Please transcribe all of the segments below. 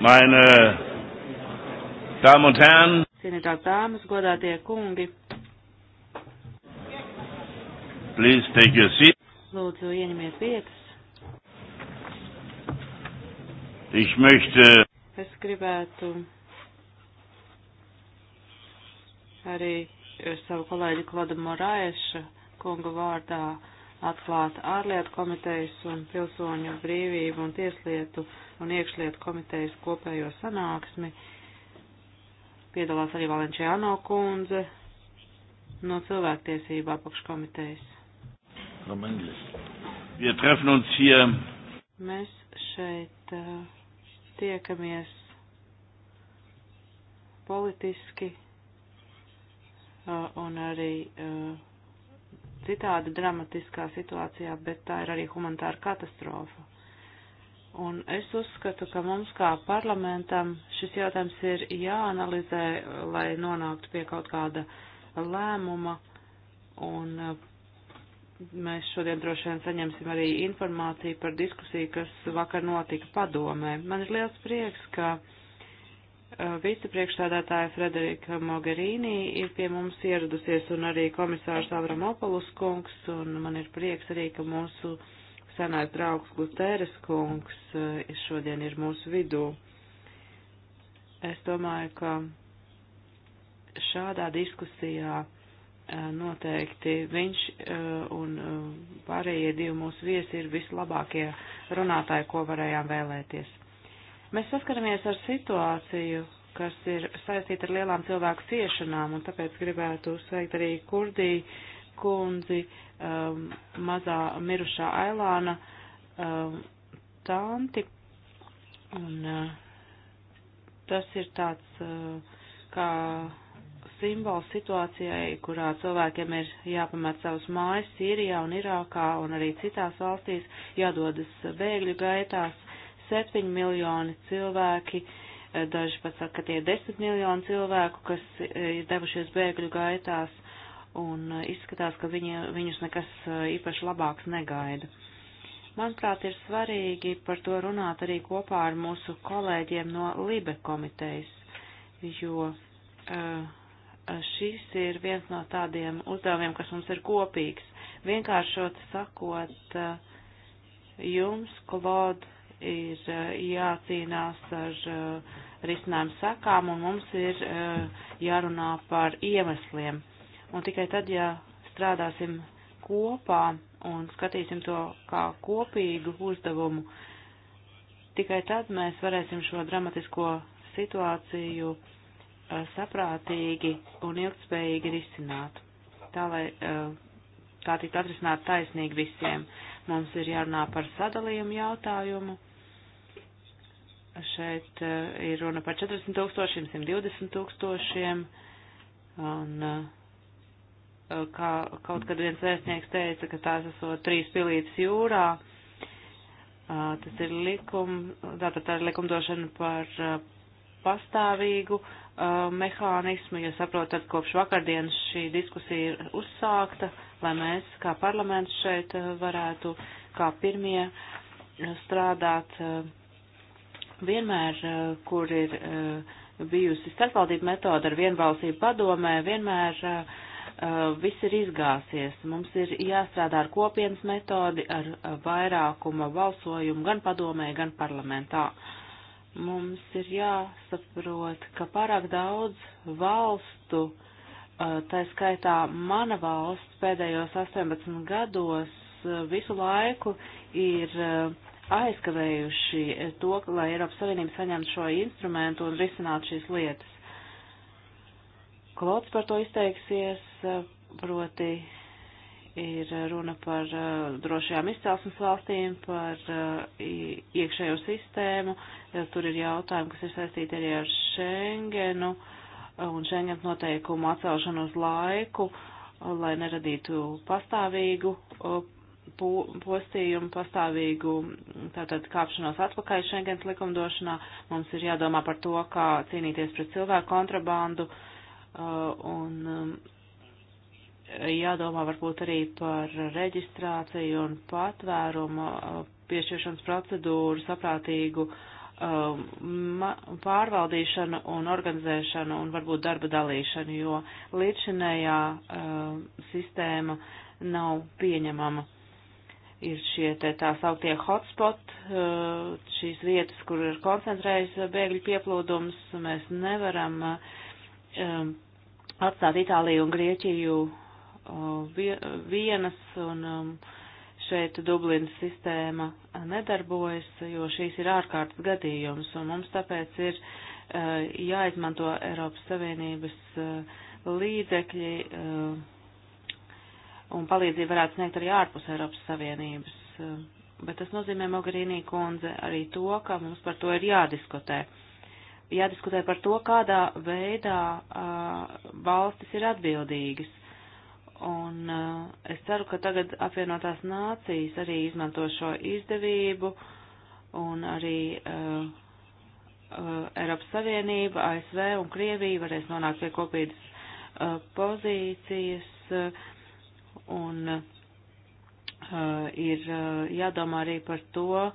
Meine Damen und Herren, cienītās dāmas, godātie kungi, please take your seat. Lūdzu, ieņemiet vietas. Ich möchte es gribētu arī savu kolēģi Kladu Morāeša kunga vārdā atklāta ārlietu komitejas un pilsoņu brīvību un tieslietu un iekšlietu komitejas kopējo sanāksmi. Piedalās arī Valenčiāno kundze no cilvēktiesību apakškomitejas. Mēs šeit uh, tiekamies politiski uh, un arī uh, citādi dramatiskā situācijā, bet tā ir arī humanitāra katastrofa. Un es uzskatu, ka mums kā parlamentam šis jautājums ir jāanalizē, lai nonāktu pie kaut kāda lēmuma. Un eh, mēs šodien droši vien saņemsim arī informāciju par diskusiju, kas vakar notika padomē. Man ir liels prieks, ka Eh, vicepriekšstādātāja Frederika Mogherini ir pie mums ieradusies un arī komisārs Avramopolus kungs, un man ir prieks arī, ka mūsu senais draugs Gutēres kungs eh, šodien ir mūsu vidū. Es domāju, ka šādā diskusijā eh, noteikti viņš un pārējie divi mūsu viesi ir vislabākie runātāji, ko varējām vēlēties. Mēs saskaramies ar situāciju, kas ir saistīta ar lielām cilvēku ciešanām, un tāpēc gribētu sveikt arī Kurdī kundzi, um, mazā mirušā Ailāna um, tanti. Un uh, tas ir tāds uh, kā simbols situācijai, kurā cilvēkiem ir jāpamat savus mājas Sīrijā un Irākā un arī citās valstīs, jādodas bēgļu gaitās 7 miljoni cilvēki, eh, daži pat saka, ka tie ir 10 miljoni cilvēku, kas eh, ir devušies bēgļu gaitās, un eh, izskatās, ka viņi, viņus nekas īpaši labāks negaida. Manuprāt, ir svarīgi par to runāt arī kopā ar mūsu kolēģiem no Libe komitejas, jo šis ir viens no tādiem uzdevumiem, kas mums ir kopīgs. Vienkāršot sakot, jums, Klod, ir eh, jācīnās ar eh, risinājumu sakām, un mums ir eh, jārunā par iemesliem. Un tikai tad, ja strādāsim kopā un skatīsim to kā kopīgu uzdevumu, tikai tad mēs varēsim šo dramatisko situāciju saprātīgi un ilgtspējīgi risināt. Tā lai tā tiktu atrisināt taisnīgi visiem. Mums ir jārunā par sadalījumu jautājumu Šeit eh, ir runa par 40 tūkstošiem, 120 tūkstošiem. Un eh, kā kaut kad viens vēstnieks teica, ka tās esot trīs pilītes jūrā. Eh, tas ir likum, tātad tā ir likumdošana par pastāvīgu uh, mehānismu, jo saprotat, kopš vakardienas šī diskusija ir uzsākta, lai mēs kā parlaments šeit varētu kā pirmie strādāt uh, vienmēr, eh, kur ir eh, bijusi starpvaldība metoda ar vienbalsību padomē, vienmēr eh, viss ir izgāsies. Mums ir jāstrādā ar kopienas metodi, ar vairākuma balsojumu gan padomē, gan parlamentā. Mums ir jāsaprot, ka pārāk daudz valstu, tā skaitā mana valsts pēdējos 18 gados visu laiku ir uh, aizkavējuši to, lai Eiropas Savienība saņemtu šo instrumentu un risinātu šīs lietas. Klots par to izteiksies, proti ir runa par eh, drošajām izcelsmes valstīm, par eh, iekšējo sistēmu, tur ir jautājumi, kas ir saistīti arī ar Schengenu eh, un Schengen noteikumu atcelšanu uz laiku, lai neradītu pastāvīgu postījumu pastāvīgu tātad kāpšanos atpakaļ Schengens likumdošanā. Mums ir jādomā par to, kā cīnīties pret cilvēku kontrabandu uh, un um, jādomā varbūt arī par reģistrāciju un patvērumu uh, piešķiršanas procedūru saprātīgu um, pārvaldīšanu un organizēšanu un varbūt darba dalīšanu, jo līdzinējā uh, sistēma nav pieņemama ir šie te tā sauktie hotspot, eh, šīs vietas, kur ir koncentrējis eh, bēgļu pieplūdums, mēs nevaram eh, atstāt Itāliju un Grieķiju vienas, un um, šeit Dublinas sistēma nedarbojas, jo šīs ir ārkārtas gadījums, un mums tāpēc ir jāizmanto Eiropas Savienības līdzekļi un palīdzību varētu sniegt arī ārpus Eiropas Savienības. Eh, bet tas nozīmē, Mogarīnī kundze, arī to, ka mums par to ir jādiskutē. Jādiskutē par to, kādā veidā uh, valstis ir atbildīgas. Un uh, es ceru, ka tagad apvienotās nācijas arī izmanto šo izdevību un arī uh, uh, Eiropas Savienība, ASV un Krievija varēs nonākt pie kopīgas uh, pozīcijas. Uh, Un uh, ir uh, jādomā arī par to, uh,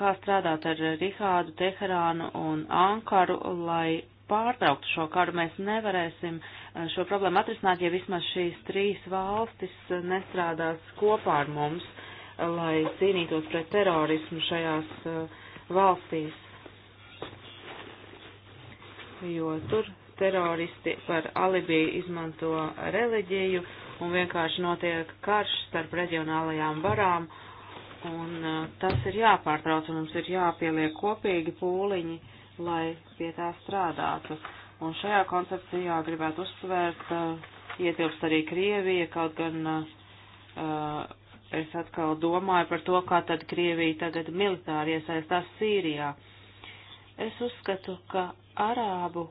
kā strādāt ar Rihādu, Teherānu un Ankaru, lai pārtrauktu šo karu. Mēs nevarēsim uh, šo problēmu atrisināt, ja vismaz šīs trīs valstis nestrādās kopā ar mums, uh, lai cīnītos pret terorismu šajās uh, valstīs. Jo tur teroristi par alibi izmanto reliģiju un vienkārši notiek karš starp reģionālajām varām, un uh, tas ir jāpārtrauc, un mums ir jāpieliek kopīgi pūliņi, lai pie tā strādātu. Un šajā koncepcijā gribētu uzsvērt, uh, ietilpst arī Krievija, kaut gan uh, uh, es atkal domāju par to, kā tad Krievija tagad militāri iesaistās Sīrijā. Es uzskatu, ka arābu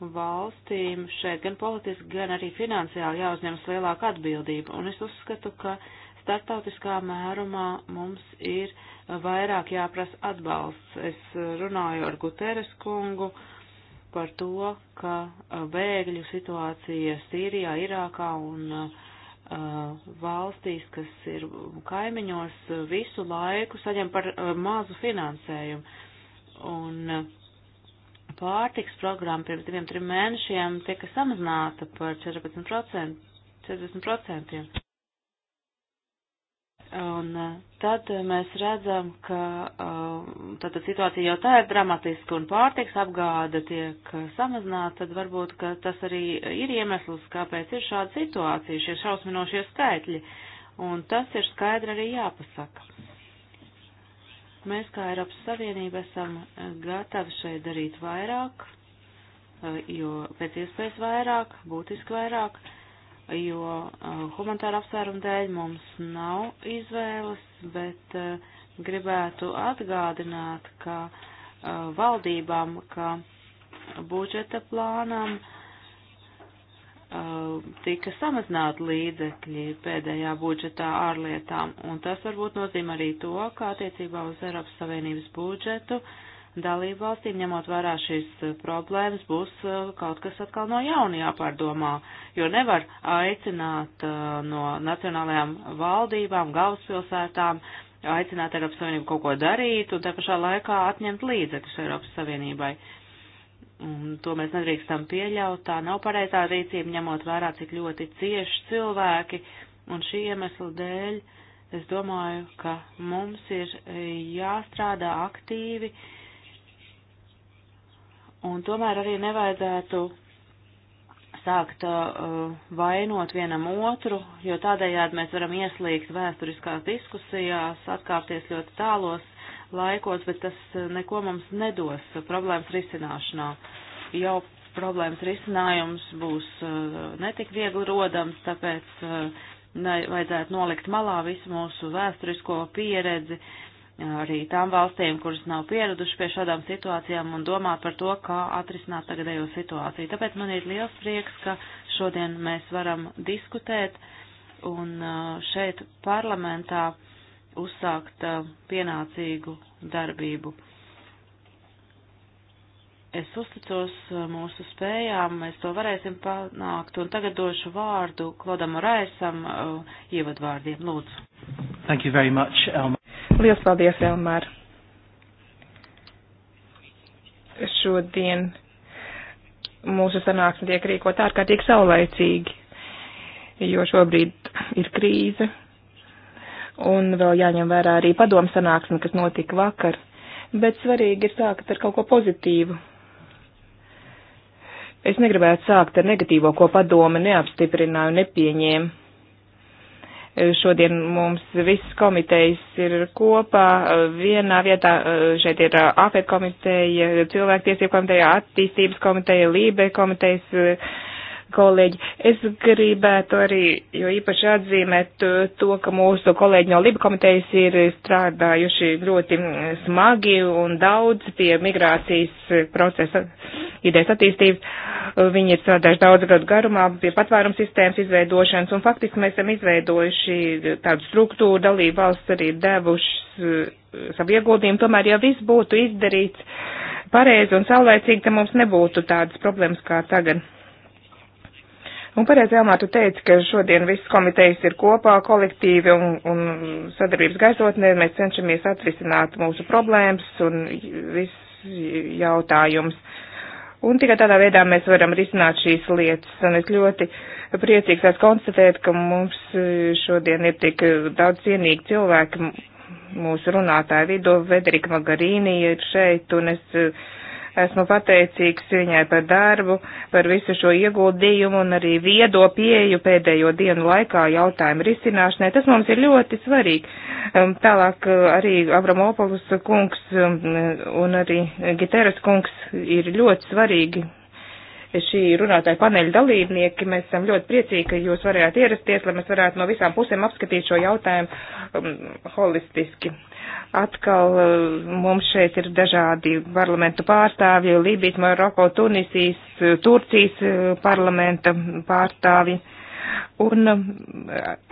valstīm šeit gan politiski, gan arī finansiāli jāuzņemas lielāka atbildība. Un es uzskatu, ka startautiskā mērumā mums ir vairāk jāprasa atbalsts. Es runāju ar Guteres kungu par to, ka bēgļu situācija Sīrijā, Irākā un uh, valstīs, kas ir kaimiņos, visu laiku saņem par uh, mazu finansējumu. Un uh, pārtiks programma pirms diviem, trim mēnešiem tika samazināta par 14%. 40%. Un eh, tad mēs redzam, ka eh, tāda situācija jau tā ir dramatiska un pārtiks apgāde tiek eh, samazināta, tad varbūt, ka tas arī ir iemesls, kāpēc ir šāda situācija, šie šausminošie skaitļi. Un tas ir skaidri arī jāpasaka. Mēs kā Eiropas Savienība esam eh, gatavi šeit darīt vairāk, eh, jo pēc iespējas vairāk, būtiski vairāk, jo eh, humanitāra apsvērumu dēļ mums nav izvēles, bet gribētu atgādināt, ka valdībām, ka budžeta plānam, uh, Uh, tika samazināti līdzekļi pēdējā budžetā ārlietām, un tas varbūt nozīmē arī to, ka attiecībā uz Eiropas Savienības budžetu dalību valstīm, ņemot vērā šīs uh, problēmas, būs uh, kaut kas atkal no jauna jāpārdomā, jo nevar aicināt no nacionālajām valdībām, galvaspilsētām, aicināt Eiropas Savienību kaut ko darīt un te pašā laikā atņemt līdzekļus Eiropas Savienībai. Uh, Un to mēs nedrīkstam pieļaut. Tā nav pareizā rīcība, ņemot vērā, cik ļoti cieši cilvēki. Un šī iemesla dēļ es domāju, ka mums ir jāstrādā aktīvi. Un tomēr arī nevajadzētu sākt uh, vainot vienam otru, jo tādējādi mēs varam ieslīgt vēsturiskās diskusijās, atkāpties ļoti tālos laikos, bet tas eh, neko mums nedos problēmas risināšanā. Jau problēmas risinājums būs eh, netik viegli rodams, tāpēc eh, vajadzētu nolikt malā visu mūsu vēsturisko pieredzi arī tām valstīm, kuras nav pieraduši pie šādām situācijām un domāt par to, kā atrisināt tagadējo situāciju. Tāpēc man ir liels prieks, ka šodien mēs varam diskutēt un šeit parlamentā uh, uzsākt pienācīgu darbību. Es uzticos mūsu spējām, mēs to varēsim panākt, un tagad došu vārdu Klodam Raisam ievadvārdiem. Lūdzu. Thank you very much, Elmar. Lielas paldies, Elmar. Šodien mūsu sanāksme tiek rīkot ārkārtīgi saulaicīgi, jo šobrīd ir krīze, un vēl jāņem vērā arī padomu sanāksme, kas notika vakar. Bet svarīgi ir sākt ar kaut ko pozitīvu. Es negribētu sākt ar negatīvo, ko padome neapstiprināja un nepieņēma. Šodien mums viss komitejas ir kopā. Vienā vietā eh, šeit ir eh, AFET komiteja, cilvēktiesību komiteja, attīstības komiteja, Lībe komitejas eh, kolēģi. Es gribētu arī, jo īpaši atzīmēt to, ka mūsu kolēģi no Liba komitejas ir strādājuši ļoti smagi un daudz pie migrācijas procesa idejas attīstības. Viņi ir strādājuši daudz gadu garumā pie patvērums sistēmas izveidošanas un faktiski mēs esam izveidojuši tādu struktūru, dalību valsts arī devušas eh, savu ieguldījumu. Tomēr, ja viss būtu izdarīts pareizi un saulēcīgi, tad mums nebūtu tādas problēmas kā tagad. Un pareizi, Elmā, tu teici, ka šodien visas komitejas ir kopā, kolektīvi un, un sadarbības gaisotnē. Mēs cenšamies atrisināt mūsu problēmas un visus jautājumus. Un tikai tādā veidā mēs varam risināt šīs lietas. Un es ļoti priecīgs esmu konstatēt, ka mums šodien ir tik daudz cienīgi cilvēki mūsu runātāju vidū. Vederika Magarīni ir šeit un es. Uh, Esmu pateicīgs viņai par darbu, par visu šo ieguldījumu un arī viedo pieju pēdējo dienu laikā jautājumu risināšanai. Tas mums ir ļoti svarīgi. Um, tālāk uh, arī Abramopolus kungs um, un arī Giteras kungs ir ļoti svarīgi šī runātāja paneļa dalībnieki. Mēs esam ļoti priecīgi, ka jūs varējāt ierasties, lai mēs varētu no visām pusēm apskatīt šo jautājumu um, holistiski atkal eh, mums šeit ir dažādi parlamentu pārstāvji, Lībijas, Maroko, Tunisijas, eh, Turcijas eh, parlamenta pārstāvji. Un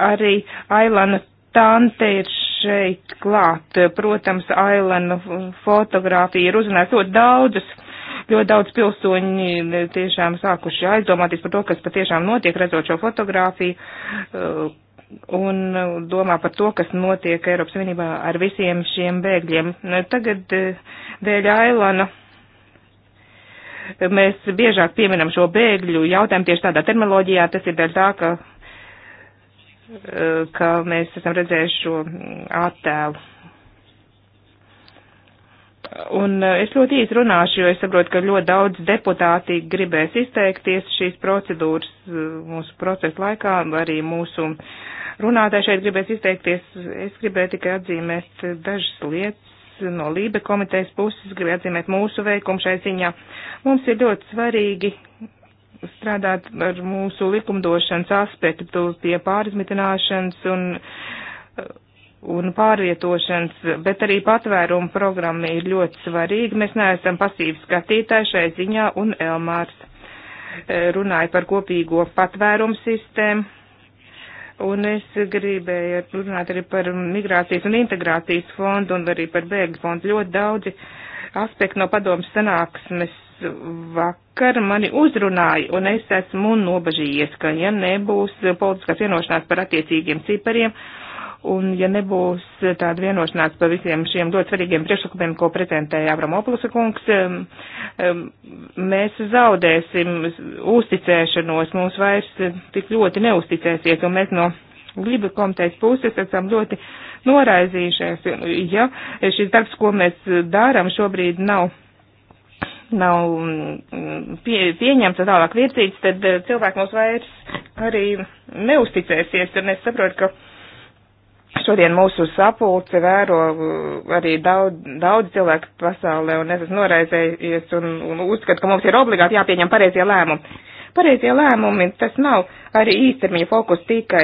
arī Ailana Tante ir šeit klāt. Protams, Ailana fotografija ir uzrunājusi ļoti daudzus. Ļoti daudz pilsoņi tiešām sākuši aizdomāties par to, kas patiešām notiek, redzot šo fotografiju un uh, domā par to, kas notiek Eiropas Savienībā ar visiem šiem bēgļiem. Nu, tagad uh, dēļ Ailana mēs biežāk pieminam šo bēgļu jautājumu tieši tādā terminoloģijā. Tas ir dēļ tā, ka, uh, ka mēs esam redzējuši šo mm, attēlu. Un es ļoti īsi runāšu, jo es saprotu, ka ļoti daudz deputāti gribēs izteikties šīs procedūras mūsu procesa laikā, arī mūsu uh, runātāji šeit gribēs izteikties. Es gribēju tikai atzīmēt dažas lietas no Lībe komitejas puses, gribēju atzīmēt mūsu veikumu šai ziņā. Mums ir ļoti svarīgi strādāt ar mūsu likumdošanas aspektu pie pārizmitināšanas un, un pārvietošanas, bet arī patvērumu programma ir ļoti svarīga. Mēs neesam pasīvi skatītāji šai ziņā un Elmārs eh, runāja par kopīgo patvērumu sistēmu Un es gribēju runāt arī par migrācijas un integrācijas fondu un arī par bēgļu fondu. Ļoti daudzi aspekti no padomas sanāksmes vakar mani uzrunāja, un es esmu nobažījies, ka ja nebūs politiskās vienošanās par attiecīgiem cipariem, uh, Un, ja nebūs tāda vienošanās par visiem šiem ļoti svarīgiem priekšlikumiem, ko prezentēja Avramopulis kungs, mēs zaudēsim uzticēšanos, mums vairs tik ļoti neusticēsies, un mēs no Gribu komitejas puses esam ļoti noraizījušies, ja šis darbs, ko mēs darām šobrīd nav nav mm, pie, pieņemts un tālāk virzīts, tad eh, cilvēki mums vairs arī neusticēsies, un es saprotu, ka Šodien mūsu sapulci vēro uh, arī daudz, daudz cilvēku pasaulē, un es esmu noraizējies un, un uzskatu, ka mums ir obligāti jāpieņem pareizie lēmumi. Pareizie lēmumi tas nav arī īstermiņa fokus tikai.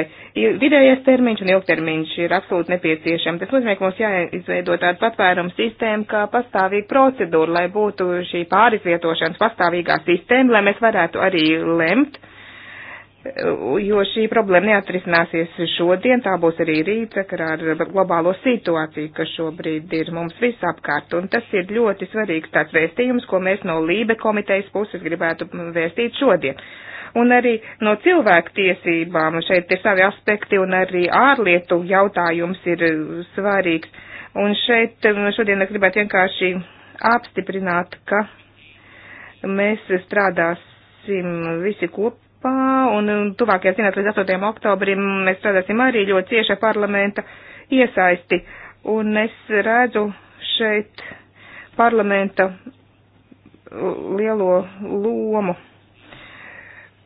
Vidējais termiņš un ilgtermiņš ir absolūti nepieciešams. Tas nozīmē, ka mums jāizveido tāda patvērums sistēma, kā pastāvīga procedūra, lai būtu šī pārizvietošanas pastāvīgā sistēma, lai mēs varētu arī lemt jo šī problēma neatrisināsies šodien, tā būs arī rīt, sakarā ar globālo situāciju, kas šobrīd ir mums visapkārt. Un tas ir ļoti svarīgs tāds vēstījums, ko mēs no Lībe komitejas puses gribētu vēstīt šodien. Un arī no cilvēktiesībām šeit ir savi aspekti, un arī ārlietu jautājums ir svarīgs. Un šeit um, šodien es gribētu vienkārši apstiprināt, ka mēs strādāsim visi kopā Eiropā, un um, tuvākajās dienās līdz 8. oktobrim mēs strādāsim arī ļoti cieši ar parlamenta iesaisti. Un es redzu šeit parlamenta lielo lomu.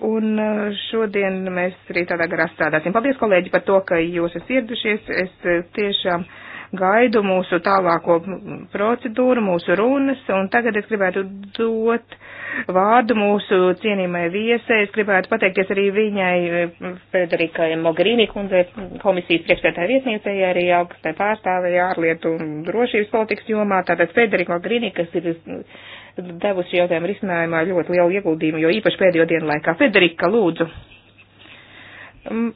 Un uh, šodien mēs arī tādā garā strādāsim. Paldies, kolēģi, par to, ka jūs esat ieradušies. Es uh, tiešām. Uh, gaidu mūsu tālāko procedūru, mūsu runas, un tagad es gribētu dot vārdu mūsu cienījumai viesai. Es gribētu pateikties arī viņai, eh, Frederikai Mogherini kundzei, komisijas priekšsētāja vietniecei, arī augstai pārstāvēji ārlietu un drošības politikas jomā. Tātad Federika Mogherini, kas ir devusi jautājumu risinājumā ļoti lielu ieguldījumu, jo īpaši pēdējo dienu laikā. Federika, lūdzu. Mm,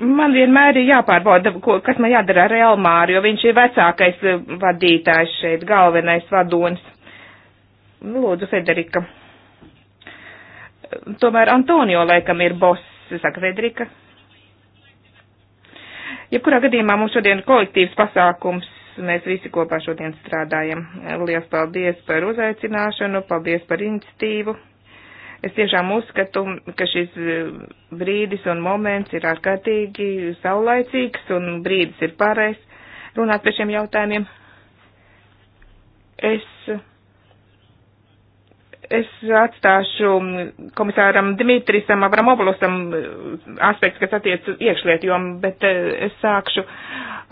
man vienmēr ir jāpārbauda, ko, kas man jādara ar Elmāru, jo viņš ir vecākais eh, vadītājs šeit, galvenais vadonis. Nu, lūdzu, Federika. Tomēr Antonio laikam ir boss, saka Federika. Jebkurā gadījumā mums šodien ir kolektīvs pasākums. Mēs visi kopā šodien strādājam. Lielas paldies par uzaicināšanu, paldies par iniciatīvu. Es tiešām uzskatu, ka šis e, brīdis un moments ir ārkārtīgi saulaicīgs un brīdis ir pārējais runāt par šiem jautājumiem. Es, es atstāšu komisāram Dimitrisam Avramopolusam e, aspekts, kas attiec iekšlietu jomu, bet e, es sākšu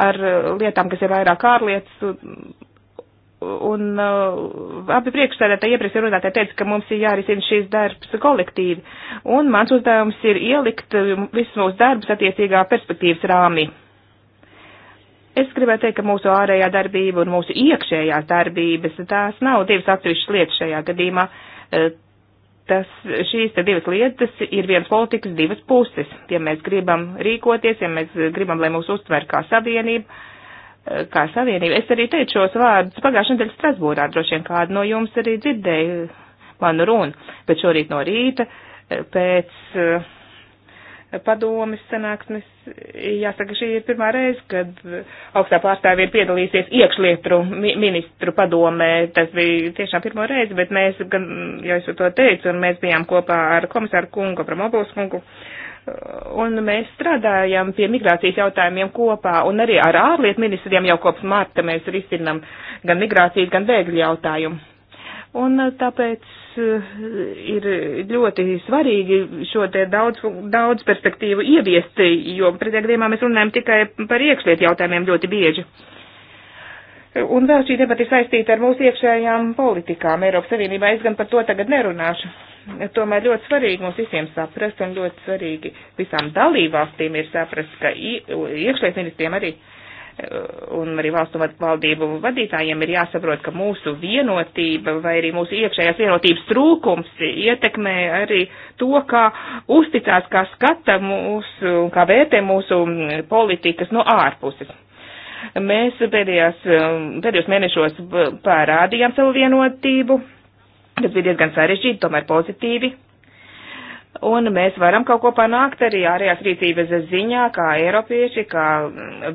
ar lietām, kas ir vairāk ārlietas Un uh, abi priekšstādātāji iepriekš runātāji teica, ka mums ir jārisina šīs darbs kolektīvi. Un mans uzdevums ir ielikt um, visus mūsu darbus attiecīgā perspektīvas rāmī. Es gribētu teikt, ka mūsu ārējā darbība un mūsu iekšējās darbības, tās nav divas atsevišķas lietas šajā gadījumā. Uh, tas, šīs te divas lietas ir viens politikas divas puses. Ja mēs gribam rīkoties, ja mēs gribam, lai mūs uztver kā savienība, kā savienība. Es arī teicu šos vārdus pagājušajā nedēļā Strasbūrā, droši vien kādu no jums arī dzirdēju manu runu, bet šorīt no rīta eh, pēc eh, padomis sanāksmes, jāsaka, šī ir pirmā reize, kad augstā pārstāvja ir piedalīsies iekšlietru ministru padomē. Tas bija tiešām pirmo reizi, bet mēs, gan, jau es to teicu, un mēs bijām kopā ar komisāru kungu, Pramobulus kungu, uh, Un mēs strādājam pie migrācijas jautājumiem kopā, un arī ar ārlietu ministriem jau kopš marta mēs risinam gan migrācijas, gan bēgļu jautājumu. Un uh, tāpēc uh, ir ļoti svarīgi šo te daudz, daudz perspektīvu ieviest, jo pretējā gadījumā mēs runājam tikai par iekšlietu jautājumiem ļoti bieži. Uh, Un vēl šī debata ir saistīta ar mūsu iekšējām politikām Eiropas Savienībā. Es gan par to tagad nerunāšu. Tomēr ļoti svarīgi mums visiem saprast un ļoti svarīgi visām dalībvalstīm ir saprast, ka iekšējais ministriem arī eh, un arī valstu valdību vadītājiem ir jāsaprot, ka mūsu vienotība vai arī mūsu iekšējās vienotības trūkums ietekmē arī to, kā uzticās, kā skata mūsu un kā vērtē mūsu politikas no ārpuses. Mēs pēdējās, um, pēdējos mēnešos pārādījām savu vienotību, tas bija diezgan sarežģīti, tomēr pozitīvi. Un mēs varam kaut ko panākt arī ārējās rīcības ziņā, kā Eiropieši, kā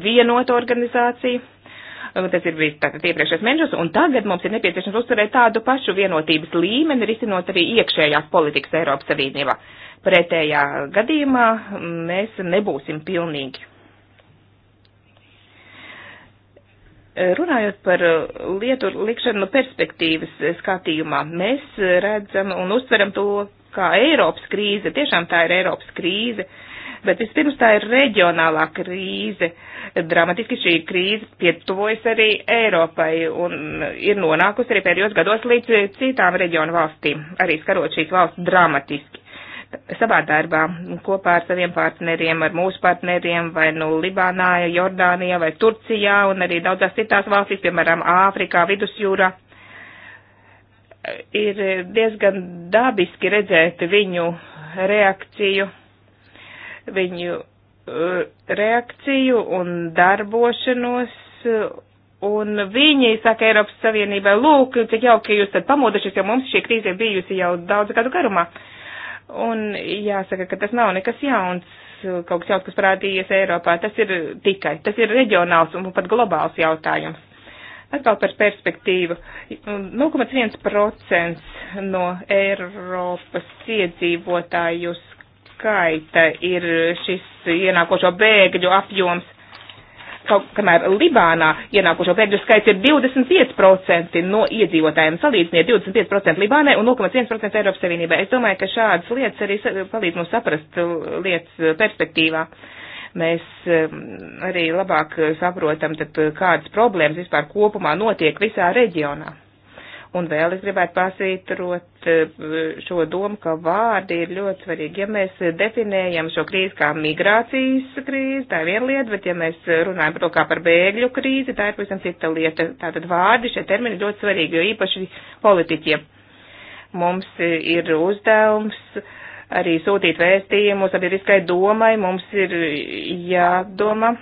vienota organizācija um, tas ir viss tātad iepriekšējais mēnešus, un tagad mums ir nepieciešams uzturēt tādu pašu vienotības līmeni, risinot arī iekšējās politikas Eiropas Savienībā. Pretējā gadījumā mm, mēs nebūsim pilnīgi Runājot par uh, lietu likšanu no perspektīvas uh, skatījumā, mēs uh, redzam un uztveram to kā Eiropas krīze, tiešām tā ir Eiropas krīze, bet vispirms tā ir reģionālā krīze. Dramatiski šī krīze pietuvojas arī Eiropai un ir nonākusi arī pēdējos gados līdz citām reģionu valstīm, arī skarot šīs valsts dramatiski savā darbā kopā ar saviem partneriem, ar mūsu partneriem, vai nu Libānā, Jordānijā vai Turcijā un arī daudzās citās valstīs, piemēram, Āfrikā, Vidusjūrā. Ir diezgan dabiski redzēt viņu reakciju, viņu uh, reakciju un darbošanos, un viņi saka Eiropas Savienībai, lūk, cik jauki jūs tad pamodušies, jo mums šī krīze bijusi jau daudz gadu garumā. Uh, Un jāsaka, ka tas nav nekas jauns, kaut kas jauns, kas parādījies Eiropā. Tas ir tikai, tas ir reģionāls un pat globāls jautājums. Atkal par perspektīvu. 0,1% no Eiropas iedzīvotāju skaita ir šis ienākošo bēgļu apjoms. Kaut kamēr Libānā ienākušo bēgļu skaits ir 25% no iedzīvotājiem, salīdziniet 25% Libānai un 0,1% Eiropas Savienībai. Es domāju, ka šādas lietas arī palīdz mums saprast uh, lietas uh, perspektīvā mēs um, arī labāk uh, saprotam, tad kādas problēmas vispār kopumā notiek visā reģionā. Un vēl es gribētu pasvītrot eh, šo domu, ka vārdi ir ļoti svarīgi. Ja mēs definējam šo krīzi kā migrācijas krīzi, tā ir viena lieta, bet ja mēs runājam par to kā par bēgļu krīzi, tā ir pavisam cita lieta. Tātad vārdi šie termini ir ļoti svarīgi, jo īpaši politiķiem. Mums ir uzdevums arī sūtīt vēstījumu sabiedriskai domai, mums ir jādomā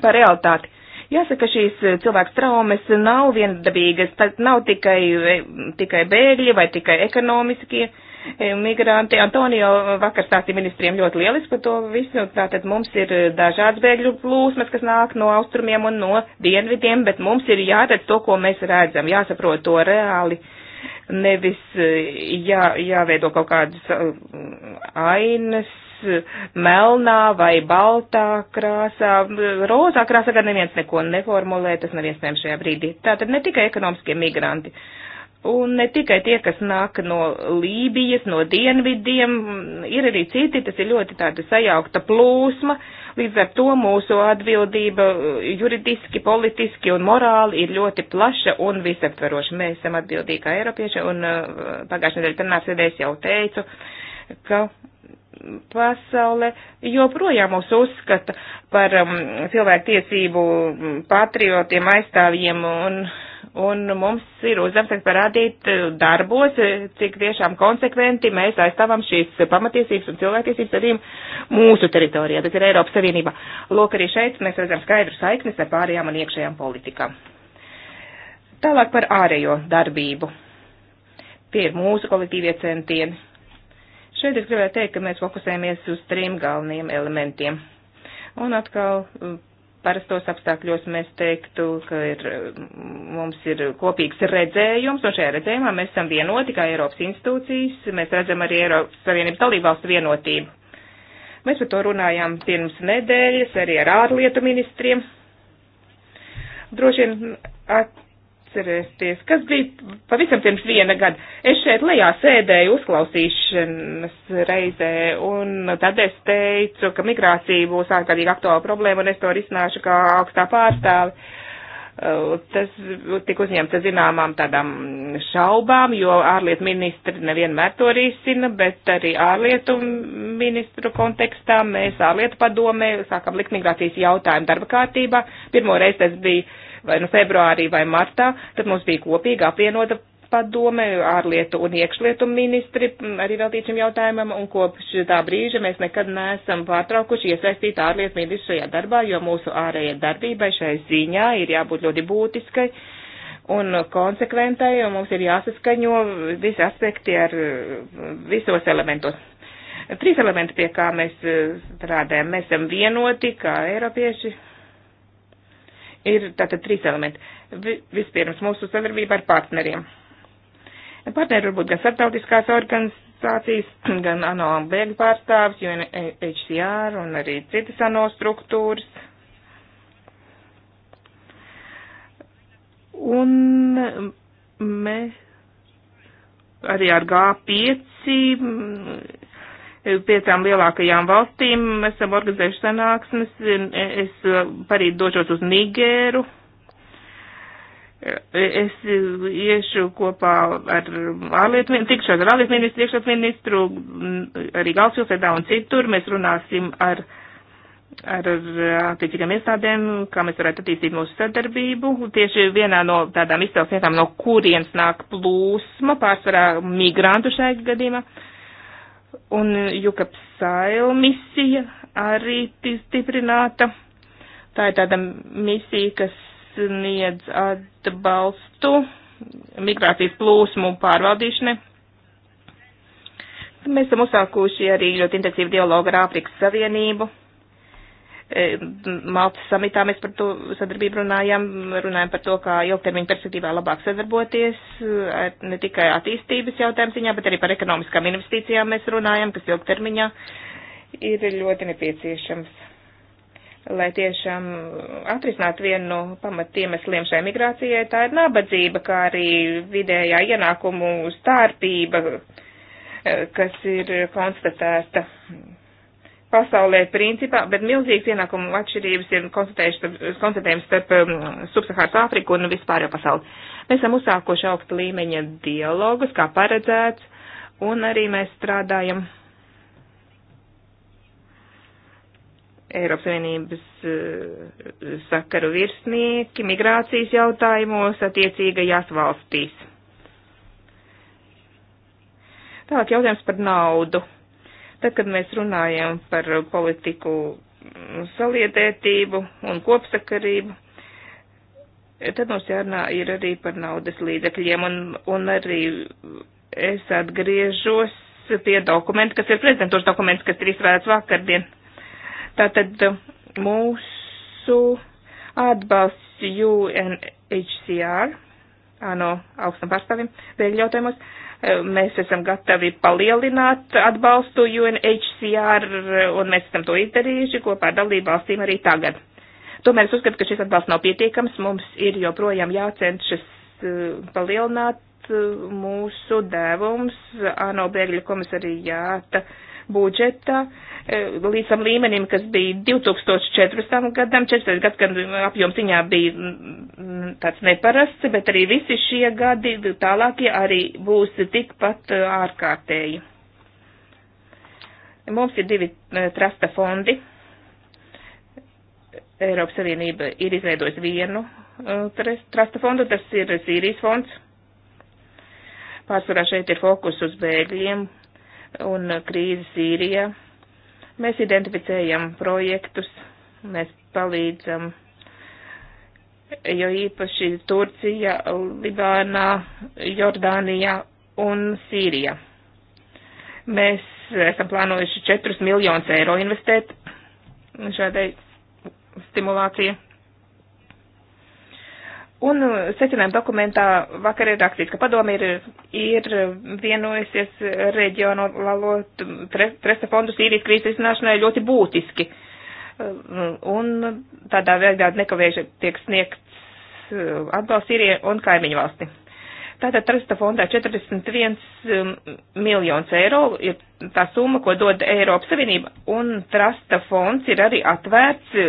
par realitāti. Jāsaka, šīs eh, cilvēks traumas nav viendabīgas, tad nav tikai, eh, tikai bēgļi vai tikai ekonomiskie eh, migranti. Antonio vakar stāstīja ministriem ļoti lieliski par to visu. Tātad mums ir dažādas bēgļu plūsmas, kas nāk no austrumiem un no dienvidiem, bet mums ir jāredz to, ko mēs redzam, jāsaprot to reāli. Nevis jā, jāveido kaut kādas ainas melnā vai baltā krāsā, rozā krāsā gan neviens neko neformulē, tas nav iespējams šajā brīdī. Tātad ne tikai ekonomiskie migranti. Un ne tikai tie, kas nāk no Lībijas, no dienvidiem, ir arī citi, tas ir ļoti tāda sajaukta plūsma, līdz ar to mūsu atbildība juridiski, politiski un morāli ir ļoti plaša un visaptveroša. Mēs esam atbildīgi kā Eiropieši, un uh, pagājušajā nedēļā plenārsēdēs jau teicu, ka pasaule joprojām mūs uzskata par um, cilvēktiesību patriotiem, aizstāvjiem, un, un mums ir uzdevums parādīt uh, darbos, uh, cik tiešām konsekventi mēs aizstāvam šīs pamatiesības un cilvēktiesības arī mūsu teritorijā, tas ir Eiropas Savienībā. Lūk, arī šeit mēs redzam skaidru saiknes ar pārējām un iekšējām politikām. Tālāk par ārējo darbību. Tie ir mūsu kolektīvie centieni Šeit es gribēju teikt, ka mēs fokusējamies uz trim galveniem elementiem. Un atkal parastos apstākļos mēs teiktu, ka ir, mums ir kopīgs redzējums, un šajā redzējumā mēs esam vienoti kā Eiropas institūcijas, mēs redzam arī Eiropas Savienības dalībvalstu vienotību. Mēs par to runājām pirms nedēļas arī ar ārlietu ministriem. Droši vien at, atcerēties, kas bija pavisam pirms viena gada. Es šeit lejā sēdēju uzklausīšanas reizē, un tad es teicu, ka migrācija būs ārkārtīgi aktuāla problēma, un es to risināšu kā augstā pārstāve. Uh, tas tika uzņemts zināmām tādām šaubām, jo ārlietu ministri nevienmēr to risina, bet arī ārlietu ministru kontekstā mēs ārlietu padomē sākam likt migrācijas jautājumu darba kārtībā. Pirmo reizi tas bija vai nu februārī vai martā, tad mums bija kopīga apvienota padome, ārlietu un iekšlietu ministri arī veltīt šim jautājumam, un kopš tā brīža mēs nekad neesam pārtraukuši iesaistīt ārlietu ministru šajā darbā, jo mūsu ārējai darbībai šai ziņā ir jābūt ļoti būtiskai un konsekventai, un mums ir jāsaskaņo visi aspekti ar uh, visos elementos. Trīs elementi, pie kā mēs uh, strādājam, mēs esam vienoti kā Eiropieši Ir tātad trīs elementi. Vispirms mūsu sadarbība ar partneriem. Partneri varbūt gan starptautiskās organizācijas, gan ANO bēgļu pārstāvis, UNHCR un arī citas ANO struktūras. Un mēs arī ar G5 piecām lielākajām valstīm esam organizējuši sanāksmes. Es parīt došos uz Nigēru. Es iešu kopā ar ārlietu, tikšos ar ārlietu ministru, iekšlietu ministru, arī galvaspilsētā un citur. Mēs runāsim ar, ar attiecīgām iestādēm, kā mēs varētu attīstīt mūsu sadarbību. Tieši vienā no tādām izcelsmes vietām, no kurienes nāk plūsma, pārsvarā migrantu šai gadījumā. Uh, un eh, Jukab Sail misija arī stiprināta. Tā ir tāda misija, kas sniedz atbalstu migrācijas plūsmu pārvaldīšanai. Mēs esam uzsākuši arī ļoti intensīvu dialogu ar Āfrikas Savienību E, Maltas samitā mēs par to sadarbību runājam, runājam par to, kā ilgtermiņa perspektīvā labāk sadarboties, e, ne tikai attīstības jautājums ziņā, bet arī par ekonomiskām investīcijām mēs runājam, kas ilgtermiņā ir ļoti nepieciešams. Lai tiešām atrisinātu vienu no pamatiemesliem šai migrācijai, tā ir nabadzība, kā arī vidējā ienākumu stārpība, e, kas ir konstatēta pasaulē principā, bet milzīgas ienākumu atšķirības ir konstatējums starp um, subsahāras Āfriku un vispārējo pasauli. Mēs esam uzsākuši augsta līmeņa dialogus, kā paredzēts, un arī mēs strādājam Eiropas Savienības uh, sakaru virsnieki migrācijas jautājumos attiecīgajās valstīs. Tālāk jautājums par naudu Tad, kad mēs runājam par politiku saliedētību un kopsakarību, tad mums jārunā ir arī par naudas līdzekļiem, un, un arī es atgriežos pie dokumenta, kas ir prezidentūras dokuments, kas ir izvēlēts vakardien. Tātad mūsu atbalsts UNHCR, ANO augstam pārstāvim, bēgļu jautājumos, Mēs esam gatavi palielināt atbalstu UNHCR, un mēs esam to izdarījuši kopā ar dalību valstīm arī tagad. Tomēr es uzskatu, ka šis atbalsts nav pietiekams. Mums ir joprojām jācenšas eh, palielināt eh, mūsu devums ANO bēgļu komisariāta. Uh, budžeta e, līdz tam līmenim, kas bija 2014. gadam, 14 gads, kad apjoms ziņā bija mm, mm, tāds neparasts, bet arī visi šie gadi tālākie arī būs tikpat e, ārkārtēji. Mums ir divi e, trasta fondi. Eiropas Savienība ir izveidojusi vienu trasta fondu, tas ir Sīrijas fonds. Pārsvarā šeit ir fokus uz bēgļiem un krīze Sīrijā. Mēs identificējam projektus, mēs palīdzam, jo īpaši Turcija, Libānā, Jordānijā un Sīrijā. Mēs esam plānojuši 4 miljonus eiro investēt šādai stimulācijai Un uh, secinājuma dokumentā vakar ir rakstīts, ka padomi ir, ir vienojusies reģionālo presa fondu Sīrijas krīzes izcināšanai ļoti būtiski. Uh, un tādā veidā nekavējuši tiek sniegts uh, atbalsts Sīrijai un kaimiņu valsti. Tātad trasta fondā 41 um, miljonus eiro ir tā summa, ko dod Eiropas Savienība, un trasta fonds ir arī atvērts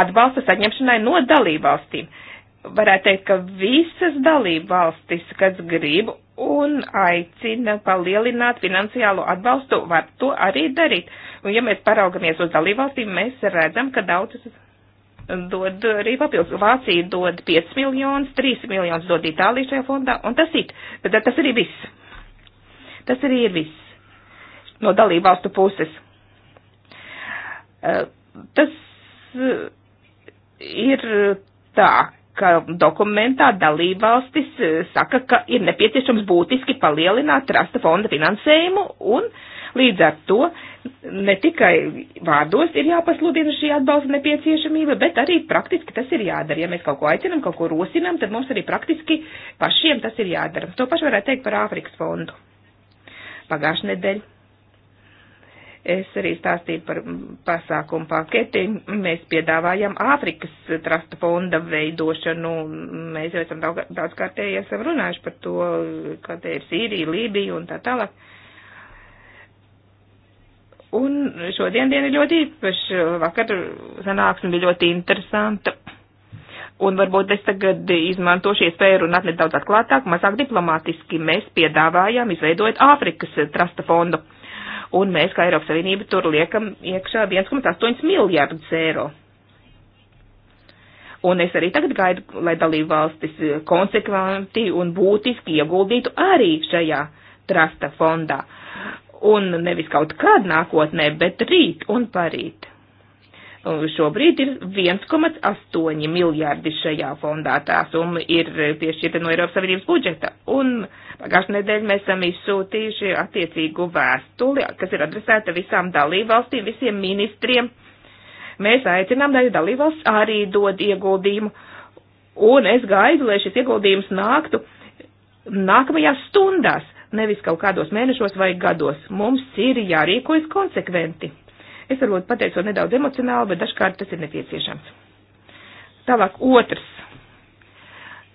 atbalsta saņemšanai no dalībvalstīm. valstīm varētu teikt, ka visas dalība valstis, kas grib un aicina palielināt finansiālo atbalstu, var to arī darīt. Un ja mēs paraugamies uz dalību valstīm, mēs redzam, ka daudzas dod arī papildus. Vācija dod 5 miljonus, 3 miljonus dod Itālija šajā fondā, un tas ir. Bet tas arī viss. Tas arī ir viss no dalību valstu puses. Eh, tas eh, ir tā, ka dokumentā dalībvalstis e, saka, ka ir nepieciešams būtiski palielināt trasta fonda finansējumu un līdz ar to ne tikai vārdos ir jāpasludina šī atbalsta nepieciešamība, bet arī praktiski tas ir jādara. Ja mēs kaut ko aicinam, kaut ko rosinam, tad mums arī praktiski pašiem tas ir jādara. To pašu varētu teikt par Āfrikas fondu. Pagājušajā nedēļā Es arī stāstīju par pasākumu paketi. Mēs piedāvājam Āfrikas trasta fonda veidošanu. Mēs jau esam daudz, daudz kārtēji esam runājuši par to, kā te ir Sīrija, Lībija un tā tālāk. Un šodien diena ir ļoti īpaša. Vakar sanāksme bija ļoti interesanta. Un varbūt es tagad izmantošu iespēju runāt nedaudz atklātāk, mazāk diplomātiski. Mēs piedāvājām izveidot Āfrikas trasta fondu un mēs, kā Eiropas Savienība, tur liekam iekšā 1,8 miljārdus eiro. Un es arī tagad gaidu, lai dalību valstis eh, konsekventi un būtiski ieguldītu arī šajā trasta fondā. Un nevis kaut kad nākotnē, bet rīt un parīt. Šobrīd ir 1,8 miljārdi šajā fondā. Tā summa ir piešķirta no Eiropas Savienības budžeta. Un pagājušajā nedēļā mēs esam izsūtījuši attiecīgu vēstuli, kas ir adresēta visām dalībvalstīm, visiem ministriem. Mēs aicinām, lai dalībvalsts arī dod ieguldījumu. Un es gaidu, lai šis ieguldījums nāktu nākamajās stundās, nevis kaut kādos mēnešos vai gados. Mums ir jārīkojas konsekventi. Es varbūt pateicu nedaudz emocionāli, bet dažkārt tas ir nepieciešams. Tālāk otrs.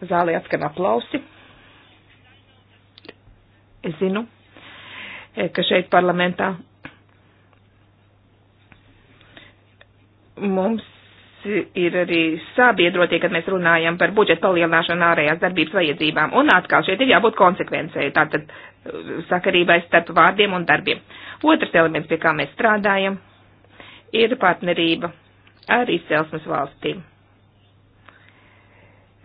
Zālē atskan aplausi. Es zinu, eh, ka šeit parlamentā mums ir arī sabiedrotie, kad mēs runājam par budžeta palielināšanu ārējās darbības vajadzībām. Un atkal šeit ir jābūt konsekvencei, tātad eh, sakarībai starp vārdiem un darbiem. Otrs elements, pie kā mēs strādājam, ir partnerība ar izcelsmes valstīm.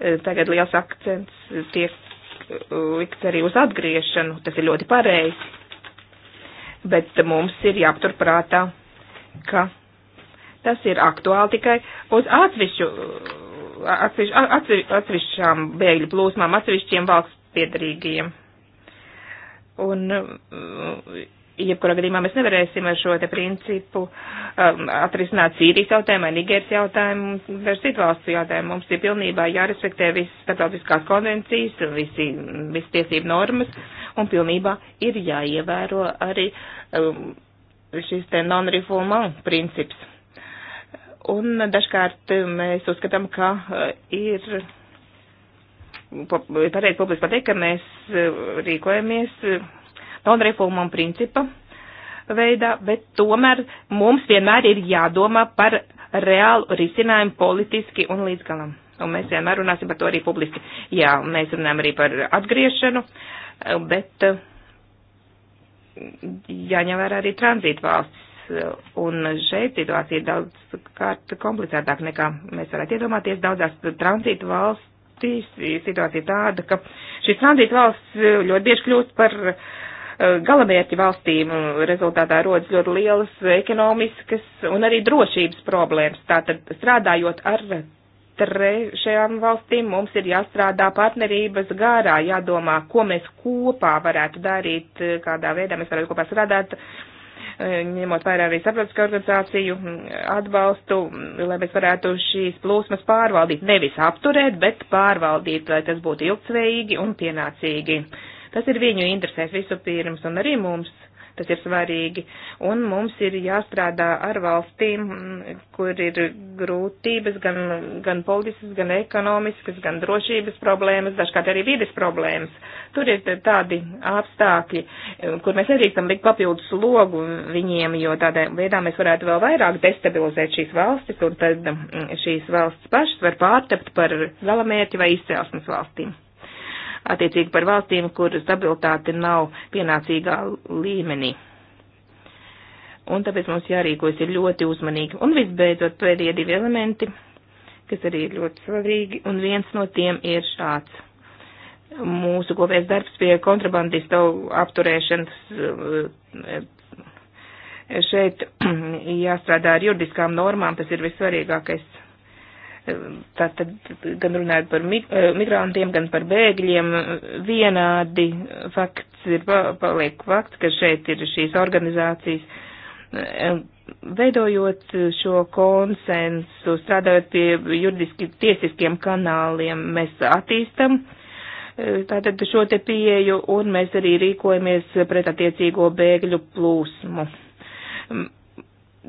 E, tagad liels akcents tiek e, likts arī uz atgriešanu, tas ir ļoti pareizi, bet mums ir jāpaturprātā, ka tas ir aktuāli tikai uz atsevišķu, e, atsevišķām bēgļu plūsmām, atsevišķiem valsts piedarīgajiem. Un jebkurā gadījumā mēs nevarēsim ar šo te principu um, atrisināt Sīrijas jautājumu vai Nigēras jautājumu vai citu valstu jautājumu. Mums ir pilnībā jārespektē visas starptautiskās konvencijas un visi, visas tiesību normas un pilnībā ir jāievēro arī um, šis te non-refoulement princips. Un dažkārt mēs uzskatām, ka uh, ir pareizi publiski pateikt, ka mēs uh, rīkojamies uh, un reformām principa veidā, bet tomēr mums vienmēr ir jādomā par reālu risinājumu politiski un līdz galam. Un mēs vienmēr runāsim par to arī publiski. Jā, mēs runājam arī par atgriešanu, bet eh, jāņem vērā arī tranzītu valsts. Un šeit situācija ir daudz kārt komplicētāk nekā mēs varētu iedomāties. Daudzās tranzītu valstīs situācija tāda, ka šīs tranzītu valsts ļoti bieži kļūst par uh, Eh, galamērķu valstīm rezultātā rodas ļoti lielas ekonomiskas un arī drošības problēmas. Tātad strādājot ar trešajām valstīm, mums ir jāstrādā partnerības gārā, jādomā, ko mēs kopā varētu darīt, eh, kādā veidā mēs varētu kopā strādāt, eh, ņemot vairāk arī sabiedriskā organizāciju mm, atbalstu, mm, lai mēs varētu šīs plūsmas pārvaldīt, nevis apturēt, bet pārvaldīt, lai tas būtu ilgtsveigi un pienācīgi. Uh, Tas ir viņu interesēs visu pirms un arī mums. Tas ir svarīgi. Un mums ir jāstrādā ar valstīm, mm, kur ir grūtības gan, gan politiskas, gan ekonomiskas, gan drošības problēmas, dažkārt arī vides problēmas. Tur ir tādi apstākļi, kur mēs nedrīkstam likt papildus logu viņiem, jo tādā veidā mēs varētu vēl vairāk destabilizēt šīs valstis, un tad mm, šīs valsts pašas var pārtept par galamērķi vai izcelsmes valstīm attiecīgi par valstīm, kur stabilitāte nav pienācīgā līmenī. Un tāpēc mums jārīkojas ir ļoti uzmanīgi. Un visbeidzot, pēdējie divi elementi, kas arī ir ļoti svarīgi, un viens no tiem ir šāds. Mūsu kopējais darbs pie kontrabandistu apturēšanas eh, eh, šeit jāstrādā ar juridiskām normām, tas ir vissvarīgākais Tātad gan runājot par eh, migrantiem, gan par bēgļiem, vienādi fakts ir paliek fakts, ka šeit ir šīs organizācijas. Veidojot šo konsensu, strādājot pie juridiski tiesiskiem kanāliem, mēs attīstam eh, tātad šo te pieeju un mēs arī rīkojamies pret attiecīgo bēgļu plūsmu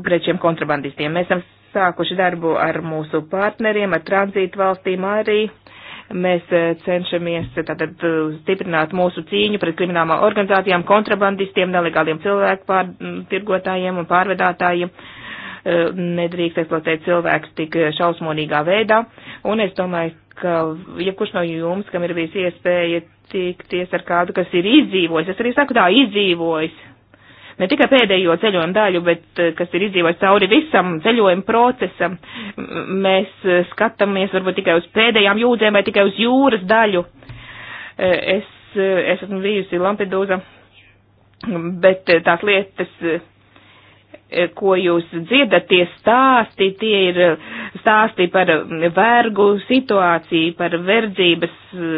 pret šiem kontrabandistiem. Mēs esam sākuši darbu ar mūsu partneriem, ar tranzītu valstīm arī. Mēs eh, cenšamies eh, tātad eh, stiprināt mūsu cīņu pret kriminālām organizācijām, kontrabandistiem, nelegāliem cilvēku pārtirgotājiem un pārvedātājiem. Nedrīkst eksploatēt cilvēkus tik šausmonīgā veidā. Un es domāju, ka jebkurš ja no jums, kam ir bijis iespēja tikties ar kādu, kas ir izdzīvojis, es arī saku tā, izdzīvojis ne tikai pēdējo ceļojumu daļu, bet eh, kas ir izdzīvojis cauri visam ceļojumu procesam. Mēs eh, skatāmies varbūt tikai uz pēdējām jūdzēm vai tikai uz jūras daļu. Eh, es, es esmu bijusi Lampedūza, bet tās lietas, ko jūs dziedat, tie stāsti, tie ir stāsti par mm, vergu situāciju, par verdzības,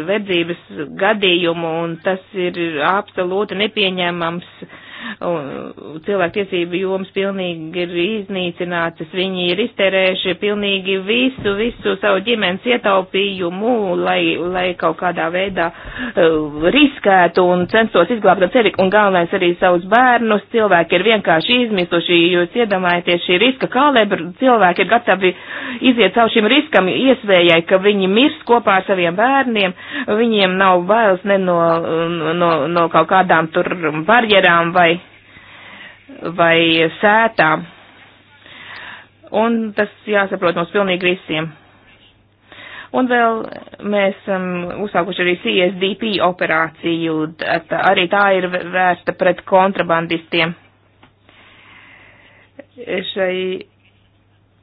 verdzības gadījumu, un tas ir absolūti nepieņemams. Uh, un cilvēktiesību joms pilnīgi ir iznīcinātas. Viņi ir izterējuši pilnīgi visu, visu savu ģimenes ietaupījumu, lai, lai kaut kādā veidā uh, riskētu un censtos izglābt gan ceļu, un galvenais arī savus bērnus. Cilvēki ir vienkārši izmisuši, jūs iedomājaties šī riska kalibra, cilvēki ir gatavi iziet caur šim riskam, iespējai, ka viņi mirs kopā ar saviem bērniem, viņiem nav bailes ne no, no, no kaut kādām tur barjerām vai vai sētām. Un tas jāsaprot mums pilnīgi visiem. Un vēl mēs esam um, uzsākuši arī CSDP operāciju, tā, arī tā ir vērsta pret kontrabandistiem. Šai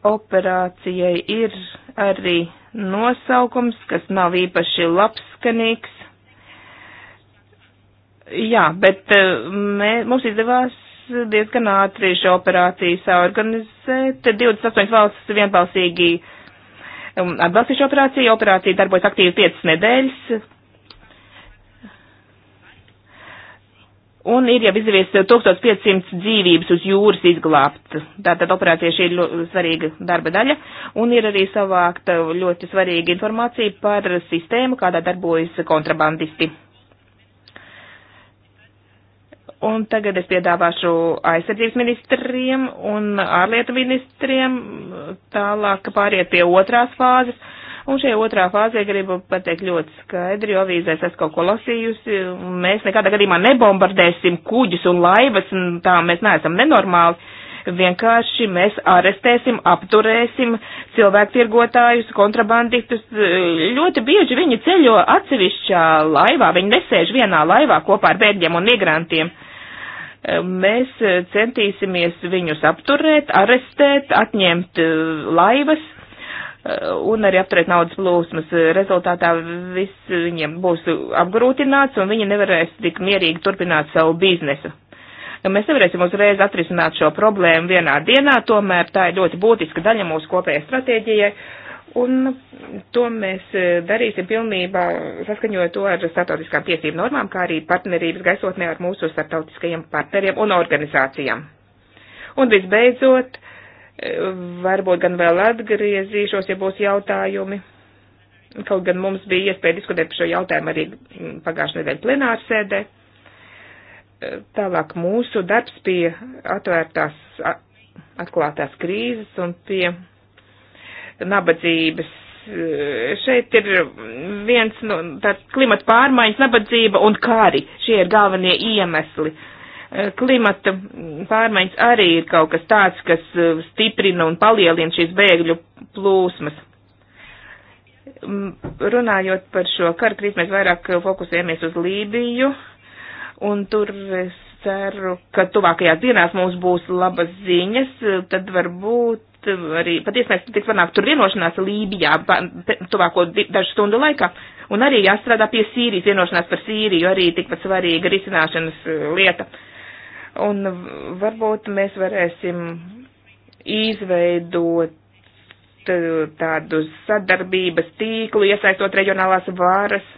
operācijai ir arī nosaukums, kas nav īpaši labskanīgs. Jā, bet uh, mē, mums izdevās diezgan ātri šo operāciju saorganizē. Te 28 valstis vienbalsīgi um, atbalstīja šo operāciju. Operācija darbojas aktīvi 5 nedēļas. Un ir jau izdevies 1500 dzīvības uz jūras izglābt. Tātad operācija šī ir svarīga darba daļa. Un ir arī savākta ļoti svarīga informācija par sistēmu, kādā darbojas kontrabandisti. Un tagad es piedāvāšu aizsardzības ministriem un ārlietu ministriem tālāk pāriet pie otrās fāzes. Un šajā otrā fāzē gribu pateikt ļoti skaidri, jo avīzēs es kaut ko lasījusi. Mēs nekādā gadījumā nebombardēsim kuģus un laivas, un tā mēs neesam nenormāli. Vienkārši mēs arestēsim, apturēsim cilvēktirgotājus, kontrabandistus. Ļoti bieži viņi ceļo atsevišķā laivā, viņi nesēž vienā laivā kopā ar bēgļiem un migrantiem. Mēs centīsimies viņus apturēt, arestēt, atņemt eh, laivas eh, un arī apturēt naudas plūsmas. Rezultātā viss viņiem būs apgrūtināts un viņi nevarēs tik mierīgi turpināt savu biznesu mēs nevarēsim uzreiz atrisināt šo problēmu vienā dienā, tomēr tā ir ļoti būtiska daļa mūsu kopējai stratēģijai, Un to mēs e, darīsim pilnībā saskaņojot to ar starptautiskām tiesību normām, kā arī partnerības gaisotnē ar mūsu starptautiskajiem partneriem un organizācijām. Un visbeidzot, e, varbūt gan vēl atgriezīšos, ja būs jautājumi. Kaut gan mums bija iespēja diskutēt par šo jautājumu arī pagājušajā nedēļā plenārsēdē. E, tālāk mūsu darbs pie atvērtās, atklātās krīzes un pie nabadzības. Šeit ir viens nu, tāds klimata pārmaiņas, nabadzība un kari. Šie ir galvenie iemesli. Klimata pārmaiņas arī ir kaut kas tāds, kas stiprina un palielina šīs bēgļu plūsmas. Runājot par šo karu krīzi, mēs vairāk fokusējamies uz Lībiju, un tur es ceru, ka tuvākajās dienās mums būs labas ziņas, tad varbūt Eh, arī pat iespējams tiks panākt tur vienošanās Lībijā pa, tuvāko dažu stundu laikā. Un arī jāstrādā pie Sīrijas vienošanās par Sīriju, arī tikpat svarīga risināšanas eh, lieta. Un varbūt mēs varēsim izveidot eh, tādu sadarbības tīklu, iesaistot reģionālās vāras.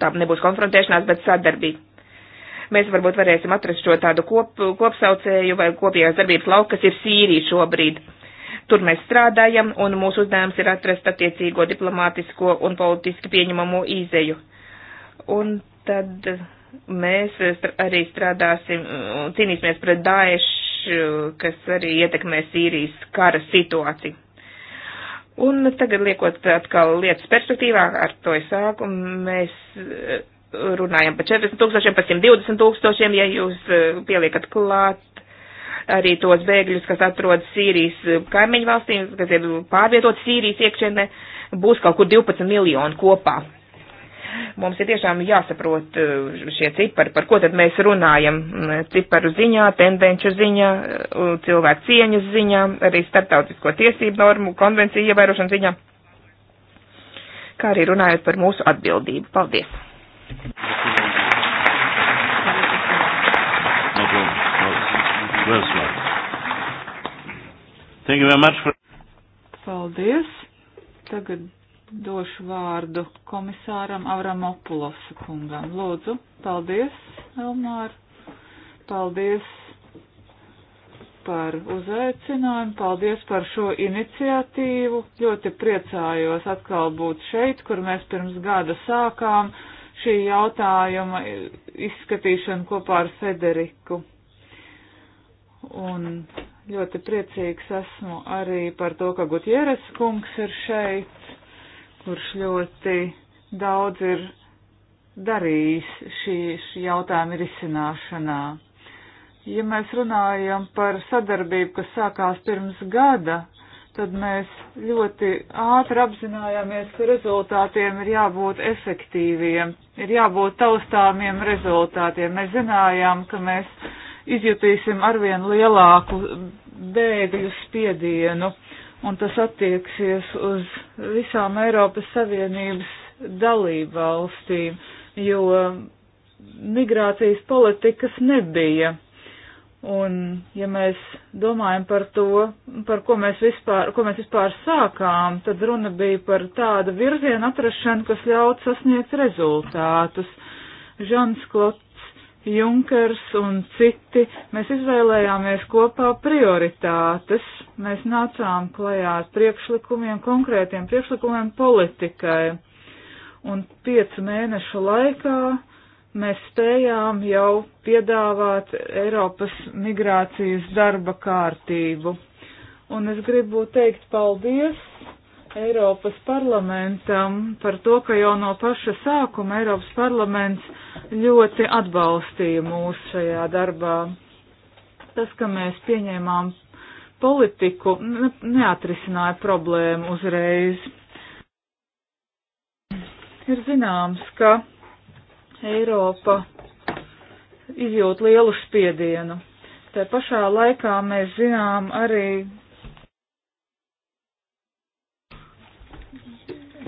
Tā nebūs konfrontēšanās, bet sadarbība. Mēs varbūt varēsim atrast šo tādu kop, kopsaucēju vai kopējās darbības lauku, kas ir Sīrija šobrīd. Tur mēs strādājam, un mūsu uzdevums ir atrast attiecīgo diplomātisko un politiski pieņemamo īzeju. Un tad mēs arī strādāsim un cīnīsimies pret Daešu, kas arī ietekmē Sīrijas kara situāciju. Un tagad liekot atkal lietas perspektīvā, ar to es sāku, mēs runājam par 40 tūkstošiem, par 120 tūkstošiem, ja jūs eh, pieliekat klāt arī tos bēgļus, kas atrodas Sīrijas eh, kaimiņu valstīm, kas ir pārvietot Sīrijas iekšienē, būs kaut kur 12 miljoni kopā. Mums ir tiešām jāsaprot eh, šie cipari, par ko tad mēs runājam. Mm, ciparu ziņā, tendenču ziņā, cilvēku cieņas ziņā, arī starptautisko tiesību normu, konvenciju ievērošanas ziņā, kā arī runājot par mūsu atbildību. Paldies! That's right. Thank you very much for... Paldies. Tagad došu vārdu komisāram Avramopulosa kungam. Lūdzu, paldies, Elmār. Paldies par uzaicinājumu, paldies par šo iniciatīvu. Ļoti priecājos atkal būt šeit, kur mēs pirms gada sākām šī jautājuma izskatīšanu kopā ar Federiku. Un ļoti priecīgs esmu arī par to, ka Gutieres kungs ir šeit, kurš ļoti daudz ir darījis šī, šī jautājuma risināšanā. Ja mēs runājam par sadarbību, kas sākās pirms gada, tad mēs ļoti ātri apzinājāmies, ka rezultātiem ir jābūt efektīviem, ir jābūt taustāmiem rezultātiem. Mēs zinājām, ka mēs izjutīsim arvien lielāku bēgļu spiedienu, un tas attieksies uz visām Eiropas Savienības dalību valstīm, jo migrācijas politikas nebija. Un, ja mēs domājam par to, par ko mēs vispār, ko mēs vispār sākām, tad runa bija par tādu virzienu atrašanu, kas ļaut sasniegt rezultātus. Žans Klot Junkers un citi, mēs izvēlējāmies kopā prioritātes. Mēs nācām klajā ar priekšlikumiem, konkrētiem priekšlikumiem politikai. Un piecu mēnešu laikā mēs spējām jau piedāvāt Eiropas migrācijas darba kārtību. Un es gribu teikt paldies Eiropas parlamentam par to, ka jau no paša sākuma Eiropas parlaments ļoti atbalstīja mūs šajā darbā. Tas, ka mēs pieņēmām politiku, neatrisināja problēmu uzreiz. Ir zināms, ka Eiropa izjūt lielu spiedienu. Tā pašā laikā mēs zinām arī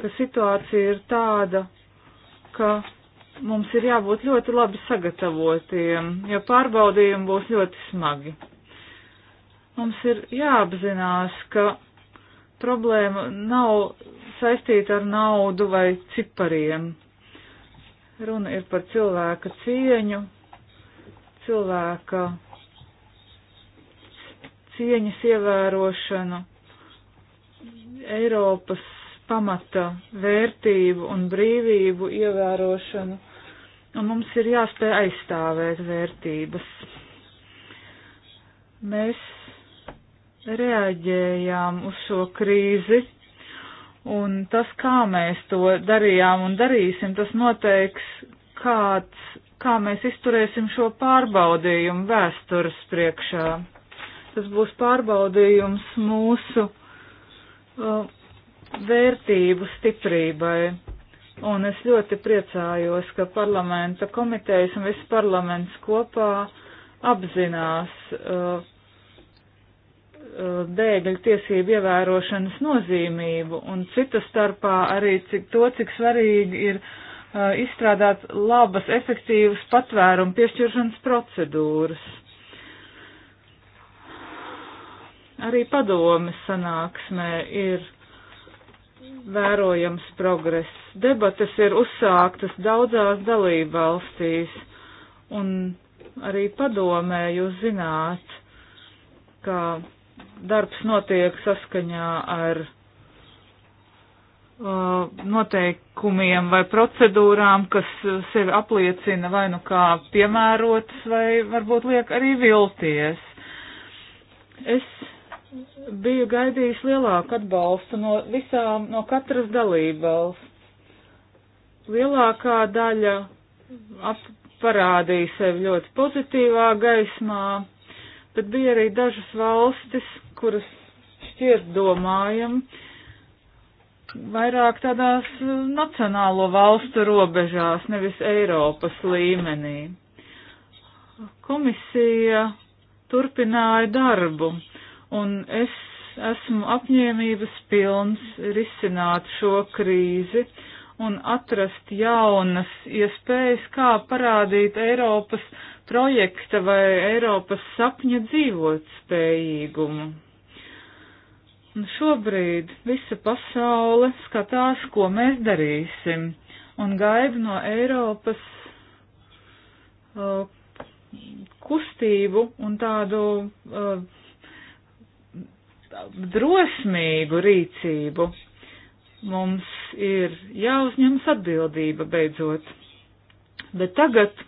ka situācija ir tāda, ka mums ir jābūt ļoti labi sagatavotiem, jo pārbaudījumi būs ļoti smagi. Mums ir jāapzinās, ka problēma nav saistīta ar naudu vai cipariem. Runa ir par cilvēka cieņu, cilvēka cieņas ievērošanu, Eiropas pamata vērtību un brīvību ievērošanu, un mums ir jāspēj aizstāvēt vērtības. Mēs reaģējām uz šo krīzi, un tas, kā mēs to darījām un darīsim, tas noteiks, kāds, kā mēs izturēsim šo pārbaudījumu vēstures priekšā. Tas būs pārbaudījums mūsu uh, vērtību stiprībai. Un es ļoti priecājos, ka parlamenta komitejas un viss parlaments kopā apzinās uh, uh bēgļu tiesību ievērošanas nozīmību un citu starpā arī cik, to, cik svarīgi ir uh, izstrādāt labas, efektīvas patvērumu piešķiršanas procedūras. Arī padomes sanāksmē ir vērojams progress. Debates ir uzsāktas daudzās dalībvalstīs, un arī padomē jūs zināt, ka darbs notiek saskaņā ar uh, noteikumiem vai procedūrām, kas sevi apliecina vai nu kā piemērotas, vai varbūt liek arī vilties. Es biju gaidījis lielāku atbalstu no visām, no katras dalībvalsts. Lielākā daļa ap, parādīja sevi ļoti pozitīvā gaismā, bet bija arī dažas valstis, kuras šķiet domājam, vairāk tādās nacionālo valstu robežās, nevis Eiropas līmenī. Komisija turpināja darbu un es esmu apņēmības pilns risināt šo krīzi un atrast jaunas iespējas, kā parādīt Eiropas projekta vai Eiropas sapņa dzīvot spējīgumu. Un šobrīd visa pasaule skatās, ko mēs darīsim, un gaida no Eiropas uh, kustību un tādu uh, drosmīgu rīcību. Mums ir jāuzņemas atbildība beidzot. Bet tagad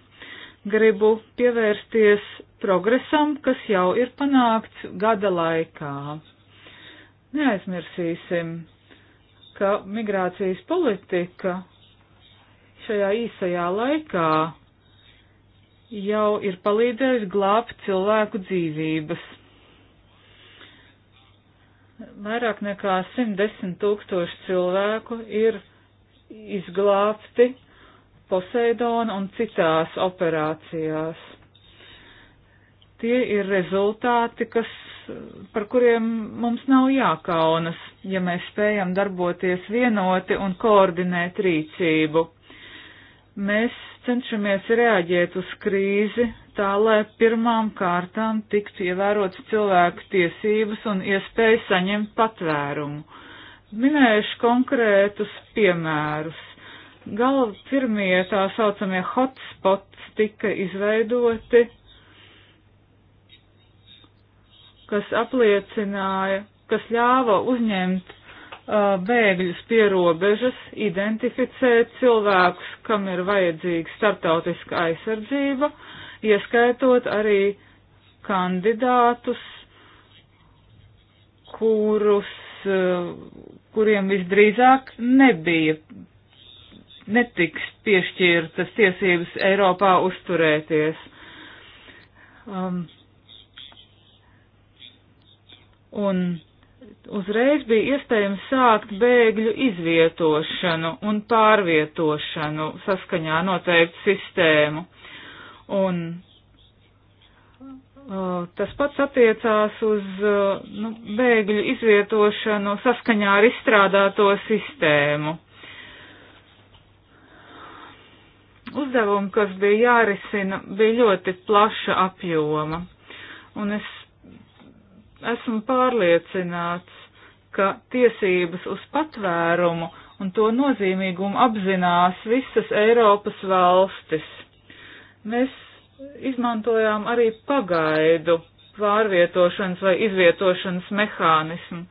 gribu pievērsties progresam, kas jau ir panākts gada laikā. Neaizmirsīsim, ka migrācijas politika šajā īsajā laikā jau ir palīdzējusi glābt cilvēku dzīvības Vairāk nekā 110 tūkstoši cilvēku ir izglābti Poseidona un citās operācijās. Tie ir rezultāti, kas, par kuriem mums nav jākaunas, ja mēs spējam darboties vienoti un koordinēt rīcību. Mēs cenšamies reaģēt uz krīzi tā, lai pirmām kārtām tiktu ievērotas cilvēku tiesības un iespēja saņemt patvērumu. Minējuši konkrētus piemērus. Galva pirmie tā saucamie hotspots tika izveidoti, kas apliecināja, kas ļāva uzņemt bēgļus pie robežas, identificēt cilvēkus, kam ir vajadzīga starptautiska aizsardzība, ieskaitot arī kandidātus, kurus, kuriem visdrīzāk nebija, netiks piešķirtas tiesības Eiropā uzturēties. Um, un uzreiz bija iespējams sākt bēgļu izvietošanu un pārvietošanu saskaņā noteiktu sistēmu. Un uh, tas pats attiecās uz uh, nu, bēgļu izvietošanu saskaņā ar izstrādāto sistēmu. Uzdevumi, kas bija jārisina, bija ļoti plaša apjoma. Un es Esmu pārliecināts, ka tiesības uz patvērumu un to nozīmīgumu apzinās visas Eiropas valstis. Mēs izmantojām arī pagaidu pārvietošanas vai izvietošanas mehānismu.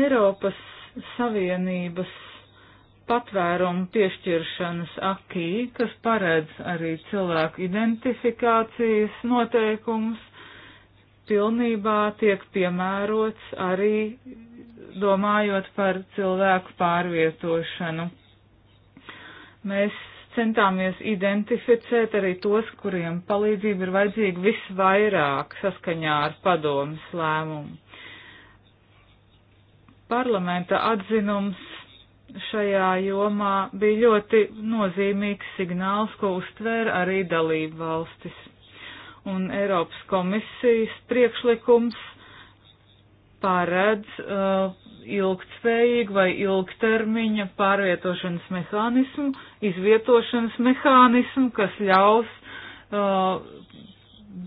Eiropas Savienības patvērumu piešķiršanas akī, kas paredz arī cilvēku identifikācijas noteikums, pilnībā tiek piemērots arī domājot par cilvēku pārvietošanu. Mēs centāmies identificēt arī tos, kuriem palīdzība ir vajadzīga visvairāk saskaņā ar padomas lēmumu. Parlamenta atzinums šajā jomā bija ļoti nozīmīgs signāls, ko uztvēra arī dalību valstis. Un Eiropas komisijas priekšlikums paredz uh, ilgtspējīgu vai ilgtermiņa pārvietošanas mehānismu, izvietošanas mehānismu, kas ļaus uh,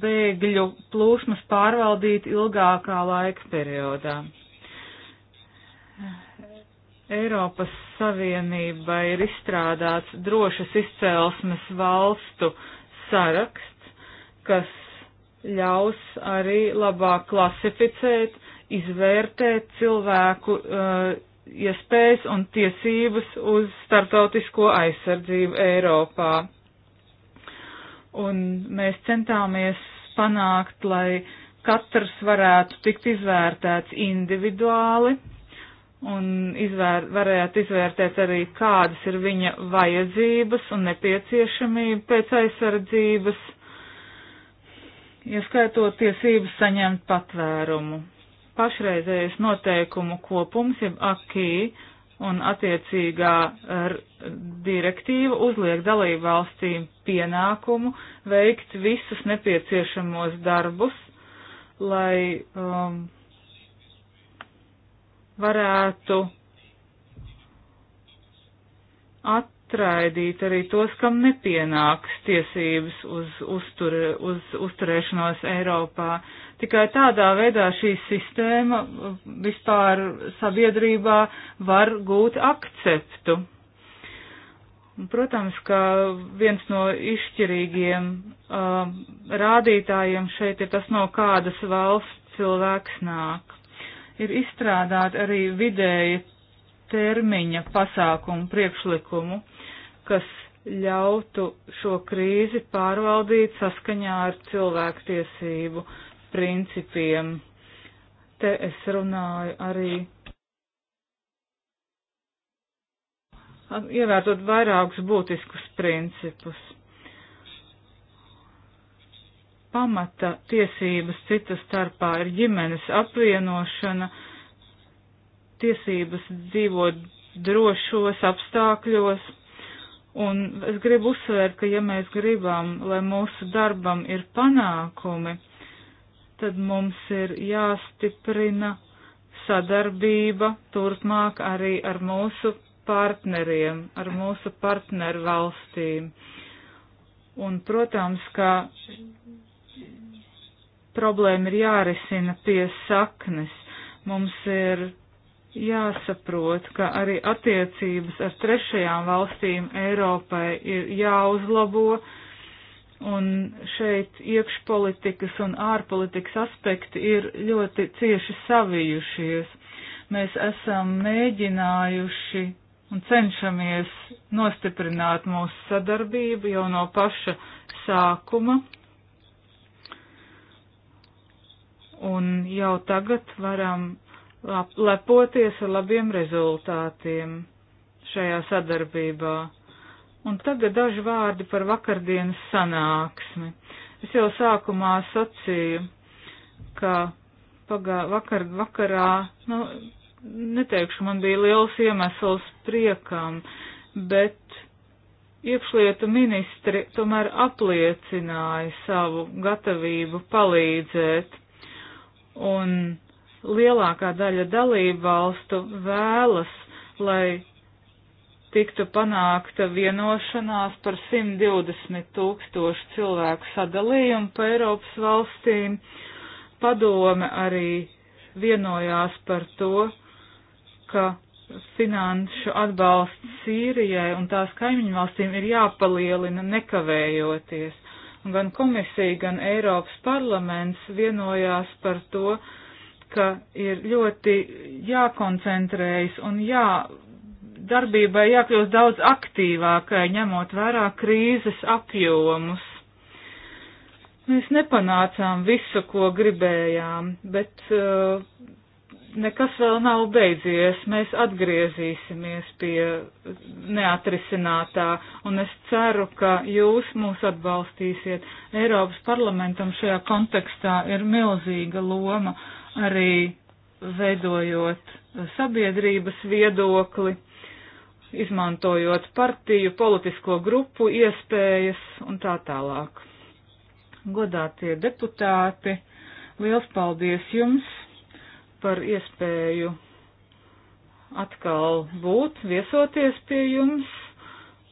bēgļu plūsmas pārvaldīt ilgākā laika periodā. Eiropas Savienībai ir izstrādāts drošas izcēlesmes valstu saraksts, kas ļaus arī labāk klasificēt, izvērtēt cilvēku uh, iespējas un tiesības uz startautisko aizsardzību Eiropā. Un mēs centāmies panākt, lai katrs varētu tikt izvērtēts individuāli un izvēr, varētu izvērtēt arī, kādas ir viņa vajadzības un nepieciešamība pēc aizsardzības, ieskaitot tiesības saņemt patvērumu. Pašreizējais noteikumu kopums, jeb akī un attiecīgā er, direktīva uzliek dalību valstīm pienākumu veikt visus nepieciešamos darbus, lai um, varētu atraidīt arī tos, kam nepienāks tiesības uz, uztur, uz uzturēšanos Eiropā. Tikai tādā veidā šī sistēma vispār sabiedrībā var gūt akceptu. Protams, ka viens no izšķirīgiem uh, rādītājiem šeit ir tas, no kādas valsts cilvēks nāk ir izstrādāt arī vidēja termiņa pasākumu priekšlikumu, kas ļautu šo krīzi pārvaldīt saskaņā ar cilvēktiesību principiem. Te es runāju arī ievērtot vairākus būtiskus principus pamata tiesības citas starpā ir ģimenes apvienošana, tiesības dzīvot drošos apstākļos. Un es gribu uzsvērt, ka ja mēs gribam, lai mūsu darbam ir panākumi, tad mums ir jāstiprina sadarbība turpmāk arī ar mūsu partneriem, ar mūsu partneru valstīm. Un, protams, ka problēma ir jārisina pie saknes. Mums ir jāsaprot, ka arī attiecības ar trešajām valstīm Eiropai ir jāuzlabo, un šeit iekšpolitikas un ārpolitikas aspekti ir ļoti cieši savijušies. Mēs esam mēģinājuši un cenšamies nostiprināt mūsu sadarbību jau no paša sākuma un jau tagad varam lepoties ar labiem rezultātiem šajā sadarbībā. Un tagad daži vārdi par vakardienas sanāksmi. Es jau sākumā sacīju, ka pagā, vakar, vakarā, nu, neteikšu, man bija liels iemesls priekam, bet iekšlietu ministri tomēr apliecināja savu gatavību palīdzēt un lielākā daļa dalību valstu vēlas, lai tiktu panākta vienošanās par 120 tūkstošu cilvēku sadalījumu pa Eiropas valstīm. Padome arī vienojās par to, ka finanšu atbalsts Sīrijai un tās kaimiņu valstīm ir jāpalielina nekavējoties. Gan komisija, gan Eiropas parlaments vienojās par to, ka ir ļoti jākoncentrējas un jā, darbībai jākļūst daudz aktīvākai, ņemot vērā krīzes apjomus. Mēs nepanācām visu, ko gribējām, bet uh, nekas vēl nav beidzies. Mēs atgriezīsimies pie neatrisinātā, un es ceru, ka jūs mūs atbalstīsiet. Eiropas parlamentam šajā kontekstā ir milzīga loma arī veidojot sabiedrības viedokli, izmantojot partiju, politisko grupu iespējas un tā tālāk. Godātie deputāti, liels paldies jums! par iespēju atkal būt, viesoties pie jums.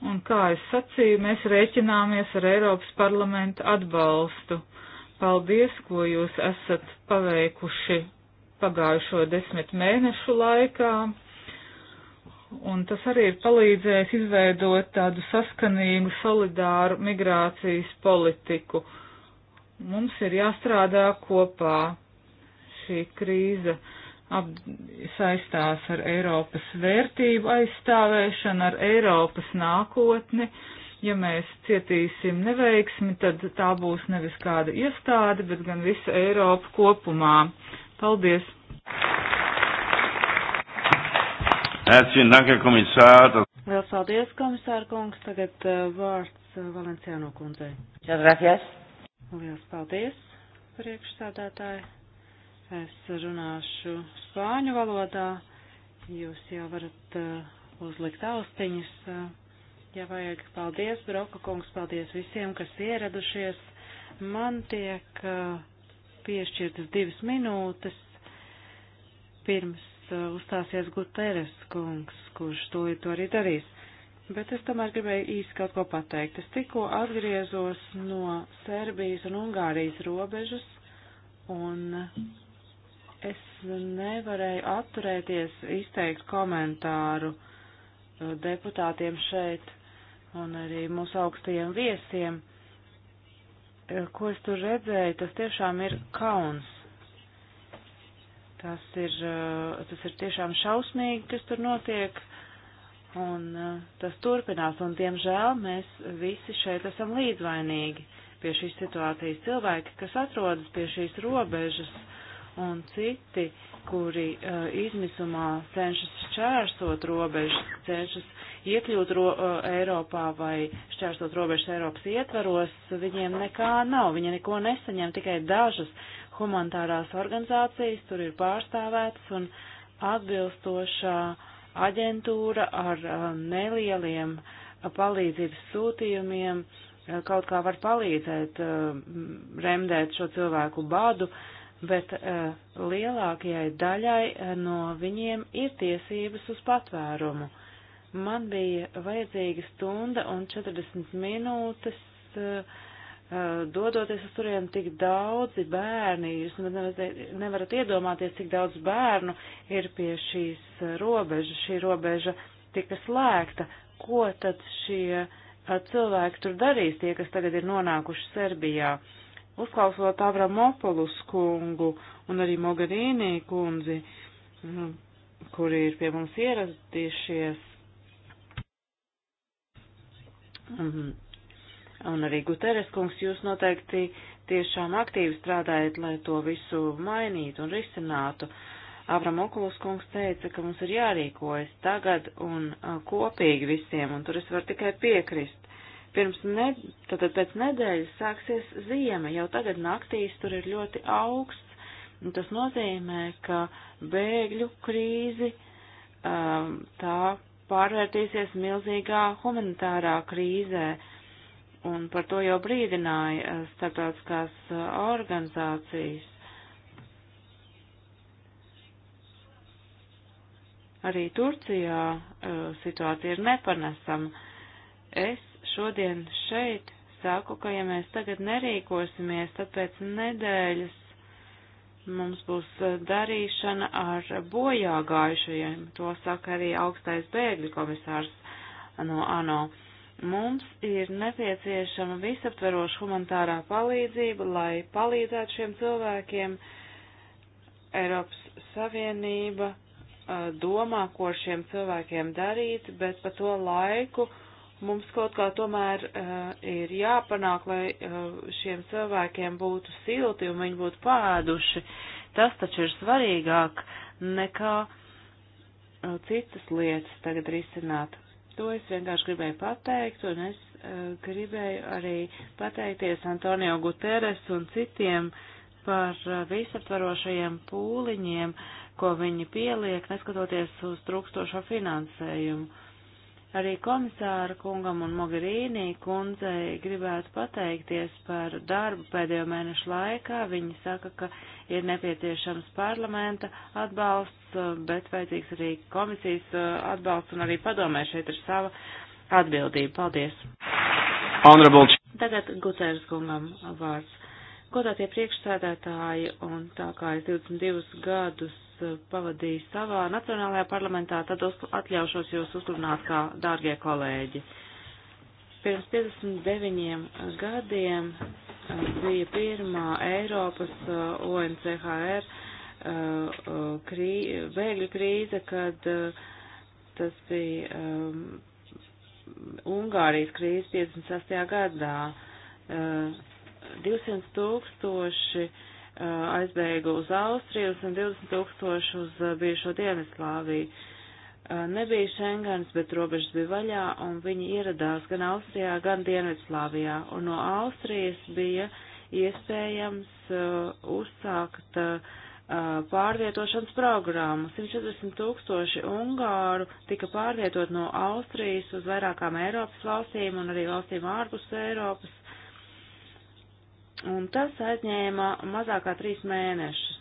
Un kā es sacīju, mēs rēķināmies ar Eiropas parlamenta atbalstu. Paldies, ko jūs esat paveikuši pagājušo desmit mēnešu laikā. Un tas arī ir palīdzējis izveidot tādu saskanīgu, solidāru migrācijas politiku. Mums ir jāstrādā kopā šī krīze ap, saistās ar Eiropas vērtību aizstāvēšanu, ar Eiropas nākotni. Ja mēs cietīsim neveiksmi, tad tā būs nevis kāda iestāde, bet gan visa Eiropa kopumā. Paldies! Herzlichen eh, Dank, Herr Kommissar. Vēl paldies, komisāra kungs. Tagad uh, vārds uh, eh, Valenciāno kundzei. Čau, gracias. Lielas paldies, priekšsādātāji. Es runāšu spāņu valodā. Jūs jau varat uh, uzlikt austiņas, uh, ja vajag. Paldies, Broka kungs, paldies visiem, kas ieradušies. Man tiek uh, piešķirtas divas minūtes pirms uh, uzstāsies Guteres kungs, kurš to, to arī darīs bet es tomēr gribēju īsti kaut ko pateikt. Es tikko atgriezos no Serbijas un Ungārijas robežas, un Es nevarēju atturēties izteikt komentāru uh, deputātiem šeit un arī mūsu augstajiem viesiem. Uh, ko es tur redzēju, tas tiešām ir kauns. Tas ir, uh, tas ir tiešām šausmīgi, kas tur notiek, un tas turpinās, un diemžēl mēs visi šeit esam līdzvainīgi pie šīs situācijas. Cilvēki, kas atrodas pie šīs robežas, uh, un citi, kuri uh, izmisumā cenšas šķērsot robežas, cenšas iekļūt ro, uh, Eiropā vai šķērsot robežas Eiropas ietvaros, viņiem nekā nav, viņi neko nesaņem, tikai dažas humanitārās organizācijas tur ir pārstāvētas un atbilstošā aģentūra ar uh, nelieliem uh, palīdzības sūtījumiem uh, kaut kā var palīdzēt uh, remdēt šo cilvēku badu, bet uh, lielākajai daļai eh, no viņiem ir tiesības uz patvērumu. Man bija vajadzīga stunda un 40 minūtes, uh, uh, dodoties uz turien tik daudzi bērni, jūs nevarat iedomāties, cik daudz bērnu ir pie šīs robežas, šī robeža tika slēgta, ko tad šie cilvēki tur darīs, tie, kas tagad ir nonākuši Serbijā. Uh, uzklausot Avramopolus kungu un arī Mogarīnī kundzi, mm, kuri ir pie mums ieradīšies, un arī Guteres kungs, jūs noteikti tiešām aktīvi strādājat, lai to visu mainītu un risinātu. Avramopolus kungs teica, ka mums ir jārīkojas tagad un kopīgi visiem, un tur es varu tikai piekrist Pirms ne, tātad pēc nedēļas sāksies ziema, jau tagad naktīs tur ir ļoti augsts, un tas nozīmē, ka bēgļu krīzi um, tā pārvērtīsies milzīgā humanitārā krīzē, un par to jau brīdināja uh, starptautiskās uh, organizācijas. Arī Turcijā uh, situācija ir nepanesama. Es šodien šeit saku, ka ja mēs tagad nerīkosimies, tad pēc nedēļas mums būs e, darīšana ar bojāgājušajiem. To saka arī augstais bēgļu komisārs no ANO. Mums ir nepieciešama visaptveroša humanitārā palīdzība, lai palīdzētu šiem cilvēkiem. Eiropas Savienība e, domā, ko šiem cilvēkiem darīt, bet pa to laiku uh, Mums kaut kā tomēr uh, ir jāpanāk, lai uh, šiem cilvēkiem būtu silti un viņi būtu pāduši. Tas taču ir svarīgāk nekā uh, citas lietas tagad risināt. To es vienkārši gribēju pateikt, un es uh, gribēju arī pateikties Antonio Guterres un citiem par uh, visaptvarošajiem pūliņiem, ko viņi pieliek, neskatoties uz trūkstošo finansējumu Arī komisāra kungam un Mogherīnī kundzei gribētu pateikties par darbu pēdējo mēnešu laikā. Viņi saka, ka ir nepieciešams parlamenta atbalsts, bet vajadzīgs arī komisijas uh, atbalsts un arī padomē šeit ir sava atbildība. Paldies! Honorable. Tagad Gutēras kungam vārds. Godātie priekšsēdētāji, un tā kā es 22 gadus Eh, pavadīju savā nacionālajā parlamentā, tad atļaušos jūs uzrunāt kā dārgie kolēģi. Pirms 59 gadiem eh, bija pirmā Eiropas eh, ONCHR krī, bēgļu krīze, kad tas bija um, Ungārijas krīze 56. gadā. 200 tūkstoši uh, Uh, aizbēgu uz Austriju, 120 tūkstoši uz uh, bijušo Dienvidslāviju. Uh, nebija Schengens, bet robežas bija vaļā, un viņi ieradās gan Austrijā, gan Dienvidslāvijā. Un no Austrijas bija iespējams uh, uzsākt uh, pārvietošanas programmu. 140 tūkstoši Ungāru tika pārvietot no Austrijas uz vairākām Eiropas valstīm un arī valstīm ārpus Eiropas Un tas aizņēma mazākā trīs mēnešus.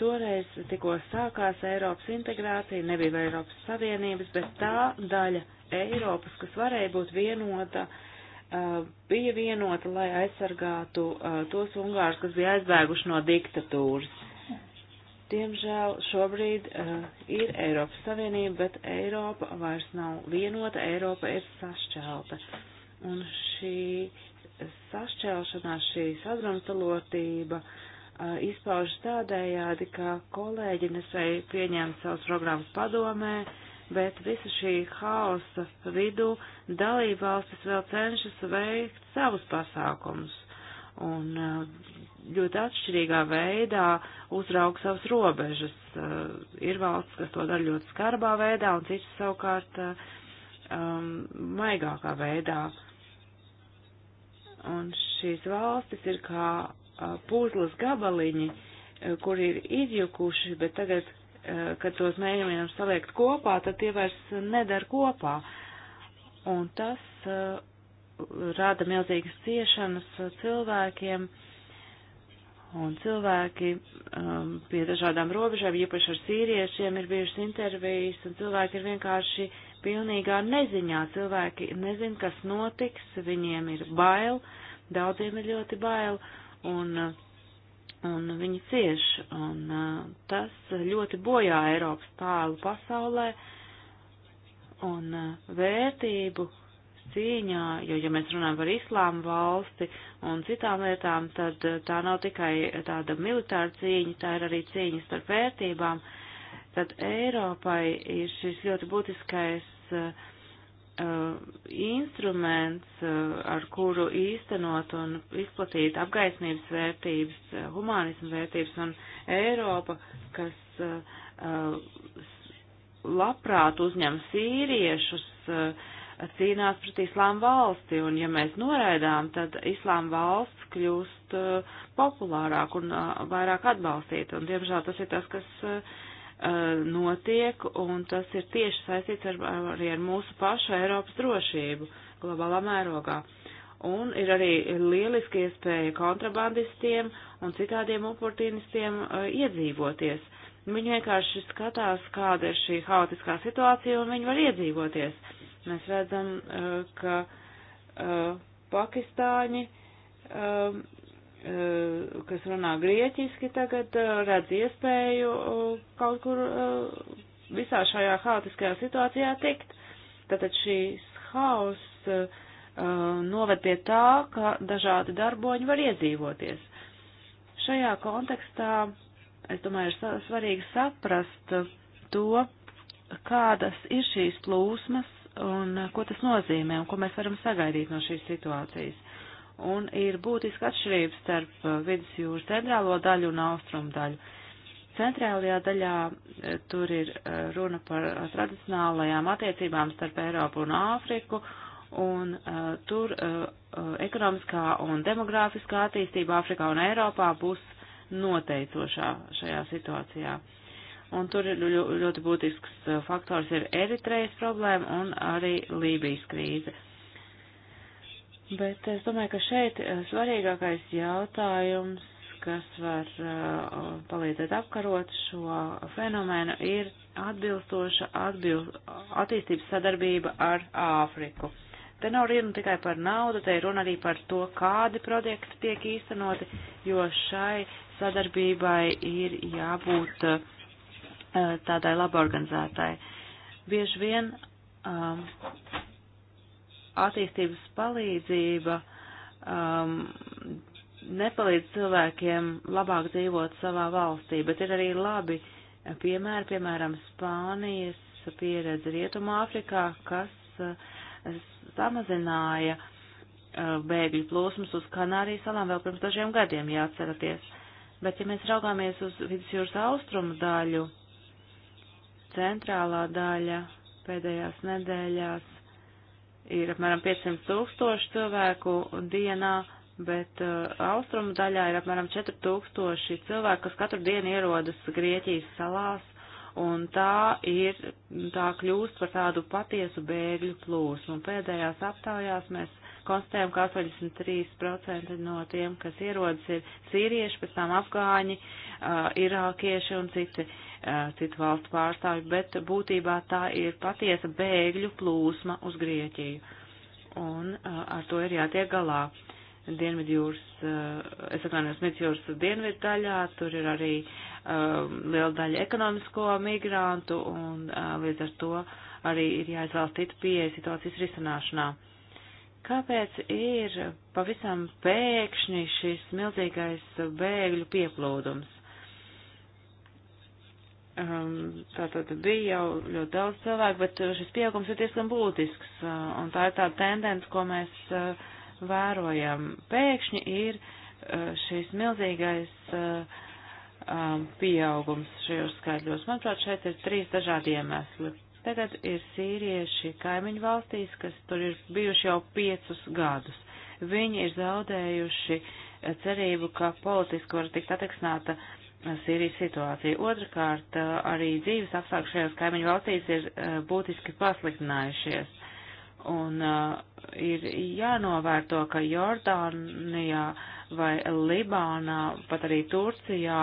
Toreiz tikko sākās Eiropas integrācija, nebija vēl Eiropas Savienības, bet tā daļa Eiropas, kas varēja būt vienota, uh, bija vienota, lai aizsargātu uh, tos ungārus, kas bija aizbēguši no diktatūras. Diemžēl šobrīd uh, ir Eiropas Savienība, bet Eiropa vairs nav vienota, Eiropa ir sašķelta. Un šī uh, sašķelšanās, šī sadrumstalotība izpaužas tādējādi, ka kolēģi nespēja pieņemt savus programmas padomē, bet visa šī haosa vidū dalībvalstis vēl cenšas veikt savus pasākumus un ļoti atšķirīgā veidā uzraug savas robežas. Ir valsts, kas to dara ļoti skarbā veidā, un citas savukārt um, maigākā veidā. Uh, Un šīs valstis ir kā puzles gabaliņi, kuri ir izjukuši, bet tagad, kad tos mēģinām saliekt kopā, tad tie vairs nedara kopā. Un tas rada milzīgas ciešanas cilvēkiem, un cilvēki um, pie dažādām robežām, īpaši ar sīriešiem, ir bijušas intervijas, un cilvēki ir vienkārši pilnīgā neziņā. Cilvēki nezin, kas notiks, viņiem ir bail, daudziem ir ļoti bail, un, un viņi cieš. Un tas ļoti bojā Eiropas tēlu pasaulē un vērtību cīņā, jo, ja mēs runājam par islāmu valsti un citām lietām, tad tā nav tikai tāda militāra cīņa, tā ir arī cīņa starp vērtībām. Uh, tad Eiropai ir šis ļoti būtiskais uh, instruments, uh, ar kuru īstenot un izplatīt apgaismības vērtības, uh, humanismu vērtības un Eiropa, kas uh, uh, labprāt uzņem sīriešus, uh, cīnās pret islāma valsti, un ja mēs noraidām, tad islāma valsts kļūst populārāk un vairāk atbalstīt, un diemžēl tas ir tas, kas uh, Uh, notiek, un tas ir tieši saistīts ar, arī ar mūsu pašu Eiropas drošību globālā mērogā. Un ir arī lieliski iespēja kontrabandistiem un citādiem oportunistiem uh, iedzīvoties. Viņi vienkārši skatās, kāda ir šī haotiskā situācija, un viņi var iedzīvoties. Mēs redzam, uh, ka Pakistāņi um, Eh, kas runā grieķiski, tagad eh, redz iespēju eh, kaut kur visā šajā haotiskajā situācijā tikt. Tātad šīs haus noved pie tā, ka dažādi darboņi var iedzīvoties. Šajā kontekstā, es domāju, ir svarīgi saprast to, kādas ir šīs plūsmas un ko tas nozīmē un ko mēs varam sagaidīt no šīs situācijas un ir būtiska atšķirība starp uh, vidusjūras centrālo daļu un austrumu daļu. Centrālajā daļā uh, tur ir uh, runa par tradicionālajām attiecībām starp Eiropu un Āfriku, un uh, tur uh, ekonomiskā un demogrāfiskā attīstība Āfrikā un Eiropā būs noteicošā šajā situācijā. Un tur ļoti būtisks faktors ir Eritrejas problēma un arī Lībijas krīze. Uh, Bet es domāju, ka šeit eh, svarīgākais jautājums, kas var eh, palīdzēt apkarot šo fenomenu, ir atbilstoša atbil attīstības sadarbība ar Āfriku. Te nav runa tikai par naudu, te ir runa arī par to, kādi projekti tiek īstenoti, jo šai sadarbībai ir jābūt eh, tādai labi organizētai. Bieži vien um, attīstības palīdzība um, nepalīdz cilvēkiem labāk dzīvot savā valstī, bet ir arī labi piemēri, piemēram, Spānijas pieredze Rietumā Afrikā, kas uh, samazināja uh, bēgļu plūsmas uz Kanārijas salām vēl pirms dažiem gadiem, jāatceraties. Bet, ja mēs raugāmies uz vidusjūras austrumu daļu, centrālā daļa pēdējās nedēļās ir apmēram 500 tūkstoši cilvēku dienā, bet uh, austrumu daļā ir apmēram 4000 cilvēku, kas katru dienu ierodas Grieķijas salās, un tā ir, tā kļūst par tādu patiesu bēgļu plūsmu. Pēdējās aptaujās mēs konstatējam, ka 83% no tiem, kas ierodas, ir sīrieši, pēc tam afgāņi, uh, irākieši un citi. Uh, citu valstu pārstāvju, bet būtībā tā ir patiesa bēgļu plūsma uz Grieķiju. Un ar to ir jātiek galā. Dienvidjūras, es atvainojos, Midjūras dienvidu daļā, tur ir arī um, liela daļa ekonomisko migrantu un uh, līdz ar to arī ir jāizvēlas citu pieeja situācijas risināšanā. Kāpēc ir pavisam pēkšņi šis milzīgais bēgļu pieplūdums? um, tātad bija jau ļoti daudz cilvēku, bet uh, šis pieaugums ir diezgan būtisks, uh, un tā ir tāda tendence, ko mēs uh, vērojam. Pēkšņi ir uh, šis milzīgais uh, um, pieaugums šajos skaidros. Manuprāt, šeit ir trīs dažādi iemesli. Tagad ir sīrieši kaimiņu valstīs, kas tur ir bijuši jau piecus gadus. Viņi ir zaudējuši uh, cerību, ka politiski var tikt attiksnāta uh, Sīrijas situāciju. Otrakārt, arī dzīves apstākļi šajās kaimiņu valstīs ir būtiski pasliktinājušies. Un uh, ir jānovērto, ka Jordānijā vai Libānā, pat arī Turcijā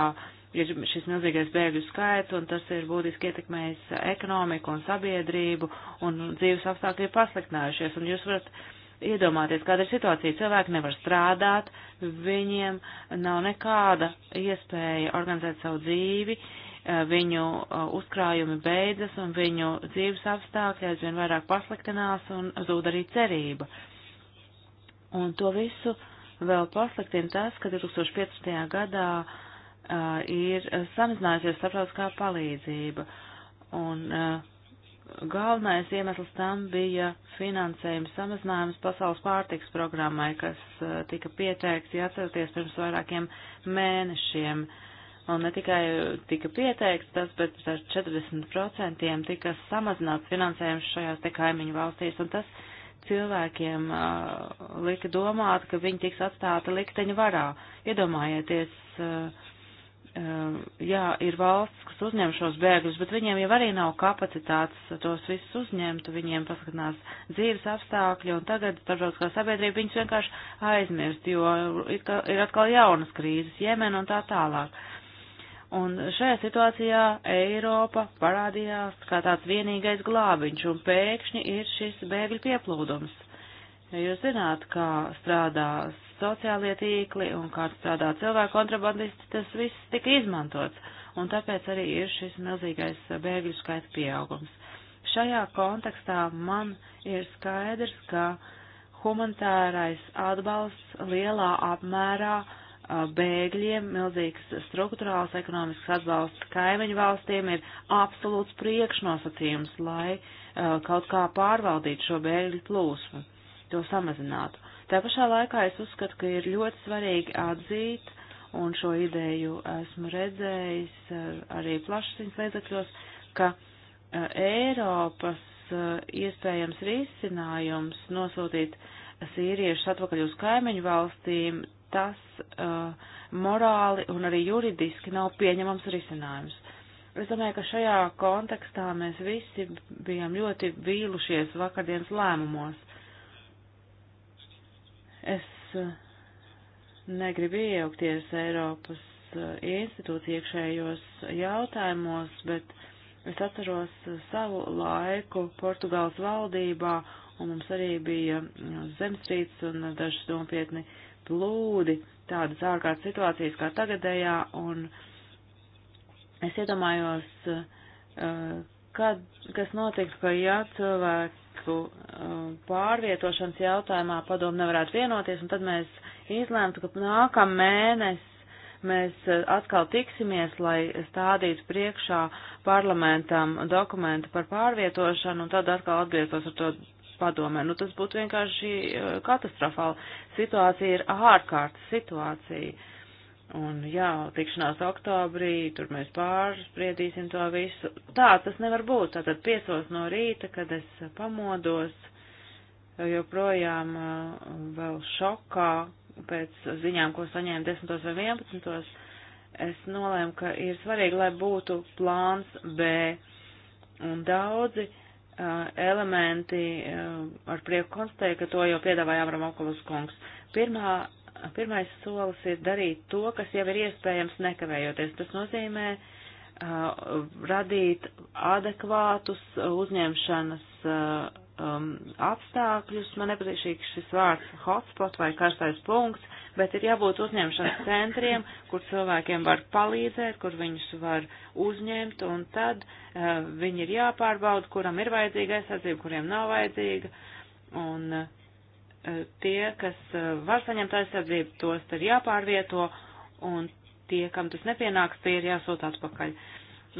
ir šis milzīgais bēgļu skaits, un tas ir būtiski ietekmējis ekonomiku un sabiedrību, un dzīves apstākļi ir pasliktinājušies. Un jūs varat uh, iedomāties, kāda ir situācija. Cilvēki nevar strādāt, viņiem nav nekāda iespēja organizēt savu dzīvi, eh, viņu eh, uzkrājumi beidzas un viņu dzīves apstākļi aizvien vairāk pasliktinās un zūd arī cerība. Un to visu vēl pasliktina tas, ka 2015. gadā uh, ir samazinājusies starptautiskā palīdzība. Un uh, Galvenais iemesls tam bija finansējuma samazinājums pasaules pārtiks programmai, kas uh, tika pieteikts, ja atceraties, pirms vairākiem mēnešiem. Un ne tikai tika pieteikts tas, bet ar 40% tika samazināts finansējums šajās te kaimiņu valstīs, un tas cilvēkiem uh, lika domāt, ka viņi tiks atstāti likteņu varā. Iedomājieties, uh, Um, jā, ir valsts, kas uzņem šos bēgļus, bet viņiem jau arī nav kapacitātes tos visus uzņemt, viņiem pasliktinās dzīves apstākļi, un tagad starptautiskā sabiedrība viņus vienkārši aizmirst, jo ir atkal jaunas krīzes, Jemen un tā tālāk. Un šajā situācijā Eiropa parādījās kā tāds vienīgais glābiņš, un pēkšņi ir šis bēgļu pieplūdums. Ja jūs zināt, kā strādā sociālie tīkli un kā strādā cilvēku kontrabandisti, tas viss tika izmantots, un tāpēc arī ir šis milzīgais bēgļu skaits pieaugums. Šajā kontekstā man ir skaidrs, ka humanitārais atbalsts lielā apmērā bēgļiem, milzīgs struktūrāls ekonomisks atbalsts kaimiņu valstīm ir absolūts priekšnosacījums, lai uh, kaut kā pārvaldītu šo bēgļu plūsmu to samazinātu. Tā pašā laikā es uzskatu, ka ir ļoti svarīgi atzīt, un šo ideju esmu redzējis ar, arī plašsaziņas līdzekļos, ka Eiropas iespējams risinājums nosūtīt sīriešus atpakaļ uz kaimiņu valstīm, tas uh, morāli un arī juridiski nav pieņemams risinājums. Es domāju, ka šajā kontekstā mēs visi bijām ļoti vīlušies vakardienas lēmumos. Es eh, negribu iejaukties Eiropas eh, institūciju iekšējos jautājumos, bet es atceros eh, savu laiku Portugāles valdībā, un mums arī bija mm, zemstrīts un dažas nopietni plūdi, tādas ārkārtas situācijas kā tagadējā, un es iedomājos, kad, kas notiks par jā cilvēku um, pārvietošanas jautājumā padomu nevarētu vienoties, un tad mēs izlēmtu, ka nākam mēnesi mēs uh, atkal tiksimies, lai stādītu priekšā parlamentam dokumentu par pārvietošanu, un tad atkal atgrieztos ar to padomē. Nu, tas būtu vienkārši uh, katastrofāli. Situācija ir ārkārtas situācija. Uh, Un jā, tikšanās oktobrī, tur mēs pārspriedīsim to visu. Tā tas nevar būt. Tātad piesos no rīta, kad es pamodos, joprojām uh, vēl šokā pēc ziņām, ko saņēmu 10. vai 11. Es nolēmu, ka ir svarīgi, lai būtu plāns B. Un daudzi uh, elementi uh, ar prieku konstatēja, ka to jau piedāvāja Avram Okulus kungs. Pirmā pirmais solis ir darīt to, kas jau ir iespējams nekavējoties. Tas nozīmē uh, radīt adekvātus uzņemšanas uh, um, apstākļus. Man nepatīk šis vārds hotspot vai karstais punkts, bet ir jābūt uzņemšanas centriem, kur cilvēkiem var palīdzēt, kur viņus var uzņemt, un tad uh, viņi ir jāpārbauda, kuram ir vajadzīga aizsardzība, kuriem nav vajadzīga. Un, uh, Eh, tie, kas eh, var saņemt aizsardzību, tos ir jāpārvieto, un tie, kam tas nepienāks, tie ir jāsūt atpakaļ.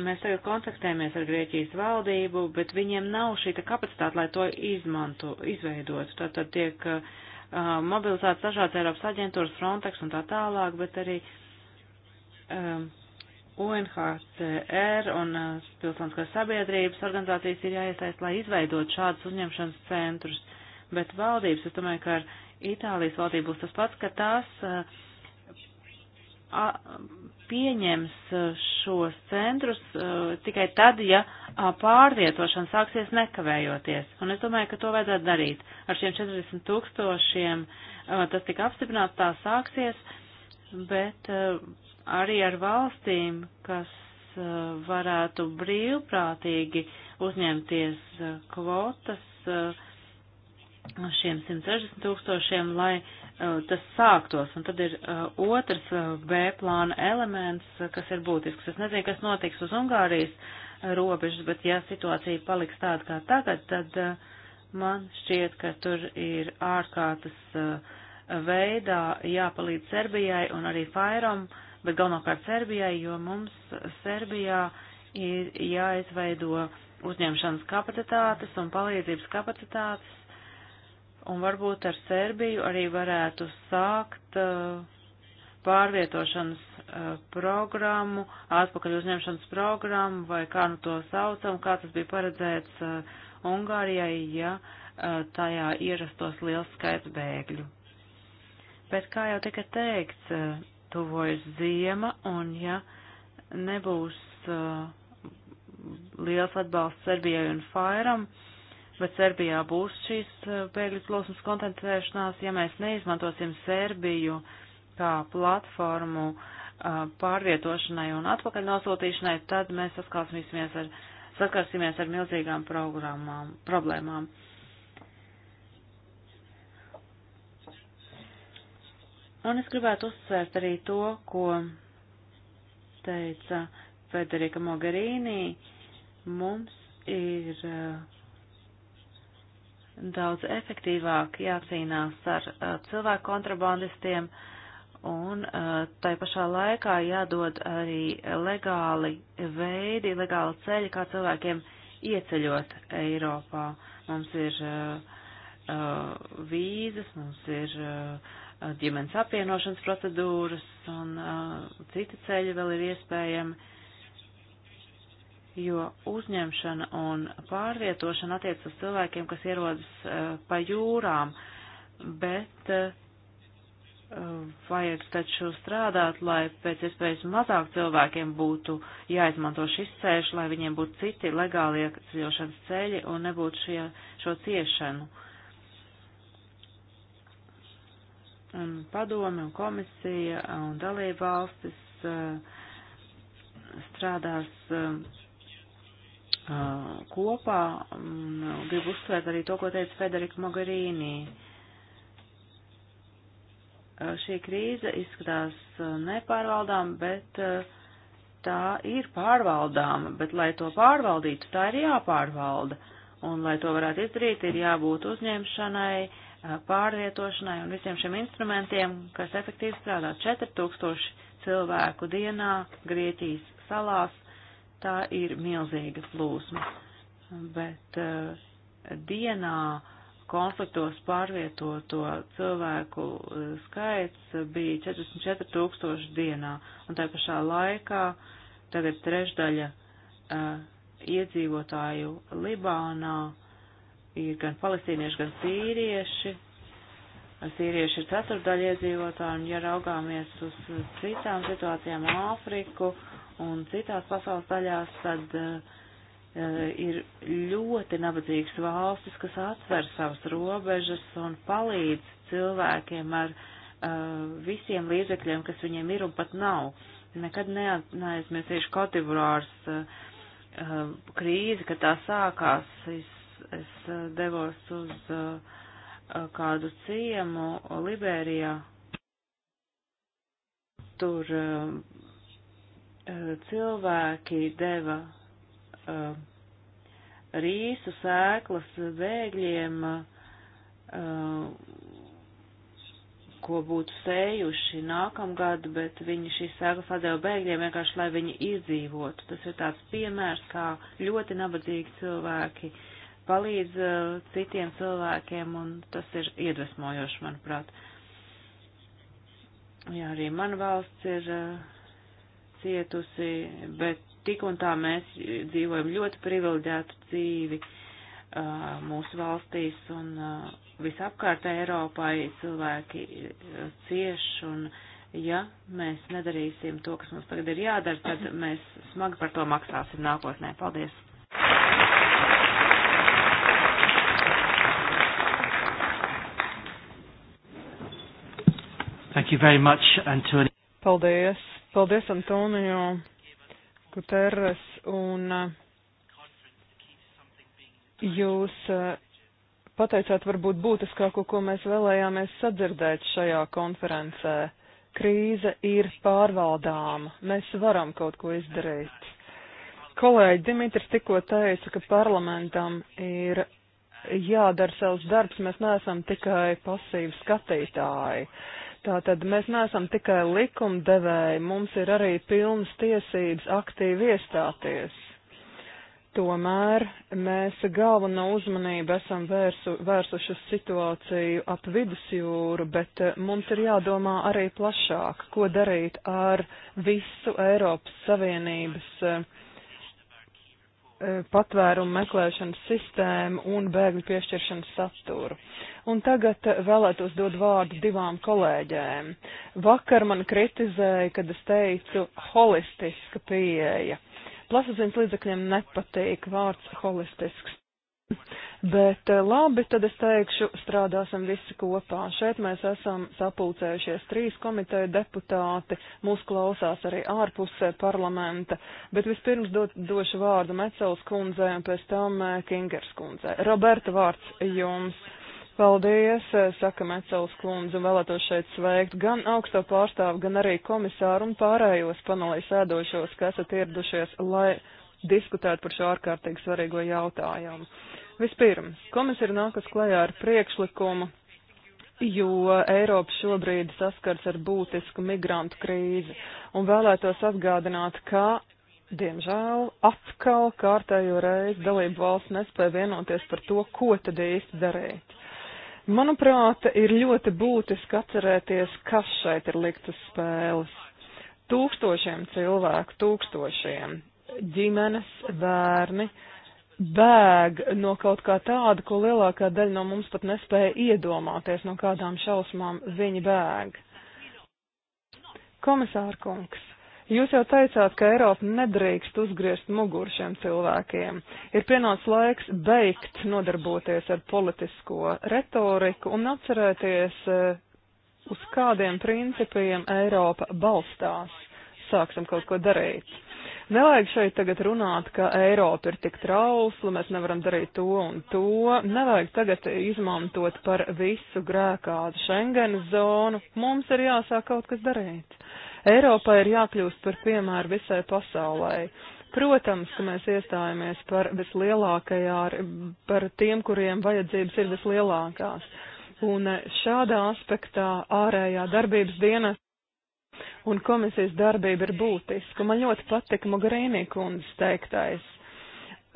Mēs tagad kontaktējamies ar Grieķijas valdību, bet viņiem nav šī kapacitāte, lai to izmantu, izveidotu. Tātad tiek uh, eh, mobilizētas dažādas Eiropas aģentūras, Frontex un tā tālāk, bet arī um, UNHCR un uh, pilsoniskās sabiedrības organizācijas ir jāiesaist, lai izveidot šādus uzņemšanas centrus. Uh, bet valdības, es domāju, ka ar Itālijas valdību būs tas pats, ka tās uh, a, pieņems uh, šos centrus a, uh, tikai tad, ja a, pārvietošana sāksies nekavējoties. Un es domāju, ka to vajadzētu darīt. Ar šiem 40 tūkstošiem tas tika apstiprināts, tā sāksies, bet arī ar valstīm, kas varētu brīvprātīgi uzņemties kvotas, šiem 160 tūkstošiem, lai uh, tas sāktos. Un tad ir uh, otrs uh, B plāna elements, uh, kas ir būtisks. Es nezinu, kas notiks uz Ungārijas robežas, bet ja situācija paliks tāda kā tagad, tad uh, man šķiet, ka tur ir ārkārtas uh, veidā jāpalīdz Serbijai un arī Fairam, bet galvenokārt Serbijai, jo mums Serbijā ir jāizveido uzņemšanas kapacitātes un palīdzības kapacitātes un varbūt ar Serbiju arī varētu sākt uh, pārvietošanas uh, programmu, atpakaļ uzņemšanas programmu, vai kā nu to saucam, kā tas bija paredzēts uh, Ungārijai, ja tajā ierastos liels skaits bēgļu. Bet, kā jau tika teikts, tuvojas ziema, un ja nebūs liels atbalsts Serbijai un Fairam, uh, bet Serbijā būs šīs eh, bēgļu plūsmas koncentrēšanās, ja mēs neizmantosim Serbiju kā platformu eh, pārvietošanai un atpakaļ nosūtīšanai, tad mēs saskarsimies ar, saskarsimies ar milzīgām problēmām. Un es gribētu uzsvērt arī to, ko teica Federika Mogherīnī. Mums ir uh, daudz efektīvāk jācīnās ar uh, cilvēku kontrabandistiem un uh, tai pašā laikā jādod arī legāli veidi, legāli ceļi, kā cilvēkiem ieceļot Eiropā. Mums ir uh, vīzas, mums ir ģimenes apvienošanas procedūras un citi ceļi vēl ir iespējami jo uzņemšana un pārvietošana attiec uz cilvēkiem, kas ierodas uh, pa jūrām, bet uh, vajag taču strādāt, lai pēc iespējas mazāk cilvēkiem būtu jāizmanto šis ceļš, lai viņiem būtu citi legāli iekļaušanas ceļi un nebūtu šie, šo ciešanu. Un padome un komisija un dalība valstis uh, strādās uh, Uh, kopā, un uh, gribu uzsvērt arī to, ko teica Federika Mogherīnī. Uh, šī krīze izskatās nepārvaldām, bet tā ir pārvaldāma, bet lai to pārvaldītu, tā ir jāpārvalda, un lai to varētu izdarīt, ir jābūt uzņemšanai, pārvietošanai un visiem šiem instrumentiem, kas efektīvi strādā 4000 cilvēku dienā Grieķijas salās tā ir milzīga plūsma. Bet uh, dienā konfliktos pārvietoto cilvēku eh, skaits bija 44 tūkstoši dienā, un tā pašā laikā tagad trešdaļa uh, iedzīvotāju Libānā ir gan palestīnieši, gan sīrieši, sīrieši ir ceturdaļa iedzīvotāji, un ja raugāmies uz citām situācijām Āfriku un citās pasaules daļās, tad uh, ir ļoti nabadzīgas valstis, kas atver savas robežas un palīdz cilvēkiem ar uh, visiem līdzekļiem, kas viņiem ir un pat nav. Nekad neaizmirsīšu Kotivurārs uh, eh, krīzi, kad tā sākās. Es, es devos uz kādu ciemu Liberijā. Tur Eh, cilvēki deva uh, rīsu sēklas bēgļiem, uh, ko būtu sējuši nākamgad, bet viņi šīs sēklas atdeva bēgļiem vienkārši, lai viņi izdzīvotu. Tas ir tāds piemērs, kā ļoti nabadzīgi cilvēki palīdz uh, citiem cilvēkiem, un tas ir iedvesmojoši, manuprāt. Jā, arī mana valsts ir uh, cietusi, bet tik un tā mēs dzīvojam ļoti privileģētu dzīvi uh, mūsu valstīs un uh, visapkārtē Eiropai cilvēki cieš un, ja mēs nedarīsim to, kas mums tagad ir jādara, tad mēs smagi par to maksāsim nākotnē. Paldies! Thank you very much, Antonio. Paldies! Paldies, Antonio Guterres, un eh, jūs eh, pateicāt varbūt būtiskāko, ko mēs vēlējāmies sadzirdēt šajā konferencē. Krīze ir pārvaldāma, mēs varam kaut ko izdarīt. Kolēģi Dimitris tikko teica, ka parlamentam ir jādara savs darbs, mēs neesam tikai pasīvi skatītāji. Uh, Tātad mēs neesam tikai likumdevēji, mums ir arī pilnas tiesības aktīvi iestāties. Tomēr mēs galveno uzmanību esam vērsu, vērsuši uz situāciju ap vidusjūru, bet eh, mums ir jādomā arī plašāk, ko darīt ar visu Eiropas Savienības uh, E, patvērumu meklēšanas sistēmu un bēgļu piešķiršanas saturu. Un tagad vēlētos dod vārdu divām kolēģēm. Vakar man kritizēja, kad es teicu holistiska pieeja. Plasaziņas līdzekļiem nepatīk vārds holistisks. Bet eh, labi, tad es teikšu, strādāsim visi kopā. Šeit mēs esam sapulcējušies trīs komiteja deputāti, mūs klausās arī ārpusē eh, parlamenta, bet vispirms do, došu vārdu Mecels kundzei un pēc tam eh, Kingers kundzei. Roberta vārds jums. Paldies, saka Mecels kundze, un vēlētos šeit sveikt gan augsto pārstāvu, gan arī komisāru un pārējos panelī sēdošos, kas esat ieradušies, lai diskutētu par šo ārkārtīgi svarīgo jautājumu. Vispirms, komisija ir nākas klajā ar priekšlikumu, jo Eiropa šobrīd saskars ar būtisku migrantu krīzi un vēlētos atgādināt, ka, diemžēl, atkal kārtējo reizi dalību valsts nespēja vienoties par to, ko tad īsti darīt. Manuprāt, ir ļoti būtiski atcerēties, kas šeit ir likts uz spēles. Tūkstošiem cilvēku, tūkstošiem ģimenes, bērni, uh, bēg no kaut kā tāda, ko lielākā daļa no mums pat nespēja iedomāties, no kādām šausmām viņi bēg. Komisāra kungs, jūs jau teicāt, ka Eiropa nedrīkst uzgriezt muguru šiem cilvēkiem. Ir pienācis laiks beigt nodarboties ar politisko retoriku un atcerēties, eh, uz kādiem principiem Eiropa balstās. Sāksim kaut ko darīt. Nevajag šeit tagad runāt, ka Eiropa ir tik trausla, mēs nevaram darīt to un to. Nevajag tagad izmantot par visu grēkādu Schengenas zonu. Mums ir jāsāk kaut kas darīt. Eiropai ir jākļūst par piemēru visai pasaulē. Protams, ka mēs iestājāmies par vislielākajā, par tiem, kuriem vajadzības ir vislielākās. Un šādā aspektā ārējā darbības dienas Un komisijas darbība ir būtiska. Man ļoti patika Mogarīnī kundzes teiktais.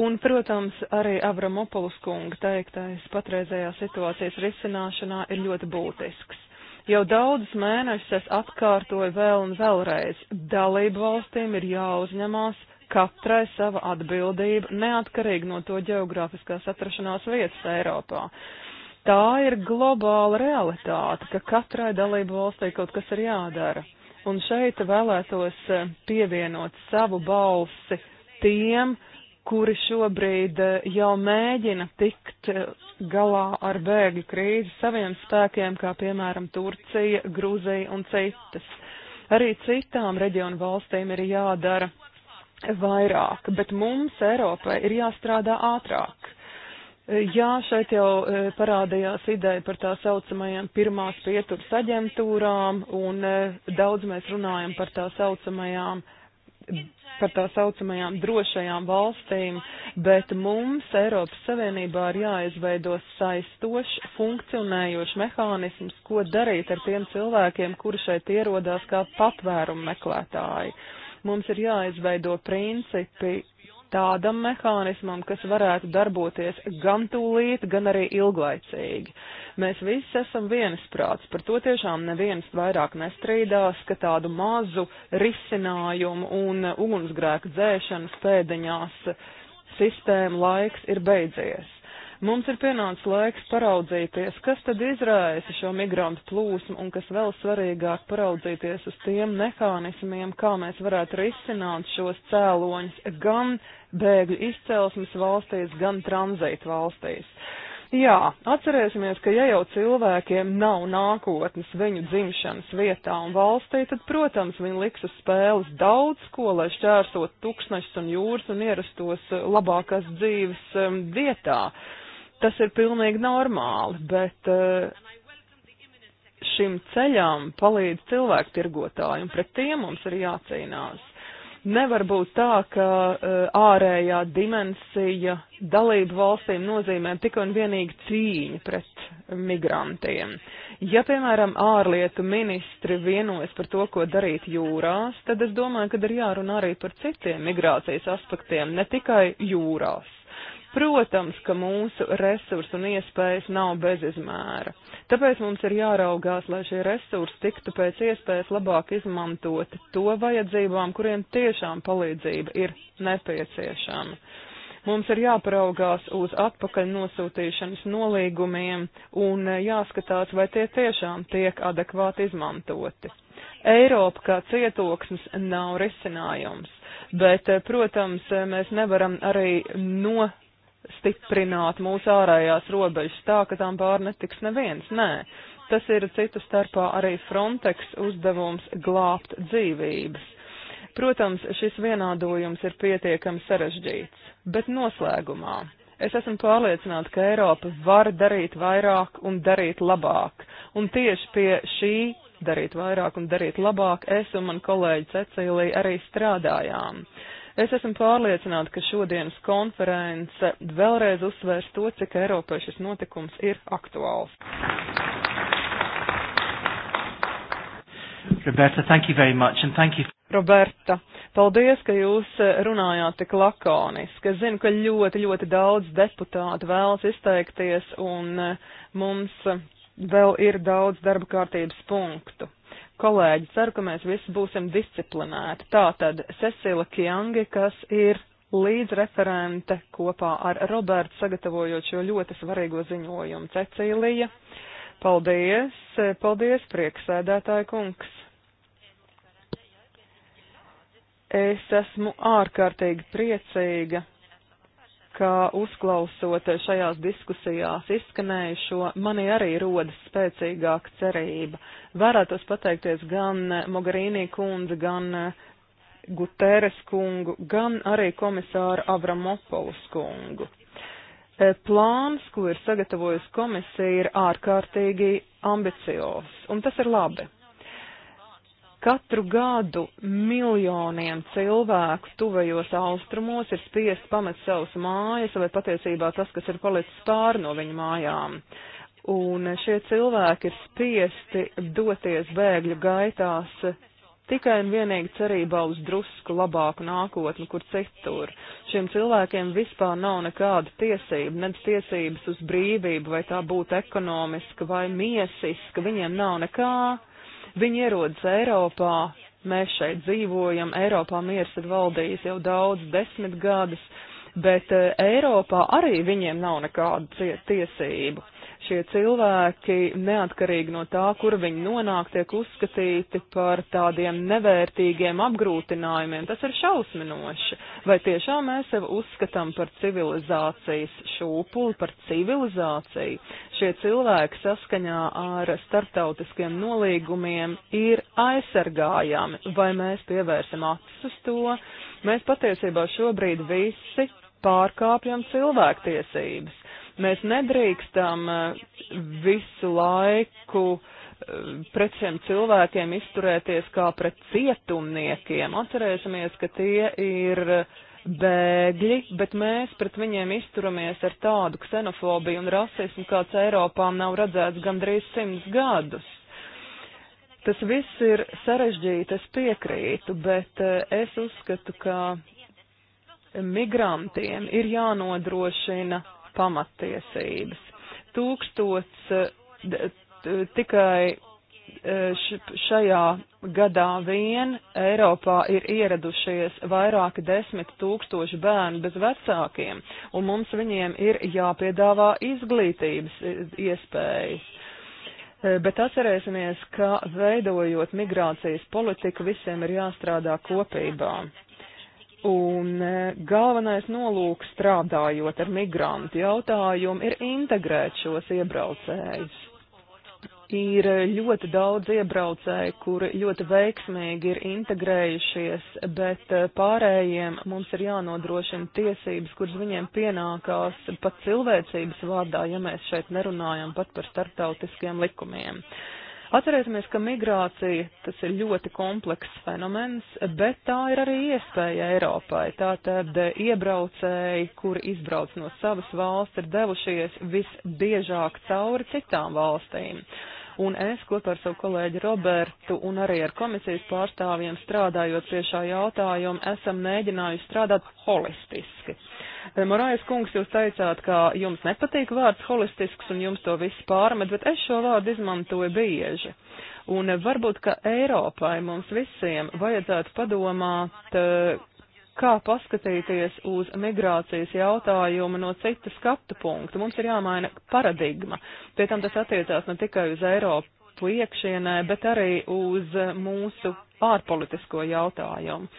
Un, protams, arī Avramopolus kunga teiktais patreizējā situācijas risināšanā ir ļoti būtisks. Jau daudzus mēnešus es atkārtoju vēl un vēlreiz. Dalību valstīm ir jāuzņemās katrai sava atbildība, neatkarīgi no to geogrāfiskās atrašanās vietas Eiropā. Tā ir globāla realitāte, ka katrai dalību valstī kaut kas ir jādara. Un šeit vēlētos eh, pievienot savu balsi tiem, kuri šobrīd eh, jau mēģina tikt eh, galā ar bēgļu krīzi saviem spēkiem, kā piemēram Turcija, Grūzija un citas. Arī citām reģionu valstīm ir jādara vairāk, bet mums Eiropai ir jāstrādā ātrāk. Jā, šeit jau e, parādījās ideja par tā saucamajām pirmās pieturas aģentūrām, un e, daudz mēs runājam par tā saucamajām par tā saucamajām drošajām valstīm, bet mums Eiropas Savienībā ir jāizveido saistošs, funkcionējošs mehānisms, ko darīt ar tiem cilvēkiem, kuri šeit ierodās kā patvērumu meklētāji. Mums ir jāizveido principi tādam mehānismam, kas varētu darboties gan tūlīt, gan arī ilglaicīgi. Mēs visi esam viensprāts, par to tiešām neviens vairāk nestrīdās, ka tādu mazu risinājumu un ugunsgrēku dzēšanas pēdiņās sistēmu laiks ir beidzies. Mums ir pienācis laiks paraudzīties, kas tad izraisa šo migrantu plūsmu un kas vēl svarīgāk paraudzīties uz tiem mehānismiem, kā mēs varētu risināt šos cēloņus gan bēgļu izcelsmes valstīs, gan tranzītu valstīs. Jā, atcerēsimies, ka ja jau cilvēkiem nav nākotnes viņu dzimšanas vietā un valstī, tad, protams, viņi liks uz spēles daudz ko, lai šķērsot tukšnešus un jūras un ierastos labākās dzīves um, vietā. Tas ir pilnīgi normāli, bet eh, šim ceļām palīdz cilvēku tirgotāji, un pret tiem mums ir jācīnās. Nevar būt tā, ka eh, ārējā dimensija dalību valstīm nozīmē tikai un vienīgi cīņu pret migrantiem. Ja, piemēram, ārlietu ministri vienojas par to, ko darīt jūrās, tad es domāju, ka ir jārunā arī par citiem migrācijas aspektiem, ne tikai jūrās. Protams, ka mūsu resursu un iespējas nav bezizmēra. Tāpēc mums ir jāraugās, lai šie resursi tiktu pēc iespējas labāk izmantoti to vajadzībām, kuriem tiešām palīdzība ir nepieciešama. Mums ir jāparaugās uz atpakaļ nosūtīšanas nolīgumiem un jāskatās, vai tie tiešām tiek adekvāti izmantoti. Eiropa kā cietoksnis nav risinājums, bet, protams, mēs nevaram arī no stiprināt mūsu ārējās robežas tā, ka tām pār netiks neviens. Nē, tas ir citu starpā arī Frontex uzdevums glābt dzīvības. Protams, šis vienādojums ir pietiekami sarežģīts, bet noslēgumā es esmu pārliecināta, ka Eiropa var darīt vairāk un darīt labāk. Un tieši pie šī darīt vairāk un darīt labāk es un man kolēģi Cecīlija arī strādājām. Uh, Es esmu pārliecināta, ka šodienas konference vēlreiz uzsvērs to, cik Eiropai šis notikums ir aktuāls. Roberta, thank you very much and thank you. Roberta, paldies, ka jūs runājāt tik lakoniski. Es zinu, ka ļoti, ļoti daudz deputātu vēlas izteikties un eh, mums eh, vēl ir daudz darba kārtības punktu kolēģi, ceru, ka mēs visi būsim disciplinēti. Tātad Cecila Kjangi, kas ir līdzreferente kopā ar Robertu sagatavojot šo ļoti svarīgo ziņojumu. Cecīlija, paldies, paldies, prieksēdētāja kungs. Es esmu ārkārtīgi priecīga ka uzklausot šajās diskusijās izskanējušo, manī arī rodas spēcīgāka cerība. Varētos pateikties gan Mogarīnī kundze, gan Guteres kungu, gan arī komisāru Avramopolus kungu. E, plāns, ko ir sagatavojusi komisija, ir ārkārtīgi ambiciozs, un tas ir labi. Katru gadu miljoniem cilvēku tuvajos austrumos ir spiest pamet savus mājas, vai patiesībā tas, kas ir palicis pāri no viņu mājām. Un šie cilvēki ir spiesti doties bēgļu gaitās tikai un vienīgi cerībā uz drusku labāku nākotni, kur citur. Šiem cilvēkiem vispār nav nekāda tiesība, nedz tiesības uz brīvību, vai tā būtu ekonomiska vai miesiska, viņiem nav nekā. Viņi ierodas Eiropā, mēs šeit dzīvojam, Eiropā miers ir valdījis jau daudz desmit gadus, bet eh, Eiropā arī viņiem nav nekādu tiesību šie cilvēki, neatkarīgi no tā, kur viņi nonāk, tiek uzskatīti par tādiem nevērtīgiem apgrūtinājumiem. Tas ir šausminoši. Vai tiešām mēs sev uzskatām par civilizācijas šūpuli, par civilizāciju? Šie cilvēki saskaņā ar starptautiskiem nolīgumiem ir aizsargājami. Vai mēs pievērsim acis uz to? Mēs patiesībā šobrīd visi pārkāpjam cilvēktiesības Mēs nedrīkstam eh, visu laiku eh, pret šiem cilvēkiem izturēties kā pret cietumniekiem. Atcerēsimies, ka tie ir eh, bēgļi, bet mēs pret viņiem izturamies ar tādu ksenofobiju un rasismu, kāds Eiropā nav redzēts gandrīz simts gadus. Tas viss ir sarežģīti, es piekrītu, bet es uzskatu, ka migrantiem ir jānodrošina pamatiesības. Tūkstots tikai e, šajā gadā vien Eiropā ir ieradušies vairāki desmit tūkstoši bērnu bez vecākiem, un mums viņiem ir jāpiedāvā izglītības iespējas. E, bet atcerēsimies, ka veidojot migrācijas politiku, visiem ir jāstrādā kopībā. Un e, galvenais nolūks strādājot ar migrantu jautājumu ir integrēt šos iebraucējus. Ir ļoti daudz iebraucēju, kuri ļoti veiksmīgi ir integrējušies, bet e, pārējiem mums ir jānodrošina tiesības, kuras viņiem pienākās pat cilvēcības vārdā, ja mēs šeit nerunājam pat par starptautiskiem likumiem. Uh, Atcerēsimies, ka migrācija tas ir ļoti komplekss fenomens, bet tā ir arī iespēja Eiropai. Tātad iebraucēji, kuri izbrauc no savas valsts, ir devušies visbiežāk cauri citām valstīm. Un es kopā ar savu kolēģi Robertu un arī ar komisijas pārstāvjiem strādājot pie šā jautājuma, esam mēģinājuši strādāt holistiski. Eh, Morais kungs, jūs teicāt, ka jums nepatīk vārds holistisks un jums to viss pārmet, bet es šo vārdu izmantoju bieži. Un eh, varbūt, ka Eiropai mums visiem vajadzētu padomāt, eh, kā paskatīties uz migrācijas jautājumu no citas skatu punkta. Mums ir jāmaina paradigma. Pie tam tas attiecās ne tikai uz Eiropu iekšienē, bet arī uz mūsu ārpolitisko jautājumu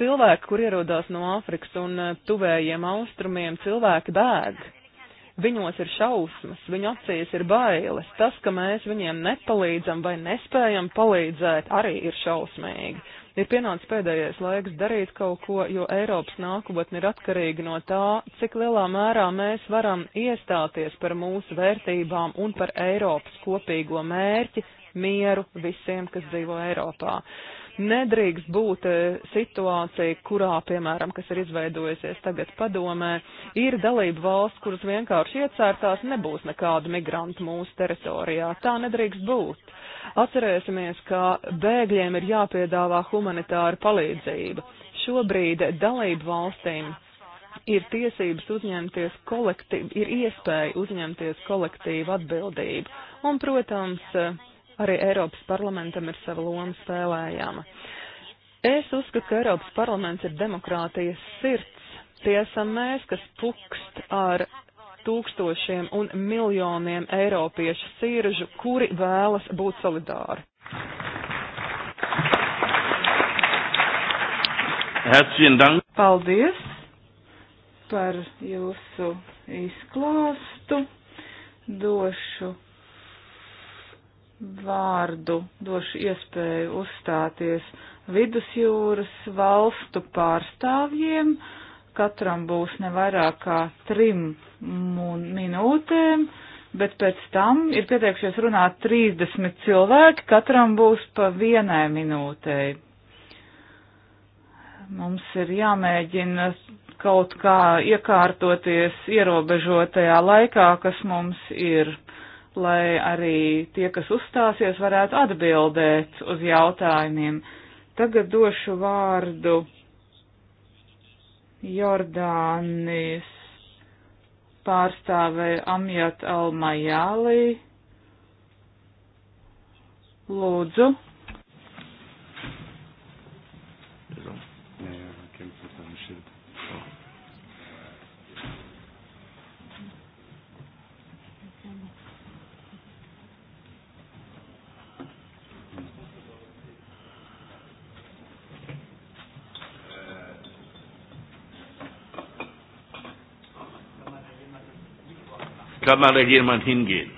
cilvēki, kur ierodās no Āfrikas un eh, tuvējiem austrumiem, cilvēki bēg. Viņos ir šausmas, viņu acīs ir bailes. Tas, ka mēs viņiem nepalīdzam vai nespējam palīdzēt, arī ir šausmīgi. Ir pienācis pēdējais laiks darīt kaut ko, jo Eiropas nākotne ir atkarīga no tā, cik lielā mērā mēs varam iestāties par mūsu vērtībām un par Eiropas kopīgo mērķi mieru visiem, kas dzīvo Eiropā. Uh, Nedrīkst būt e, situācija, kurā, piemēram, kas ir izveidojusies tagad padomē, ir dalība valsts, kuras vienkārši iecērtās, nebūs nekādu migrantu mūsu teritorijā. Tā nedrīkst būt. Atcerēsimies, ka bēgļiem ir jāpiedāvā humanitāra palīdzība. Šobrīd dalību valstīm ir tiesības uzņemties kolektīvu, ir iespēja uzņemties kolektīvu atbildību. Un, protams, arī Eiropas parlamentam ir sava loma spēlējama. Es uzskatu, ka Eiropas parlaments ir demokrātijas sirds. Tie esam mēs, kas pukst ar tūkstošiem un miljoniem eiropiešu siržu, kuri vēlas būt solidāri. Paldies par jūsu izklāstu. Došu vārdu, došu iespēju uzstāties vidusjūras valstu pārstāvjiem. Katram būs ne vairāk kā trim minūtēm, bet pēc tam ir pieteikšies runāt 30 cilvēki, katram būs pa vienai minūtei. Mums ir jāmēģina kaut kā iekārtoties ierobežotajā laikā, kas mums ir lai arī tie, kas uzstāsies, varētu atbildēt uz jautājumiem. Tagad došu vārdu Jordānijas pārstāvei Amjat Almajālī. Lūdzu. kamēr ir jemand hingehen.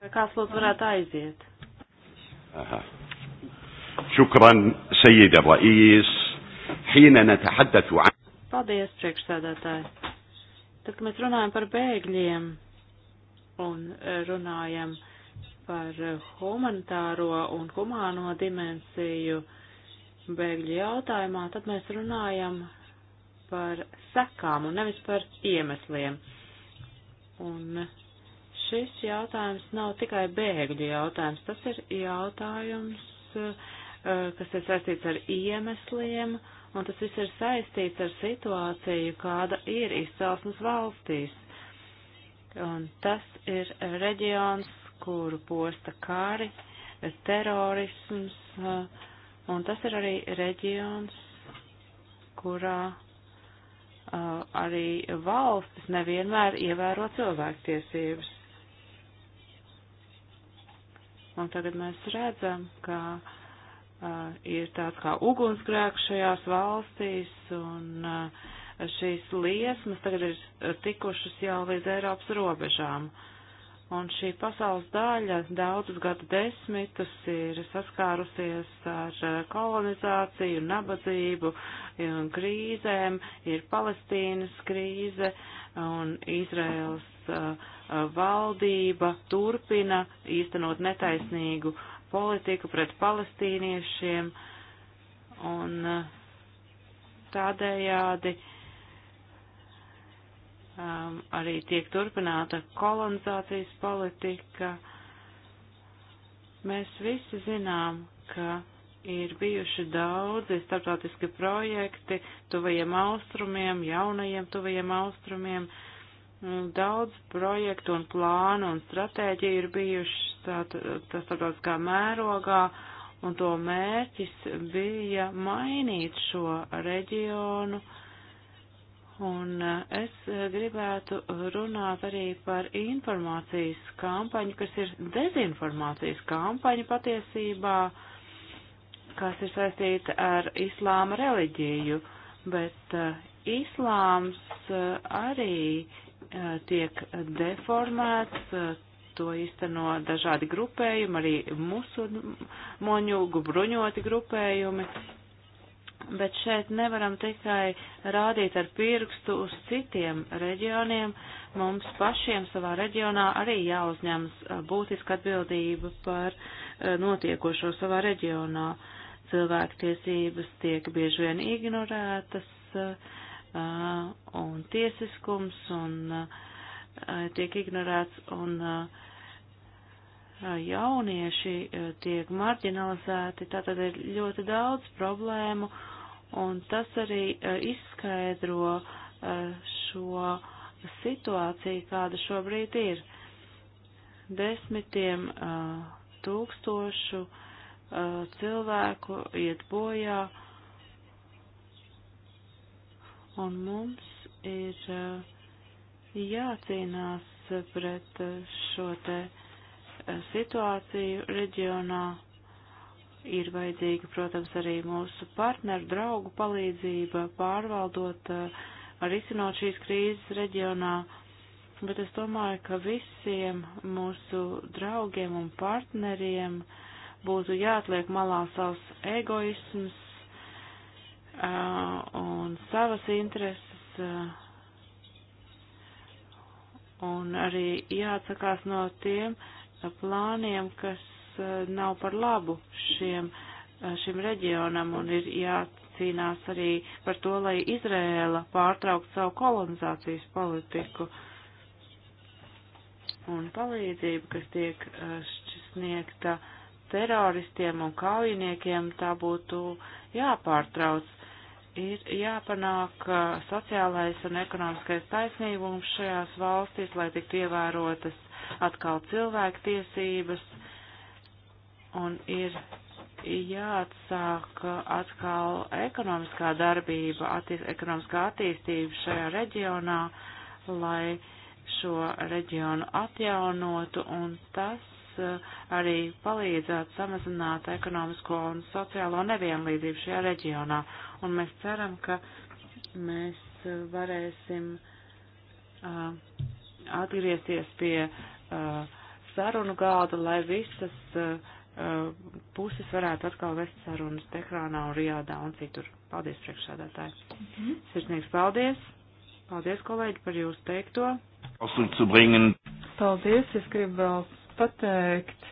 Vai kāds lūdzu varētu aiziet? Aha. Šukran, Sejida Raīs, hīna netahaddatu an. Paldies, priekšsēdētāji. Tad, kad mēs runājam par bēgļiem un e, runājam par e, humanitāro un humāno dimensiju bēgļu jautājumā, tad mēs runājam par sekām un nevis par iemesliem. Un šis jautājums nav tikai bēgļu jautājums, tas ir jautājums, eh, kas ir saistīts ar iemesliem, un tas viss ir saistīts ar situāciju, kāda ir izcelsmes valstīs. Un tas ir reģions, kuru posta kari, terorisms, eh, un tas ir arī reģions, kurā Uh, arī valstis nevienmēr ievēro cilvēktiesības. Un tagad mēs redzam, ka uh, ir tāds kā ugunsgrēks šajās valstīs, un uh, šīs liesmas tagad ir tikušas jau līdz Eiropas robežām. Uh, Un šī pasaules daļa daudzus gadu desmitus ir saskārusies ar eh, kolonizāciju, nabadzību, eh, krīzēm, ir Palestīnas krīze un Izraels eh, valdība turpina īstenot netaisnīgu politiku pret palestīniešiem un tādējādi uh, um, arī tiek turpināta kolonizācijas politika. Mēs visi zinām, ka ir bijuši daudzi starptautiski projekti tuvajiem austrumiem, jaunajiem tuvajiem austrumiem. Mm, daudz projektu un plānu un stratēģiju ir bijuši tā, tā starptautiskā mērogā, un to mērķis bija mainīt šo reģionu uh, Un eh, es eh, gribētu runāt arī par informācijas kampaņu, kas ir dezinformācijas kampaņa patiesībā, kas ir saistīta ar islāma reliģiju, bet uh, islāms uh, arī uh, tiek deformēts, to īsteno dažādi grupējumi, arī musulmoņu bruņoti grupējumi, bet šeit nevaram tikai rādīt ar pirkstu uz citiem reģioniem. Mums pašiem savā reģionā arī jāuzņemas būtiska atbildība par notiekošo savā reģionā. Cilvēktiesības tiek bieži vien ignorētas un tiesiskums un tiek ignorēts un jaunieši tiek marginalizēti, tātad ir ļoti daudz problēmu Un tas arī eh, izskaidro eh, šo situāciju, kāda šobrīd ir. Desmitiem eh, tūkstošu cilvēku iet bojā, un mums ir jācīnās pret šo te situāciju reģionā ir vajadzīga, protams, arī mūsu partneru, draugu palīdzība, pārvaldot, eh, risinot šīs krīzes reģionā. Bet es domāju, ka visiem mūsu draugiem un partneriem būtu jāatliek malā savs egoisms eh, un savas intereses eh, un arī jāatsakās no tiem plāniem, kas Eh, nav par labu šiem, eh, šim reģionam un ir jācīnās arī par to, lai Izrēla pārtraukt savu kolonizācijas politiku un palīdzību, kas tiek eh, sniegta teroristiem un kaujiniekiem, tā būtu jāpārtrauc. Ir jāpanāk sociālais un ekonomiskais taisnīgums šajās valstīs, lai tiktu ievērotas atkal cilvēktiesības, un ir jāatsāk atkal ekonomiskā darbība, attīst, ekonomiskā attīstība šajā reģionā, lai šo reģionu atjaunotu, un tas e, arī palīdzētu samazināt ekonomisko un sociālo nevienlīdzību šajā reģionā. Un mēs ceram, ka mēs varēsim uh, atgriezties pie uh, sarunu galda, lai visas uh, Uh, puses varētu atkal vest sarunas Tehrānā un Rijādā un citur. Paldies, priekšsādātāji. Mm -hmm. Sirsnīgs paldies. Paldies, kolēģi, par jūsu teikto. Paldies, es gribu vēl pateikt,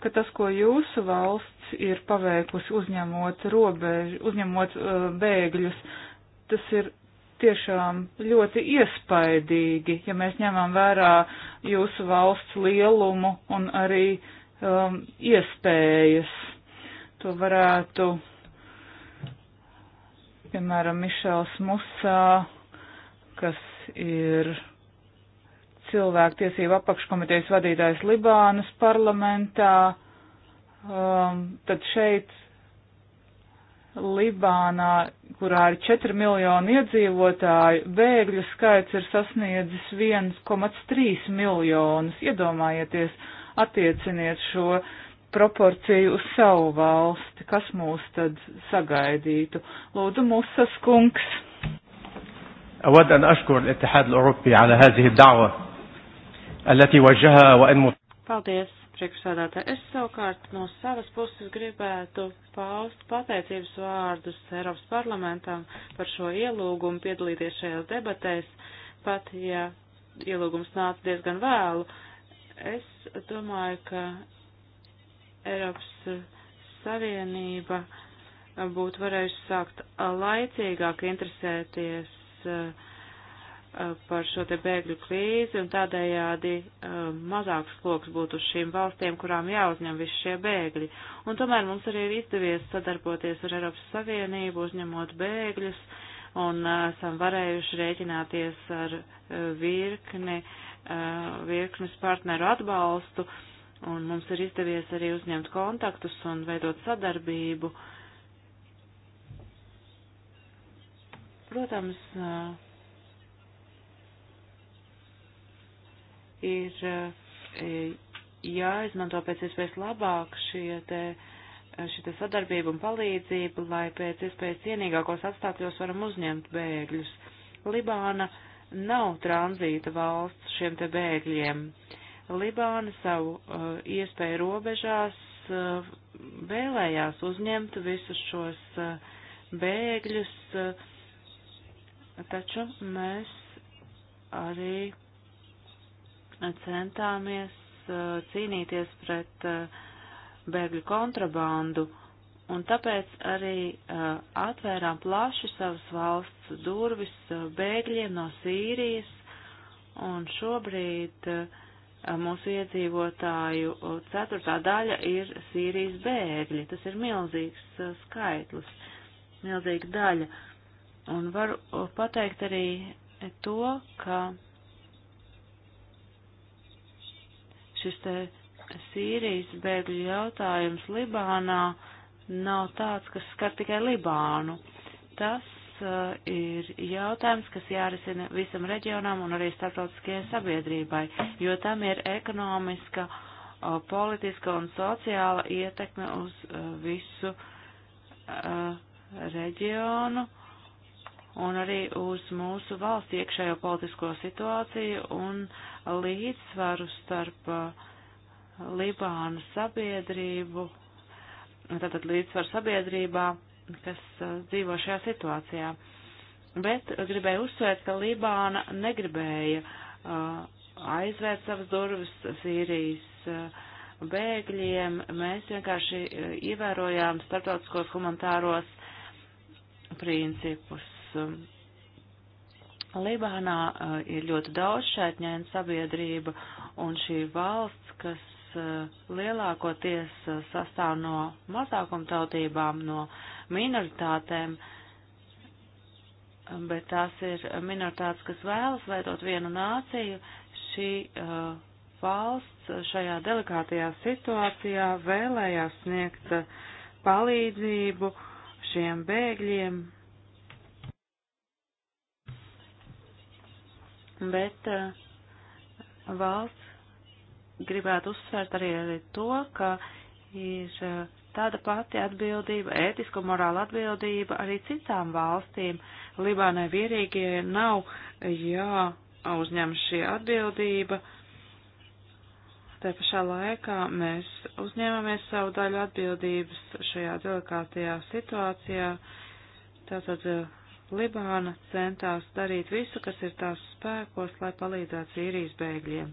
ka tas, ko jūsu valsts ir paveikusi uzņemot robežu, uzņemot uh, bēgļus, tas ir tiešām ļoti iespaidīgi, ja mēs ņemam vērā jūsu valsts lielumu un arī uh, um, iespējas. To varētu, piemēram, Mišels Musā, kas ir cilvēktiesību apakškomitejas vadītājs Libānas parlamentā, um, tad šeit Libānā, kurā ir 4 miljoni iedzīvotāju, bēgļu skaits ir sasniedzis 1,3 miljonus. Iedomājieties, attieciniet šo proporciju uz savu valsti, kas mūs tad sagaidītu. Lūdzu, Musas kungs. أود أن أشكر الاتحاد الأوروبي على هذه الدعوة التي وجهها وإن Paldies, priekšsādātāji. Es savukārt no savas puses gribētu paust pateicības vārdus Eiropas parlamentam par šo ielūgumu piedalīties šajās debatēs, pat ja ielūgums nāca diezgan vēlu. Uh, Es domāju, ka Eiropas Savienība būtu varējusi sākt laicīgāk interesēties eh, par šo te bēgļu krīzi un tādējādi eh, mazāks sloks būtu uz šīm valstīm, kurām jāuzņem visi šie bēgļi. Un tomēr mums arī ir izdevies sadarboties ar Eiropas Savienību, uzņemot bēgļus, un eh, esam varējuši rēķināties ar virkni uh, Uh, virknes partneru atbalstu, un mums ir izdevies arī uzņemt kontaktus un veidot sadarbību. Protams, uh, ir uh, jāizmanto pēc iespējas labāk šie te šita sadarbība un palīdzība, lai pēc iespējas cienīgākos apstākļos varam uzņemt bēgļus. Libāna uh, nav tranzīta valsts šiem te bēgļiem. Libāna savu uh, iespēju robežās uh, vēlējās uzņemt visus šos uh, bēgļus, uh, taču mēs arī centāmies uh, cīnīties pret uh, bēgļu kontrabandu. Uh, Un tāpēc arī uh, atvērām plaši savas valsts durvis uh, bēgļiem no Sīrijas, un šobrīd uh, mūsu iedzīvotāju ceturtā daļa ir Sīrijas bēgļi. Tas ir milzīgs uh, skaitlis, milzīga daļa. Un varu pateikt arī to, ka šis te Sīrijas bēgļu jautājums Libānā nav tāds, kas skar tikai Libānu. Tas uh, ir jautājums, kas jārisina visam reģionam un arī starptautiskajai sabiedrībai, jo tam ir ekonomiska, uh, politiska un sociāla ietekme uz uh, visu uh, reģionu un arī uz mūsu valsts iekšējo politisko situāciju un līdzsvaru starp uh, Libānu sabiedrību tātad līdzsvaru sabiedrībā, kas uh, dzīvo šajā situācijā. Bet gribēju uzsvērt, ka Libāna negribēja uh, aizvērt savas durvis Sīrijas uh, bēgļiem. Mēs vienkārši ievērojām starptautiskos humanitāros principus. Um, Libānā ir ļoti daudz šaitņēna sabiedrība, un šī valsts, kas Eh, lielākoties eh, sastāv no mazākumtautībām, no minoritātēm, bet tās ir minoritātes, kas vēlas veidot vienu nāciju. Šī uh, valsts šajā delikātajā situācijā vēlējās sniegt palīdzību šiem bēgļiem, bet uh, valsts gribētu uzsvērt arī, arī to, ka ir eh, tāda pati atbildība, ētisko morāla atbildība arī citām valstīm. Libānai vierīgie nav jāuzņem šī atbildība. Tā pašā laikā mēs uzņēmamies savu daļu atbildības šajā delikātajā situācijā. Tātad eh, Libāna centās darīt visu, kas ir tās spēkos, lai palīdzētu Sīrijas bēgļiem.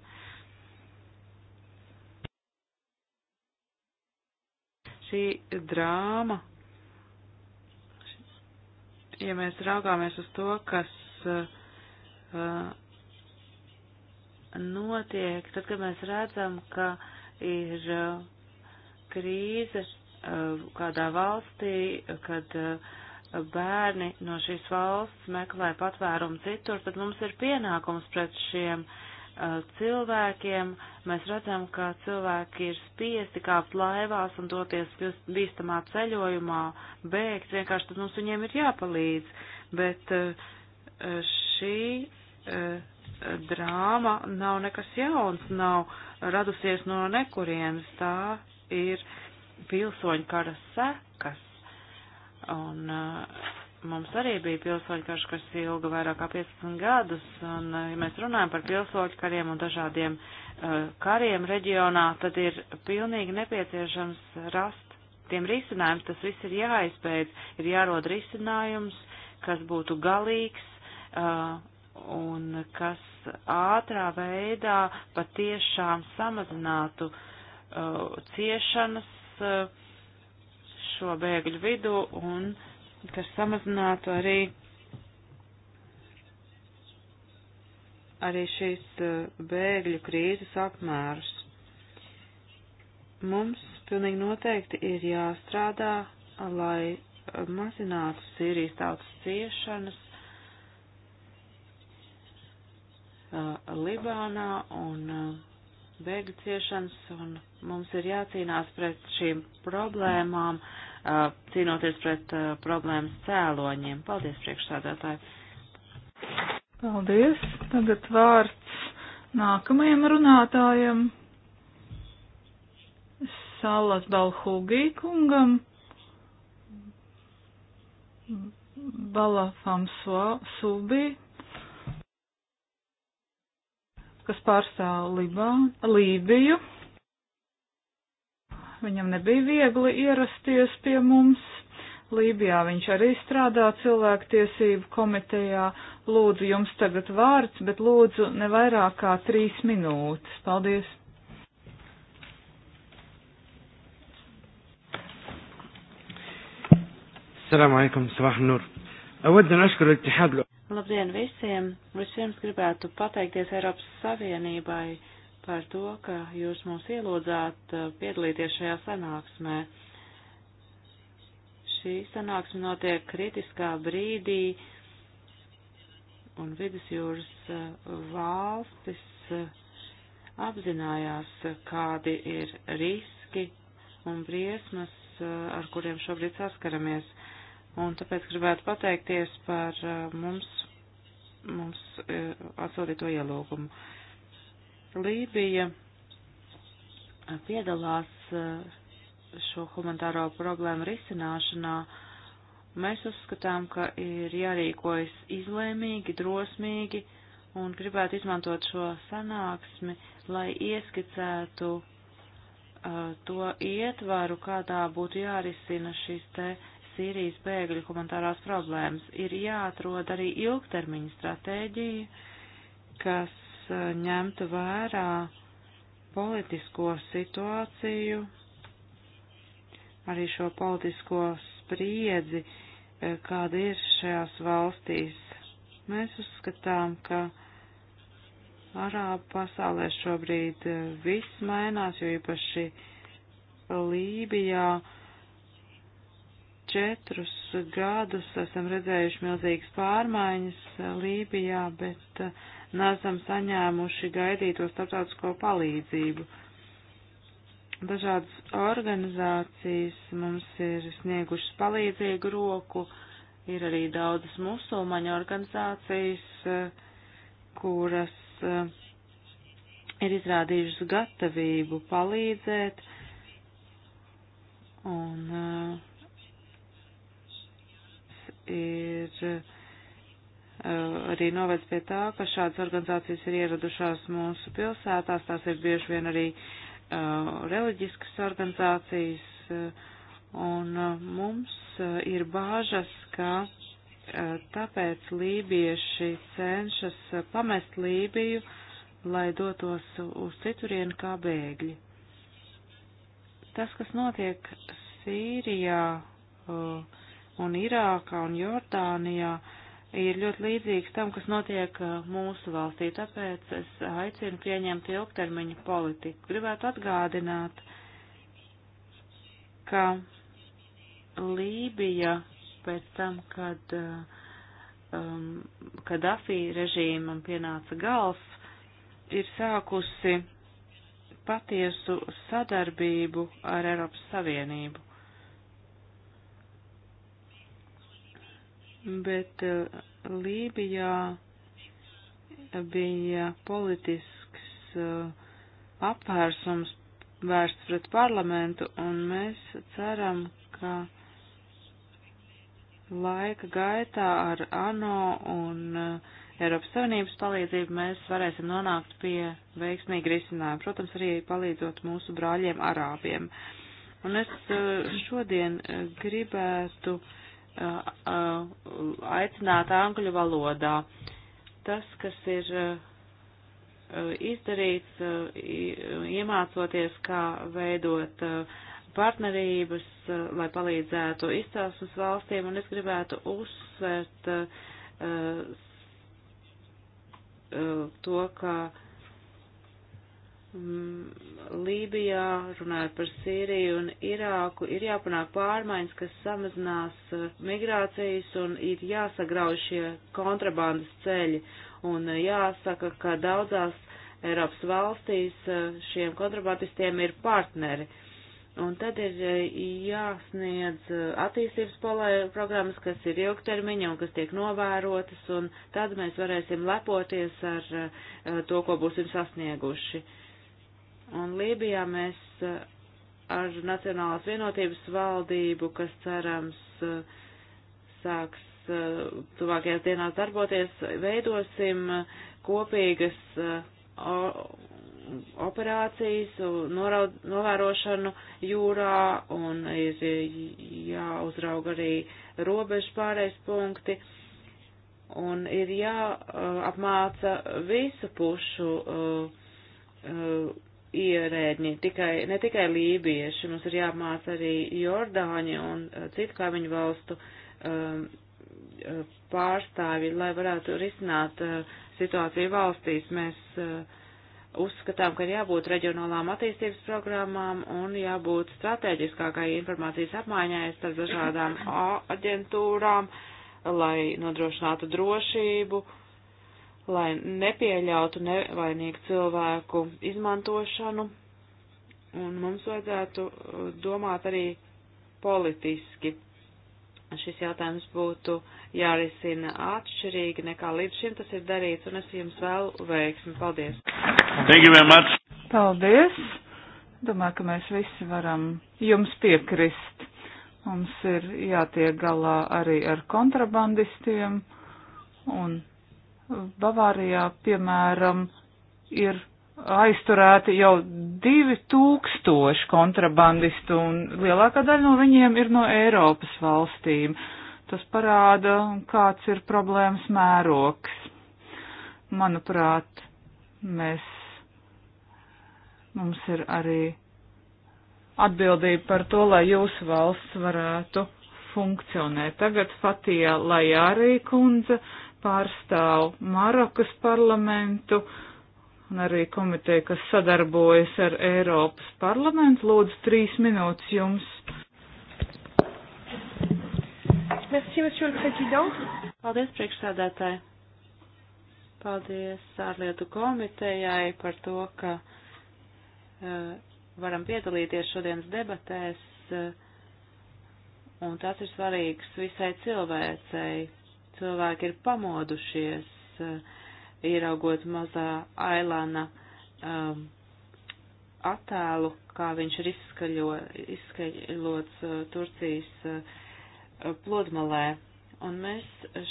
šī drāma, ja mēs raugāmies uz to, kas uh, notiek, tad, kad mēs redzam, ka ir uh, krīze uh, kādā valstī, kad uh, bērni no šīs valsts meklē patvērumu citur, tad mums ir pienākums pret šiem uh, Uh, cilvēkiem. Mēs redzam, ka cilvēki ir spiesti kāpt laivās un doties bīstamā ceļojumā, bēgt, vienkārši tad mums viņiem ir jāpalīdz. Bet uh, uh, šī drāma nav nekas jauns, nav radusies no nekurienes, tā ir pilsoņu kara sekas. Un uh, mums arī bija pilsoņu karš, kas ilga vairāk kā 15 gadus, un eh, ja mēs runājam par pilsoņu kariem un dažādiem uh, kariem reģionā, tad ir pilnīgi nepieciešams rast tiem risinājums, tas viss ir jāizpēc, ir jārod risinājums, kas būtu galīgs uh, un kas ātrā veidā patiešām samazinātu uh, ciešanas šo bēgļu vidu un uh, kas samazinātu arī, arī šīs uh, bēgļu krīzes apmērus. Mums pilnīgi noteikti ir jāstrādā, lai mazinātu Sīrijas tautas ciešanas uh, Libānā un uh, bēgļu ciešanas, un mums ir jācīnās pret šīm problēmām. Mm Uh, cīnoties pret uh, problēmas cēloņiem. Paldies, priekšsādātāji! Paldies! Tagad vārds nākamajam runātājam - Salas Balhūgī kungam. Balafam Subi, kas pārstāv Libā, Lībiju. Viņam nebija viegli ierasties pie mums. Lībijā viņš arī strādā cilvēktiesību komitejā. Lūdzu, jums tagad vārds, bet lūdzu ne vairāk kā trīs minūtes. Paldies! Assalamu alaikum, sabah nur. Awad an ashkuru ittihad. Labdien visiem! Vispirms gribētu pateikties Eiropas Savienībai par to, ka jūs mūs ielūdzāt uh, piedalīties šajā sanāksmē. Šī sanāksme notiek kritiskā brīdī, un vidusjūras uh, valstis uh, apzinājās, kādi ir riski un briesmas, ar kuriem šobrīd saskaramies. Un tāpēc gribētu pateikties par mums, mums atsūtīto ielūgumu. Lībija piedalās eh, šo humanitāro problēmu risināšanā. Mēs uzskatām, ka ir jārīkojas izlēmīgi, drosmīgi un gribētu izmantot šo sanāksmi, lai ieskicētu uh, to ietvaru, kādā būtu jārisina šīs te Sīrijas bēgļu humanitārās problēmas. Ir jāatrod arī ilgtermiņa stratēģija, kas ņemtu vērā politisko situāciju, arī šo politisko spriedzi, e, kāda ir šajās valstīs. Mēs uzskatām, ka Arābu pasaulē šobrīd e, viss mainās, jo īpaši Lībijā četrus gadus esam redzējuši milzīgas pārmaiņas e, Lībijā, bet uh, nesam saņēmuši gaidīto starptautisko palīdzību. Dažādas organizācijas mums ir sniegušas palīdzīgu roku, ir arī daudzas musulmaņu organizācijas, kuras eh, ir izrādījušas gatavību palīdzēt, un eh, ir Eh, arī noved pie tā, ka šādas organizācijas ir ieradušās mūsu pilsētās, tās ir bieži vien arī uh, reliģiskas organizācijas, eh, un mums ir bāžas, ka tāpēc lībieši cenšas pamest Lībiju, lai dotos uz citurienu kā bēgļi. Tas, kas notiek Sīrijā un Irākā un Jordānijā, uh, ir ļoti līdzīgs tam, kas notiek uh, mūsu valstī, tāpēc es aicinu pieņemt ilgtermiņa politiku. Gribētu atgādināt, ka Lībija pēc tam, kad uh, um, Kadafī režīmam pienāca gals, ir sākusi patiesu sadarbību ar Eiropas Savienību. bet eh, Lībijā bija politisks eh, apvērsums vērsts pret parlamentu, un mēs ceram, ka laika gaitā ar ANO un eh, Eiropas Savienības palīdzību mēs varēsim nonākt pie veiksmīga risinājuma, protams, arī palīdzot mūsu brāļiem arābiem. Un es šodien gribētu uh, aicināt angļu valodā. Tas, kas ir izdarīts, iemācoties, kā veidot partnerības, lai palīdzētu izcelsmes valstīm, un es gribētu uzsvērt to, ka Mm, Lībijā, runājot par Sīriju un Irāku, ir jāpanāk pārmaiņas, kas samazinās uh, migrācijas un ir jāsagrauj šie kontrabandas ceļi. Un uh, jāsaka, ka daudzās Eiropas valstīs uh, šiem kontrabandistiem ir partneri. Un tad ir jāsniedz attīstības programmas, kas ir ilgtermiņa un kas tiek novērotas, un tad mēs varēsim lepoties ar to, ko būsim sasnieguši. Uh, Un Lībijā mēs eh, ar Nacionālās vienotības valdību, kas cerams eh, sāks eh, tuvākajās dienās darboties, veidosim kopīgas operācijas, noraud, novērošanu jūrā un ir jāuzrauga arī robežu pārējais punkti. Un ir jāapmāca visu pušu uh, uh, ierēģi, tikai, ne tikai lībieši, mums ir jāapmāca arī Jordāņi un eh, citu kaimiņu valstu um, ehm, eh, pārstāvi, lai varētu risināt uh, situāciju valstīs. Mēs uh, uzskatām, ka ir jābūt reģionālām attīstības programmām un jābūt strateģiskākai informācijas apmaiņai starp dažādām aģentūrām, lai nodrošinātu drošību. Uh, lai nepieļautu nevainīgu cilvēku izmantošanu, un mums vajadzētu uh, domāt arī politiski. Šis jautājums būtu jārisina atšķirīgi nekā līdz šim tas ir darīts, un es jums vēl veiksmi. Paldies! Thank you very much! Paldies! Domāju, ka mēs visi varam jums piekrist. Mums ir jātiek galā arī ar kontrabandistiem un Bavārijā, piemēram, ir aizturēti jau 2000 kontrabandistu, un lielākā daļa no viņiem ir no Eiropas valstīm. Tas parāda, kāds ir problēmas mērogs. Manuprāt, mēs, mums ir arī atbildība par to, lai jūsu valsts varētu funkcionēt. Tagad Fatija Lajārī kundze pārstāv Marokas parlamentu un arī komiteju, kas sadarbojas ar Eiropas parlamentu. Lūdzu, trīs minūtes jums. Merci, monsieur le président. Paldies, priekšsēdētāji. Paldies ārlietu komitejai par to, ka uh, varam piedalīties šodienas debatēs. Uh, un tas ir svarīgs visai cilvēcei cilvēki ir pamodušies, eh, ieraugot mazā ailāna um, ehm, attēlu, kā viņš ir izskaļo, izskaļots uh, Turcijas uh, eh, pludmalē. Un mēs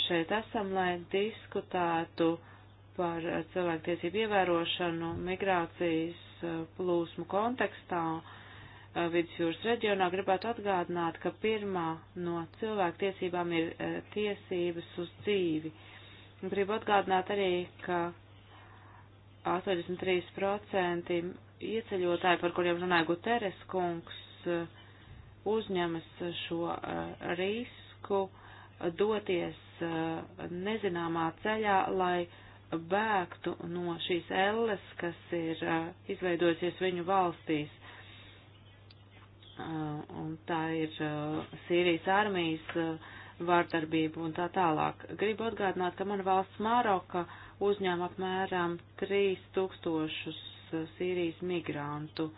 šeit esam, lai diskutētu par cilvēktiesību ievērošanu migrācijas plūsmu kontekstā Uh, vidusjūras reģionā, gribētu atgādināt, ka pirmā no cilvēku tiesībām ir uh, tiesības uz dzīvi. Gribu atgādināt arī, ka 83% ieceļotāji, par kuriem runāja Guteres kungs, uh, uzņemas šo risku doties nezināmā ceļā, lai bēgtu no šīs elles, kas ir izveidojusies viņu valstīs Uh, un tā ir uh, Sīrijas armijas uh, vārdarbība un tā tālāk. Gribu atgādināt, ka mana valsts Māroka uzņēma apmēram 3000 Sīrijas migrantu.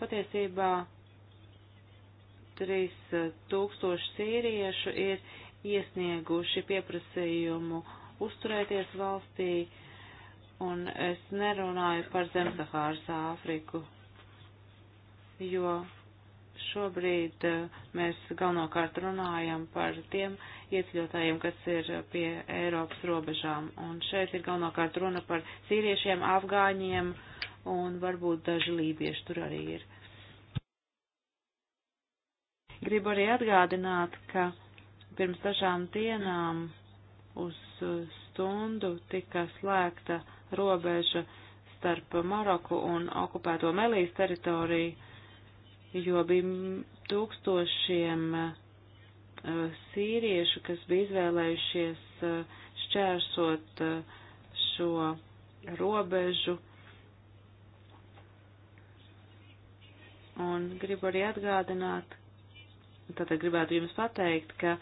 Patiesībā 3000 sīriešu ir iesnieguši pieprasījumu uzturēties valstī, un es nerunāju par Zemsahāras Āfriku, jo šobrīd eh, mēs galvenokārt runājam par tiem ieceļotājiem, kas ir eh, pie Eiropas robežām. Un šeit ir galvenokārt runa par sīriešiem, afgāņiem un varbūt daži lībieši tur arī ir. Gribu arī atgādināt, ka pirms dažām dienām uz eh, stundu tika slēgta robeža starp Maroku un okupēto Melijas teritoriju jo bija tūkstošiem e, sīriešu, kas bija izvēlējušies e, šķērsot e, šo robežu. Un gribu arī atgādināt, tātad gribētu jums pateikt, ka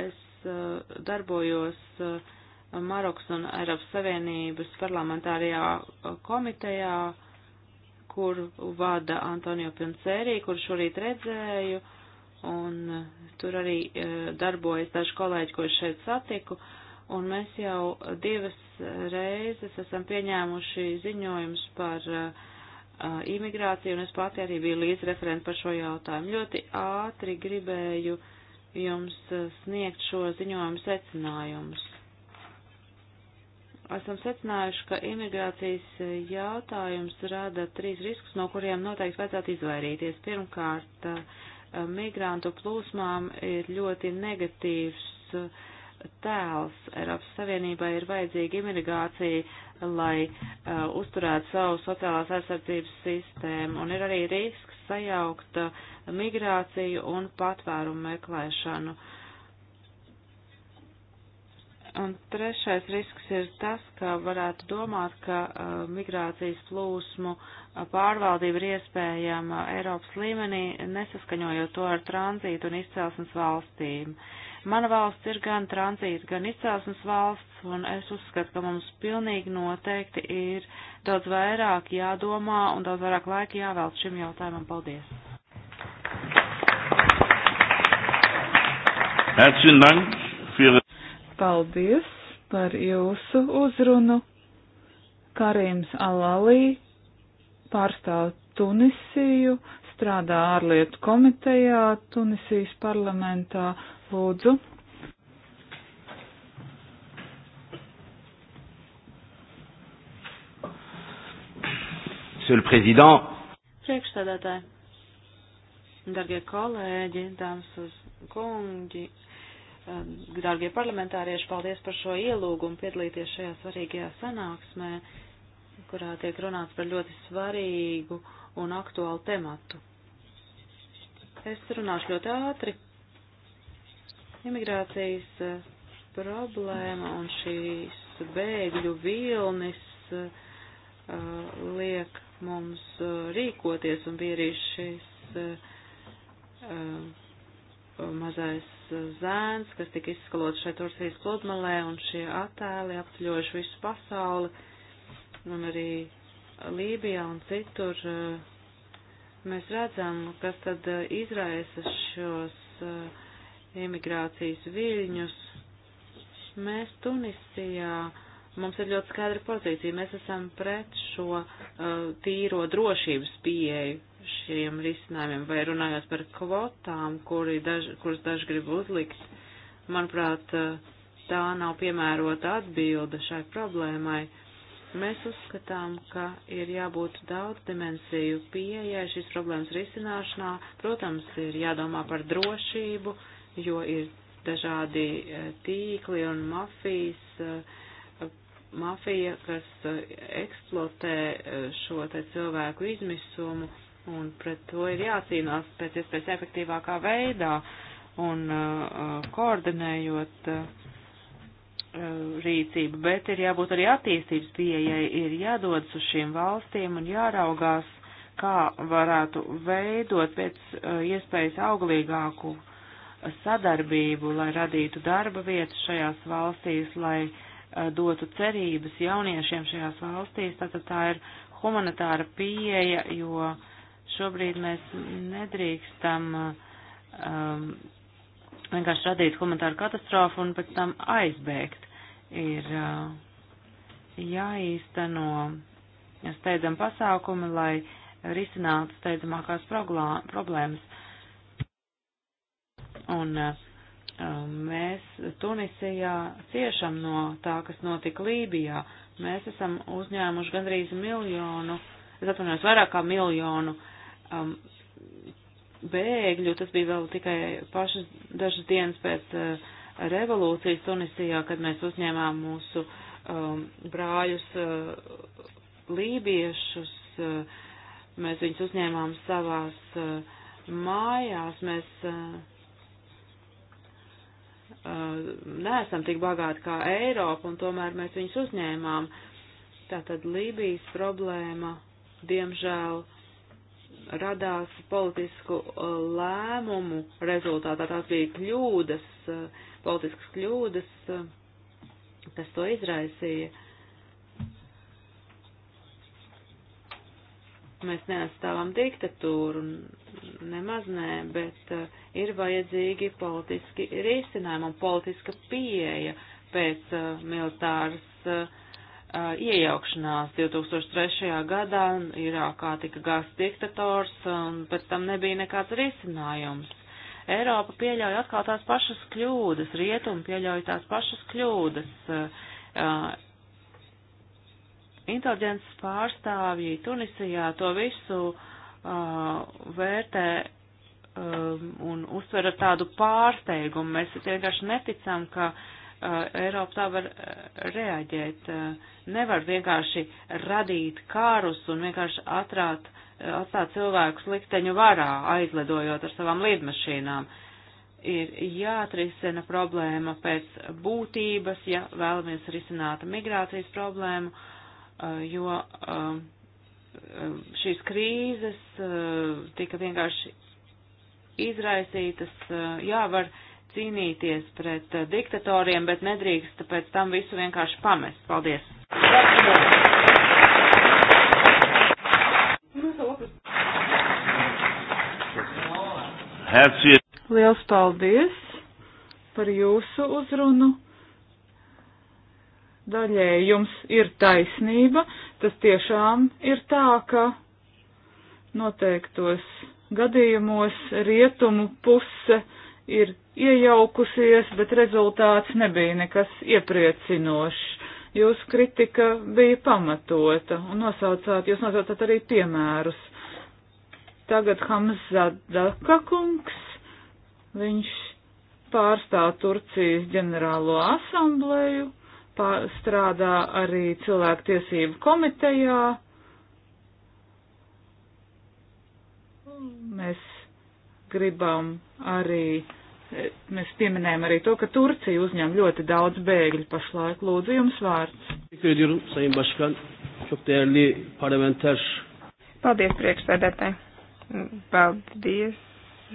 es darbojos Marokas un Eiropas Savienības parlamentārajā komitejā, kuru vada Antonio Pincerī, kuru šorīt redzēju, un tur arī e, darbojas daži kolēģi, ko es šeit satiku, un mēs jau divas reizes esam pieņēmuši ziņojums par uh, imigrāciju, un es pati arī biju līdzreferenta par šo jautājumu. Ļoti ātri gribēju jums sniegt šo ziņojumu secinājumus esam secinājuši, ka imigrācijas e, jautājums rada trīs riskus, no kuriem noteikti vajadzētu izvairīties. Pirmkārt, e, migrantu plūsmām ir ļoti negatīvs e, tēls. Eiropas Savienībai ir vajadzīga imigrācija, lai uh, uzturētu savu sociālās aizsardzības sistēmu, un ir arī risks sajaukt migrāciju un patvērumu meklēšanu. Uh, Un trešais risks ir tas, ka varētu domāt, ka uh, migrācijas plūsmu pārvaldība ir iespējama Eiropas līmenī, nesaskaņojot to ar tranzītu un izcelsmes valstīm. Mana valsts ir gan tranzīta, gan izcelsmes valsts, un es uzskatu, ka mums pilnīgi noteikti ir daudz vairāk jādomā un daudz vairāk laika jāvēl šim jautājumam. Paldies! Herzlichen Dank. Paldies par jūsu uzrunu. Karims Alalī pārstāv Tunisiju, strādā ārlietu komitejā Tunisijas parlamentā. Lūdzu. Monsieur le Président. Priekšstādātāji, darbie kolēģi, dāmas un kungi, Ehm, dārgie parlamentārieši, paldies par šo ielūgumu piedalīties šajā svarīgajā sanāksmē, kurā tiek runāts par ļoti svarīgu un aktuālu tematu. Es runāšu ļoti ātri. Imigrācijas eh, problēma un šīs bēgļu vilnis uh, liek mums uh, rīkoties un bija arī šis uh, mazais zēns, kas tika izskalots šeit Turcijas pludmalē, un šie attēli apceļojuši visu pasauli, un arī Lībijā un citur eh, mēs redzam, kas tad eh, izraisa šos eh, imigrācijas viļņus. Mēs Tunisijā mums ir ļoti skaidra pozīcija. Mēs esam pret šo uh, tīro drošības pieeju šiem risinājumiem, vai runājot par kvotām, daž, kuras daži grib uzlikt, manuprāt, tā nav piemērota atbilde šai problēmai. Mēs uzskatām, ka ir jābūt daudz dimensiju pieejai šīs problēmas risināšanā. Protams, ir jādomā par drošību, jo ir dažādi e, tīkli un mafijas, e, mafija, kas e, eksploatē šo te cilvēku izmisumu un pret to ir jācīnās pēc iespējas efektīvākā veidā un uh, koordinējot uh, uh rīcību, bet ir jābūt arī attīstības pieejai, ir jādodas uz šīm valstīm un jāraugās, kā varētu veidot pēc uh, iespējas auglīgāku sadarbību, lai radītu darba vietas šajās valstīs, lai uh, dotu cerības jauniešiem šajās valstīs. Tātad tā ir humanitāra pieeja, jo uh, Šobrīd mēs nedrīkstam um, vienkārši radīt humanitāru katastrofu un pēc tam aizbēgt. Ir uh, jāīsteno steidzam pasākumi, lai risinātu steidzamākās problēmas. Un uh, um, mēs Tunisijā ciešam no tā, kas notika Lībijā. Mēs esam uzņēmuši gandrīz miljonu, es atvainojos, vairāk kā miljonu uh, um, bēgļu, tas bija vēl tikai pašas dažas dienas pēc uh, revolūcijas Tunisijā, kad mēs uzņēmām mūsu um, brāļus uh, lībiešus, uh, mēs viņus uzņēmām savās uh, mājās, mēs uh, uh, neesam tik bagāti kā Eiropa, un tomēr mēs viņus uzņēmām. Tātad Lībijas problēma, diemžēl, uh, radās politisku uh, lēmumu rezultātā. Tās bija kļūdas, uh, politiskas kļūdas, uh, kas to izraisīja. Mēs neatstāvam diktatūru, nemaz nē, bet ir vajadzīgi politiski risinājumi un politiska pieeja pēc militāras iejaukšanās 2003. gadā Irākā tika gāsts diktators un pēc tam nebija nekāds risinājums. Eiropa pieļauj atkal tās pašas kļūdas, rietumi pieļauj tās pašas kļūdas. Inteliģences pārstāvji Tunisijā to visu vērtē un uztver ar tādu pārsteigumu. Mēs vienkārši neticam, ka uh, Eh, Eiropa tā var eh, reaģēt. Eh, nevar vienkārši radīt kārus un vienkārši atrāt, atstāt cilvēkus likteņu varā, aizlidojot ar savām lidmašīnām. Ir jāatrisina problēma pēc būtības, ja vēlamies risināt migrācijas problēmu, jo šīs krīzes tika vienkārši izraisītas, jā, var cīnīties pret eh, diktatoriem, bet nedrīkst pēc tam visu vienkārši pamest. Paldies! Liels paldies par jūsu uzrunu. Daļēji jums ir taisnība, tas tiešām ir tā, ka noteiktos gadījumos rietumu puse ir iejaukusies, bet rezultāts nebija nekas iepriecinošs. Jūsu kritika bija pamatota un nosaucāt, jūs nosaucāt arī piemērus. Tagad Hamzadaka kungs, viņš pārstāv Turcijas ģenerālo asambleju, pār, strādā arī cilvēktiesību komitejā. Mēs gribam arī Mēs pieminējam arī to, ka Turcija uzņem ļoti daudz bēgļu pašlaik. Lūdzu, jums vārds. Paldies, priekšsēdētāji. Paldies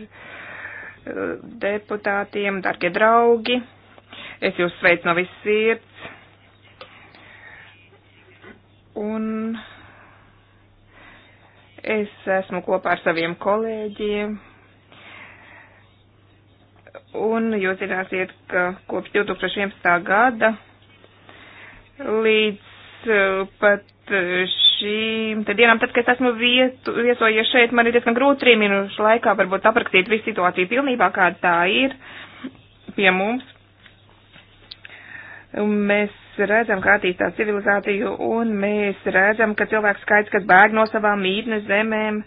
eh, deputātiem, darbie draugi. Es jūs sveicu no viss sirds. Un es esmu kopā ar saviem kolēģiem Un jūs zināsiet, ka kopš 2011. gada līdz eh, pat eh, šīm dienām, tad, kad esmu vietu, viesojies šeit, man ir diezgan grūti trīs minūšu laikā varbūt aprakstīt visu situāciju pilnībā, kāda tā ir pie mums. Mēs redzam, kā attīstās civilizācija, un mēs redzam, ka cilvēku skaits, kas bēg no savām mītnes zemēm,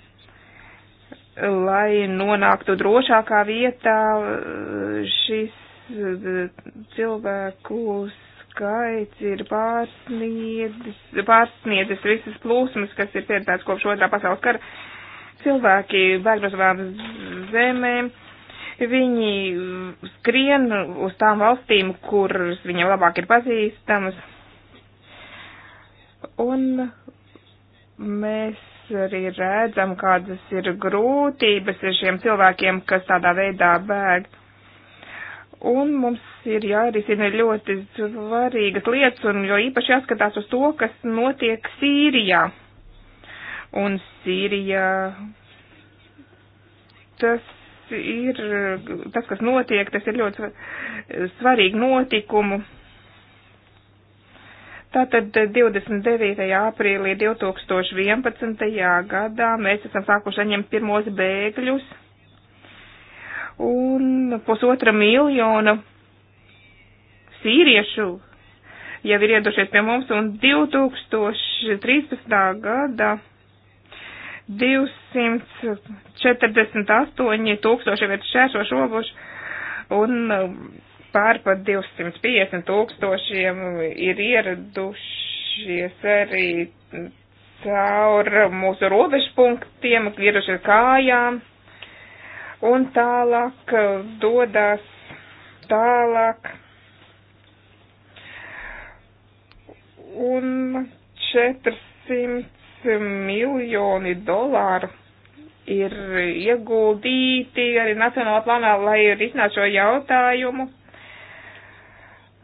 lai nonāktu drošākā vietā, eh, šis eh, cilvēku skaits ir pārsniedzis, pārsniedzis visas plūsmas, kas ir pieredzētas kopš otrā pasaules kara. Cilvēki bēg no savām zemēm, viņi skrien uz tām valstīm, kuras viņiem labāk ir pazīstamas. Un mēs arī redzam, kādas ir grūtības ar šiem cilvēkiem, kas tādā veidā bēg. Un mums ir jārisina ļoti svarīgas lietas, un jo īpaši jāskatās uz to, kas notiek Sīrijā. Un Sīrijā tas ir, tas, kas notiek, tas ir ļoti svarīgi notikumu Tātad 29. Eh, aprīlī 2011. gadā mēs esam sākuši saņemt pirmos bēgļus un pusotra miljona sīriešu jau ir iedušies pie mums un 2013. gadā 248 tūkstoši vietu šēšo šobušu un pārpat 250 tūkstošiem ir ieradušies arī caur mūsu robežu punktiem, ieradušies kājām un tālāk eh, dodas tālāk. Un 400 miljoni dolāru ir ieguldīti arī nacionālā plānā, lai risinātu šo jautājumu.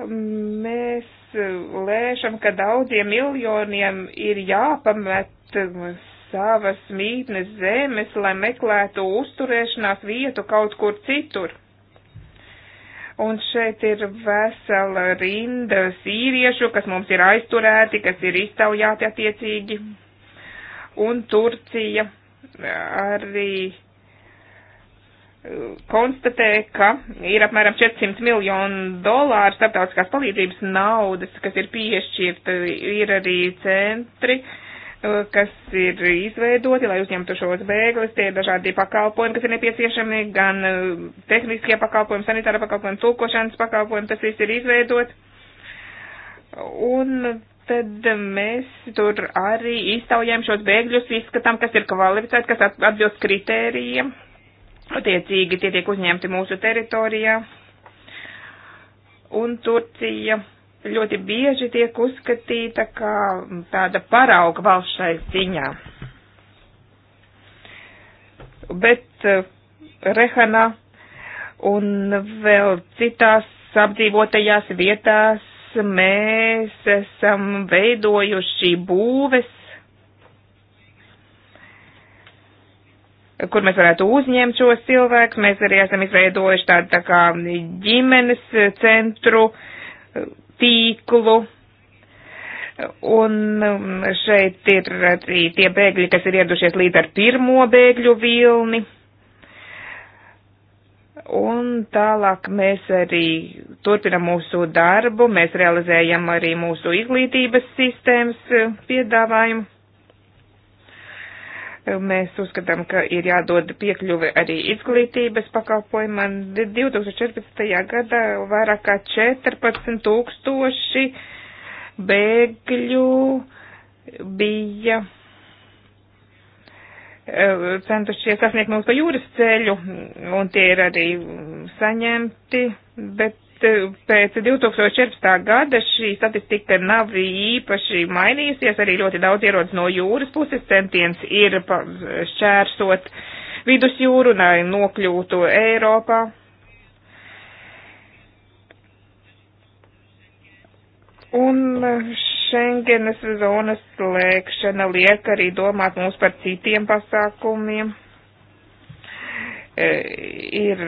Mēs lēšam, ka daudziem miljoniem ir jāpamet savas mītnes zemes, lai meklētu uzturēšanās vietu kaut kur citur. Un šeit ir vesela rinda sīriešu, kas mums ir aizturēti, kas ir iztaujāti attiecīgi. Un Turcija arī konstatē, ka ir apmēram 400 miljonu dolāru starptautiskās palīdzības naudas, kas ir piešķirta, ir arī centri, eh, kas ir izveidoti, lai uzņemtu šos bēglis, tie ir dažādi pakalpojumi, kas ir nepieciešami, gan eh, tehniskie pakalpojumi, sanitāra pakalpojumi, tulkošanas pakalpojumi, tas viss ir izveidot. Un tad mēs tur arī iztaujām šos bēgļus, izskatām, kas ir kvalificēti, kas atbilst kritērijiem, Attiecīgi tie tiek uzņemti mūsu teritorijā, un Turcija ļoti bieži tiek uzskatīta kā tāda parauga valsts šai ziņā. Bet eh, Rehanā un vēl citās apdzīvotajās vietās mēs esam veidojuši būves kur mēs varētu uzņemt šos cilvēkus. Mēs arī esam izveidojuši tādu tā kā ģimenes eh, centru eh, tīklu. Un mm, šeit ir arī tie bēgļi, kas ir iedušies līdz ar pirmo bēgļu vilni. Un tālāk mēs arī turpinam mūsu darbu, mēs realizējam arī mūsu izglītības sistēmas eh, piedāvājumu. Mēs uzskatām, ka ir jādod piekļuve arī izglītības pakalpojumam. 2014. gadā vairāk kā 14 tūkstoši bēgļu bija e, centušies sasniegt mūsu jūras ceļu, un tie ir arī saņemti, bet Eh, pēc 2014. gada šī statistika nav īpaši mainījusies, arī ļoti daudz ierodas no jūras puses, centiens ir šķērsot vidusjūru, lai nokļūtu Eiropā. Un eh, Schengenas zonas slēgšana liek arī domāt mums par citiem pasākumiem. E, ir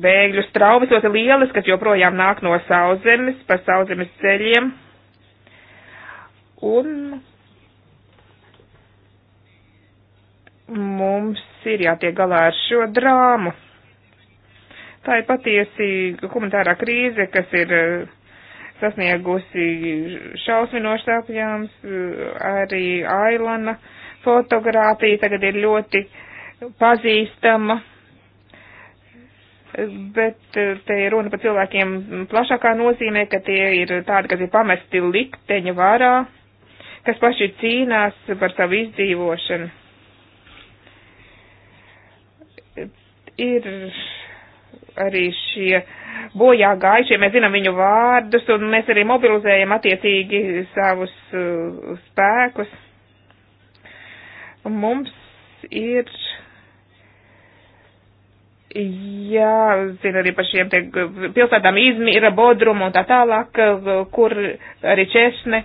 bēgļu straumes ļoti lielas, kas joprojām nāk no sauszemes, pa sauszemes ceļiem. Un mums ir jātiek galā ar šo drāmu. Tā ir patiesi humanitārā krīze, kas ir e, sasniegusi šausminošas apjāms, e, arī Ailana fotografija tagad ir ļoti pazīstama bet eh, te ir runa par cilvēkiem plašākā nozīmē, ka tie ir tādi, kas ir pamesti likteņa vārā, kas paši cīnās par savu izdzīvošanu. Ir arī šie bojā gājušie, mēs zinām viņu vārdus, un mēs arī mobilizējam attiecīgi savus uh, spēkus. Mums ir uh, jāzina arī par šiem te pilsētām Izmira, Bodruma un tā tālāk, kur arī Češne.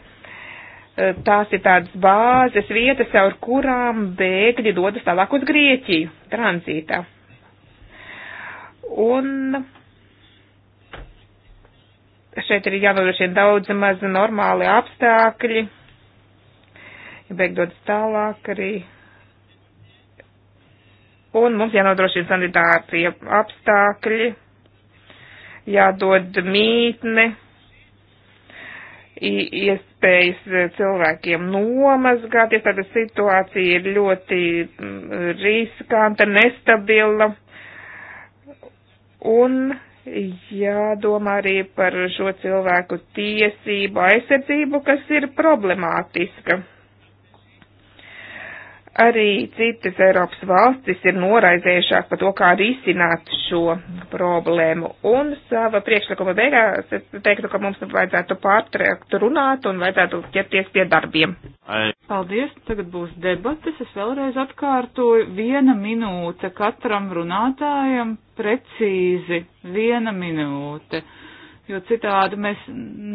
Tās ir tādas bāzes vietas, ar kurām bēgļi dodas tālāk uz Grieķiju tranzītā. Un šeit ir jānodrošina daudz maz normāli apstākļi. Ja bēg dodas tālāk arī un mums jānodrošina sanitācija apstākļi, jādod mītne, iespējas cilvēkiem nomazgāties, tāda situācija ir ļoti mm, riskanta, nestabila, un jādomā arī par šo cilvēku tiesību aizsardzību, kas ir problemātiska Arī citas Eiropas valstis ir noraizējušāk par to, kā risināt šo problēmu. Un sava priekšlikuma beigās es teiktu, ka mums vajadzētu pārtraukt runāt un vajadzētu ķerties pie darbiem. Paldies, tagad būs debates. Es vēlreiz atkārtoju, viena minūte katram runātājam precīzi, viena minūte, jo citādi mēs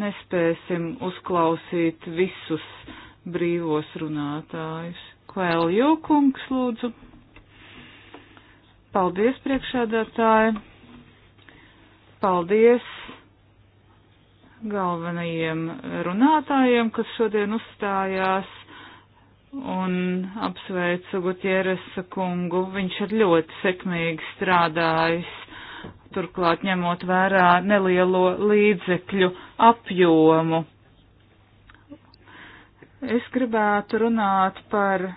nespēsim uzklausīt visus brīvos runātājus. Kvēlju kungs, lūdzu. Paldies, priekšādātāji. Paldies galvenajiem runātājiem, kas šodien uzstājās, un apsveicu Gutieresa kungu. Viņš ir ļoti sekmīgi strādājis, turklāt ņemot vērā nelielo līdzekļu apjomu. Es gribētu runāt par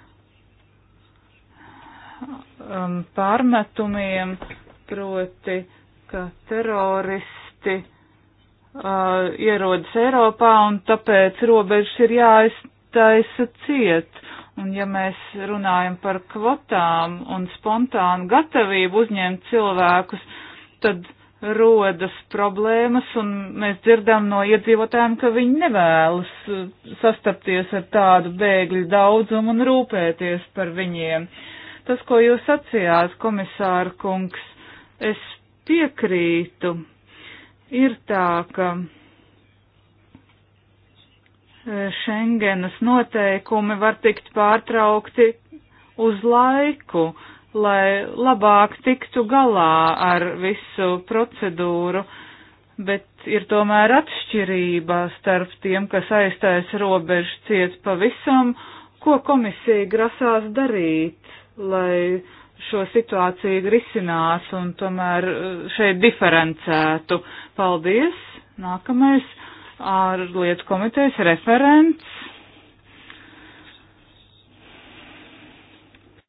um, pārmetumiem, proti, ka teroristi uh, ierodas Eiropā un tāpēc robežas ir jāiztaisa ciet. Un ja mēs runājam par kvotām un spontānu gatavību uzņemt cilvēkus, tad rodas problēmas, un mēs dzirdam no iedzīvotājiem, ka viņi nevēlas uh, sastapties ar tādu bēgļu daudzumu un rūpēties par viņiem. Uh, Tas, ko jūs sacījāt, komisāra kungs, es piekrītu. Ir tā, ka e, Schengenas noteikumi var tikt pārtraukti uz laiku, lai labāk tiktu galā ar visu procedūru, bet ir tomēr atšķirība starp tiem, kas aiztais robežu ciet pavisam, ko komisija grasās darīt lai šo situāciju risinās un tomēr eh, šeit diferencētu. Paldies! Nākamais ārlietu komitejas referents.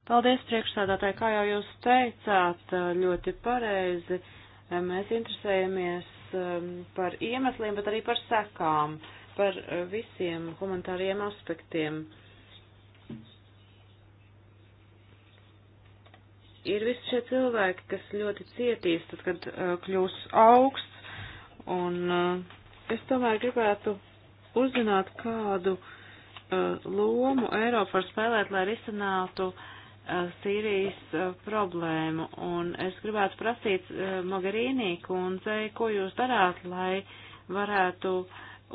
Paldies, priekšsādātāji, kā jau jūs teicāt, eh, ļoti pareizi. Eh, mēs interesējamies par iemesliem, bet arī par sekām, par visiem humanitāriem aspektiem. Uh, ir visi šie cilvēki, kas ļoti cietīs, tad, kad uh, kļūs augsts. Un uh, es tomēr gribētu uzzināt, kādu uh, lomu Eiropa var spēlēt, lai risinātu uh, Sīrijas uh, problēmu. Un es gribētu prasīt uh, Mogherīnī kundzei, ko jūs darāt, lai varētu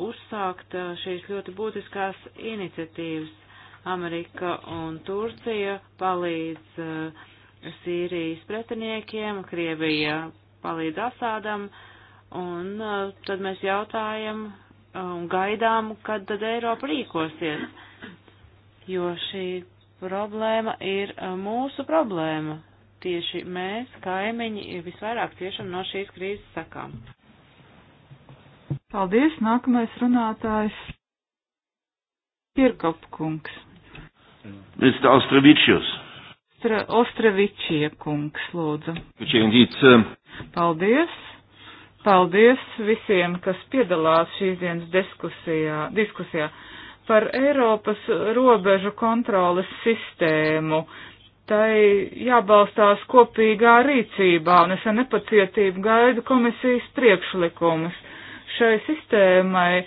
uzsākt uh, šīs ļoti būtiskās iniciatīvas. Amerika un Turcija palīdz uh, Sīrijas pretiniekiem, Krievija palīdz Asādam, un uh, tad mēs jautājam uh, un um, gaidām, kad tad Eiropa rīkosies, jo šī problēma ir uh, mūsu problēma. Tieši mēs, kaimiņi, visvairāk ciešam no šīs krīzes sakām. Paldies, nākamais runātājs. Pirkopkungs. Mr. Austravičius. Ostra, Ostravičie kungs, lūdzu. Eh, Paldies! Paldies visiem, kas piedalās šīs dienas diskusijā, diskusijā par Eiropas robežu kontroles sistēmu. Tai jābalstās kopīgā rīcībā, un es ar nepacietību gaidu komisijas priekšlikumus. Šai sistēmai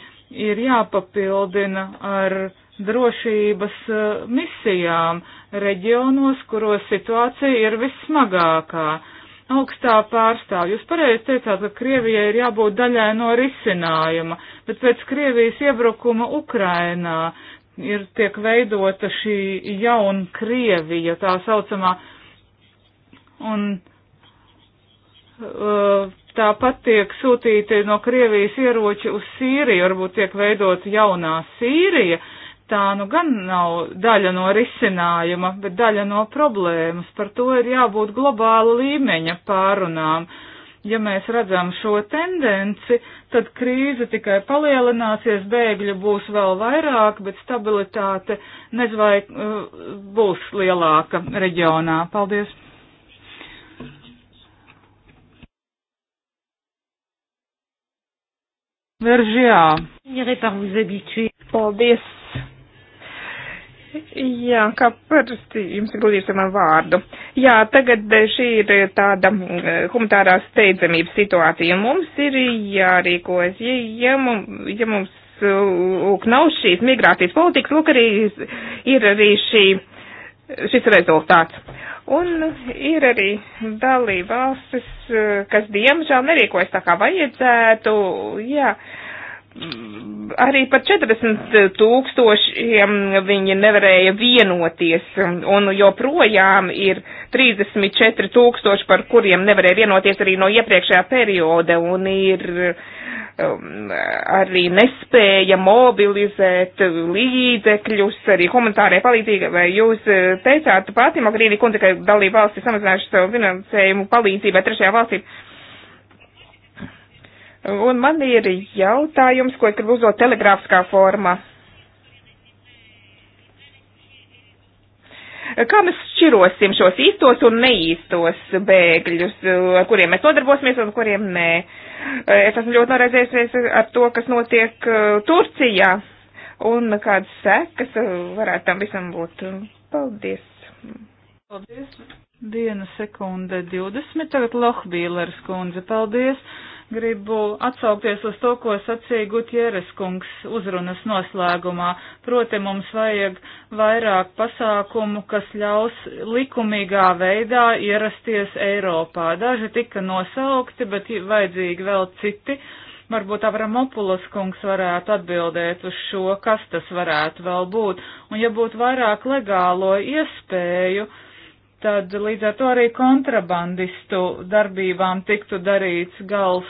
ir jāpapildina ar drošības eh, misijām reģionos, kuros situācija ir vissmagākā. Augstā pārstāv, jūs pareizi teicāt, ka Krievijai ir jābūt daļai no risinājuma, bet pēc Krievijas iebrukuma Ukrainā ir tiek veidota šī jauna Krievija, tā saucamā, un uh, tāpat tiek sūtīti no Krievijas ieroči uz Sīriju, varbūt tiek veidota jaunā Sīrija, uh, tā nu gan nav daļa no risinājuma, bet daļa no problēmas. Par to ir jābūt globāla līmeņa pārunām. Ja mēs redzam šo tendenci, tad krīze tikai palielināsies, bēgļu būs vēl vairāk, bet stabilitāte nezvai uh, būs lielāka reģionā. Paldies! Veržjā. Paldies! Jā, kā parasti jums ir grūti ar manu vārdu. Jā, tagad eh, šī ir eh, tāda mm, eh, humanitārā steidzamības situācija, un mums ir jārīkojas. Ja, ja, mums, ja mums lūk, nav šīs migrācijas politikas, lūk, arī ir arī šī, šis rezultāts. Un ir arī dalība valstis, kas diemžēl nerīkojas tā kā vajadzētu. Jā. Uh, arī par 40 tūkstošiem viņi nevarēja vienoties, un joprojām ir 34 tūkstoši, par kuriem nevarēja vienoties arī no iepriekšējā perioda, un ir um, arī nespēja mobilizēt līdzekļus, arī humanitārie palīdzība, vai jūs eh, teicāt pati, Magrīni kundze, ka dalība valsts samazinājuši savu finansējumu palīdzībai trešajā valstī. Uh, Un man ir jautājums, ko es gribu uzdot telegrāfiskā formā. Kā mēs šķirosim šos īstos un neīstos bēgļus, ar kuriem mēs nodarbosimies un kuriem nē? Es esmu ļoti noraizējusies ar to, kas notiek uh, Turcijā un kādas sekas varētu tam visam būt. Paldies! Paldies! Viena sekunde 20, tagad Lohbīlers kundze, paldies! gribu atsaukties uz to, ko sacīja Gutieres kungs uzrunas noslēgumā. Proti mums vajag vairāk pasākumu, kas ļaus likumīgā veidā ierasties Eiropā. Daži tika nosaukti, bet vajadzīgi vēl citi. Varbūt Avramopulas kungs varētu atbildēt uz šo, kas tas varētu vēl būt. Un ja būtu vairāk legālo iespēju, tad līdz ar to arī kontrabandistu darbībām tiktu darīts gals.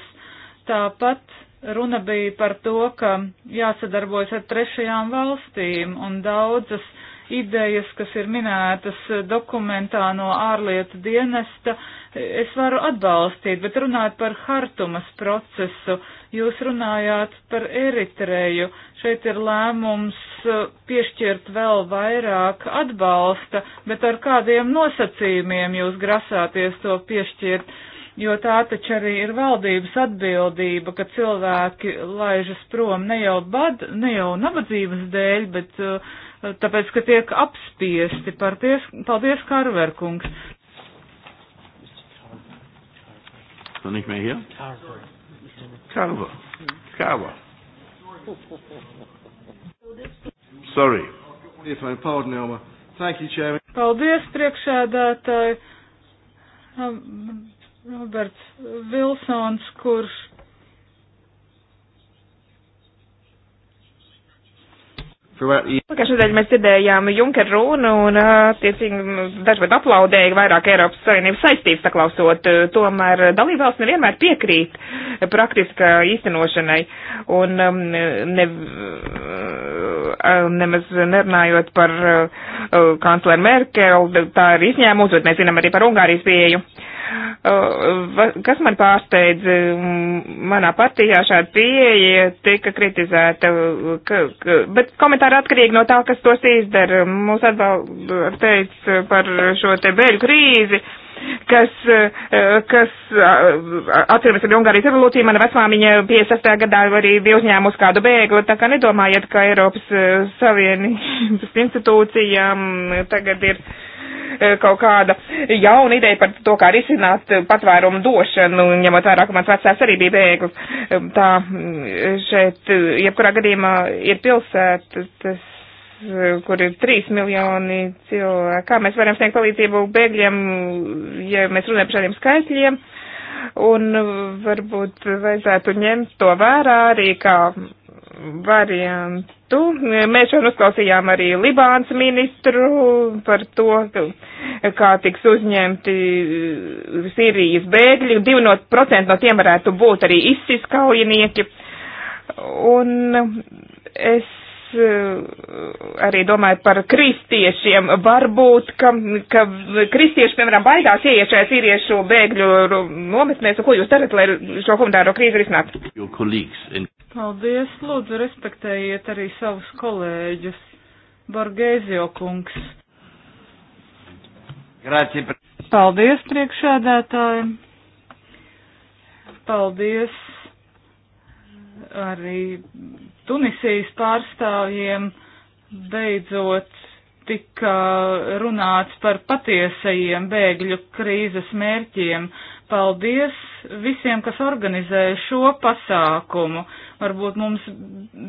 Tāpat runa bija par to, ka jāsadarbojas ar trešajām valstīm un daudzas idejas, kas ir minētas dokumentā no ārlietu dienesta, es varu atbalstīt, bet runāt par hartumas procesu, Jūs runājāt par Eritreju. Šeit ir lēmums uh, piešķirt vēl vairāk atbalsta, bet ar kādiem nosacījumiem jūs grasāties to piešķirt? Jo tā taču arī ir valdības atbildība, ka cilvēki laižas prom ne jau, bad, ne jau nabadzības dēļ, bet uh, tāpēc, ka tiek apspiesti. Parties, paldies, Karverkungs. Karver. Calvo. Calvo. Sorry. Paldies, priekšēdētāji. Um, Roberts Vilsons, kurš Pagājušajā nedēļā mēs dzirdējām Junker runu un, attiecīgi, dažkārt aplaudēja vairāk Eiropas Savienības saistības saklausot, tomēr dalībvalsts nevienmēr piekrīt praktiskā īstenošanai un ne, nemaz nerunājot par kancleru Merkel, tā ir izņēmums, bet mēs zinām arī par Ungārijas pieeju. Uh, Kas man pārsteidz, manā partijā šāda pieeja tika kritizēta, ka, ka, bet komentāri atkarīgi no tā, kas tos izdara. Mūs atbalstīts par šo te bēļu krīzi kas, e, kas atceramies arī Ungārijas revolūciju, mana vecmāmiņa 56. gadā arī bija uzņēmusi kādu bēglu, tā kā nedomājiet, ka Eiropas e, Savienības institūcijām tagad ir Eh, kaut kāda jauna ideja par to, kā risināt patvērumu došanu, ņemot vērā, ka mans vecās arī bija bēglis. Eh, tā mm, šeit, eh, jebkurā gadījumā, ir pilsēta, tas kur ir 3 miljoni cilvēku. Kā mēs varam sniegt palīdzību bēgļiem, ja mēs runājam par šādiem skaitļiem? Un varbūt vajadzētu ņemt to vērā arī kā variantu. Mēs šodien uzklausījām arī Libānas ministru par to, kā tiks uzņemti uh, Sīrijas bēgļi. 2% no tiem varētu būt arī izsiskaujinieki. Un es Eh, arī domāju par kristiešiem. Varbūt, ka, ka kristieši, piemēram, baidās ieiet šajā sīriešu bēgļu nometnēs, ko jūs darat, lai šo humanitāro krīzi risinātu? Paldies, lūdzu, respektējiet arī savus kolēģus. Borgēzio kungs. Grācija. Paldies, priekšādātāji. Paldies arī Tunisijas pārstāvjiem beidzot tika runāts par patiesajiem bēgļu krīzes mērķiem. Paldies visiem, kas organizēja šo pasākumu. Varbūt mums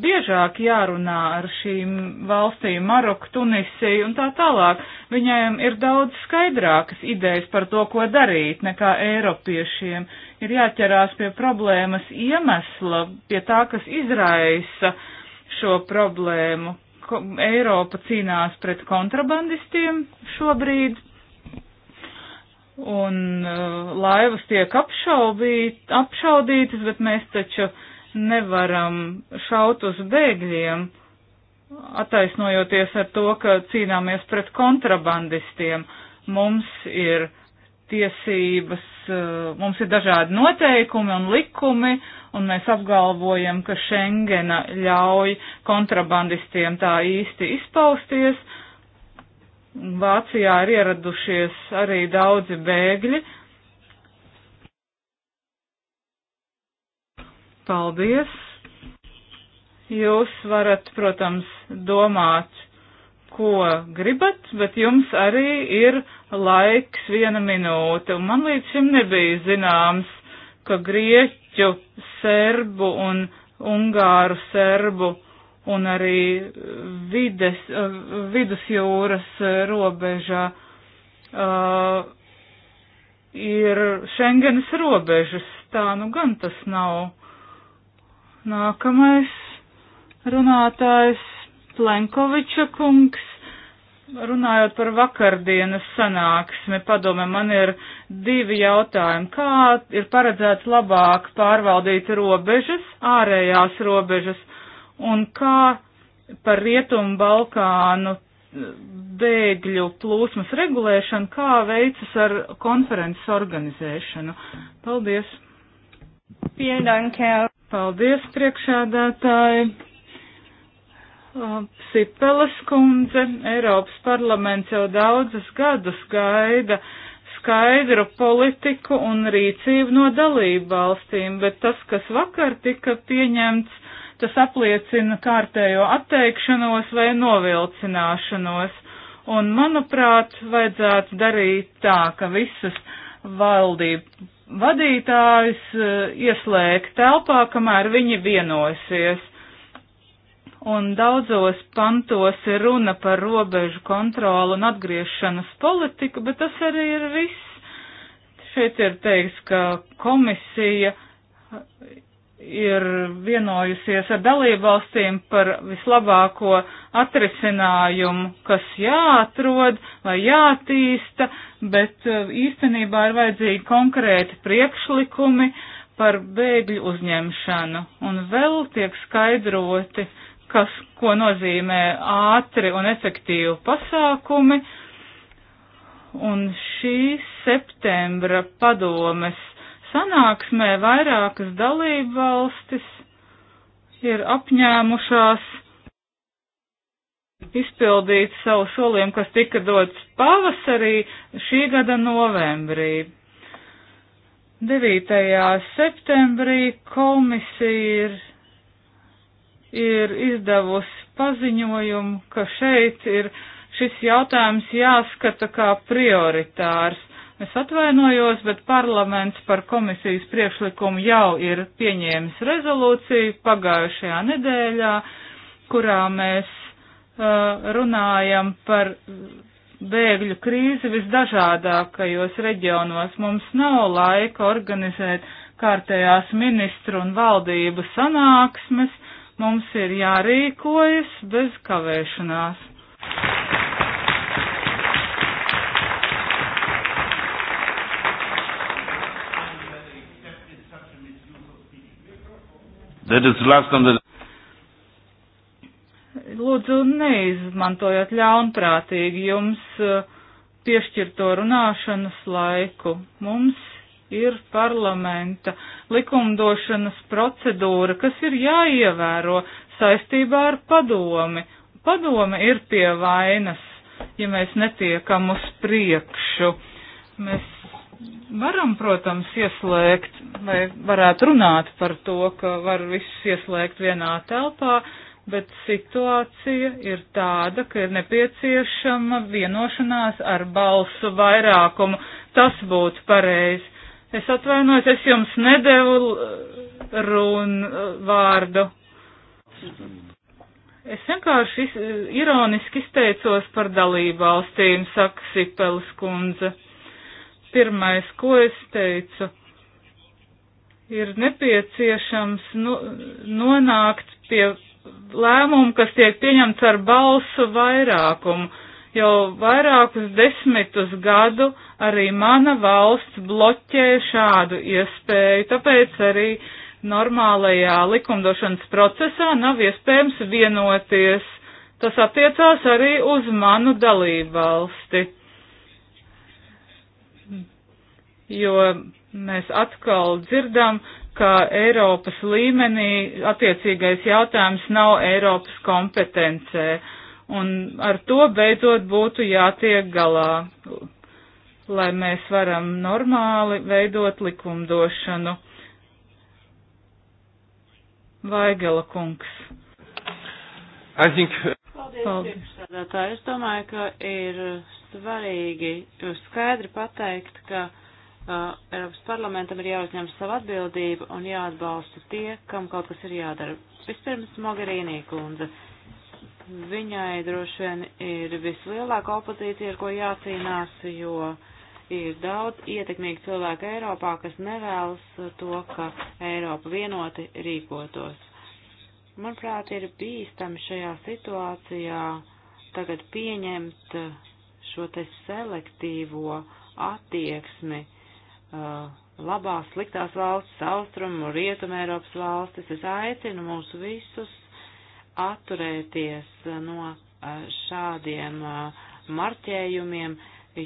biežāk jārunā ar šīm valstīm, Maroku, Tunisiju un tā tālāk. Viņiem ir daudz skaidrākas idejas par to, ko darīt, nekā Eiropiešiem. Ir jāķerās pie problēmas iemesla, pie tā, kas izraisa šo problēmu. Ko, Eiropa cīnās pret kontrabandistiem šobrīd, un uh, laivas tiek apšaubīt, apšaudītas, bet mēs taču nevaram šaut uz bēgļiem, attaisnojoties ar to, ka cīnāmies pret kontrabandistiem. Mums ir tiesības, eh, mums ir dažādi noteikumi un likumi, un mēs apgalvojam, ka Schengena ļauj kontrabandistiem tā īsti izpausties. Vācijā ir ieradušies arī daudzi bēgļi, Paldies! Jūs varat, protams, domāt, ko gribat, bet jums arī ir laiks viena minūte. Un man līdz šim nebija zināms, ka grieķu, serbu un ungāru serbu un arī vides, vidusjūras robežā uh, ir Schengenas robežas. Tā nu gan tas nav. Nākamais runātājs Plenkoviča kungs. Runājot par vakardienas sanāksmi, padome, man ir divi jautājumi. Kā ir paredzēts labāk pārvaldīt robežas, ārējās robežas, un kā par Rietumu Balkānu eh, bēgļu plūsmas regulēšanu, kā veicas ar konferences organizēšanu? Paldies! Vielen Dank, Herr Paldies, priekšādātāji. Uh, Sipelas kundze, Eiropas parlaments jau daudzus gadus gaida skaidru politiku un rīcību no dalību valstīm, bet tas, kas vakar tika pieņemts, tas apliecina kārtējo atteikšanos vai novilcināšanos. Un, manuprāt, vajadzētu darīt tā, ka visas valdību vadītājus eh, ieslēgt telpā, kamēr viņi vienosies. Un daudzos pantos ir runa par robežu kontrolu un atgriešanas politiku, bet tas arī ir viss. Šeit ir teiks, ka komisija ir vienojusies ar dalībvalstīm par vislabāko atrisinājumu, kas jāatrod vai jātīsta, bet e, īstenībā ir vajadzīgi konkrēti priekšlikumi par bēgļu uzņemšanu. Un vēl tiek skaidroti, kas, ko nozīmē ātri un efektīvi pasākumi. Un šī septembra padomes sanāksmē vairākas dalību valstis ir apņēmušās izpildīt savu solījumu, kas tika dots pavasarī šī gada novembrī. 9. septembrī komisija ir, ir izdevusi paziņojumu, ka šeit ir šis jautājums jāskata kā prioritārs Es atvainojos, bet parlaments par komisijas priekšlikumu jau ir pieņēmis rezolūciju pagājušajā nedēļā, kurā mēs uh, runājam par bēgļu krīzi visdažādākajos reģionos. Mums nav laika organizēt kārtējās ministru un valdību sanāksmes, mums ir jārīkojas bez kavēšanās. The... Lūdzu, neizmantojot ļaunprātīgi jums eh, piešķirto runāšanas laiku. Mums ir parlamenta likumdošanas procedūra, kas ir jāievēro saistībā ar padomi. Padome ir pie vainas, ja mēs netiekam uz priekšu. Mēs Varam, protams, ieslēgt, vai varētu runāt par to, ka var visus ieslēgt vienā telpā, bet situācija ir tāda, ka ir nepieciešama vienošanās ar balsu vairākumu. Tas būtu pareizi. Es atvainojos, es jums nedevu runu vārdu. Es vienkārši iz, ironiski izteicos par dalību valstīm, saka Sipelis kundze. Pirmais, ko es teicu, ir nepieciešams nu, nonākt pie lēmumu, kas tiek pieņemts ar balsu vairākumu. Jau vairākus desmitus gadu arī mana valsts bloķē šādu iespēju, tāpēc arī normālajā likumdošanas procesā nav iespējams vienoties. Tas attiecās arī uz manu dalību valsti. jo mēs atkal dzirdam, ka Eiropas līmenī attiecīgais jautājums nav Eiropas kompetencē. Un ar to beidzot būtu jātiek galā, lai mēs varam normāli veidot likumdošanu. Vaigela kungs. Think... Paldies, Paldies. priekšsēdētāji. Es domāju, ka ir svarīgi skaidri pateikt, ka Uh, Eiropas parlamentam ir jāuzņem savu atbildību un jāatbalsta tie, kam kaut kas ir jādara. Vispirms Mogherīnī kundze. Viņai droši vien ir vislielākā opozīcija, ar ko jācīnās, jo ir daudz ietekmīgu cilvēku Eiropā, kas nevēlas to, ka Eiropa vienoti rīkotos. Manuprāt, ir bīstami šajā situācijā tagad pieņemt šo te selektīvo attieksmi Uh, labās, sliktās valstis, austrumu, rietumu Eiropas valstis. Es aicinu mūs visus atturēties uh, no uh, šādiem marķējumiem,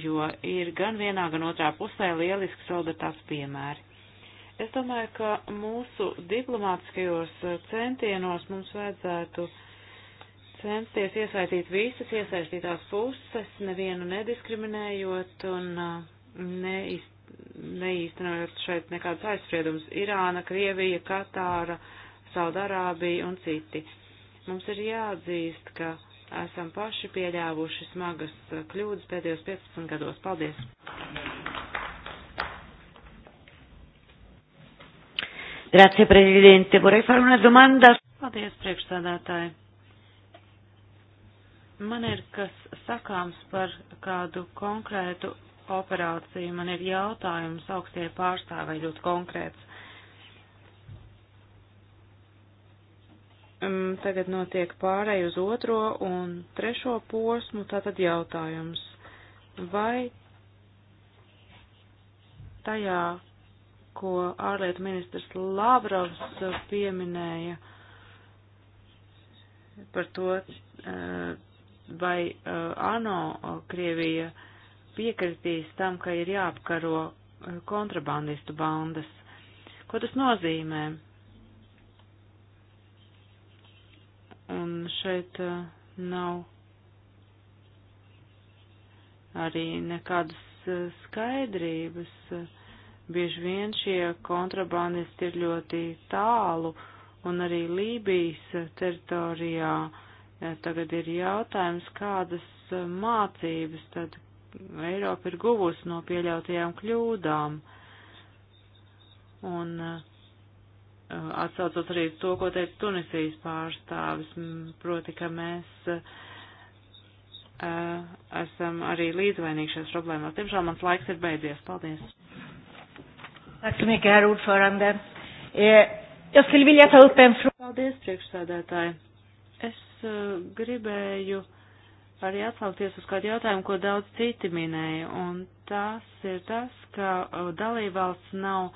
jo ir gan vienā, gan otrā pusē lieliski solidaritātes piemēri. Es domāju, ka mūsu diplomātiskajos centienos mums vajadzētu censties iesaistīt visas iesaistītās puses, nevienu nediskriminējot un neizt neīstenojot šeit nekādus aizspriedumus - Irāna, Krievija, Katāra, Saudārābija un citi. Mums ir jāatzīst, ka esam paši pieļāvuši smagas kļūdas pēdējos 15 gados. Paldies! Grazie, Presidente. Vorrei fare una domanda. Paldies, priekšsādātāji. Man ir kas sakāms par kādu konkrētu operāciju. Man ir jautājums augstie pārstāvai ļoti konkrēts. Mm, tagad notiek pārēj uz otro un trešo posmu, tātad jautājums. Vai tajā, ko ārlietu ministrs Lavrovs pieminēja par to, eh, vai eh, ANO eh, Krievija piekritīs tam, ka ir jāapkaro eh, kontrabandistu bandas. Ko tas nozīmē? Un šeit eh, nav arī nekādas eh, skaidrības. Bieži vien šie kontrabandisti ir ļoti tālu un arī Lībijas teritorijā. Tagad ir jautājums, kādas mācības tad Eiropa ir guvusi no pieļautajām kļūdām. Un uh, atsaucot arī to, ko teica Tunisijas pārstāvis, proti, ka mēs uh, esam arī līdzvainīgi šajās problēmās. Tiemžēl mans laiks ir beidzies. Paldies. Tack så mycket, herr ordförande. Eh, jag skulle vilja ta upp en fråga. Paldies, priekšsēdētāji. Es uh, gribēju arī atsaukties uz kādu jautājumu, ko daudz citi minēja, un tas ir tas, ka uh, dalībvalsts nav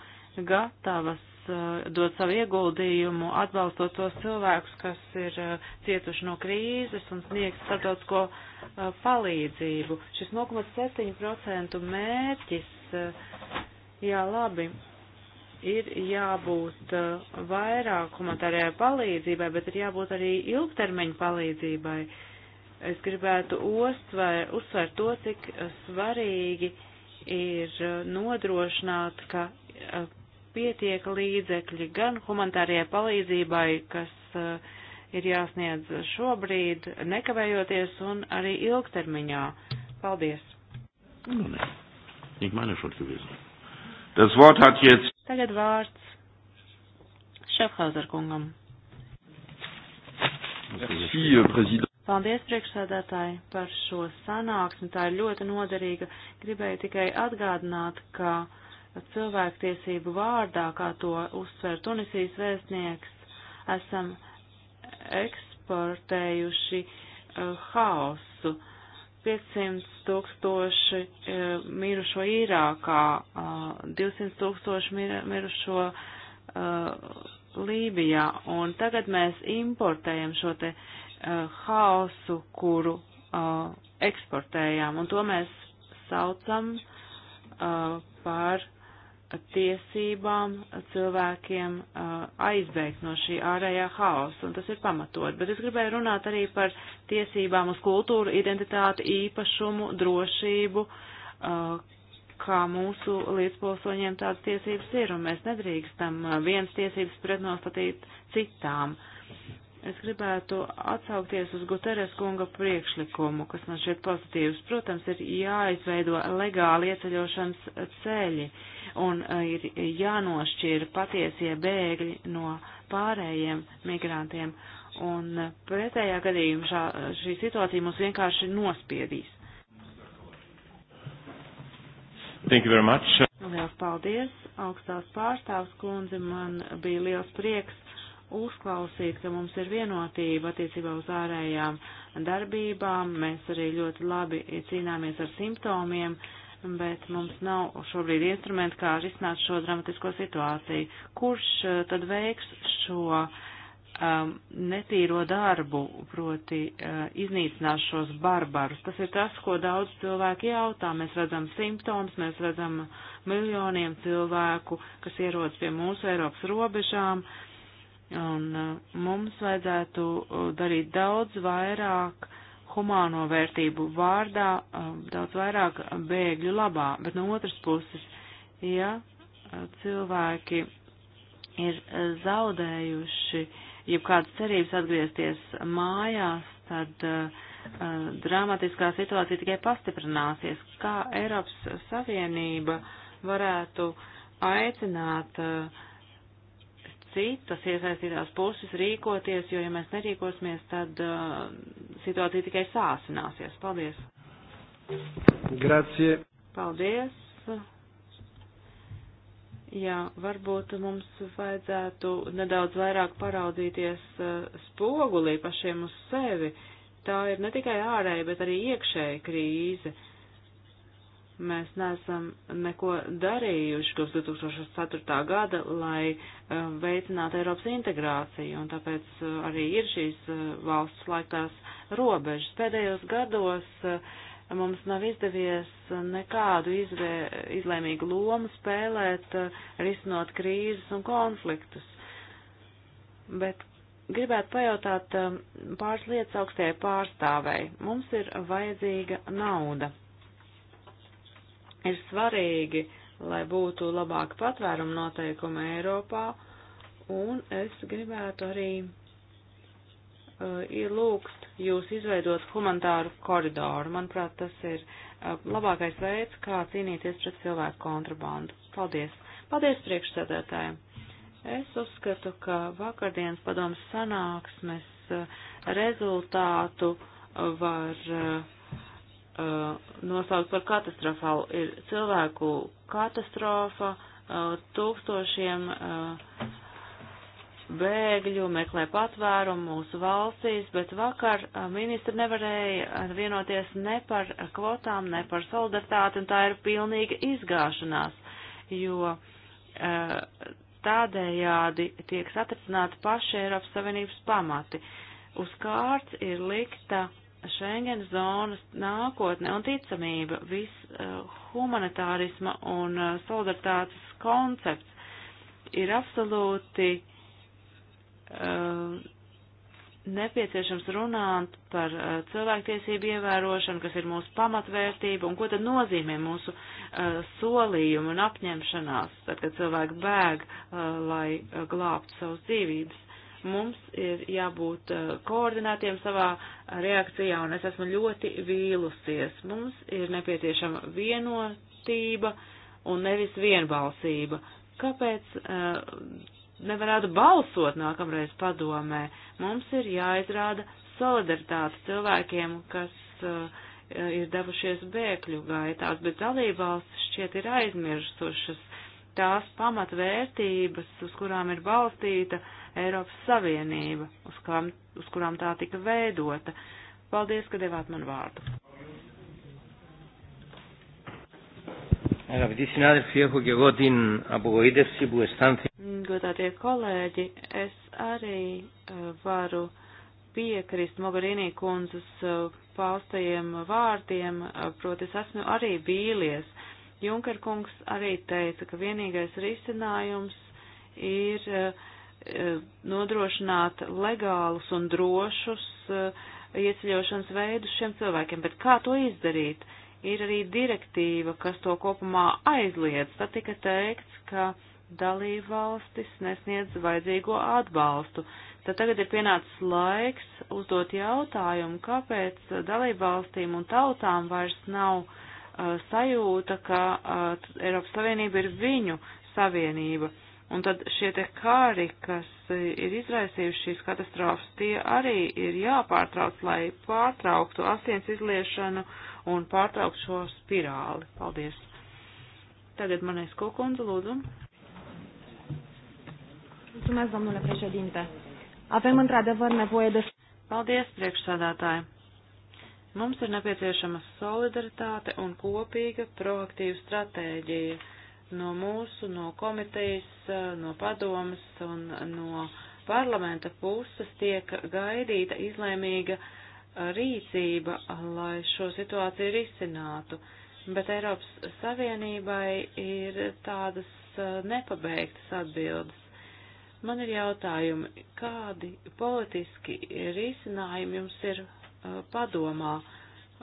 gatavas uh, dot savu ieguldījumu, atbalstot tos cilvēkus, kas ir uh, cietuši no krīzes un sniegt starptautisko palīdzību. Šis 0,7% mērķis, jā, labi, ir jābūt vairāk humanitārajai palīdzībai, bet ir jābūt arī ilgtermiņa palīdzībai. Uh, es gribētu ostver, uzsvērt to, cik eh, svarīgi ir eh, nodrošināt, ka eh, pietiek līdzekļi gan humanitārajai palīdzībai, kas ir jāsniedz šobrīd, nekavējoties un arī ilgtermiņā. Paldies! Nu, ne. Ich meine schon gewesen. Das Wort hat jetzt. Tagad vārds Šefhauser kungam. Merci, Président. Paldies priekšsēdētāji par šo sanāksmi, tā ir ļoti noderīga. Gribēju tikai atgādināt, ka cilvēktiesību vārdā, kā to uzsver Tunisijas vēstnieks, esam eksportējuši uh, haosu. 500 tūkstoši uh, mirušo Irākā, uh, eh, 200 tūkstoši mir mirušo uh, Lībijā, un tagad mēs importējam šo te uh, uh, haosu, kuru uh, eksportējām, un to mēs saucam uh, par tiesībām cilvēkiem uh, aizbēgt no šī ārējā haosa, un tas ir pamatot. Bet es gribēju runāt arī par tiesībām uz kultūru, identitāti, īpašumu, drošību, uh, kā mūsu līdzpilsoņiem tādas tiesības ir, un mēs nedrīkstam uh, viens tiesības pretnostatīt citām. Uh, Es gribētu atsaukties uz Guteres kunga priekšlikumu, kas man šķiet pozitīvs. Protams, ir jāizveido legāli ieceļošanas ceļi un e, ir jānošķir patiesie bēgļi no pārējiem migrantiem. Un e, pretējā gadījumā šā, šī situācija mūs vienkārši nospiedīs. Thank you very much. Liels paldies, augstās pārstāvs kundze, man bija liels prieks uzklausīt, ka mums ir vienotība attiecībā uz ārējām darbībām. Mēs arī ļoti labi cīnāmies ar simptomiem, bet mums nav šobrīd instrumenti, kā risināt šo dramatisko situāciju. Kurš eh, tad veiks šo um, netīro darbu, proti uh, iznīcinās šos barbarus? Tas ir tas, ko daudz cilvēki jautā. Mēs redzam simptomus, mēs redzam miljoniem cilvēku, kas ierodas pie mūsu Eiropas robežām. Uh, Un uh, mums vajadzētu uh, darīt daudz vairāk humāno vērtību vārdā, uh, daudz vairāk bēgļu labā, bet no otras puses, ja cilvēki ir zaudējuši jebkādas cerības atgriezties mājās, tad uh, dramatiskā situācija tikai pastiprināsies. Kā Eiropas Savienība varētu aicināt uh, citas iesaistītās puses rīkoties, jo ja mēs nerīkosimies, tad uh, situācija tikai sāsināsies. Paldies! Grazie! Paldies! Jā, varbūt mums vajadzētu nedaudz vairāk paraudzīties uh, spogulī pašiem uz sevi. Tā ir ne tikai ārēja, bet arī iekšēja krīze. Uh, Mēs neesam neko darījuši kopš 2004. gada, lai eh, veicinātu Eiropas integrāciju, un tāpēc eh, arī ir šīs eh, valsts slēgtās robežas. Pēdējos gados mums nav izdevies nekādu izvē, izlēmīgu lomu spēlēt, risinot krīzes un konfliktus. Bet gribētu pajautāt pāris lietas augstajai pārstāvei. Mums ir vajadzīga nauda ir svarīgi, lai būtu labāka patvēruma noteikuma Eiropā, un es gribētu arī uh, lūgt jūs izveidot humanitāru koridoru. Manuprāt, tas ir uh, labākais veids, kā cīnīties pret cilvēku kontrabandu. Paldies! Paldies priekšsēdētājiem! Es uzskatu, ka vakardienas padomas sanāksmes uh, rezultātu var uh, uh, nosaukt par katastrofālu. Ir cilvēku katastrofa, uh, tūkstošiem uh, bēgļu meklē patvērumu mūsu valstīs, bet vakar uh, ministri nevarēja vienoties ne par kvotām, ne par solidaritāti, un tā ir pilnīga izgāšanās, jo uh, tādējādi tiek satricināti paši Eiropas Savienības pamati. Uz kārts ir likta uh, Schengen zonas nākotne un ticamība, viss uh, eh, humanitārisma un uh, solidaritātes koncepts ir absolūti uh, nepieciešams runāt par uh, cilvēktiesību ievērošanu, kas ir mūsu pamatvērtība un ko tad nozīmē mūsu uh, solījumi un apņemšanās, tad, kad cilvēki bēg, uh, lai glābtu savus dzīvības. Mums ir jābūt eh, koordinētiem savā reakcijā, un es esmu ļoti vīlusies. Mums ir nepieciešama vienotība un nevis vienbalsība. Kāpēc eh, nevarētu balsot nākamreiz padomē? Mums ir jāizrāda solidaritāte cilvēkiem, kas uh, ir devušies bēgļu gaitās, bet dalībvalstis šķiet ir aizmirstušas tās pamatvērtības, uz kurām ir balstīta Eiropas Savienība, uz, kam, uz kurām tā tika veidota. Paldies, ka devāt man vārdu. Godātie kolēģi, es arī eh, varu piekrist Mogarīnī kundzes eh, paustajiem vārdiem, eh, proti es esmu arī vīlies. Junker kungs arī teica, ka vienīgais risinājums ir eh, eh, nodrošināt legālus un drošus eh, ieceļošanas veidus šiem cilvēkiem, bet kā to izdarīt? Ir arī direktīva, kas to kopumā aizliedz. Tad tika teikts, ka dalībvalstis nesniedz vajadzīgo atbalstu. Tad tagad ir pienācis laiks uzdot jautājumu, kāpēc dalībvalstīm un tautām vairs nav uh, Uh, sajūta, ka uh, Eiropas Savienība ir viņu savienība. Un tad šie te kāri, kas ir izraisījuši šīs katastrofas, tie arī ir jāpārtrauc, lai pārtrauktu asins izliešanu un pārtrauktu šo spirāli. Paldies! Tagad manais kokundze, lūdzu. Mulțumesc, domnule președinte. Avem într-adevăr nevoie de... Paldies, priekšsādātāji. Mums ir nepieciešama solidaritāte un kopīga proaktīva stratēģija no mūsu, no komitejas, no padomas un no parlamenta puses tiek gaidīta izlēmīga rīcība, lai šo situāciju risinātu. Bet Eiropas Savienībai ir tādas uh, nepabeigtas atbildes. Man ir jautājumi, kādi politiski risinājumi jums ir Eh, padomā,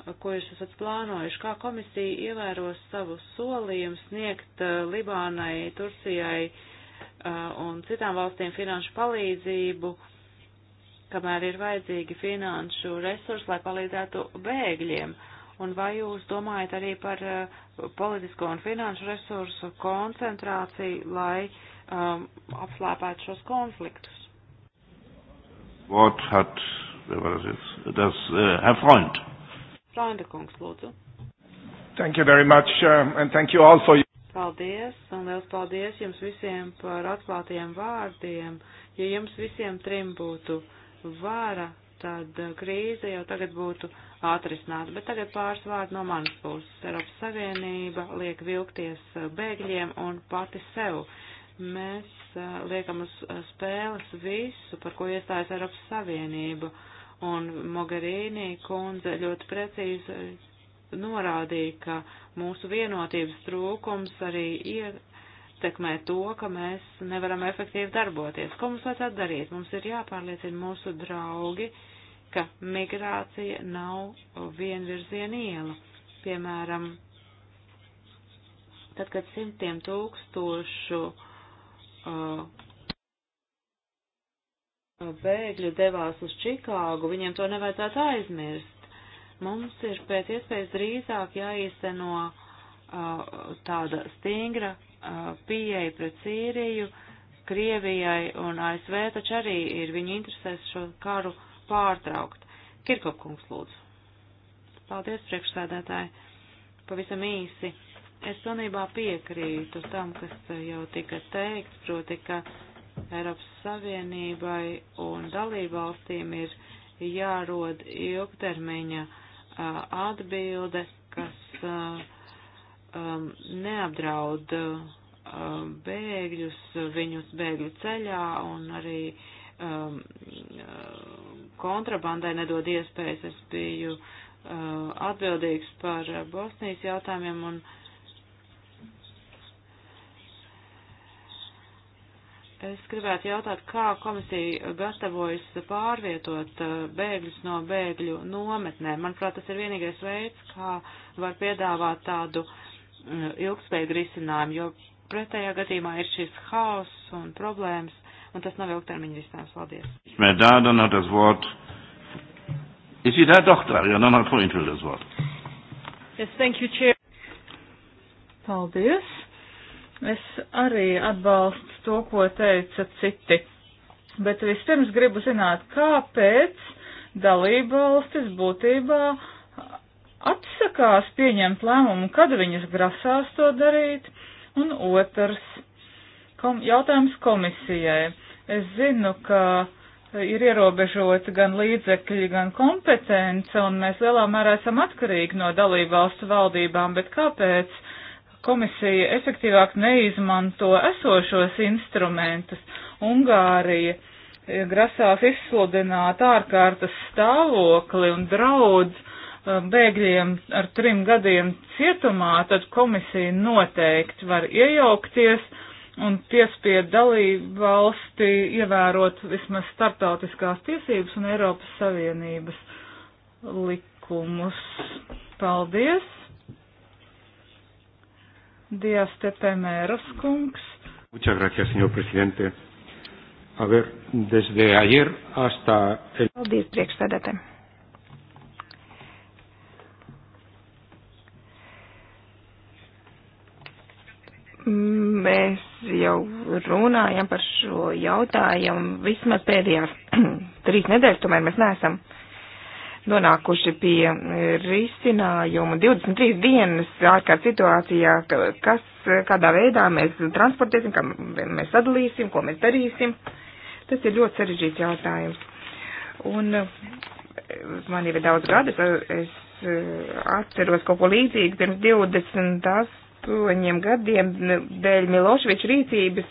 eh, ko jūs esat plānojuši, kā komisija ievēros savu solījumu sniegt eh, Libānai, Turcijai un citām valstīm finanšu palīdzību, kamēr ir vajadzīgi finanšu resursi, lai palīdzētu bēgļiem. Un vai jūs domājat arī par politisko un finanšu resursu koncentrāciju, lai um, apslēpētu šos konfliktus? What had wer war das jetzt? Das, äh, Herr Freund. Freunde kungs, lūdzu. Thank you very much, um, and thank you all for you. Paldies, un liels paldies jums visiem par atklātiem vārdiem. Ja jums visiem trim būtu vara, tad eh, krīze jau tagad būtu atrisināta. Bet tagad pāris vārdi no manas puses. Eiropas Savienība liek vilkties eh, bēgļiem un pati sev. Mēs eh, liekam uz spēles visu, par ko iestājas Eiropas Savienība. Uh, un Mogherīnī kundze ļoti precīzi norādīja, ka mūsu vienotības trūkums arī ietekmē to, ka mēs nevaram efektīvi darboties. Ko mums vajadzētu darīt? Mums ir jāpārliecina mūsu draugi, ka migrācija nav vienvirziena iela. Piemēram, tad, kad simtiem tūkstošu uh, bēgļu devās uz Čikāgu, viņiem to nevajadzētu aizmirst. Mums ir pēc iespējas drīzāk jāīsteno uh, tāda stingra uh, pieeja pret Sīriju, Krievijai un ASV, taču arī ir viņu interesēs šo karu pārtraukt. Kirkopkungs lūdzu. Paldies, priekšsēdētāji. Pavisam īsi. Es pilnībā piekrītu tam, kas jau tika teikts, proti, ka Eiropas Savienībai un dalībvalstīm ir jārod ilgtermiņa atbilde, kas neapdraud bēgļus, viņus bēgļu ceļā un arī kontrabandai nedod iespējas. Es biju atbildīgs par Bosnijas jautājumiem un uh, Es gribētu jautāt, kā komisija gatavojas pārvietot eh, bēgļus no bēgļu nometnēm. Manuprāt, tas ir vienīgais veids, kā var piedāvāt tādu eh, ilgspējīgu risinājumu, jo pretējā gadījumā ir šis haoss un problēmas, un tas nav ilgtermiņa risinājums. Paldies. Ist sie da? Doch, da. Ja, dann hat Frau Intel das Wort. Yes, thank you, Chair. Paldies. Es arī atbalstu to, ko teica citi, bet vispirms gribu zināt, kāpēc dalībvalstis būtībā atsakās pieņemt lēmumu, kad viņas grasās to darīt, un otrs kom, jautājums komisijai. Es zinu, ka ir ierobežoti gan līdzekļi, gan kompetence, un mēs lielā mērā esam atkarīgi no dalībvalstu valdībām, bet kāpēc? komisija efektīvāk neizmanto esošos instrumentus. Ungārija e, grasās izsludināt ārkārtas stāvokli un draudz e, bēgļiem ar trim gadiem cietumā, tad komisija noteikti var iejaukties un piespied dalību valsti ievērot vismaz starptautiskās tiesības un Eiropas Savienības likumus. Paldies! Dijas Tepemēras kungs. Muchas gracias, señor presidente. A ver, desde ayer hasta el... Paldies, priekšsēdētājiem. Mēs jau runājam par šo jautājumu vismaz pēdējās trīs nedēļas, tomēr mēs neesam uh, nonākuši pie e, risinājumu 23 dienas ārkārtas situācijā, kas, kādā veidā mēs transportēsim, kā mēs sadalīsim, ko mēs darīsim. Tas ir ļoti sarežģīts jautājums. Un e, man jau ir daudz gadus, es e, atceros kaut ko līdzīgu pirms 28 gadiem dēļ Miloševiča rīcības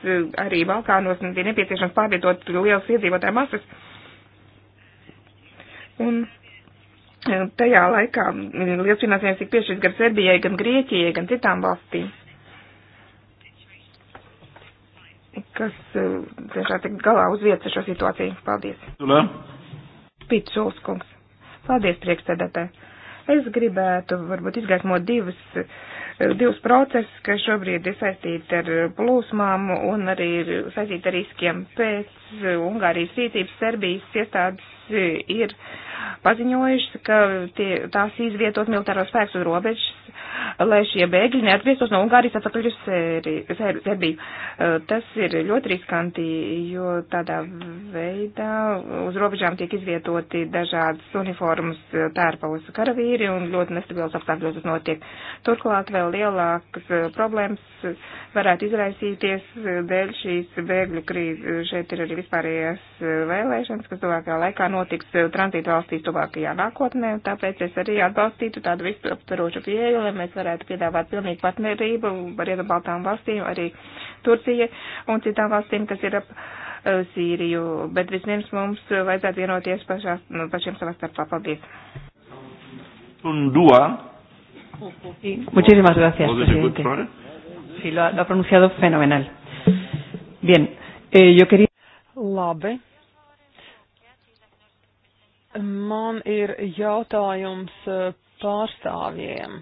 arī Balkānos bija nepieciešams pārvietot lielas iedzīvotāju masas. Un tajā laikā mm, liels finansējums tika piešķirts gan Serbijai, gan Grieķijai, gan citām valstīm, kas mm, tiešām tik galā uz vietas ar šo situāciju. Paldies. Pitšuls kungs. Paldies, priekšsēdētāji. Es gribētu varbūt izgaismot divas, eh, divas procesus, kas šobrīd ir saistīti ar eh, plūsmām un arī saistīti ar riskiem pēc eh, Ungārijas rīcības Serbijas iestādes ir paziņojušas, ka tie, tās izvietos militāro spēks uz robežas, lai šie bēgļi neatgrieztos no Ungārijas atpakaļ uz Serbiju. Eh, tas ir ļoti riskanti, jo tādā veidā uz robežām tiek izvietoti dažādas uniformas eh, tērpaus karavīri un ļoti nestabilos apstākļos tas notiek. Turklāt vēl lielākas eh, problēmas varētu izraisīties dēļ šīs bēgļu krīzes. Šeit ir arī vispārējās vēlēšanas, kas tuvākā laikā notiek notiks eh, tranzīta valstīs tuvākajā nākotnē, un tāpēc es arī atbalstītu tādu visaptverošu pieeju, lai mēs varētu piedāvāt pilnīgu partnerību ar Rietumbaltām valstīm, arī Turcija un citām valstīm, kas ir ap eh, Sīriju, bet vispirms mums vajadzētu vienoties pašās, nu, pašiem savā starpā. Paldies! Un dua. Muchísimas gracias, presidente. Sí, lo ha, lo ha pronunciado fenomenal. Bien, eh, yo quería. Labi. Man ir jautājums e, pārstāvjiem.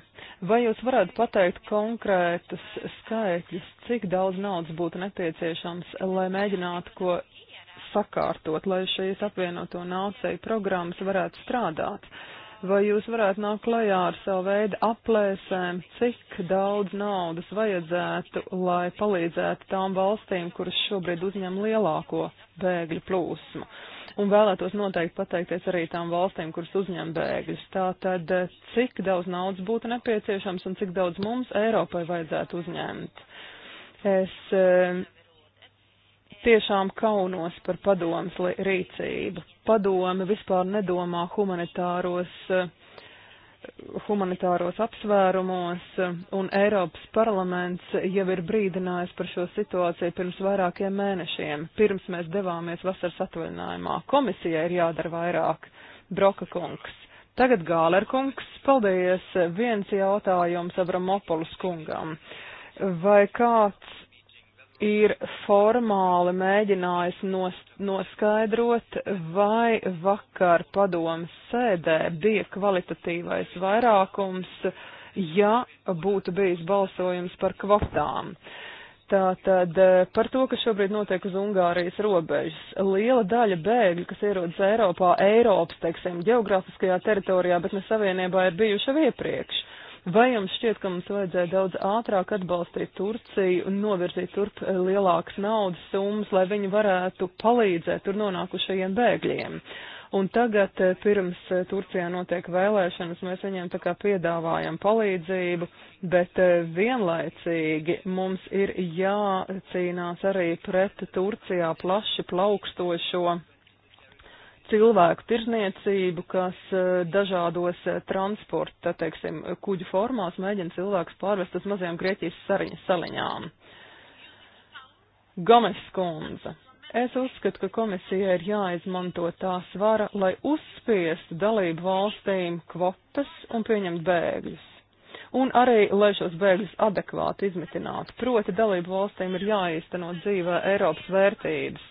Vai jūs varētu pateikt konkrētus skaitļus, cik daudz naudas būtu nepieciešams, lai mēģinātu ko sakārtot, lai šīs apvienoto nācēju programmas varētu strādāt? Vai jūs varētu nākt klajā ar savu veidu aplēsēm, cik daudz naudas vajadzētu, lai palīdzētu tām valstīm, kuras šobrīd uzņem lielāko bēgļu plūsmu? Uh, un vēlētos noteikti pateikties arī tām valstīm, kuras uzņem bēgļus. Tātad, eh, cik daudz naudas būtu nepieciešams un cik daudz mums Eiropai vajadzētu uzņemt? Es eh, tiešām kaunos par padomas rīcību. Padome vispār nedomā humanitāros uh, humanitāros apsvērumos, un Eiropas parlaments jau ir brīdinājis par šo situāciju pirms vairākiem mēnešiem, pirms mēs devāmies vasaras atvaļinājumā. Komisijai ir jādara vairāk. Broka kungs. Tagad Gāler kungs, paldies. Viens jautājums Abramopolus kungam. Vai kāds ir formāli mēģinājis nos, noskaidrot, vai vakar padomas sēdē bija kvalitatīvais vairākums, ja būtu bijis balsojums par kvotām. Tātad eh, par to, kas šobrīd notiek uz Ungārijas robežas. Liela daļa bēgļu, kas ierodas Eiropā, Eiropas, teiksim, geogrāfiskajā teritorijā, bet ne savienībā ir bijuši jau iepriekš. Uh, Vai jums šķiet, ka mums vajadzēja daudz ātrāk atbalstīt Turciju un novirzīt turp eh, lielākas naudas summas, lai viņi varētu palīdzēt tur nonākušajiem bēgļiem? Un tagad, eh, pirms eh, Turcijā notiek vēlēšanas, mēs viņiem tā kā piedāvājam palīdzību, bet vienlaicīgi mums ir jācīnās arī pret Turcijā plaši plaukstošo cilvēku tirzniecību, kas eh, dažādos eh, transporta, teiksim, kuģu formās mēģina cilvēkus pārvest uz mazajām Grieķijas sariņas saliņām. Gomes skundze. Es uzskatu, ka komisijai ir jāizmanto tā svara, lai uzspiestu dalību valstīm kvotas un pieņemt bēgļus. Un arī, lai šos bēgļus adekvāti izmitinātu. Proti dalību valstīm ir jāīsteno dzīvē Eiropas vērtības.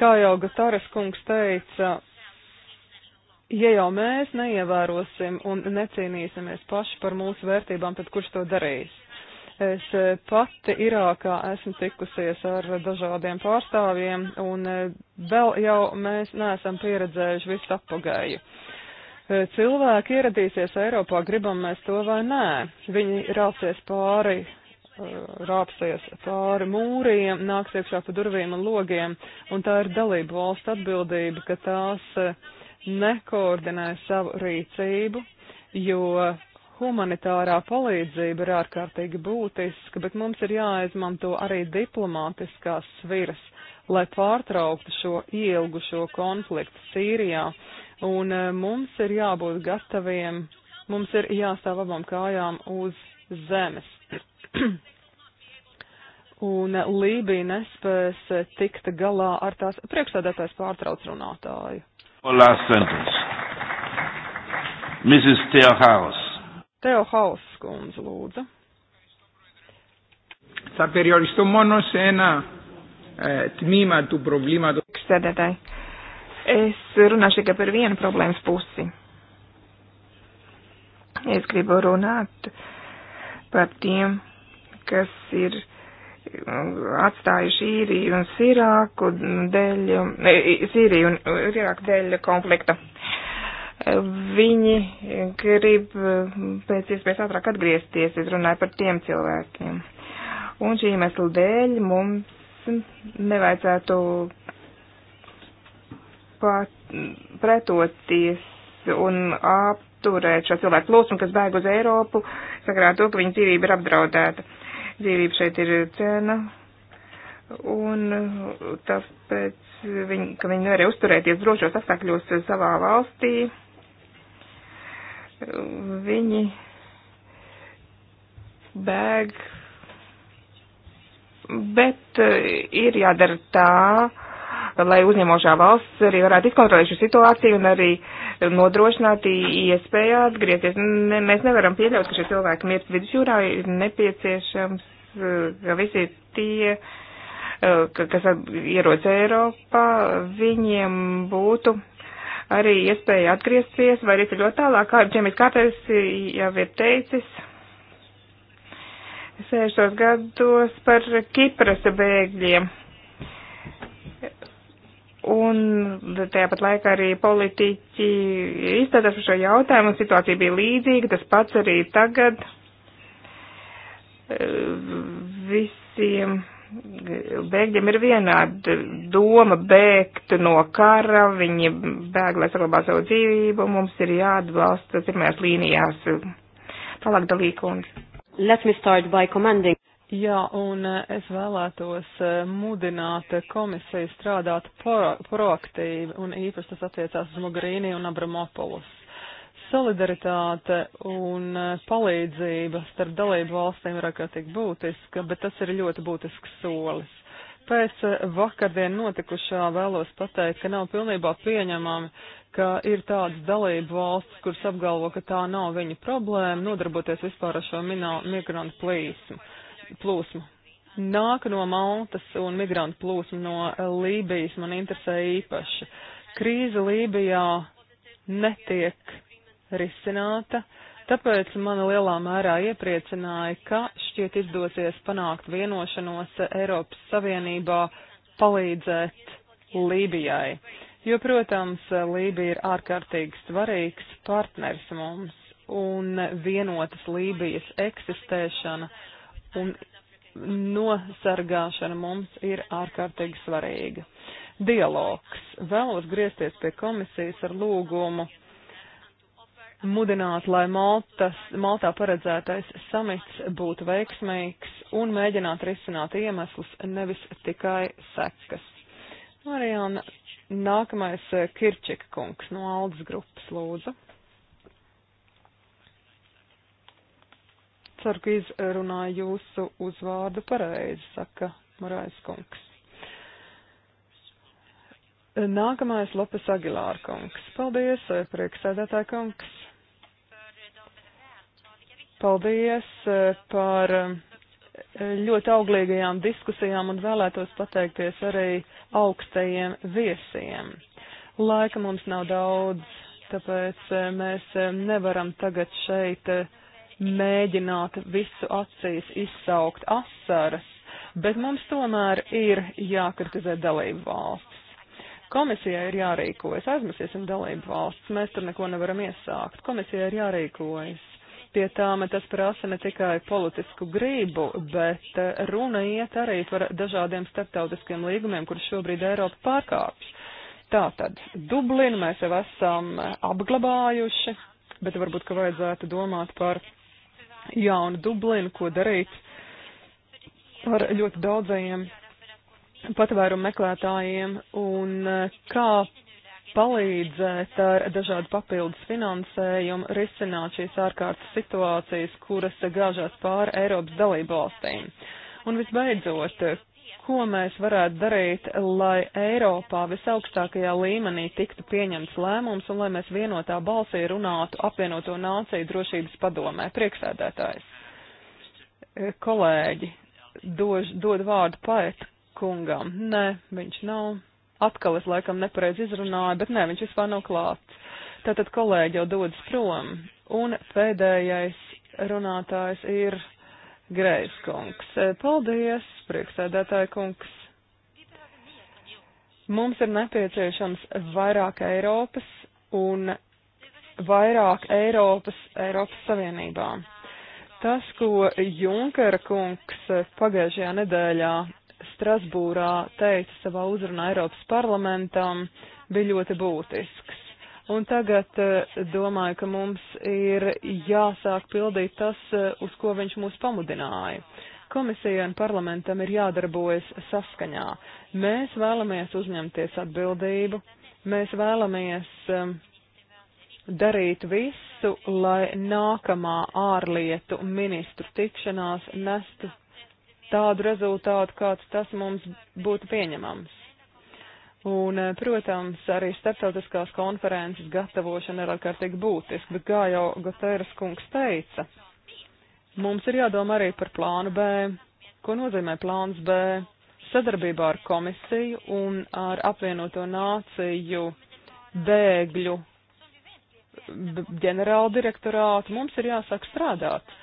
Kā jau Gataras kungs teica, Ja jau mēs neievērosim un necīnīsimies paši par mūsu vērtībām, tad kurš to darīs? Es e, pati Irākā esmu tikusies ar dažādiem pārstāvjiem, un e, vēl jau mēs neesam pieredzējuši visu apagēju. E, cilvēki ieradīsies Eiropā, gribam mēs to vai nē. Viņi rāpsies pāri, rāpsies pāri mūriem, nāks iekšā pa durvīm un logiem, un tā ir dalību valsts atbildība, ka tās uh, nekoordinē savu rīcību, jo humanitārā palīdzība ir ārkārtīgi būtiska, bet mums ir jāizmanto arī diplomātiskās sviras, lai pārtrauktu šo ielgušo konfliktu Sīrijā. Un eh, mums ir jābūt gataviem, mums ir jāstāv abām kājām uz zemes. un eh, Lībija nespēs tikt galā ar tās priekšsēdētājs pārtrauc runātāju. For last sentence. Mrs. Theo House. Theo House, skundze, lūdzu. Θα περιοριστώ μόνο σε ένα ε, τμήμα του προβλήματος. Ξέρετε, es runāšu tikai par vienu problēmas pusi. Es gribu runāt par tiem, kas ir uh, atstājuši īriju un sirāku dēļ, e, sīriju un irāku dēļ konflikta. Viņi grib e, pēc iespējas ātrāk atgriezties, es runāju par tiem cilvēkiem. Un šī iemesla dēļ mums nevajadzētu pat, pretoties un apturēt šo cilvēku plūsmu, kas bēg uz Eiropu, sakarā to, ka viņa dzīvība ir apdraudēta. Uh, dzīvība šeit ir cena, un uh, tāpēc, viņi, ka viņi nevarēja uzturēties drošos apstākļos savā valstī, viņi bēg, bet uh, ir jādara tā, lai uzņemošā valsts arī varētu izkontrolēt šo situāciju un arī nodrošināt iespēju atgriezties. Ne, mēs nevaram pieļaut, ka šie cilvēki mirst vidusjūrā, ir nepieciešams, eh, ka visi tie, eh, kas ierodas Eiropā, viņiem būtu arī iespēja atgriezties vai arī ceļot tālāk, kā Džemis Kāters jau ir teicis. 60 gados par Kipras bēgļiem Un tāpat laikā arī politiķi izstādās par šo jautājumu, un situācija bija līdzīga, tas pats arī tagad visiem bēgļiem ir vienāda doma bēgt no kara, viņi bēg, lai saglabā savu dzīvību, mums ir jāatbalsta pirmajās līnijās. Tālāk dalīkums. Let me start by commending. Jā, un eh, es vēlētos eh, mudināt komisiju strādāt pro, proaktīvi, un īpaši tas attiecās uz Mogrīni un Abramopolus. Solidaritāte un eh, palīdzība starp dalību valstīm ir ārkārtīgi būtiska, bet tas ir ļoti būtisks solis. Pēc vakardien notikušā vēlos pateikt, ka nav pilnībā pieņemami, ka ir tādas dalību valsts, kuras apgalvo, ka tā nav viņa problēma, nodarboties vispār ar šo migrantu plīsmu plūsmu nāk no Maltas un migrantu plūsmu no Lībijas man interesē īpaši. Krīze Lībijā netiek risināta, tāpēc man lielā mērā iepriecināja, ka šķiet izdosies panākt vienošanos Eiropas Savienībā palīdzēt Lībijai. Jo, protams, Lībija ir ārkārtīgi svarīgs partners mums un vienotas Lībijas eksistēšana un nosargāšana mums ir ārkārtīgi svarīga. Dialogs. Vēlos griezties pie komisijas ar lūgumu mudināt, lai Maltas, Maltā paredzētais samits būtu veiksmīgs un mēģināt risināt iemeslus, nevis tikai sekas. Marijāna, nākamais eh, Kirčika kungs no Aldas grupas lūdzu. Ceru, ka izrunāju jūsu uzvārdu pareizi, saka Marais kungs. Nākamais Lopes Agilāra kungs. Paldies, prieksēdētāja kungs. Paldies eh, par eh, ļoti auglīgajām diskusijām un vēlētos pateikties arī augstajiem viesiem. Laika mums nav daudz, tāpēc eh, mēs nevaram tagad šeit mēģināt visu acīs izsaukt asaras, bet mums tomēr ir jākritizē dalību valsts. Komisijai ir jārīkojas, aizmirsīsim dalību valsts, mēs tur neko nevaram iesākt. Komisijai ir jārīkojas. Pie tām tas prasa ne tikai politisku grību, bet eh, runa iet arī par dažādiem starptautiskiem līgumiem, kurus šobrīd Eiropa pārkāpj. Tātad Dublinu mēs jau esam eh, apglabājuši, bet varbūt, ka vajadzētu domāt par jaunu Dublinu, ko darīt ar ļoti daudzajiem patvērumu meklētājiem un eh, kā palīdzēt ar dažādu papildus finansējumu risināt šīs ārkārtas situācijas, kuras gāžās pāri Eiropas dalību valstīm. Un visbeidzot, ko mēs varētu darīt, lai Eiropā visaugstākajā līmenī tiktu pieņemts lēmums un lai mēs vienotā balsī runātu apvienoto nāciju drošības padomē. Prieksēdētājs, e, kolēģi, dož, dod vārdu paēt kungam. Nē, viņš nav. Atkal es laikam nepareizi izrunāju, bet nē, viņš vispār nav klāts. Tātad kolēģi jau dodas prom. Un pēdējais runātājs ir Greiskungs. Eh, paldies, priekšsēdētāja kungs. Mums ir nepieciešams vairāk Eiropas un vairāk Eiropas Eiropas Savienībā. Tas, ko Junkera kungs eh, pagājušajā nedēļā Strasbūrā teica savā uzrunā Eiropas parlamentam, bija ļoti būtisks. Un tagad eh, domāju, ka mums ir jāsāk pildīt tas, eh, uz ko viņš mūs pamudināja. Komisijai un parlamentam ir jādarbojas saskaņā. Mēs vēlamies uzņemties atbildību, mēs vēlamies eh, darīt visu, lai nākamā ārlietu ministru tikšanās nestu tādu rezultātu, kāds tas mums būtu pieņemams. Un, eh, protams, arī starptautiskās konferences gatavošana ir ārkārtīgi būtiska, bet kā jau Gotēras kungs teica, mums ir jādomā arī par plānu B. Ko nozīmē plāns B? Sadarbībā ar komisiju un ar apvienoto nāciju bēgļu ģenerāldirektorātu mums ir jāsāk strādāt.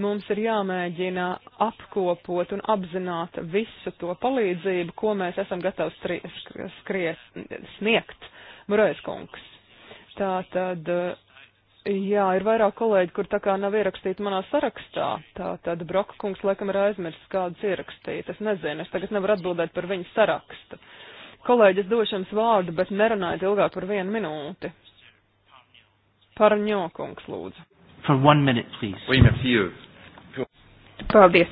Mums ir jāmēģina apkopot un apzināt visu to palīdzību, ko mēs esam gatavi stri, skries, sniegt. Murais kungs. Tā tad, jā, ir vairāk kolēģi, kur tā kā nav ierakstīti manā sarakstā. Tā tad Broka kungs laikam ir aizmirsis kādus ierakstīt. Es nezinu, es tagad nevaru atbildēt par viņu sarakstu. Kolēģis došu jums vārdu, bet nerunājiet ilgāk par vienu minūti. Parņokungs, lūdzu. For one minute, please. Oui, merci, Paldies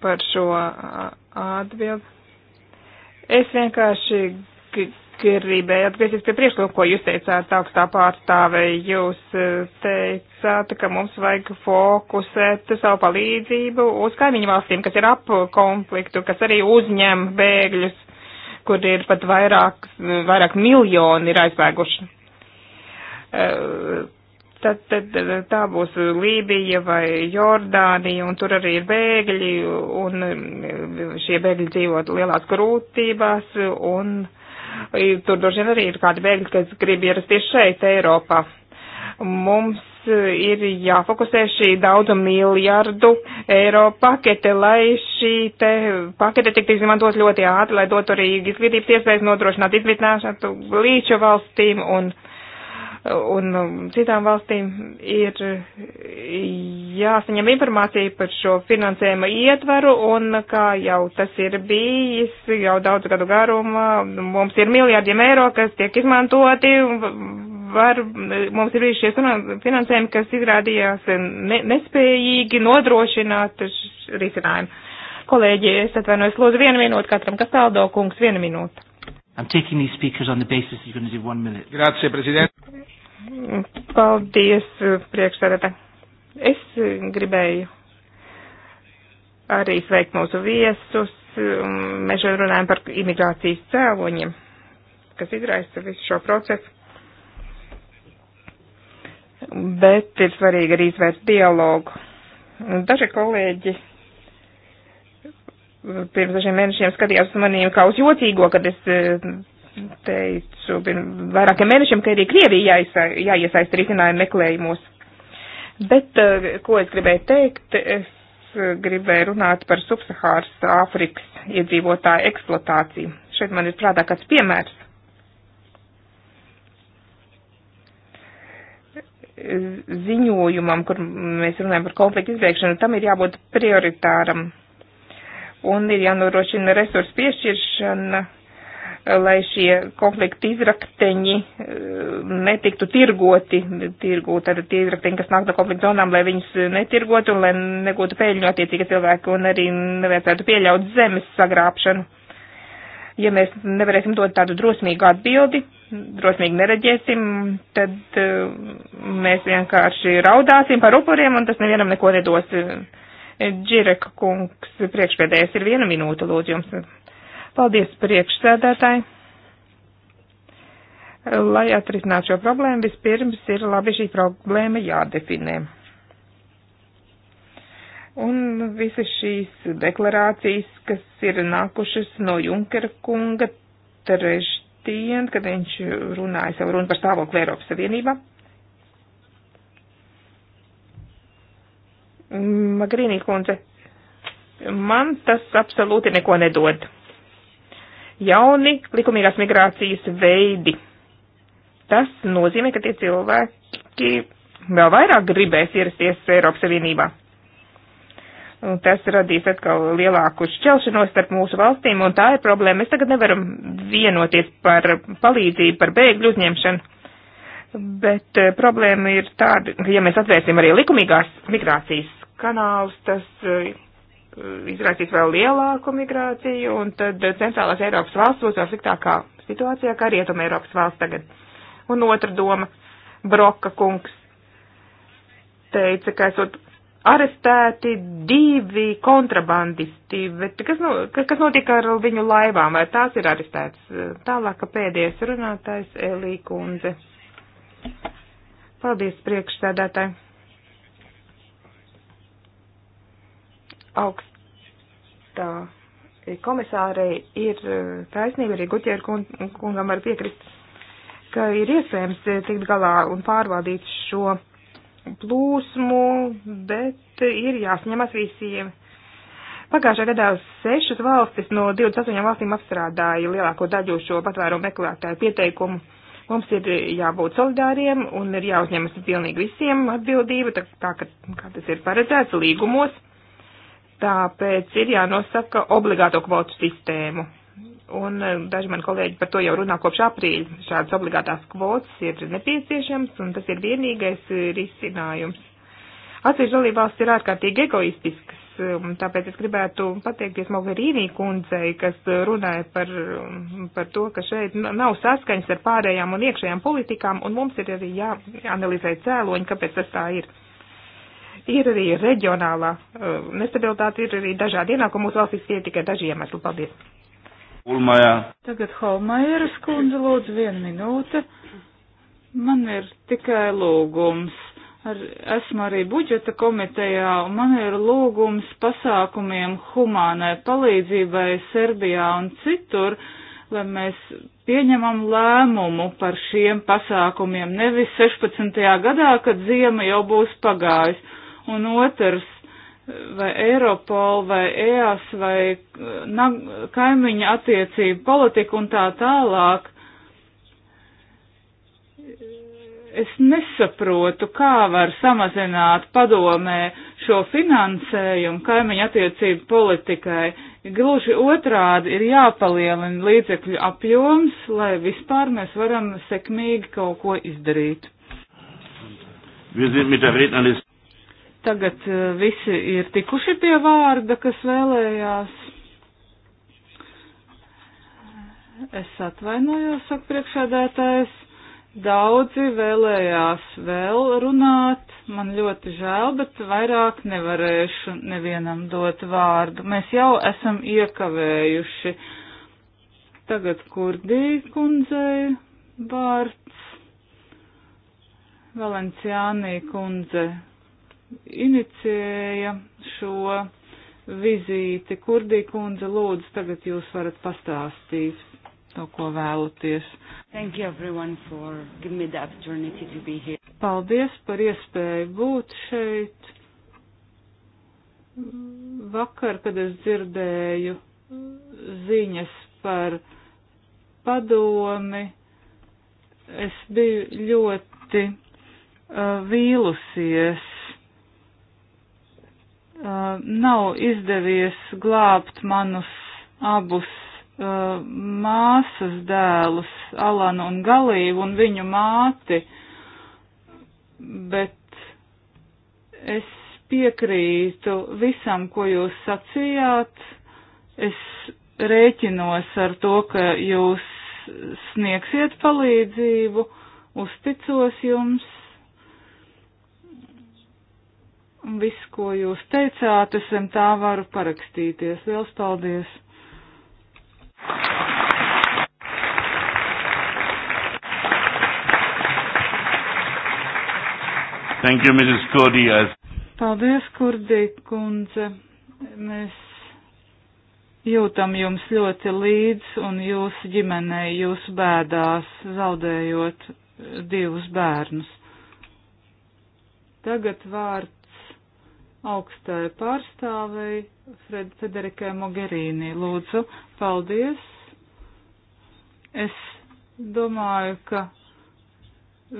par šo atbildi. Es vienkārši gribēju atgriezties pie priekšlikuma, ko jūs teicāt augstā pārstāvē. Jūs e, teicāt, ka mums vajag fokusēt savu palīdzību uz kaimiņu valstīm, kas ir ap konfliktu, kas arī uzņem bēgļus, kur ir pat vairāk, vairāk miljoni ir aizbēguši. Uh, tad, tad tā būs Lībija vai Jordānija, un tur arī ir bēgļi, un um, šie bēgļi dzīvo lielās grūtībās, un tur droši vien arī ir kādi bēgļi, kas grib ierasties šeit, Eiropā. Mums ir jāfokusē šī daudzu miljardu eiro pakete, lai šī te pakete tiktu izmantot ļoti ātri, lai dotu arī izglītības iespējas nodrošināt izglītināšanu līču valstīm un uh, un um, citām valstīm ir jāsaņem informācija par šo finansējuma ietvaru, un kā jau tas ir bijis jau daudz gadu garumā, mums ir miljārdiem eiro, kas tiek izmantoti, var, mums ir bijuši šie finansējumi, kas izrādījās ne, nespējīgi nodrošināt risinājumu. Kolēģi, es atvainojos, lūdzu, vienu minūti katram, kas tāldo kungs, vienu minūti. I'm taking these speakers on the basis you're going to do one minute. Grazie, Presidente. Paldies, priekšsēdētā. Es gribēju arī sveikt mūsu viesus. Mēs šeit runājam par imigrācijas cēloņiem, kas izraisa visu šo procesu. Bet ir svarīgi arī izvērst dialogu. Daži kolēģi pirms dažiem mēnešiem skatījās uz maniem kā uz jocīgo, kad es eh, teicu pirms vairākiem mēnešiem, ka arī Krievija jāiesa, jāiesaist risinājumu meklējumos. Bet eh, ko es gribēju teikt? Es eh, gribēju runāt par subsahāras Āfrikas iedzīvotāju eksploatāciju. Šeit man ir prātā kāds piemērs. Ziņojumam, kur mēs runājam par konfliktu izbēgšanu, tam ir jābūt prioritāram. Un ir jānorošina resursu piešķiršana lai šie konflikti izrakteņi eh, netiktu tirgoti, tirgu, tad tie izrakteņi, kas nāk no konflikta zonām, lai viņus netirgotu un lai negūtu peļņu attiecīgi cilvēki un arī nevajadzētu pieļaut zemes sagrābšanu. Ja mēs nevarēsim dot tādu drosmīgu atbildi, drosmīgi nereģēsim, tad eh, mēs vienkārši raudāsim par upuriem un tas nevienam neko nedos. Eh, Džireka kungs priekšpēdējais ir viena minūte, lūdzu jums. Paldies priekšsēdētāji! Lai atrisinātu šo problēmu, vispirms ir labi šī problēma jādefinē. Un visas šīs deklarācijas, kas ir nākušas no Junkera kunga trešdien, kad viņš runāja savu runu par stāvokli Eiropas Savienībā, Magrīnī kundze, man tas absolūti neko nedod jauni likumīgās migrācijas veidi. Tas nozīmē, ka tie cilvēki vēl vairāk gribēs ierasties Eiropas Savienībā. Un tas radīs atkal lielāku šķelšanos starp mūsu valstīm, un tā ir problēma. Mēs tagad nevaram vienoties par palīdzību, par bēgļu uzņemšanu. Bet eh, problēma ir tāda, ka ja mēs atvērsim arī likumīgās migrācijas kanālus, tas eh, Eh, izraisīt vēl lielāku migrāciju, un tad centrālās Eiropas valsts būs vēl sliktākā situācijā, kā rietuma Eiropas valsts tagad. Un otra doma, Broka kungs teica, ka esot arestēti divi kontrabandisti, bet kas, nu, kas notiek ar viņu laivām, vai tās ir arestētas? Tālāk pēdējais runātājs Elī Kunze. Paldies priekšsēdētāji. augstā komisārei ir e, taisnība, arī Gutieru kungam var piekrist, ka ir iespējams e, tikt galā un pārvaldīt šo plūsmu, bet ir jāsņemas visiem. Pagājušā gadā sešas valstis no 28 valstīm apstrādāja lielāko daļu šo patvērumu meklētāju pieteikumu. Mums ir jābūt solidāriem un ir jāuzņemas pilnīgi visiem atbildība, tā, tā kā tas ir paredzēts līgumos Tāpēc ir jānosaka obligāto kvotu sistēmu. Un eh, daži mani kolēģi par to jau runā kopš aprīļa. Šādas obligātās kvotas ir nepieciešams, un tas ir vienīgais eh, risinājums. Atsevišķi dalībvalsts ir ārkārtīgi egoistisks, um, tāpēc es gribētu pateikties Mogherīnī kundzei, kas runāja par, um, par to, ka šeit nav saskaņas ar pārējām un iekšējām politikām, un mums ir arī jāanalizē cēloņi, kāpēc tas tā ir ir arī reģionālā eh, nestabilitāte, ir arī dažādi ienākumi mūsu valstīs, ir tikai daži iemesli. Paldies! Ulmajā. Tagad Holmajeras kundze lūdzu vienu minūte. Man ir tikai lūgums. Ar, esmu arī budžeta komitejā un man ir lūgums pasākumiem humānai palīdzībai Serbijā un citur, lai mēs pieņemam lēmumu par šiem pasākumiem, nevis 16. gadā, kad ziema jau būs pagājusi un otrs, vai Eiropol, vai EAS, vai eh, kaimiņa attiecība politika un tā tālāk. Es nesaprotu, kā var samazināt padomē šo finansējumu kaimiņa attiecību politikai. Gluži otrādi ir jāpalielina līdzekļu apjoms, lai vispār mēs varam sekmīgi kaut ko izdarīt. Tagad eh, visi ir tikuši pie vārda, kas vēlējās. Es atvainojos, saka priekšādētājs. Daudzi vēlējās vēl runāt, man ļoti žēl, bet vairāk nevarēšu nevienam dot vārdu. Mēs jau esam iekavējuši. Tagad kurdī kundzei vārds, Valenciānī kundze inicēja šo vizīti. Kurdī kundze, lūdzu, tagad jūs varat pastāstīt to, ko vēlaties. Paldies par iespēju būt šeit. Vakar, kad es dzirdēju ziņas par padomi, es biju ļoti uh, vīlusies, uh, nav izdevies glābt manus abus uh, māsas dēlus, Alanu un Galīvu un viņu māti, bet es piekrītu visam, ko jūs sacījāt. Es rēķinos ar to, ka jūs sniegsiet palīdzību, uzticos jums viss, ko jūs teicāt, es zem tā varu parakstīties. Liels paldies! Thank you, Mrs. Kurdi. Paldies, Kurdi kundze. Mēs jūtam jums ļoti līdz un jūsu ģimenei, jūsu bēdās, zaudējot divus bērnus. Tagad vārds augstai pārstāvei Fred Federikai Mogherīnī. Lūdzu, paldies. Es domāju, ka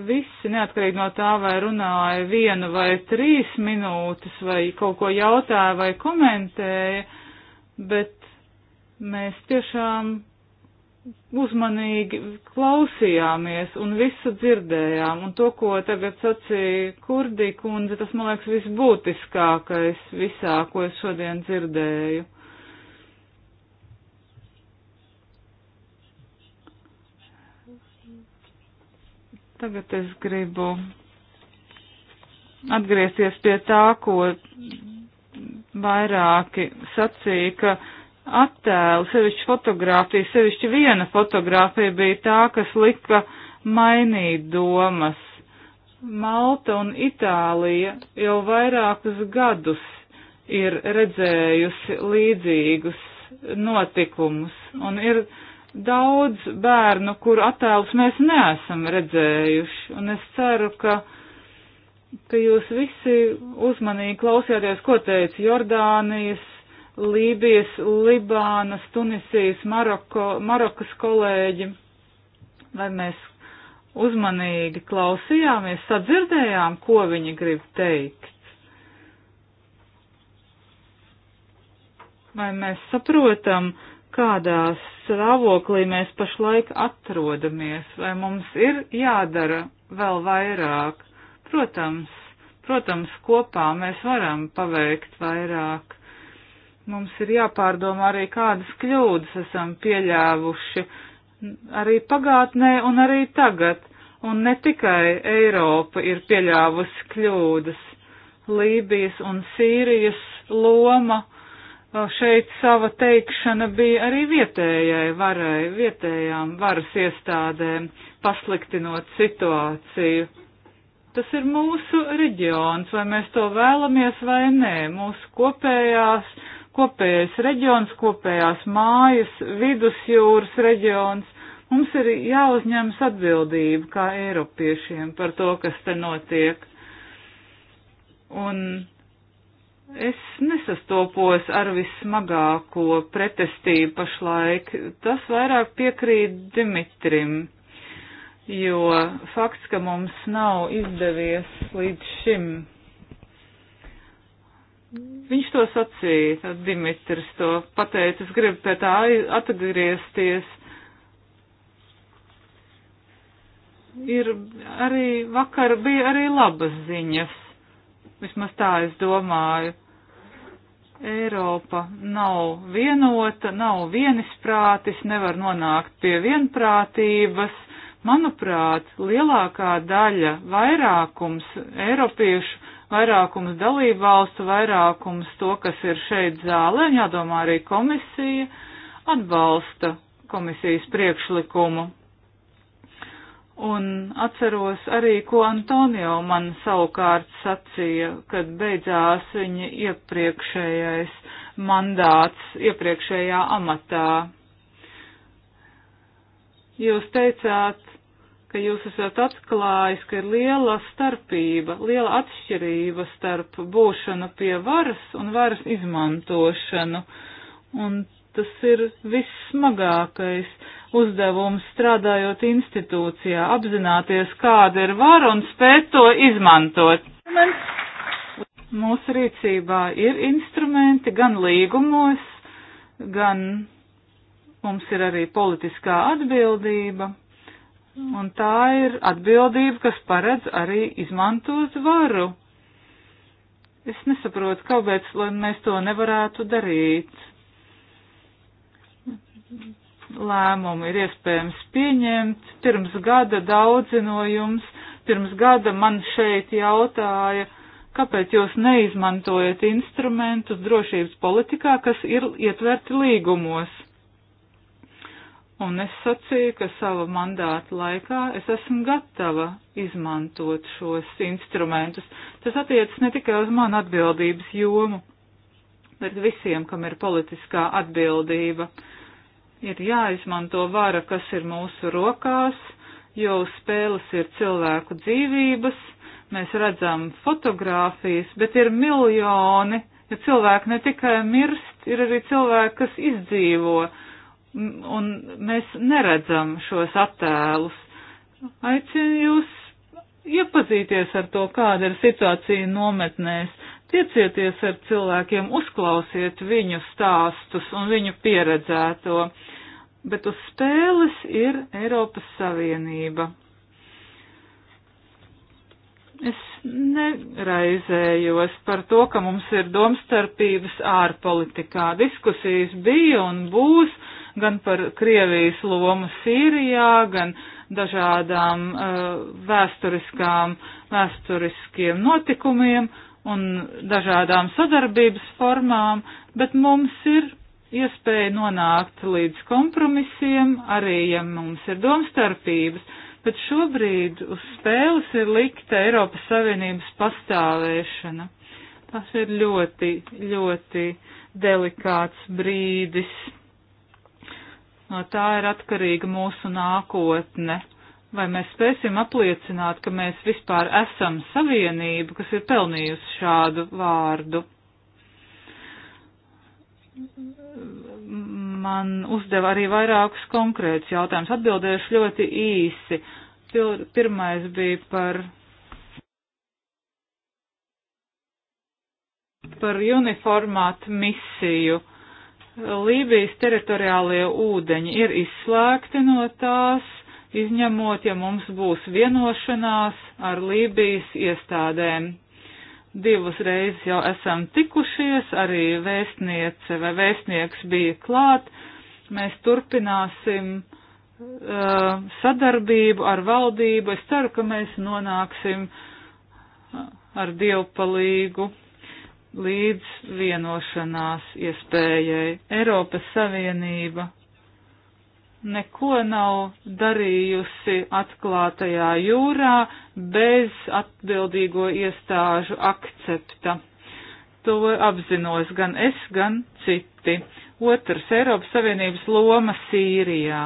visi, neatkarīgi no tā, vai runāja vienu vai trīs minūtes, vai kaut ko jautāja vai komentēja, bet mēs tiešām uzmanīgi klausījāmies un visu dzirdējām, un to, ko tagad sacīja Kurdi kundze, tas, man liekas, visbūtiskākais visā, ko es šodien dzirdēju. Tagad es gribu atgriezties pie tā, ko vairāki sacīja, ka attēlu, sevišķi fotografiju, sevišķi viena fotografija bija tā, kas lika mainīt domas. Malta un Itālija jau vairākus gadus ir redzējusi līdzīgus notikumus, un ir daudz bērnu, kuru attēlus mēs neesam redzējuši, un es ceru, ka ka jūs visi uzmanīgi klausījāties, ko teica Jordānijas Lībijas, Libānas, Tunisijas, Maroko, Marokas kolēģi, vai mēs uzmanīgi klausījāmies, sadzirdējām, ko viņi grib teikt. Vai mēs saprotam, kādā stāvoklī mēs pašlaik atrodamies, vai mums ir jādara vēl vairāk? Protams, protams, kopā mēs varam paveikt vairāk Mums ir jāpārdomā arī, kādas kļūdas esam pieļāvuši arī pagātnē un arī tagad. Un ne tikai Eiropa ir pieļāvusi kļūdas. Lībijas un Sīrijas loma šeit sava teikšana bija arī vietējai varai, vietējām varas iestādēm, pasliktinot situāciju. Tas ir mūsu reģions, vai mēs to vēlamies vai nē, mūsu kopējās kopējais reģions, kopējās mājas, vidusjūras reģions. Mums ir jāuzņemas atbildība kā Eiropiešiem par to, kas te notiek. Un es nesastopos ar vissmagāko pretestību pašlaik. Tas vairāk piekrīt Dimitrim, jo fakts, ka mums nav izdevies līdz šim Viņš to sacīja, Dimitris to pateica, es gribu pie tā atgriezties. Ir arī vakar bija arī labas ziņas, vismaz tā es domāju. Eiropa nav vienota, nav vienisprātis, nevar nonākt pie vienprātības. Manuprāt, lielākā daļa, vairākums Eiropiešu vairākums dalību valstu, vairākums to, kas ir šeit zālē, un jādomā arī komisija atbalsta komisijas priekšlikumu. Un atceros arī, ko Antonio man savukārt sacīja, kad beidzās viņa iepriekšējais mandāts iepriekšējā amatā. Jūs teicāt, ka jūs esat atklājis, ka ir liela starpība, liela atšķirība starp būšanu pie varas un varas izmantošanu. Un tas ir vissmagākais uzdevums strādājot institūcijā, apzināties, kāda ir vara un spēt to izmantot. Mūsu rīcībā ir instrumenti gan līgumos, gan mums ir arī politiskā atbildība Un tā ir atbildība, kas paredz arī izmantos varu. Es nesaprotu, kāpēc mēs to nevarētu darīt. Lēmumu ir iespējams pieņemt. Pirms gada daudzi no jums, pirms gada man šeit jautāja, kāpēc jūs neizmantojat instrumentus drošības politikā, kas ir ietverti līgumos un es sacīju, ka savu mandātu laikā es esmu gatava izmantot šos instrumentus. Tas attiecas ne tikai uz manu atbildības jomu, bet visiem, kam ir politiskā atbildība. Ir jāizmanto vara, kas ir mūsu rokās, jo spēles ir cilvēku dzīvības, mēs redzam fotogrāfijas, bet ir miljoni, ja cilvēki ne tikai mirst, ir arī cilvēki, kas izdzīvo un mēs neredzam šos attēlus. Aicinu jūs iepazīties ar to, kāda ir situācija nometnēs, tiecieties ar cilvēkiem, uzklausiet viņu stāstus un viņu pieredzēto, bet uz spēles ir Eiropas Savienība. Es neraizējos par to, ka mums ir domstarpības ārpolitikā. Diskusijas bija un būs gan par Krievijas lomu Sīrijā, gan dažādām uh, vēsturiskām, vēsturiskiem notikumiem un dažādām sadarbības formām, bet mums ir iespēja nonākt līdz kompromisiem, arī ja mums ir domstarpības, bet šobrīd uz spēles ir likta Eiropas Savienības pastāvēšana. Tas ir ļoti, ļoti delikāts brīdis. No tā ir atkarīga mūsu nākotne. Vai mēs spēsim apliecināt, ka mēs vispār esam savienība, kas ir pelnījusi šādu vārdu? Man uzdeva arī vairākus konkrētus jautājumus. Atbildējuši ļoti īsi. Pirmais bija par par uniformātu misiju. Lībijas teritoriālie ūdeņi ir izslēgti no tās, izņemot, ja mums būs vienošanās ar Lībijas iestādēm. Divas reizes jau esam tikušies, arī vēstniece vai vēstnieks bija klāt. Mēs turpināsim uh, sadarbību ar valdību. Es ceru, ka mēs nonāksim uh, ar dievpalīgu līdz vienošanās iespējai. Eiropas Savienība neko nav darījusi atklātajā jūrā bez atbildīgo iestāžu akcepta. To apzinos gan es, gan citi. Otrs - Eiropas Savienības loma Sīrijā.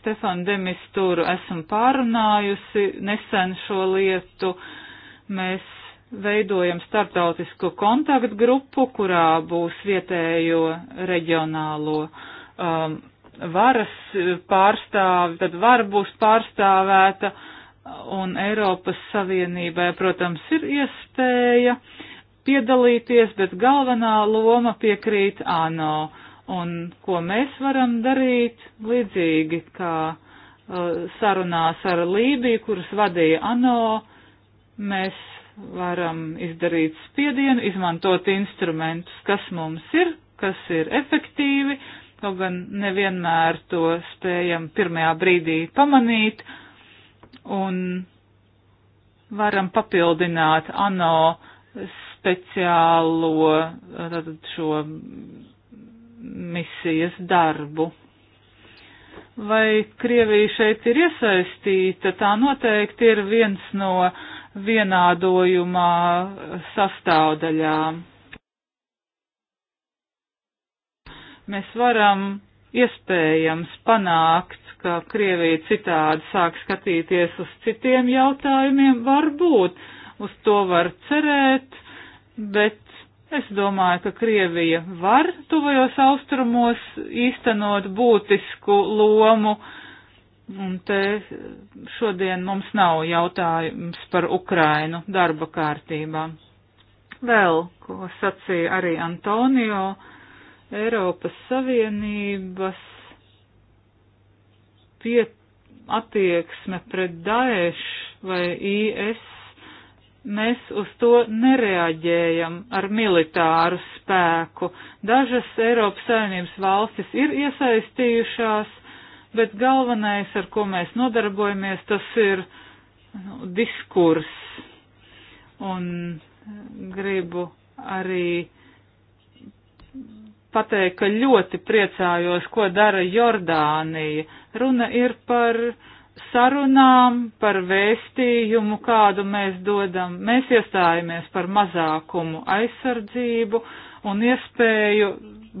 Stefan Demis tur esmu pārunājusi nesen šo lietu. Mēs veidojam starptautisku kontaktgrupu, kurā būs vietējo reģionālo um, varas pārstāvi, tad vara būs pārstāvēta un Eiropas Savienībai, protams, ir iespēja piedalīties, bet galvenā loma piekrīt ANO. Un ko mēs varam darīt līdzīgi kā uh, sarunās ar Lībiju, kuras vadīja ANO, mēs varam izdarīt spiedienu, izmantot instrumentus, kas mums ir, kas ir efektīvi, kaut gan nevienmēr to spējam pirmajā brīdī pamanīt, un varam papildināt ANO speciālo tātad, šo misijas darbu. Vai Krievija šeit ir iesaistīta? Tā noteikti ir viens no vienādojumā sastāvdaļā. Mēs varam iespējams panākt, ka Krievija citādi sāk skatīties uz citiem jautājumiem, varbūt uz to var cerēt, bet es domāju, ka Krievija var tuvajos austrumos īstenot būtisku lomu uh, Un te šodien mums nav jautājums par Ukrainu darba kārtībā. Vēl, ko sacīja arī Antonio, Eiropas Savienības piet, attieksme pret Daešu vai IS, mēs uz to nereaģējam ar militāru spēku. Dažas Eiropas Savienības valstis ir iesaistījušās bet galvenais, ar ko mēs nodarbojamies, tas ir nu, diskurs. Un eh, gribu arī pateikt, ka ļoti priecājos, ko dara Jordānija. Runa ir par sarunām, par vēstījumu, kādu mēs dodam. Mēs iestājamies par mazākumu aizsardzību un iespēju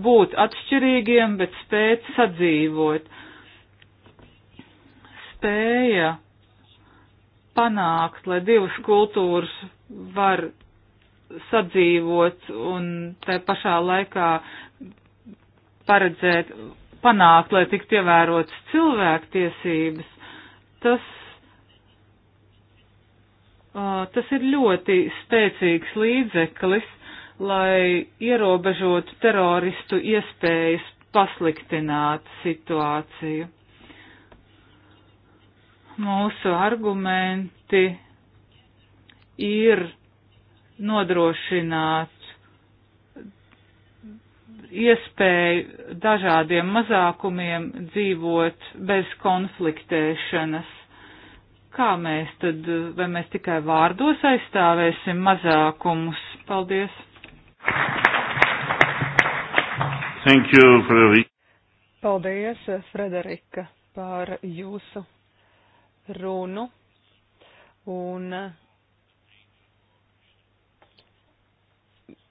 būt atšķirīgiem, bet spēt sadzīvot spēja panākt, lai divas kultūras var sadzīvot un tai pašā laikā paredzēt, panākt, lai tiktu ievērotas cilvēktiesības, tas, uh, tas ir ļoti spēcīgs līdzeklis, lai ierobežotu teroristu iespējas pasliktināt situāciju mūsu argumenti ir nodrošināt iespēju dažādiem mazākumiem dzīvot bez konfliktēšanas. Kā mēs tad, vai mēs tikai vārdos aizstāvēsim mazākumus? Paldies! Thank you, Frederika. Paldies, Frederika, par jūsu runu un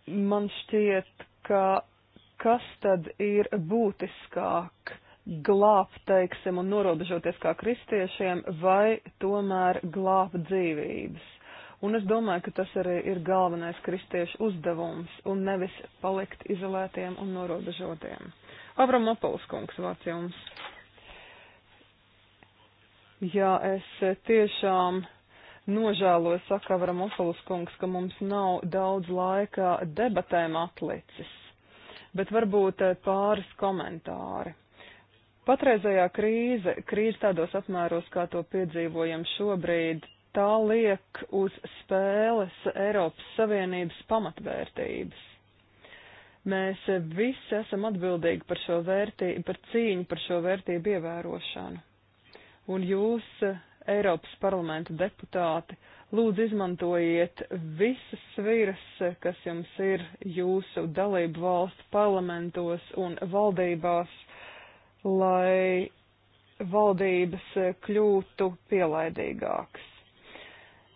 man šķiet, ka kas tad ir būtiskāk glābt, teiksim, un norobežoties kā kristiešiem, vai tomēr glābt dzīvības. Un es domāju, ka tas arī ir galvenais kristiešu uzdevums, un nevis palikt izolētiem un norobežotiem. Avram Apols kungs, vārds jums. Jā, es tiešām nožēloju, saka Varamopulis kungs, ka mums nav daudz laika debatēm atlicis, bet varbūt eh, pāris komentāri. Patreizējā krīze, krīze tādos apmēros, kā to piedzīvojam šobrīd, tā liek uz spēles Eiropas Savienības pamatvērtības. Mēs visi esam atbildīgi par šo vērtību, par cīņu par šo vērtību ievērošanu un jūs, Eiropas parlamenta deputāti, lūdzu izmantojiet visas sviras, kas jums ir jūsu dalību valstu parlamentos un valdībās, lai valdības kļūtu pielaidīgākas.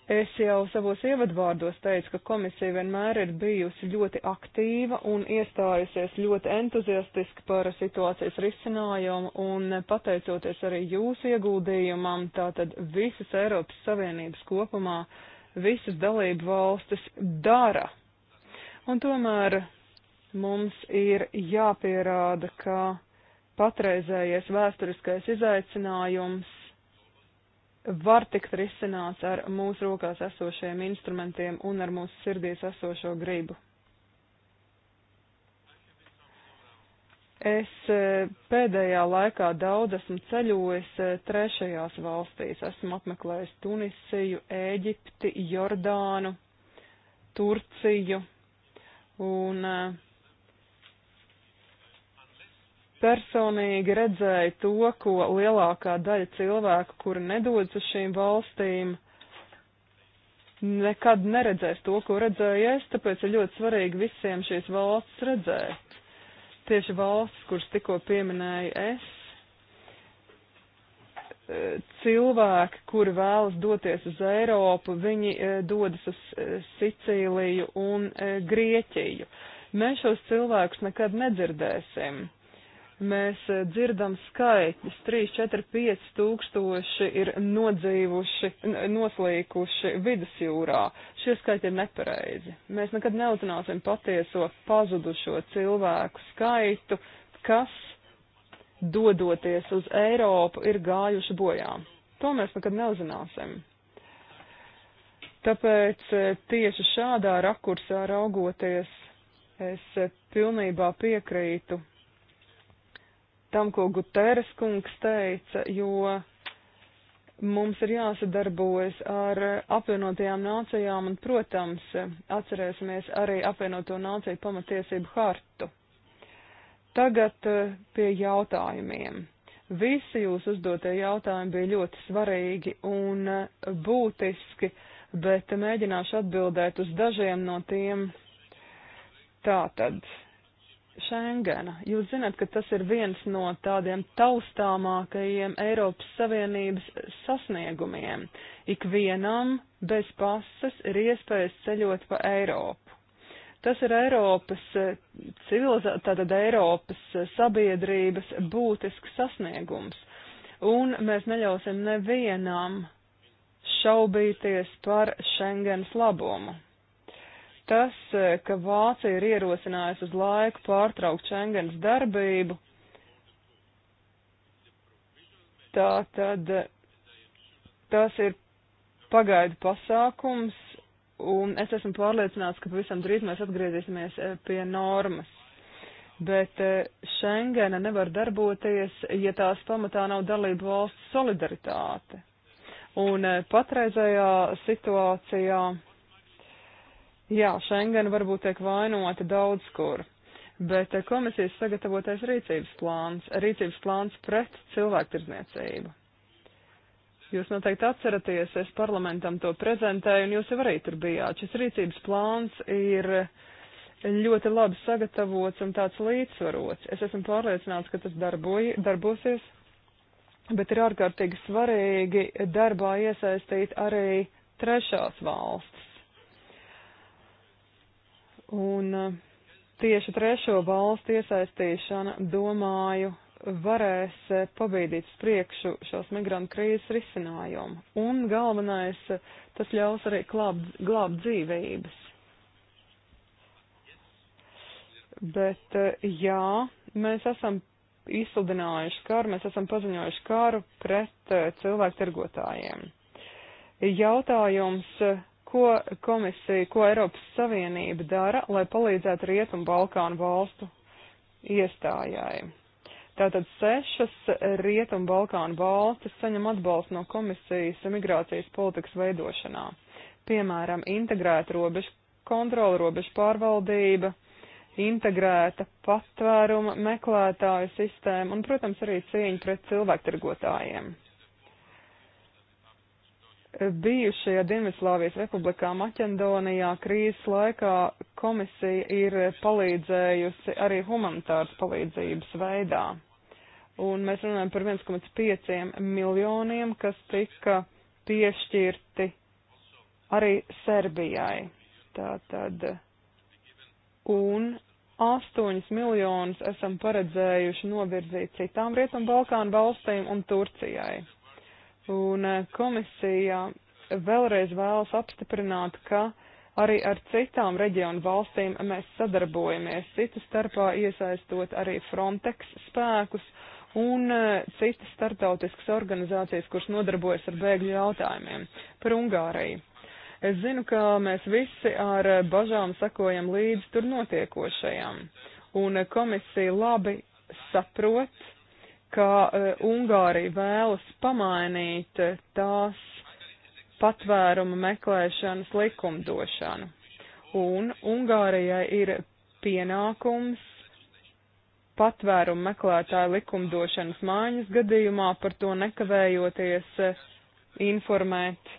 Es jau savos ievadvārdos teicu, ka komisija vienmēr ir bijusi ļoti aktīva un iestājusies ļoti entuziastiski par situācijas risinājumu un pateicoties arī jūsu ieguldījumam, tātad visas Eiropas Savienības kopumā, visas dalību valstis dara. Un tomēr mums ir jāpierāda, ka patreizējais vēsturiskais izaicinājums var tikt risināts ar mūsu rokās esošajiem instrumentiem un ar mūsu sirdīs esošo gribu. Es eh, pēdējā laikā daudz esmu ceļojis eh, trešajās valstīs. Esmu apmeklējis Tunisiju, Ēģipti, Jordānu, Turciju un uh, personīgi redzēju to, ko lielākā daļa cilvēku, kuri nedodas uz šīm valstīm, nekad neredzēs to, ko redzēju es, tāpēc ir ļoti svarīgi visiem šīs valsts redzēt. Tieši valsts, kuras tikko pieminēju es, e, cilvēki, kuri vēlas doties uz Eiropu, viņi e, dodas uz e, Sicīliju un Grieķiju. Mēs šos cilvēkus nekad nedzirdēsim mēs eh, dzirdam skaitļus, 3, 4, 5 tūkstoši ir nodzīvuši, noslīkuši vidusjūrā. Šie skaitļi ir nepareizi. Mēs nekad neuzzināsim patieso pazudušo cilvēku skaitu, kas, dodoties uz Eiropu, ir gājuši bojā. To mēs nekad neuzzināsim. Tāpēc eh, tieši šādā rakursā raugoties, es eh, pilnībā piekrītu tam, ko Guteres kungs teica, jo mums ir jāsadarbojas ar apvienotajām nācijām un, protams, atcerēsimies arī apvienoto nāciju pamatiesību hartu. Tagad eh, pie jautājumiem. Visi jūs uzdotie jautājumi bija ļoti svarīgi un eh, būtiski, bet mēģināšu atbildēt uz dažiem no tiem. Tātad Šengena. Jūs zināt, ka tas ir viens no tādiem taustāmākajiem Eiropas Savienības sasniegumiem. Ikvienam bez pasas ir iespējas ceļot pa Eiropu. Tas ir Eiropas eh, civilizācija, tātad Eiropas eh, sabiedrības būtisks sasniegums. Un mēs neļausim nevienam šaubīties par Šengens labumu. Tas, ka Vācija ir ierosinājusi uz laiku pārtraukt Schengens darbību, tā tad tas ir pagaidu pasākums, un es esmu pārliecināts, ka pavisam drīz mēs atgriezīsimies eh, pie normas. Bet eh, Schengena nevar darboties, ja tās pamatā nav dalību valsts solidaritāte. Un eh, patreizējā situācijā Jā, Schengen varbūt tiek vainota daudz kur, bet eh, komisijas sagatavotais rīcības plāns, rīcības plāns pret cilvēktirdzniecību. Jūs noteikti atceraties, es parlamentam to prezentēju, un jūs jau arī tur bijāt. Šis rīcības plāns ir ļoti labi sagatavots un tāds līdzsvarots. Es esmu pārliecināts, ka tas darboja, darbosies, bet ir ārkārtīgi svarīgi darbā iesaistīt arī trešās valsts Un uh, tieši trešo valstu iesaistīšana, domāju, varēs uh, pabīdīt priekšu šos migrantu krīzes risinājumu. Un galvenais, uh, tas ļaus arī glābt, glābt dzīvības. Bet jā, mēs esam izsludinājuši karu, mēs esam paziņojuši karu pret cilvēku tirgotājiem. Jautājums, ko komisija, ko Eiropas Savienība dara, lai palīdzētu Rietumu Balkānu valstu iestājai. Tātad sešas Rietumu Balkānu valstis saņem atbalstu no komisijas migrācijas politikas veidošanā. Piemēram, integrēta robežu kontrola, robežu pārvaldība, integrēta patvēruma meklētāju sistēma un, protams, arī cīņa pret cilvēktirgotājiem bijušajā Dienvidslāvijas republikā Maķendonijā krīzes laikā komisija ir palīdzējusi arī humanitāras palīdzības veidā. Un mēs runājam par 1,5 miljoniem, kas tika piešķirti arī Serbijai. Tātad. Un 8 miljonus esam paredzējuši novirzīt citām Rietumbalkānu valstīm un Turcijai Un eh, komisija vēlreiz vēlas apstiprināt, ka arī ar citām reģionu valstīm mēs sadarbojamies, citu starpā iesaistot arī Frontex spēkus un eh, citas startautiskas organizācijas, kuras nodarbojas ar bēgļu jautājumiem. Par Ungāriju. Es zinu, ka mēs visi ar bažām sakojam līdz tur notiekošajam, un eh, komisija labi saprot, ka e, Ungārija vēlas pamainīt e, tās patvērumu meklēšanas likumdošanu. Un Ungārijai ir pienākums patvērumu meklētāju likumdošanas mājas gadījumā par to nekavējoties e, informēt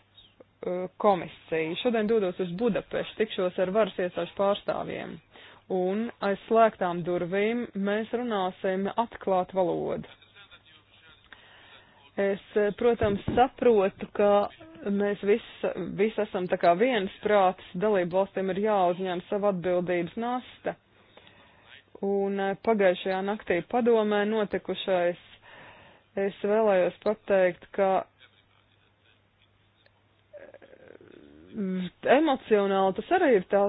komisiju. Šodien dodos uz Budapeštu, tikšos ar varas iestāžu pārstāvjiem. Un aiz slēgtām durvīm mēs runāsim atklāt valodu. Es, protams, saprotu, ka mēs visi, visi esam tā kā viens prāts, dalību valstīm ir jāuzņem sava atbildības nasta. Un eh, pagājušajā naktī padomē notikušais, es vēlējos pateikt, ka eh, emocionāli tas arī ir tā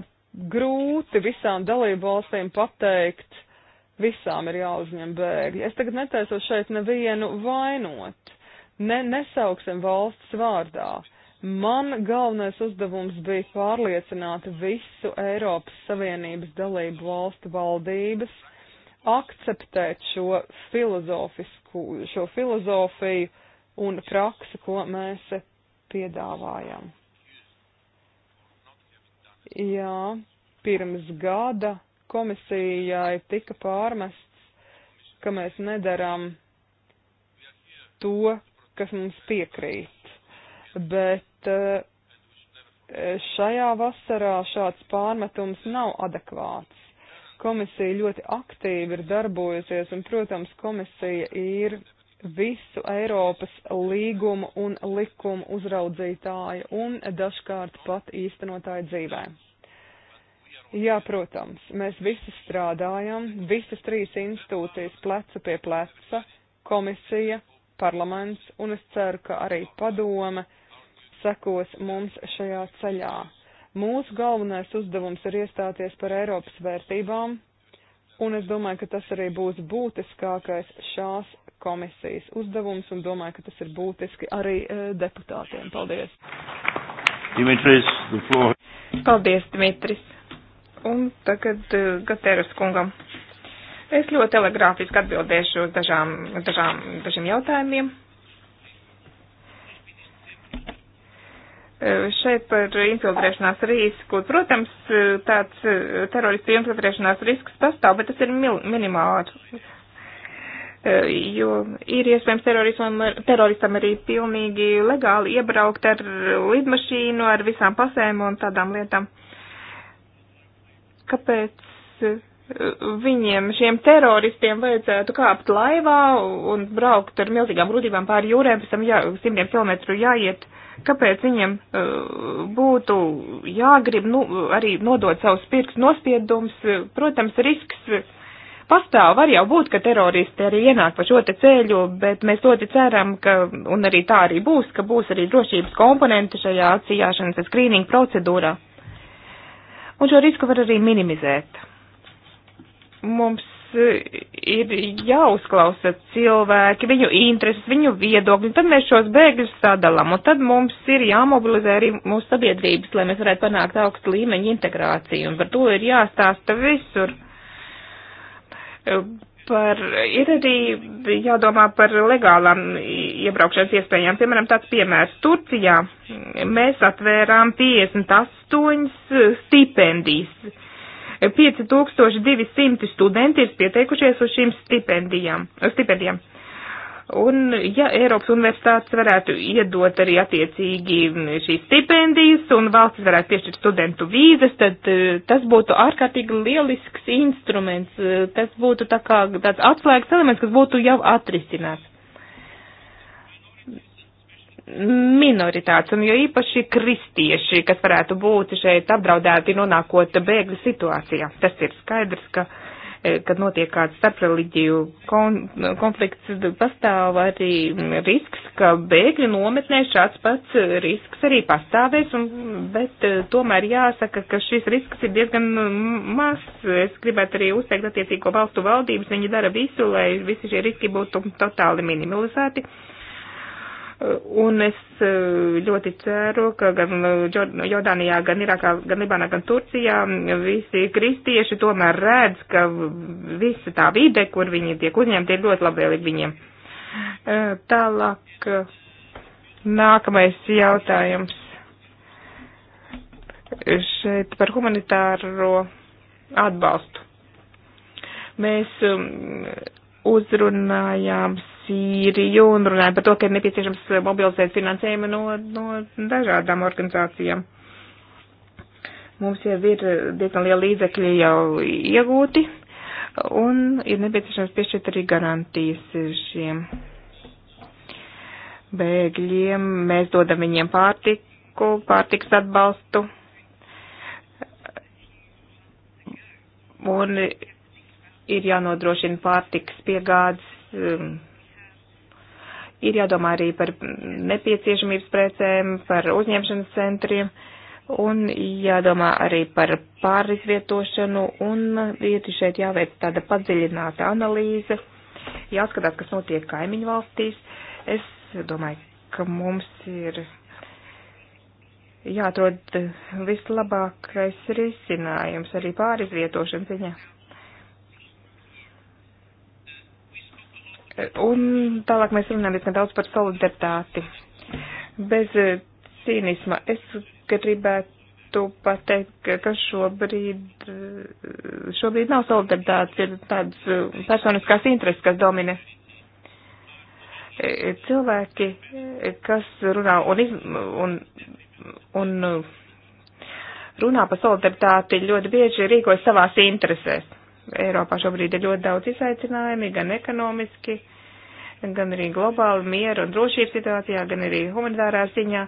grūti visām dalību valstīm pateikt, visām ir jāuzņem bēgļi. Es tagad netaisos šeit nevienu vainot ne, nesauksim valsts vārdā. Man galvenais uzdevums bija pārliecināt visu Eiropas Savienības dalību valstu valdības, akceptēt šo, šo filozofiju un praksi, ko mēs piedāvājam. Jā, pirms gada komisijai tika pārmests, ka mēs nedaram to, kas mums piekrīt. Bet eh, šajā vasarā šāds pārmetums nav adekvāts. Komisija ļoti aktīvi ir darbojusies, un, protams, komisija ir visu Eiropas līgumu un likumu uzraudzītāju un dažkārt pat īstenotāju dzīvē. Jā, protams, mēs visi strādājam, visas trīs institūcijas pleca pie pleca, komisija, parlaments, un es ceru, ka arī padome sekos mums šajā ceļā. Mūsu galvenais uzdevums ir iestāties par Eiropas vērtībām, un es domāju, ka tas arī būs būtiskākais šās komisijas uzdevums, un domāju, ka tas ir būtiski arī e, deputātiem. Paldies! Dimitris, Paldies, Dimitris! Un tagad e, Gateras kungam. Es ļoti telegrāfiski atbildēšu uz dažām, dažām, dažiem jautājumiem. Šeit par infiltrēšanās risku. Protams, tāds teroristu infiltrēšanās risks pastāv, bet tas ir minimāls. Jo ir iespējams teroristam arī pilnīgi legāli iebraukt ar lidmašīnu, ar visām pasēm un tādām lietām. Kāpēc viņiem, šiem teroristiem, vajadzētu kāpt laivā un braukt ar milzīgām grūtībām pāri jūrēm, pēc tam jā, simtiem kilometru jāiet. Kāpēc viņiem uh, būtu jāgrib nu, arī nodot savus pirkstu nospiedumus? Protams, risks pastāv. Var jau būt, ka teroristi arī ienāk pa šo te ceļu, bet mēs ļoti ceram, ka, un arī tā arī būs, ka būs arī drošības komponenti šajā atsījāšanas skrīninga procedūrā. Un šo risku var arī minimizēt mums e, ir jāuzklausa cilvēki, viņu intereses, viņu viedokļi, tad mēs šos bēgļus sadalām, un tad mums ir jāmobilizē arī mūsu sabiedrības, lai mēs varētu panākt augstu līmeņu integrāciju, un par to ir jāstāsta visur. E, par, ir arī jādomā par legālām iebraukšanas iespējām. Piemēram, tāds piemērs Turcijā. Mēs atvērām 58 stipendijas 5200 studenti ir pieteikušies uz šīm stipendijām. stipendijām. Un, ja Eiropas universitātes varētu iedot arī attiecīgi šīs stipendijas un valstis varētu piešķirt studentu vīzas, tad eh, tas būtu ārkārtīgi lielisks instruments. Eh, tas būtu tā kā tāds atslēgas elements, kas būtu jau atrisināts minoritātes, un jo īpaši kristieši, kas varētu būt šeit apdraudēti nonākot bēgļu situācijā. Tas ir skaidrs, ka, e, kad notiek kāds starpreliģiju kon, konflikts, pastāv arī risks, ka bēgļu nometnē šāds pats risks arī pastāvēs, un, bet e, tomēr jāsaka, ka šis risks ir diezgan mazs. Es gribētu arī uzteikt attiecīgo valstu valdības, viņi dara visu, lai visi šie riski būtu totāli minimalizēti. Uh, Un es eh, ļoti ceru, ka gan eh, Jordānijā, gan Irākā, gan Libānā, gan Turcijā mm, visi kristieši tomēr redz, ka visa tā vide, kur viņi tiek uzņemti, ir ļoti labvēlīga viņiem. Eh, tālāk nākamais jautājums. Šeit par humanitāro atbalstu. Mēs mm, uzrunājām Sīriju un runājam par to, ka ir nepieciešams mobilizēt finansējumu no, no dažādām organizācijām. Mums jau ir diezgan liela līdzekļa jau iegūti un ir nepieciešams piešķirt arī garantijas šiem bēgļiem. Mēs dodam viņiem pārtiku, pārtiks atbalstu. Un ir jānodrošina pārtiks piegādes um, Ir jādomā arī par nepieciešamības precēm, par uzņemšanas centriem un jādomā arī par pārizvietošanu un ir šeit jāveic tāda padziļināta analīze, jāskatās, kas notiek kaimiņu valstīs. Es domāju, ka mums ir jāatrod vislabākais risinājums arī pārizvietošanas ziņā. Ja? Un tālāk mēs runājam diezgan daudz par solidaritāti. Bez eh, cīnisma es gribētu pateikt, ka šobrīd, eh, šobrīd nav solidaritātes, ir tādas eh, personiskās intereses, kas domine. Cilvēki, kas runā un, iz, un, un runā par solidaritāti, ļoti bieži rīkojas savās interesēs Eiropā šobrīd ir ļoti daudz izaicinājumi, gan ekonomiski, gan arī globāli mieru un drošības situācijā, gan arī humanitārā ziņā.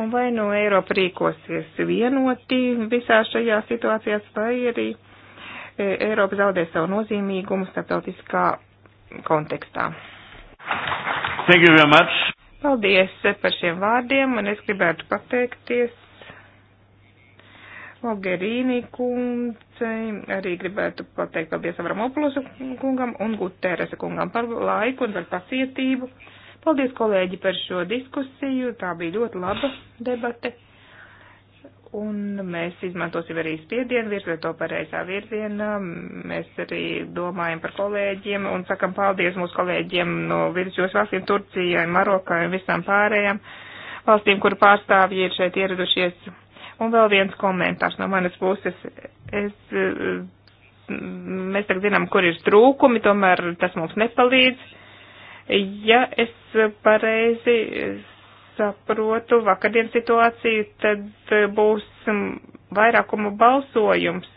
Un vai nu no Eiropa rīkosies vienoti visā šajā situācijās, vai arī e, Eiropa zaudēs savu nozīmīgumu starptautiskā kontekstā. Thank you very much. Paldies par šiem vārdiem, un es gribētu pateikties Mogherīni kundzei arī gribētu pateikt paldies Avramopulusa kungam un Guterresa kungam par laiku un par pacietību. Paldies, kolēģi, par šo diskusiju. Tā bija ļoti laba debate. Un mēs izmantosim arī spiedienu virs, lai to pareizā virzienā. Mēs arī domājam par kolēģiem un sakam paldies mūsu kolēģiem no virsjos valstīm Turcijai, Marokai un visām pārējām valstīm, kur pārstāvji ir šeit ieradušies Un vēl viens komentārs no manas puses. Es, mēs tagad zinām, kur ir trūkumi, tomēr tas mums nepalīdz. Ja es pareizi saprotu vakardienas situāciju, tad būs vairākuma balsojums.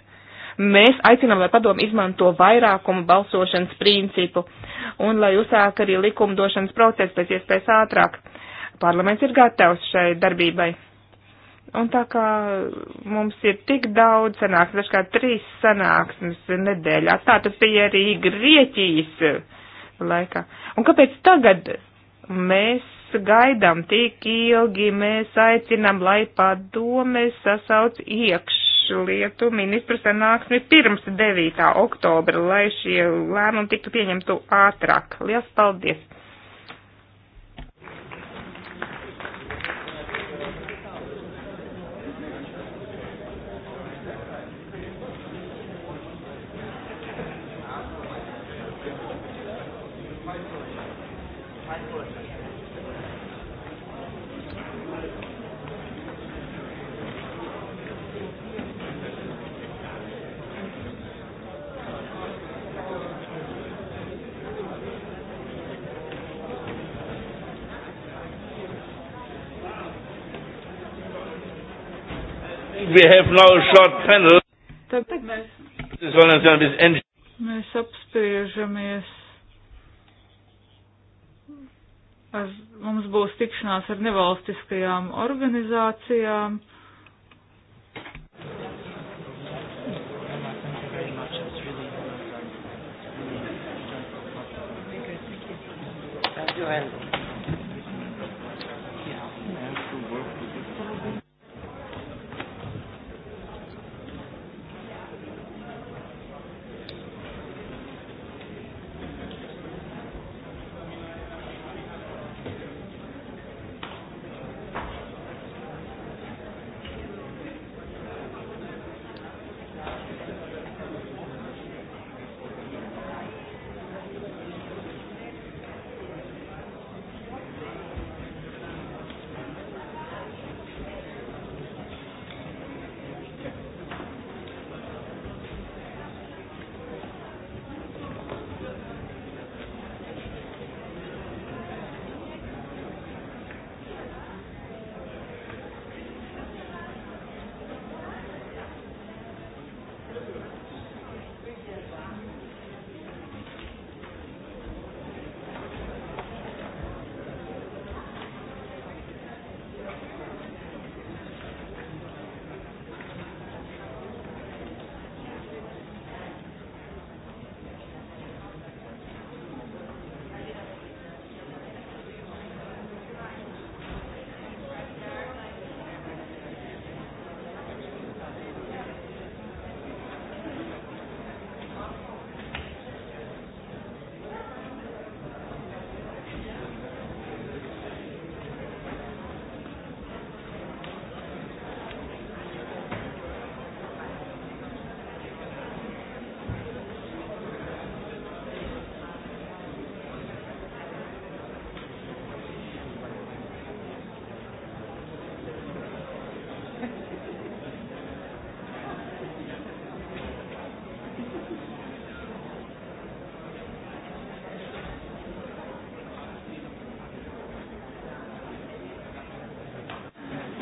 Mēs aicinām, lai padomu izmanto vairākumu balsošanas principu un lai uzsāk arī likumdošanas procesu pēc iespējas ātrāk. Parlaments ir gatavs šai darbībai. Un tā kā mums ir tik daudz sanāksmes, dažkārt trīs sanāksmes nedēļā, tā tas bija arī Grieķijas laikā. Un kāpēc tagad mēs gaidām tik ilgi, mēs aicinām, lai padome sasauc iekšlietu ministru sanāksmi pirms 9. oktobra, lai šie lēmumi tiktu pieņemtu ātrāk. Lielas paldies! we have now a short panel. Tagad mēs, mēs apspriežamies. Ar, mums būs tikšanās ar nevalstiskajām organizācijām. Joel.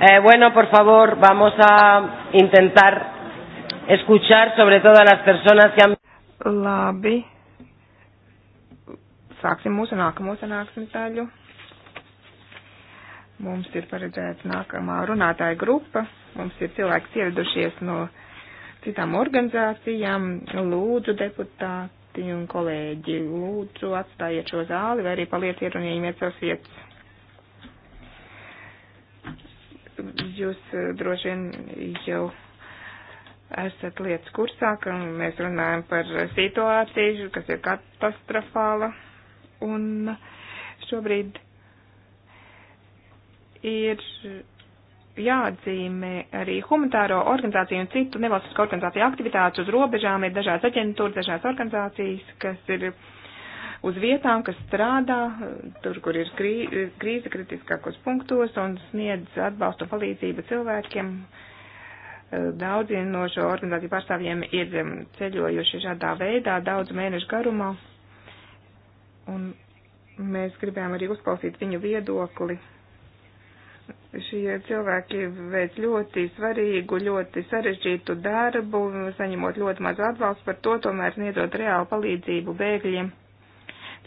Eh, bueno, por favor, vamos a intentar escuchar sobre todo a las personas que han. Labi. Sāksim mūsu nākamo sanāksmi daļu. Mums ir paredzēta nākamā runātāja grupa. Mums ir cilvēki ieradušies no citām organizācijām. Lūdzu, deputāti un kolēģi, lūdzu, atstājiet šo zāli vai arī palieciet un ieņemiet savas vietas. Jūs eh, droši vien jau esat lietas kursā, ka mēs runājam par situāciju, kas ir katastrofāla. Un šobrīd ir jāatzīmē arī humanitāro organizāciju un citu nevalstisko organizāciju aktivitātes uz robežām. Ir dažādas aģentūras, dažādas organizācijas, kas ir uz vietām, kas strādā tur, kur ir krīze kritiskākos punktos un sniedz atbalstu un palīdzību cilvēkiem. Daudzi no šo organizāciju pārstāvjiem ir um, ceļojuši šādā veidā daudzu mēnešu garumā. Un mēs gribējām arī uzklausīt viņu viedokli šie cilvēki veic ļoti svarīgu, ļoti sarežģītu darbu, saņemot ļoti maz atbalstu par to, tomēr sniedzot reālu palīdzību bēgļiem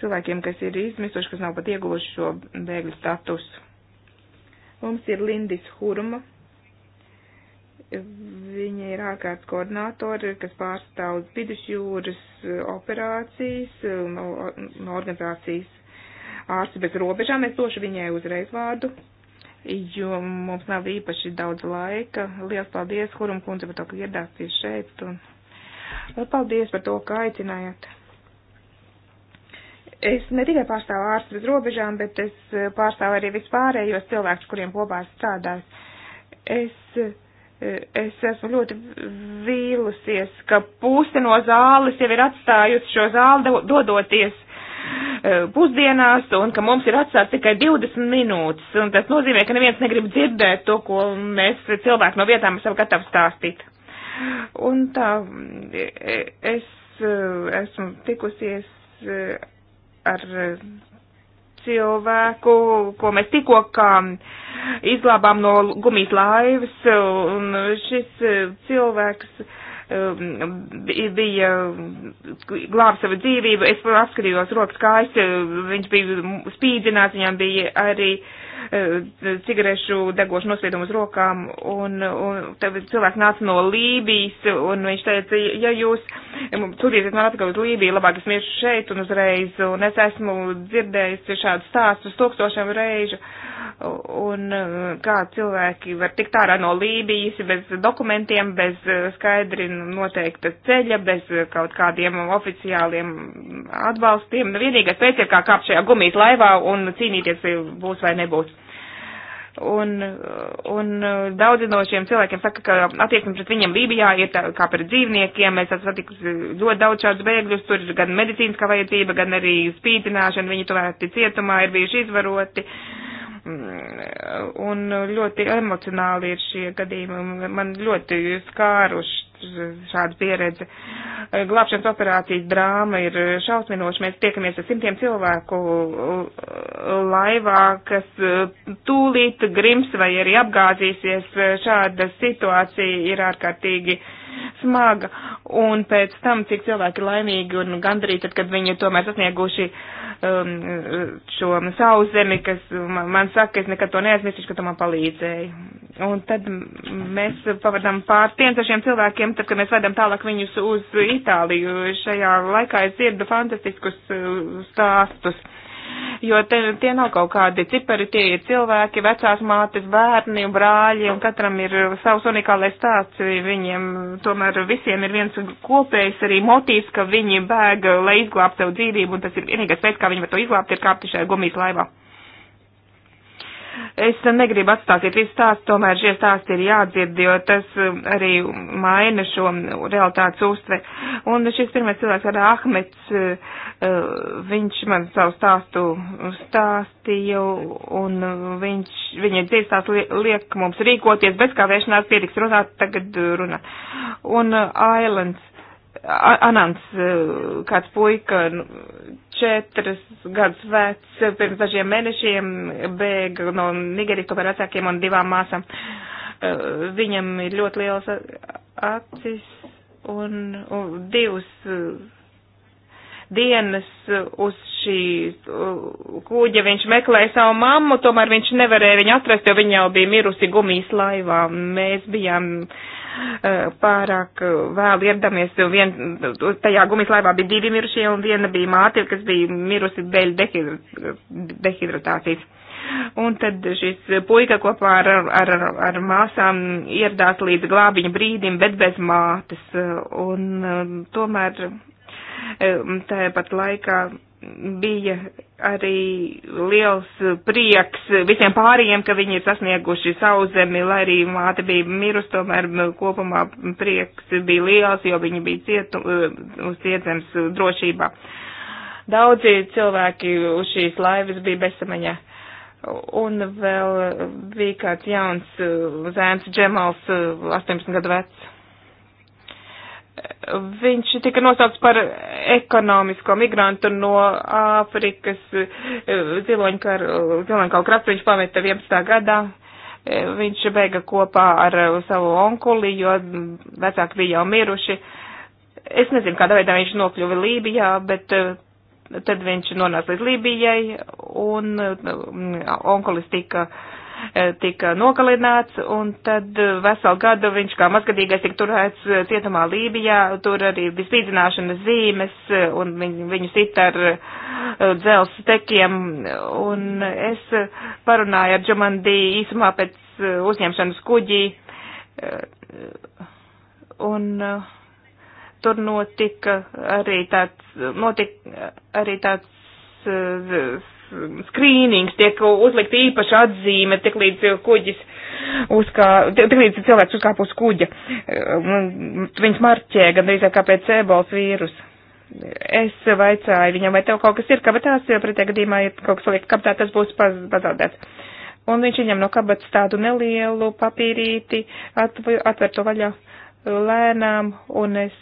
cilvēkiem, kas ir izmisuši, kas nav pat ieguvuši šo bēgļu statusu. Mums ir Lindis Hurma. Viņa ir ārkārtas koordinātori, kas pārstāv vidusjūras operācijas no, no organizācijas ārsti bez robežām. Es došu viņai uzreiz vārdu, jo mums nav īpaši daudz laika. Lielas paldies, Hurum kundze, par to, ka ieradāties šeit. Un paldies par to, ka aicinājāt. Es ne tikai pārstāvu ārstus bez robežām, bet es eh, pārstāvu arī vispārējos cilvēkus, kuriem kopā strādājas. Es, eh, es esmu ļoti vīlusies, ka puse no zāles jau ir atstājusi šo zāli dodoties eh, pusdienās un ka mums ir atstāts tikai 20 minūtes. Un tas nozīmē, ka neviens negrib dzirdēt to, ko mēs cilvēki no vietām esam gatavi stāstīt. Un tā es esmu tikusies ar eh, cilvēku, ko mēs tikko kā izglābām no gumijas laivas, un šis eh, cilvēks eh, bija glāba savu dzīvību. Es apskatījos rokas kājas, viņš bija spīdzināts, viņam bija arī cigarešu degošu nospiedumu uz rokām, un, un cilvēks nāca no Lībijas, un viņš teica, ja jūs sūtīsiet man atpakaļ uz Lībiju, labāk es miršu šeit un uzreiz, un es esmu dzirdējusi šādus stāstus tūkstošiem reižu, un kā cilvēki var tikt ārā no Lībijas bez dokumentiem, bez skaidri noteikta ceļa, bez kaut kādiem oficiāliem atbalstiem. Nu, vienīgais pēc ir kā kāpt šajā gumijas laivā un cīnīties būs vai nebūs. Un, un daudzi no šiem cilvēkiem saka, ka attieksme pret viņiem Lībijā ir tā, kā pret dzīvniekiem. Mēs esam satikusi ļoti daudz šādus bēgļus, tur ir gan medicīniskā vajadzība, gan arī spītināšana, viņi tuvērti cietumā ir bijuši izvaroti. Mm, un ļoti emocionāli ir šie gadījumi, man ļoti skāruši šāda pieredze. Glābšanas operācijas drāma ir šausminoša. Mēs tiekamies ar simtiem cilvēku laivā, kas tūlīt grims vai arī apgāzīsies. Šāda situācija ir ārkārtīgi smaga, un pēc tam, cik cilvēki ir laimīgi un gandrīz, tad, kad viņi tomēr sasnieguši um, šo savu zemi, kas man saka, es nekad to neaizmirsīšu, ka tu man palīdzēji. Un tad mēs pavadām pār tiem pašiem cilvēkiem, tad, kad mēs vedam tālāk viņus uz Itāliju. Šajā laikā es dzirdu fantastiskus uh, stāstus. Uh, jo te, tie nav kaut kādi cipari, tie ir cilvēki, vecās mātes, bērni, brāļi, un katram ir savs unikālais stāsts, viņiem tomēr visiem ir viens kopējs arī motīvs, ka viņi bēg, lai izglābtu savu dzīvību, un tas ir vienīgais veids, kā viņi var to izglābt, ir kāpti šajā gumijas laivā. Es negribu atstāstīt visu stāstu, tomēr šie stāsti ir jādzird, jo tas um, arī maina šo realitātes uztve. Un šis pirmais cilvēks ar Ahmets, uh, uh, viņš man savu stāstu stāstīja, un uh, viņš, viņa dzīvstās liek mums rīkoties, bez kā vēršanās pietiks runāt, tagad runā. Un Islands Anants, eh, kāds puika, nu, četras gadus vecs, pirms dažiem mēnešiem bēga no Nigerijas kopā ar vecākiem un divām māsām. Eh, viņam ir ļoti liels acis un, un divas eh, dienas uz šī kūģa viņš meklēja savu mammu, tomēr viņš nevarēja viņu atrast, jo viņa jau bija mirusi gumijas laivā. Mēs bijām uh, Eh, pārāk eh, vēl ieradāmies. Vien, tajā gumislaivā bija divi mirušie un viena bija māte, kas bija mirusi dēļ dehidratācijas. Un tad šis puika kopā ar, ar, ar māsām ieradās līdz glābiņa brīdim, bet bez mātes. Eh, un tomēr tāpat laikā bija arī liels prieks visiem pārējiem, ka viņi ir sasnieguši savu zemi, lai arī māte bija mirus, tomēr kopumā prieks bija liels, jo viņi bija cietu, uz cietzemes drošībā. Daudzi cilvēki uz šīs laivas bija bezsamaņā. Un vēl bija kāds jauns zēns Džemals, 18 gadu vecs viņš tika nosaukts par ekonomisko migrantu no Āfrikas eh, ziloņkalu krastu, viņš pameta 11. gadā. Eh, viņš beiga kopā ar eh, savu onkuli, jo vecāki bija jau miruši. Es nezinu, kādā veidā viņš nokļuva Lībijā, bet tad viņš nonāca līdz Lībijai un onkulis tika uh, E, tika nokalināts, un tad e, veselu gadu viņš kā mazgadīgais tika turēts e, cietumā Lībijā, tur arī bija spīdzināšanas zīmes, un viņu, viņu sit ar dzels tekiem, un es parunāju ar Džumandī īsumā pēc uzņemšanas kuģī, un tur notika arī tāds, notika arī tāds Um, skrīnings, tiek uzlikta īpaša atzīme, tik līdz uh, kuģis uzkā, tik līdz cilvēks uzkāp uz kuģa. Uh, Viņas marķē gandrīz kā pēc ebols vīrusa. Es vaicāju viņam, vai tev kaut kas ir kabatās, jo pretējā gadījumā, ja kaut kas liek kabatā, tas būs paz, pazaudēts. Un viņš viņam no kabatas tādu nelielu papīrīti atver, atver to vaļā lēnām, un es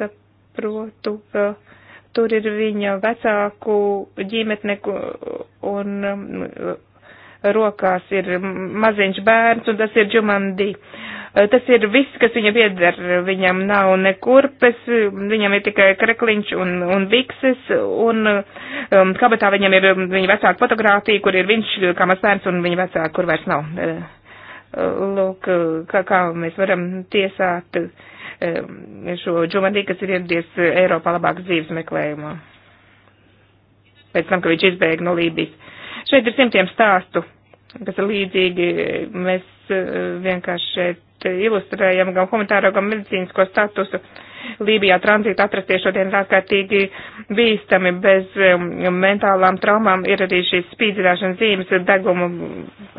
saprotu, ka. Uh, tur ir viņa vecāku ģimetne un um, rokās ir maziņš bērns, un tas ir Džumandī. Uh, tas ir viss, kas viņa pieder. Viņam nav ne kurpes, viņam ir tikai krekliņš un, un bikses, un um, kabatā viņam ir um, viņa vecāka fotografija, kur ir viņš kā maz bērns, un viņa vecāka, kur vairs nav. Uh, uh, lūk, kā, kā mēs varam tiesāt. Uh, Um, šo Džumadī, kas ir ieradies uh, Eiropā labākas dzīves meklējumā. Pēc tam, ka viņš izbēga no Lībijas. Šeit ir simtiem stāstu, kas ir līdzīgi. Mēs uh, vienkārši šeit ilustrējam gan humanitāro, gan medicīnisko statusu. Uh, Lībijā tranzīta atrasties šodien ir ārkārtīgi bīstami. Bez um, mentālām traumām ir arī šīs spīdzināšanas zīmes, deguma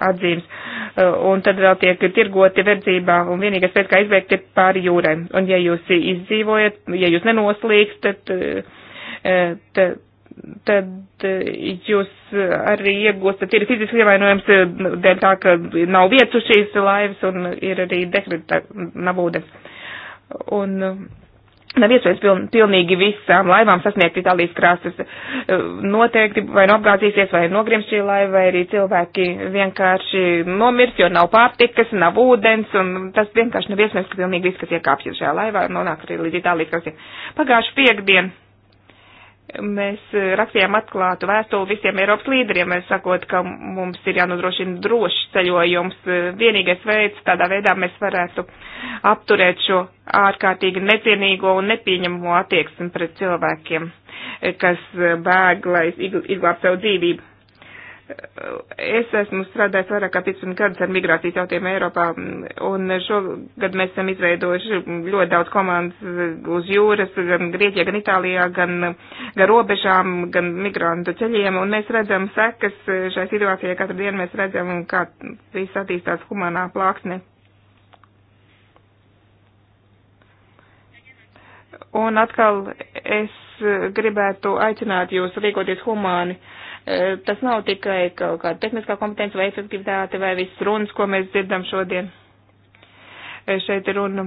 atzīmes. Uh, un tad vēl tiek tirgoti verdzībā. Un vienīgais veids, kā izbēgt, ir pāri jūrai. Un ja jūs izdzīvojat, ja jūs nenoslīkstat, uh, tad, tad uh, tad jūs arī iegūstat, ir fiziski ievainojums dēļ tā, ka nav vietu šīs laivas un ir arī dekreta nav ūdens. Un Nav iespējams piln, pilnīgi visām laivām sasniegt Itālijas krāsas. Eh, noteikti vai nu apgāzīsies, vai nogrims šī laiva, vai arī cilvēki vienkārši nomirs, jo nav pārtikas, nav ūdens, un tas vienkārši nav iespējams, ka pilnīgi viss, kas iekāpjas šajā laivā, nonāk arī līdz Itālijas krastiem. Pagājuši piekdienu Mēs eh, rakstījām atklātu vēstuli visiem Eiropas līderiem, mēs eh, sakot, ka mums ir jānodrošina drošs ceļojums. Eh, vienīgais veids, kādā veidā mēs varētu apturēt šo ārkārtīgi necienīgo un nepieņemamo attieksmi pret cilvēkiem, kas bēg, lai izglābtu savu dzīvību. Es esmu strādājis vairāk kā 15 gadus ar migrācijas jautājumiem Eiropā, un šogad mēs esam izveidojuši ļoti daudz komandas uz jūras, gan Grieķijā, gan Itālijā, gan, gan robežām, gan migrantu ceļiem, un mēs redzam sekas šai situācijai, katru dienu mēs redzam, kā viss attīstās humanā plāksne. Un atkal es gribētu aicināt jūs rīkoties humāni. Uh, E, tas nav tikai kaut kāda tehniskā kompetence vai efektivitāte vai viss runas, ko mēs dzirdam šodien. E, šeit ir runa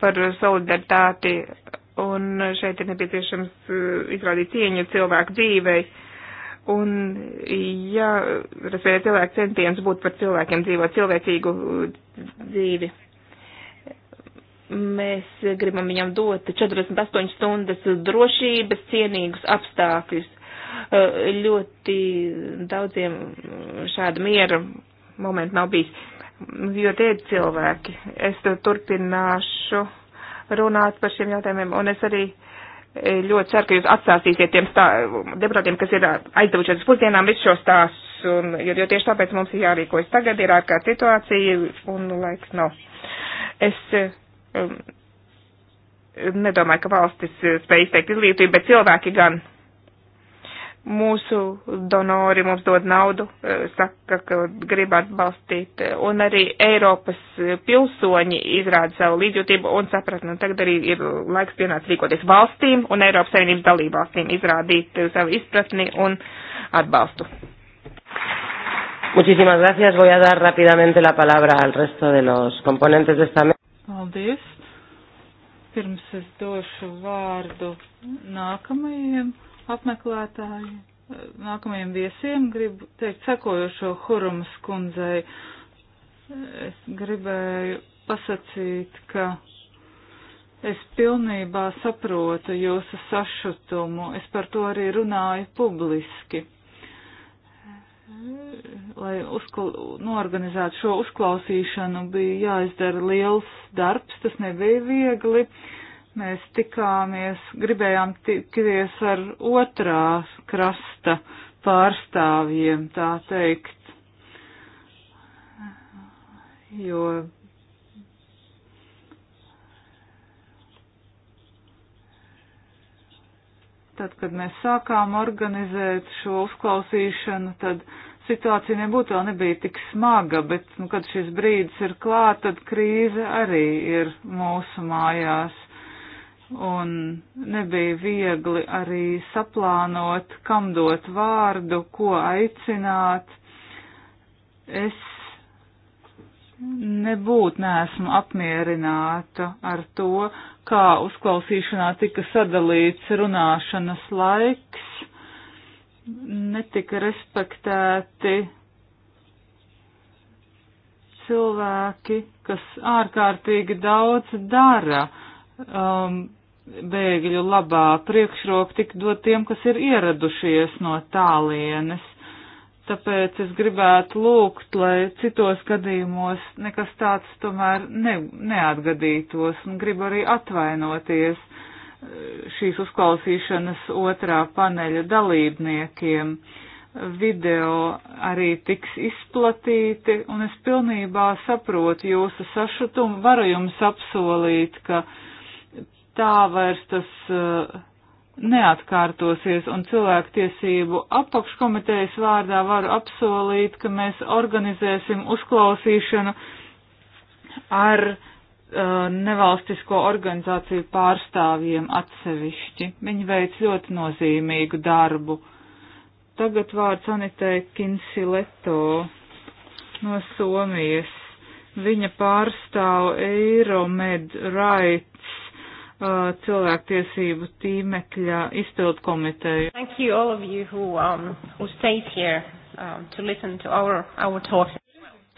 par solidaritāti un šeit ir nepieciešams e, izrādīt cieņu cilvēku dzīvei. Un, ja respektīvi cilvēku centiens būt par cilvēkiem, dzīvot cilvēcīgu dzīvi, mēs gribam viņam dot 48 stundas drošības, cienīgus apstākļus. Eh, ļoti daudziem šāda miera momenta nav bijis, jo tie ir cilvēki. Es turpināšu runāt par šiem jautājumiem, un es arī eh, ļoti ceru, ka jūs atstāstīsiet tiem stā, deputātiem, kas ir eh, aizdevušies uz pusdienām visu šo stāstu, un, jo, jo tieši tāpēc mums ir jārīkojas tagad, ir ārkārt situācija, un laiks nav. Es um, nedomāju, ka valstis spēj izteikt izglītību, bet cilvēki gan mūsu donori mums dod naudu, eh, saka, ka grib atbalstīt, eh, un arī Eiropas eh, pilsoņi izrāda savu līdzjūtību un sapratni, nu, un tagad arī ir laiks pienācis rīkoties valstīm un Eiropas Savienības dalībvalstīm izrādīt savu izpratni un atbalstu. Muchísimas gracias. Voy a dar rápidamente la palabra al resto de los componentes de esta mesa. Paldies. Pirms es došu vārdu nākamajiem apmeklētāji. Eh, nākamajiem viesiem gribu teikt sekojošo Hurumas kundzei. Es gribēju pasakīt, ka es pilnībā saprotu jūsu sašutumu. Es par to arī runāju publiski. Lai uzkla... norganizētu šo uzklausīšanu, bija jāizdara liels darbs, tas nebija viegli. Uh, Mēs tikāmies, gribējām tikties ar otrās krasta pārstāvjiem, tā teikt, jo tad, kad mēs sākām organizēt šo uzklausīšanu, tad situācija nebūtu vēl nebija tik smaga, bet, nu, kad šis brīdis ir klāt, tad krīze arī ir mūsu mājās un nebija viegli arī saplānot, kam dot vārdu, ko aicināt. Es nebūtu nesmu apmierināta ar to, kā uzklausīšanā tika sadalīts runāšanas laiks, netika respektēti cilvēki, kas ārkārtīgi daudz dara. Um, bēgļu labā priekšroka tik dot tiem, kas ir ieradušies no tālienes. Tāpēc es gribētu lūgt, lai citos gadījumos nekas tāds tomēr ne, neatgadītos un gribu arī atvainoties eh, šīs uzklausīšanas otrā paneļa dalībniekiem. Video arī tiks izplatīti un es pilnībā saprotu jūsu sašutumu, varu jums apsolīt, ka uh, tā vairs tas uh, neatkārtosies, un cilvēktiesību apakškomitejas vārdā varu apsolīt, ka mēs organizēsim uzklausīšanu ar uh, nevalstisko organizāciju pārstāvjiem atsevišķi. Viņi veic ļoti nozīmīgu darbu. Tagad vārds Anitei Kinsileto no Somijas. Viņa pārstāv Euromed Right Uh, cilvēktiesību tīmekļa izpildu komiteju. Thank you all of you who, um, who stayed here um, to listen to our, our talk.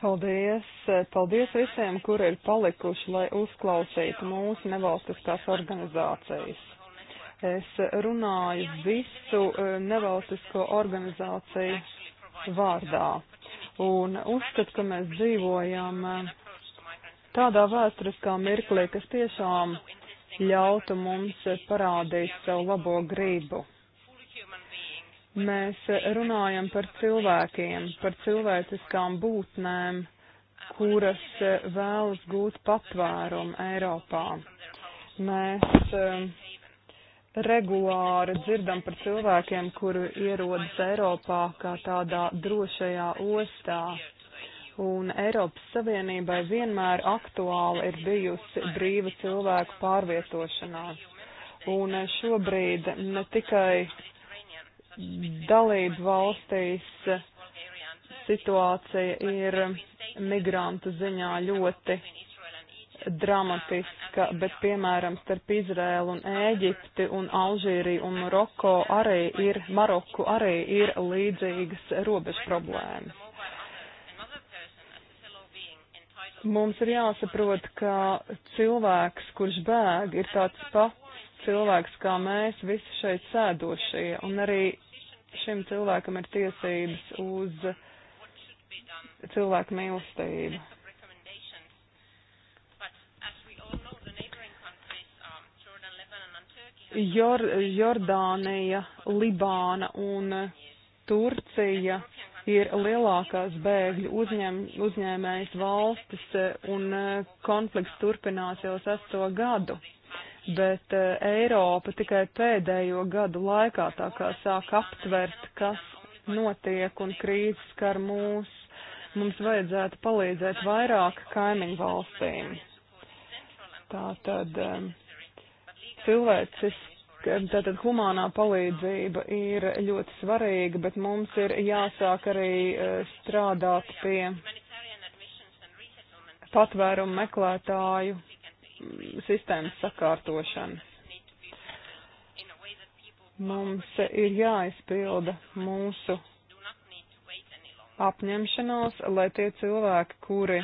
Paldies, paldies visiem, kuri ir palikuši, lai uzklausītu mūsu nevalstiskās organizācijas. Es runāju visu uh, nevalstisko organizāciju vārdā un uzskatu, ka mēs dzīvojam uh, tādā vēsturiskā mirklī, kas tiešām uh, ļautu mums parādīt savu labo gribu. Mēs runājam par cilvēkiem, par cilvēciskām būtnēm, kuras vēlas gūt patvērumu Eiropā. Mēs um, regulāri dzirdam par cilvēkiem, kuri ierodas Eiropā kā tādā drošajā ostā, un Eiropas Savienībai vienmēr aktuāli ir bijusi brīva cilvēku pārvietošanās. Un šobrīd ne tikai dalību valstīs situācija ir migrantu ziņā ļoti dramatiska, bet piemēram starp Izrēlu un Ēģipti un Alžīriju un Maroko arī ir, Maroku arī ir līdzīgas robežu problēmas. Mums ir jāsaprot, ka cilvēks, kurš bēg, ir tāds pats cilvēks kā mēs visi šeit sēdošie, un arī šim cilvēkam ir tiesības uz cilvēku mīlestību. Jor, Jordānija, Libāna un Turcija ir lielākās bēgļu uzņem, uzņēmējas valstis eh, un eh, konflikts turpinās jau sesto gadu. Bet eh, Eiropa tikai pēdējo gadu laikā tā kā sāk aptvert, kas notiek un krīzes skar mūs. Mums vajadzētu palīdzēt vairāk kaimiņu valstīm. Tātad cilvēcis Tātad humānā palīdzība ir ļoti svarīga, bet mums ir jāsāk arī e, strādāt pie patvērumu meklētāju mm, sistēmas sakārtošanas. Mums ir jāizpilda mūsu apņemšanās, lai tie cilvēki, kuri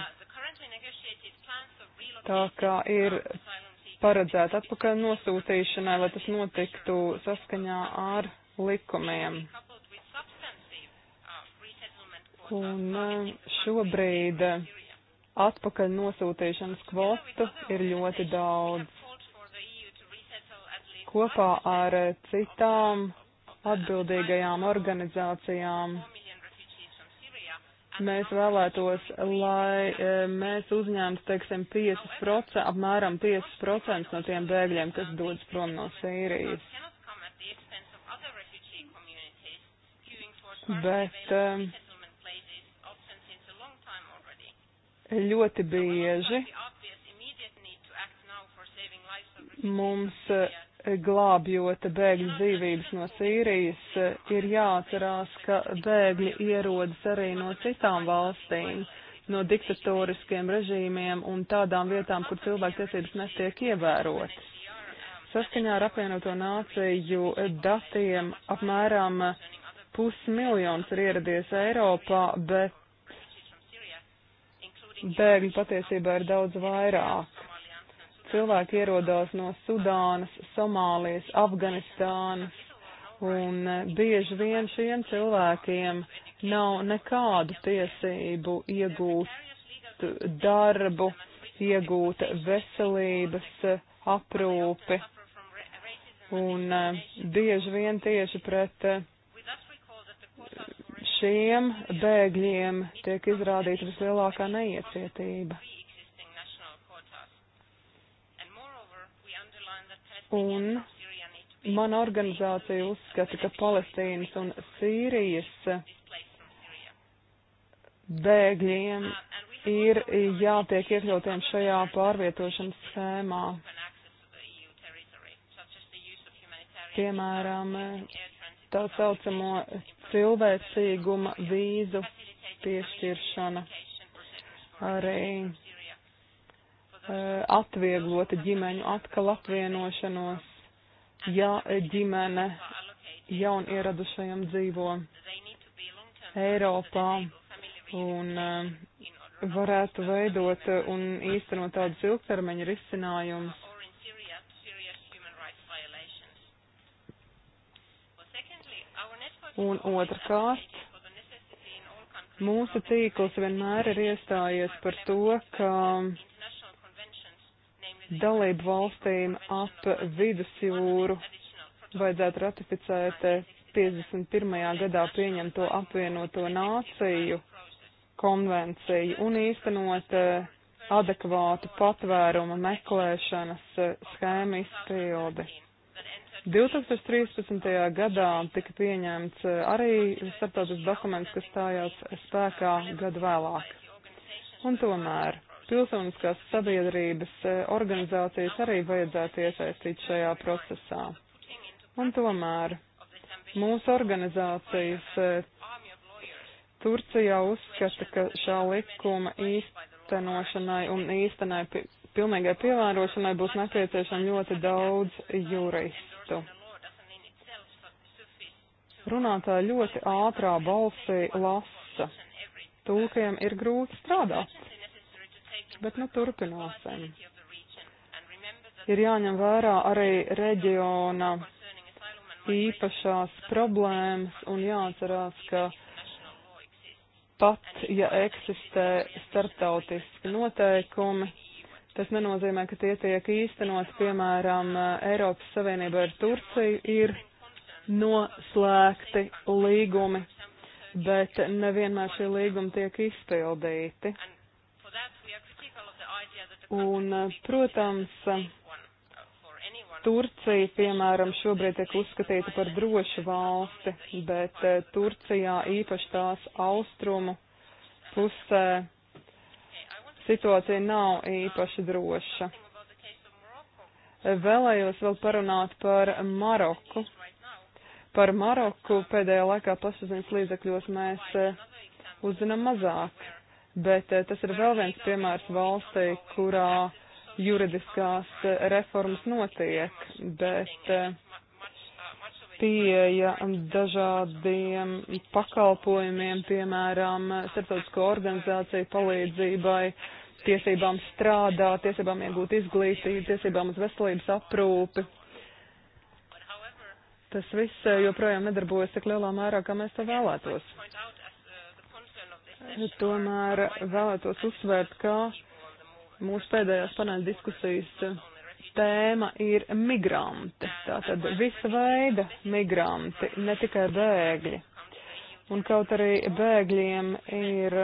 tā kā ir paredzēti atpakaļ nosūtīšanai, lai tas notiktu saskaņā ar likumiem. Un eh, šobrīd eh, atpakaļ nosūtīšanas kvotu ir ļoti daudz. Kopā ar eh, citām atbildīgajām organizācijām mēs vēlētos, lai e, mēs uzņemtu, teiksim, 5%, apmēram 5% no tiem bēgļiem, kas dodas prom no Sīrijas. Bet e, ļoti bieži mums glābjot bēgļu dzīvības no Sīrijas, ir jāatcerās, ka bēgļi ierodas arī no citām valstīm, no diktatoriskiem režīmiem un tādām vietām, kur cilvēktiesības netiek ievērotas. Saskaņā ar apvienoto nāciju datiem apmēram pusmiljons ir ieradies Eiropā, bet bēgļi patiesībā ir daudz vairāk cilvēki ierodās no Sudānas, Somālijas, Afganistānas, un e, bieži vien šiem cilvēkiem nav nekādu tiesību iegūt darbu, iegūt veselības e, aprūpi, un e, bieži vien tieši pret šiem bēgļiem tiek izrādīta vislielākā neiecietība. Un mana organizācija uzskata, ka Palestīnas un Sīrijas bēgļiem ir jātiek iekļautiem šajā pārvietošanas schēmā. Piemēram, tā saucamo cilvēcīguma vīzu piešķiršana arī Eh, atvieglota ģimeņu atkal apvienošanos, ja ģimene jaun ieradušajam dzīvo Eiropā un eh, varētu veidot un īstenot tādus ilgtermiņa risinājumus. Un otrkārt, mūsu tīkls vienmēr ir iestājies par to, ka dalību valstīm ap vidusjūru vajadzētu ratificēt 51. gadā pieņemto apvienoto nāciju konvenciju un īstenot eh, adekvātu patvērumu meklēšanas eh, schēmu izpildi. 2013. gadā tika pieņemts eh, arī starptautis dokuments, kas stājās spēkā gadu vēlāk. Un tomēr pilsoniskās sabiedrības eh, organizācijas arī vajadzētu iesaistīt šajā procesā. Un tomēr mūsu organizācijas eh, Turcijā uzskata, ka šā likuma īstenošanai un īstenai pilnīgai pievērošanai būs nepieciešama ļoti daudz juristu. Runātāja ļoti ātrā balsī lasa. Tūkiem ir grūti strādāt. Bet nu turpināsim. Ir jāņem vērā arī reģiona īpašās problēmas un jāatcerās, ka pat ja eksistē starptautiski noteikumi, tas nenozīmē, ka tie tiek īstenot, piemēram, Eiropas Savienība ar Turciju ir noslēgti līgumi, bet nevienmēr šie līgumi tiek izpildīti. Un, eh, protams, eh, Turcija, piemēram, šobrīd tiek uzskatīta par drošu valsti, bet eh, Turcijā īpaši tās austrumu pusē situācija nav īpaši droša. Vēlējos vēl parunāt par Maroku. Par Maroku pēdējā laikā plašsaziņas līdzekļos mēs uzzinām mazāk bet eh, tas ir vēl viens piemērs valstī, kurā juridiskās eh, reformas notiek, bet eh, pieeja dažādiem pakalpojumiem, piemēram, starptautisko organizāciju palīdzībai, tiesībām strādāt, tiesībām iegūt izglītību, tiesībām uz veselības aprūpi. Tas viss joprojām nedarbojas tik lielā mērā, kā mēs to vēlētos. Tomēr vēlētos uzsvērt, ka mūsu pēdējās panēļa diskusijas tēma ir migranti. Tātad visa veida migranti, ne tikai bēgļi. Un kaut arī bēgļiem ir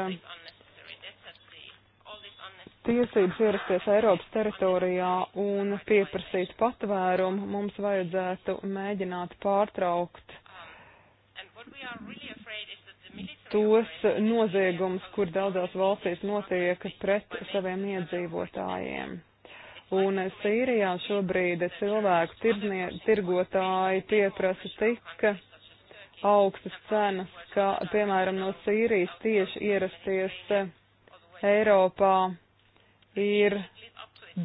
tiesības ierasties Eiropas teritorijā un pieprasīt patvērumu, mums vajadzētu mēģināt pārtraukt tos noziegumus, kur daudzās valstīs notiek pret saviem iedzīvotājiem. Un Sīrijā šobrīd cilvēku tirgnie, tirgotāji pieprasa tik augstas cenas, ka, piemēram, no Sīrijas tieši ierasties Eiropā ir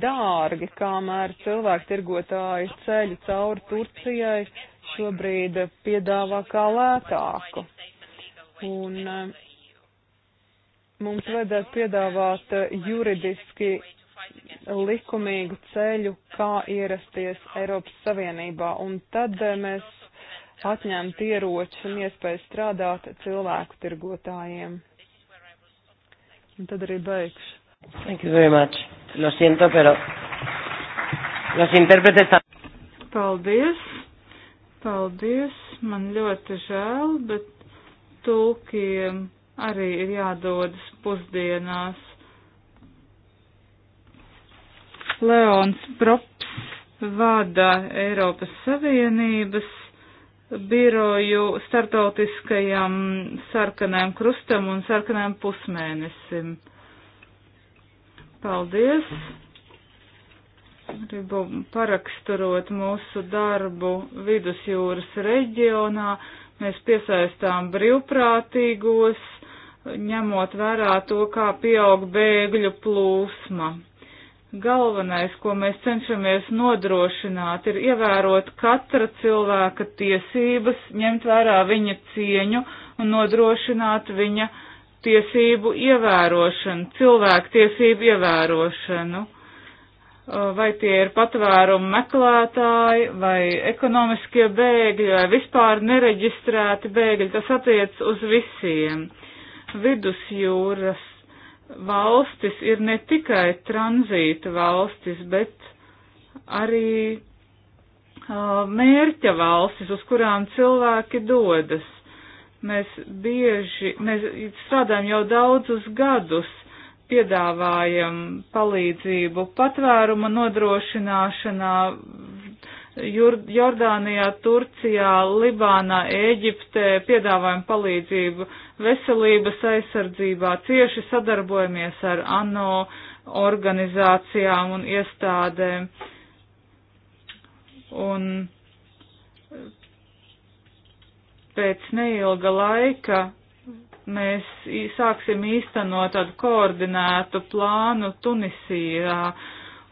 dārgi, kamēr cilvēku tirgotāji ceļu cauri Turcijai šobrīd piedāvā kā lētāku. Un eh, mums vajadzētu piedāvāt eh, juridiski likumīgu ceļu, kā ierasties Eiropas Savienībā. Un tad eh, mēs atņemt ieroči un iespēju strādāt cilvēku tirgotājiem. Un tad arī beigšu. Thank you very much. Lo siento, pero los intérpretes. Paldies. Paldies. Man ļoti žēl, bet tulkiem arī ir jādodas pusdienās. Leons Props vada Eiropas Savienības biroju startautiskajam sarkanajam krustam un sarkanajam pusmēnesim. Paldies! Gribu paraksturot mūsu darbu vidusjūras reģionā. Mēs piesaistām brīvprātīgos, ņemot vērā to, kā pieaug bēgļu plūsma. Galvenais, ko mēs cenšamies nodrošināt, ir ievērot katra cilvēka tiesības, ņemt vērā viņa cieņu un nodrošināt viņa tiesību ievērošanu, cilvēku tiesību ievērošanu vai tie ir patvērumu meklētāji, vai ekonomiskie bēgļi, vai vispār nereģistrēti bēgļi. Tas attiec uz visiem. Vidusjūras valstis ir ne tikai tranzīta valstis, bet arī uh, mērķa valstis, uz kurām cilvēki dodas. Mēs bieži, mēs strādājam jau daudzus gadus piedāvājam palīdzību patvēruma nodrošināšanā Jordānijā, Turcijā, Libānā, Ēģiptē, piedāvājam palīdzību veselības aizsardzībā, cieši sadarbojamies ar ANO organizācijām un iestādēm. Un pēc neilga laika mēs sāksim īstenot tādu koordinētu plānu Tunisijā,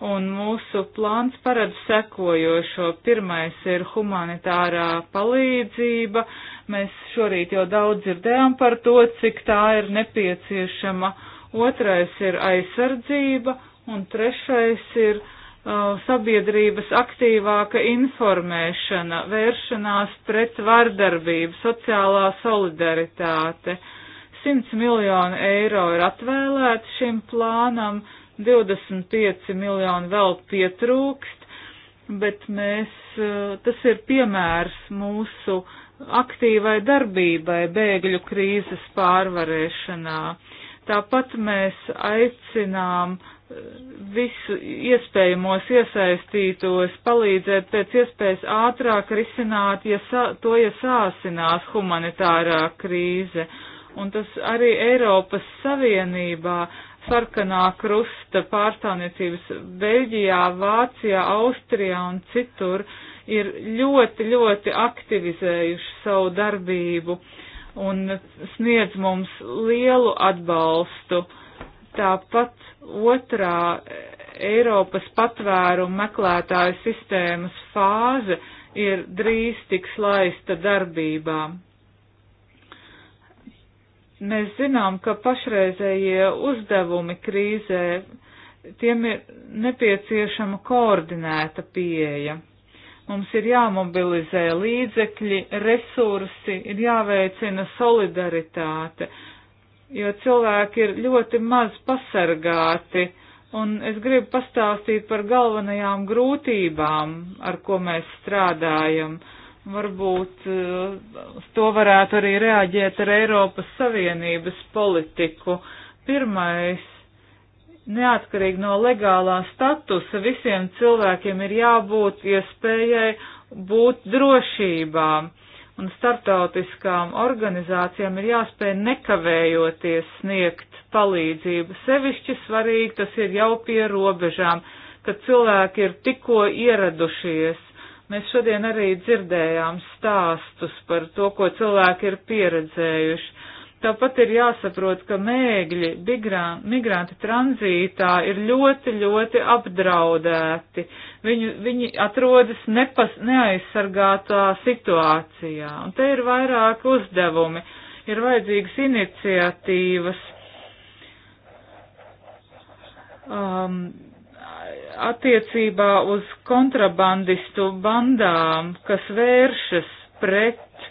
un mūsu plāns paredz sekojošo. Pirmais ir humanitārā palīdzība. Mēs šorīt jau daudz dzirdējām par to, cik tā ir nepieciešama. Otrais ir aizsardzība, un trešais ir uh, sabiedrības aktīvāka informēšana, vēršanās pret vardarbību, sociālā solidaritāte. Uh, 100 miljoni eiro ir atvēlēti šim plānam, 25 miljoni vēl pietrūkst, bet mēs, eh, tas ir piemērs mūsu aktīvai darbībai bēgļu krīzes pārvarēšanā. Tāpat mēs aicinām eh, visu iespējamos iesaistītos palīdzēt pēc iespējas ātrāk risināt, ja sā, to iesāsinās ja humanitārā krīze. Uh, un tas arī Eiropas Savienībā sarkanā krusta pārstāvniecības Beļģijā, Vācijā, Austrijā un citur ir ļoti, ļoti aktivizējuši savu darbību un sniedz mums lielu atbalstu. Tāpat otrā Eiropas patvērumu meklētāju sistēmas fāze ir drīz tiks laista darbībām. Mēs zinām, ka pašreizējie uzdevumi krīzē, tiem ir nepieciešama koordinēta pieeja. Mums ir jāmobilizē līdzekļi, resursi, ir jāveicina solidaritāte, jo cilvēki ir ļoti maz pasargāti, un es gribu pastāstīt par galvenajām grūtībām, ar ko mēs strādājam Varbūt uz eh, to varētu arī reaģēt ar Eiropas Savienības politiku. Pirmais, neatkarīgi no legālā statusa, visiem cilvēkiem ir jābūt iespējai būt drošībā. Un startautiskām organizācijām ir jāspēj nekavējoties sniegt palīdzību. Sevišķi svarīgi tas ir jau pie robežām, kad cilvēki ir tikko ieradušies Mēs šodien arī dzirdējām stāstus par to, ko cilvēki ir pieredzējuši. Tāpat ir jāsaprot, ka mēgļi, migrānti, migranti tranzītā ir ļoti, ļoti apdraudēti. Viņu, viņi atrodas nepas, neaizsargātā situācijā. Un te ir vairāki uzdevumi. Ir vajadzīgas iniciatīvas. Um, attiecībā uz kontrabandistu bandām, kas vēršas pret,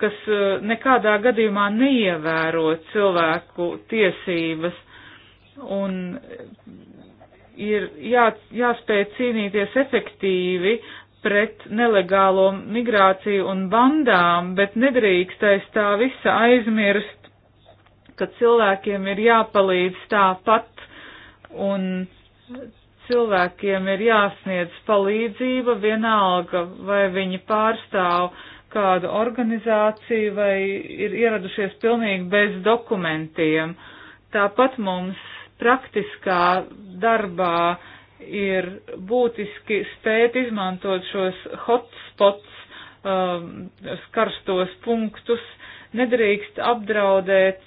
kas nekādā gadījumā neievēro cilvēku tiesības un ir jā, jāspēj cīnīties efektīvi pret nelegālo migrāciju un bandām, bet nedrīkstēs tā visa aizmirst, ka cilvēkiem ir jāpalīdz tāpat un cilvēkiem ir jāsniedz palīdzība vienalga, vai viņi pārstāv kādu organizāciju vai ir ieradušies pilnīgi bez dokumentiem. Tāpat mums praktiskā darbā ir būtiski spēt izmantot šos hotspots, um, karstos punktus, nedrīkst apdraudēt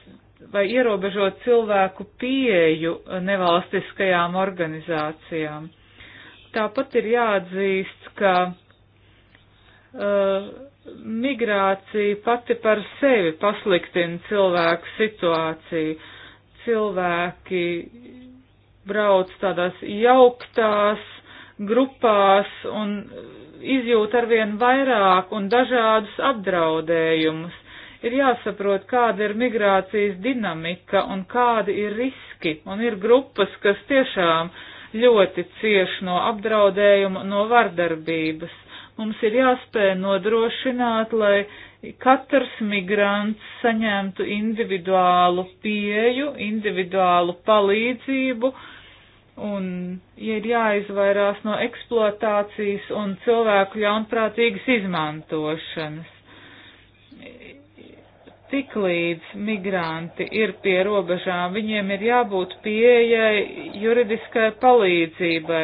vai ierobežot cilvēku pieeju nevalstiskajām organizācijām. Tāpat ir jāatzīst, ka uh, migrācija pati par sevi pasliktina cilvēku situāciju. Cilvēki brauc tādās jauktās grupās un izjūt arvien vairāk un dažādus apdraudējumus ir jāsaprot, kāda ir migrācijas dinamika un kādi ir riski. Un ir grupas, kas tiešām ļoti cieš no apdraudējuma, no vardarbības. Mums ir jāspēj nodrošināt, lai katrs migrants saņemtu individuālu pieju, individuālu palīdzību un ja ir jāizvairās no eksploatācijas un cilvēku ļaunprātīgas izmantošanas tik līdz migranti ir pie robežām, viņiem ir jābūt pieejai juridiskai palīdzībai,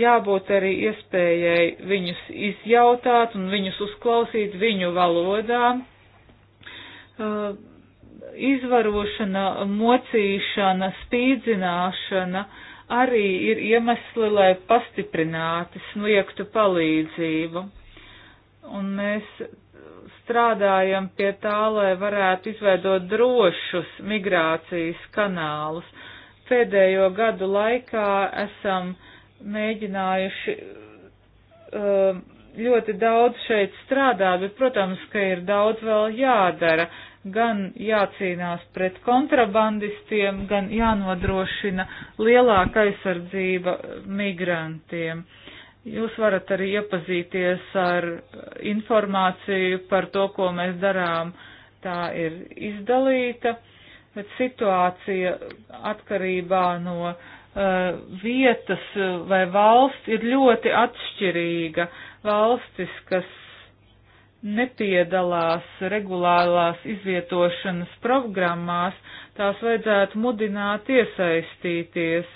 jābūt arī iespējai viņus izjautāt un viņus uzklausīt viņu valodā. Uh, izvarošana, mocīšana, spīdzināšana arī ir iemesli, lai pastiprināti sniegtu palīdzību. Un mēs strādājam pie tā, lai varētu izveidot drošus migrācijas kanālus. Pēdējo gadu laikā esam mēģinājuši um, ļoti daudz šeit strādāt, bet, protams, ka ir daudz vēl jādara. Gan jācīnās pret kontrabandistiem, gan jānodrošina lielāka aizsardzība migrantiem. Uh, Jūs varat arī iepazīties ar informāciju par to, ko mēs darām. Tā ir izdalīta, bet situācija atkarībā no uh, vietas vai valsts ir ļoti atšķirīga. Valstis, kas nepiedalās regulārās izvietošanas programmās, tās vajadzētu mudināt iesaistīties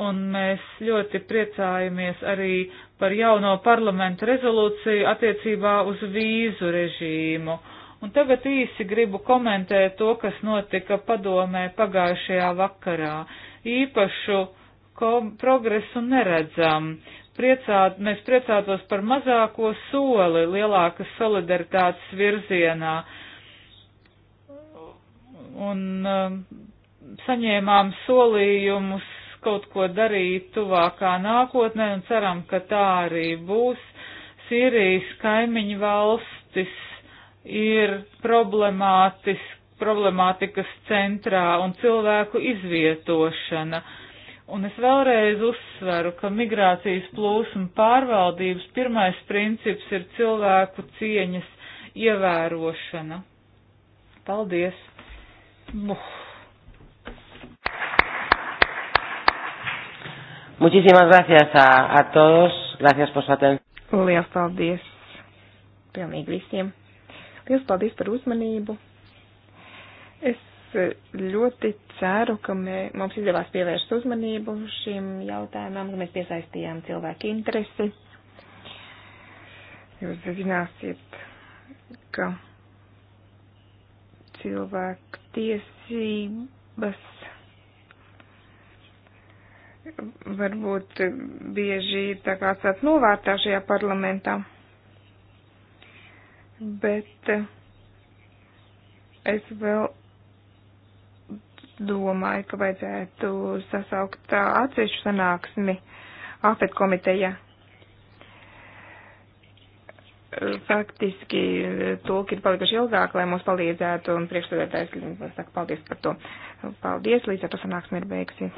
un mēs ļoti priecājamies arī par jauno parlamentu rezolūciju attiecībā uz vīzu režīmu. Un tagad īsi gribu komentēt to, kas notika padomē pagājušajā vakarā. Īpašu progresu neredzam. Priecāt, mēs priecātos par mazāko soli lielākas solidaritātes virzienā. Un um, saņēmām solījumus kaut ko darīt tuvākā nākotnē un ceram, ka tā arī būs. Sīrijas kaimiņu valstis ir problemātikas centrā un cilvēku izvietošana. Un es vēlreiz uzsveru, ka migrācijas plūsma pārvaldības pirmais princips ir cilvēku cieņas ievērošana. Paldies! Buh. Muchísimas gracias a, a todos. Gracias por su atención. Lielas paldies pilnīgi visiem. Lielas paldies par uzmanību. Es eh, ļoti ceru, ka mē, mums izdevās pievērst uzmanību šim jautājumam, ka mēs piesaistījām cilvēku interesi. Jūs zināsiet, ka cilvēku tiesības varbūt bieži tā kā tāds novārtā šajā parlamentā. Bet eh, es vēl domāju, ka vajadzētu sasaukt atsevišķu sanāksmi AFET komiteja. Faktiski tulki ir palikuši ilgāk, lai mums palīdzētu, un priekšstādātājs saka paldies par to. Paldies, līdz ar to sanāksmi ir beigsi.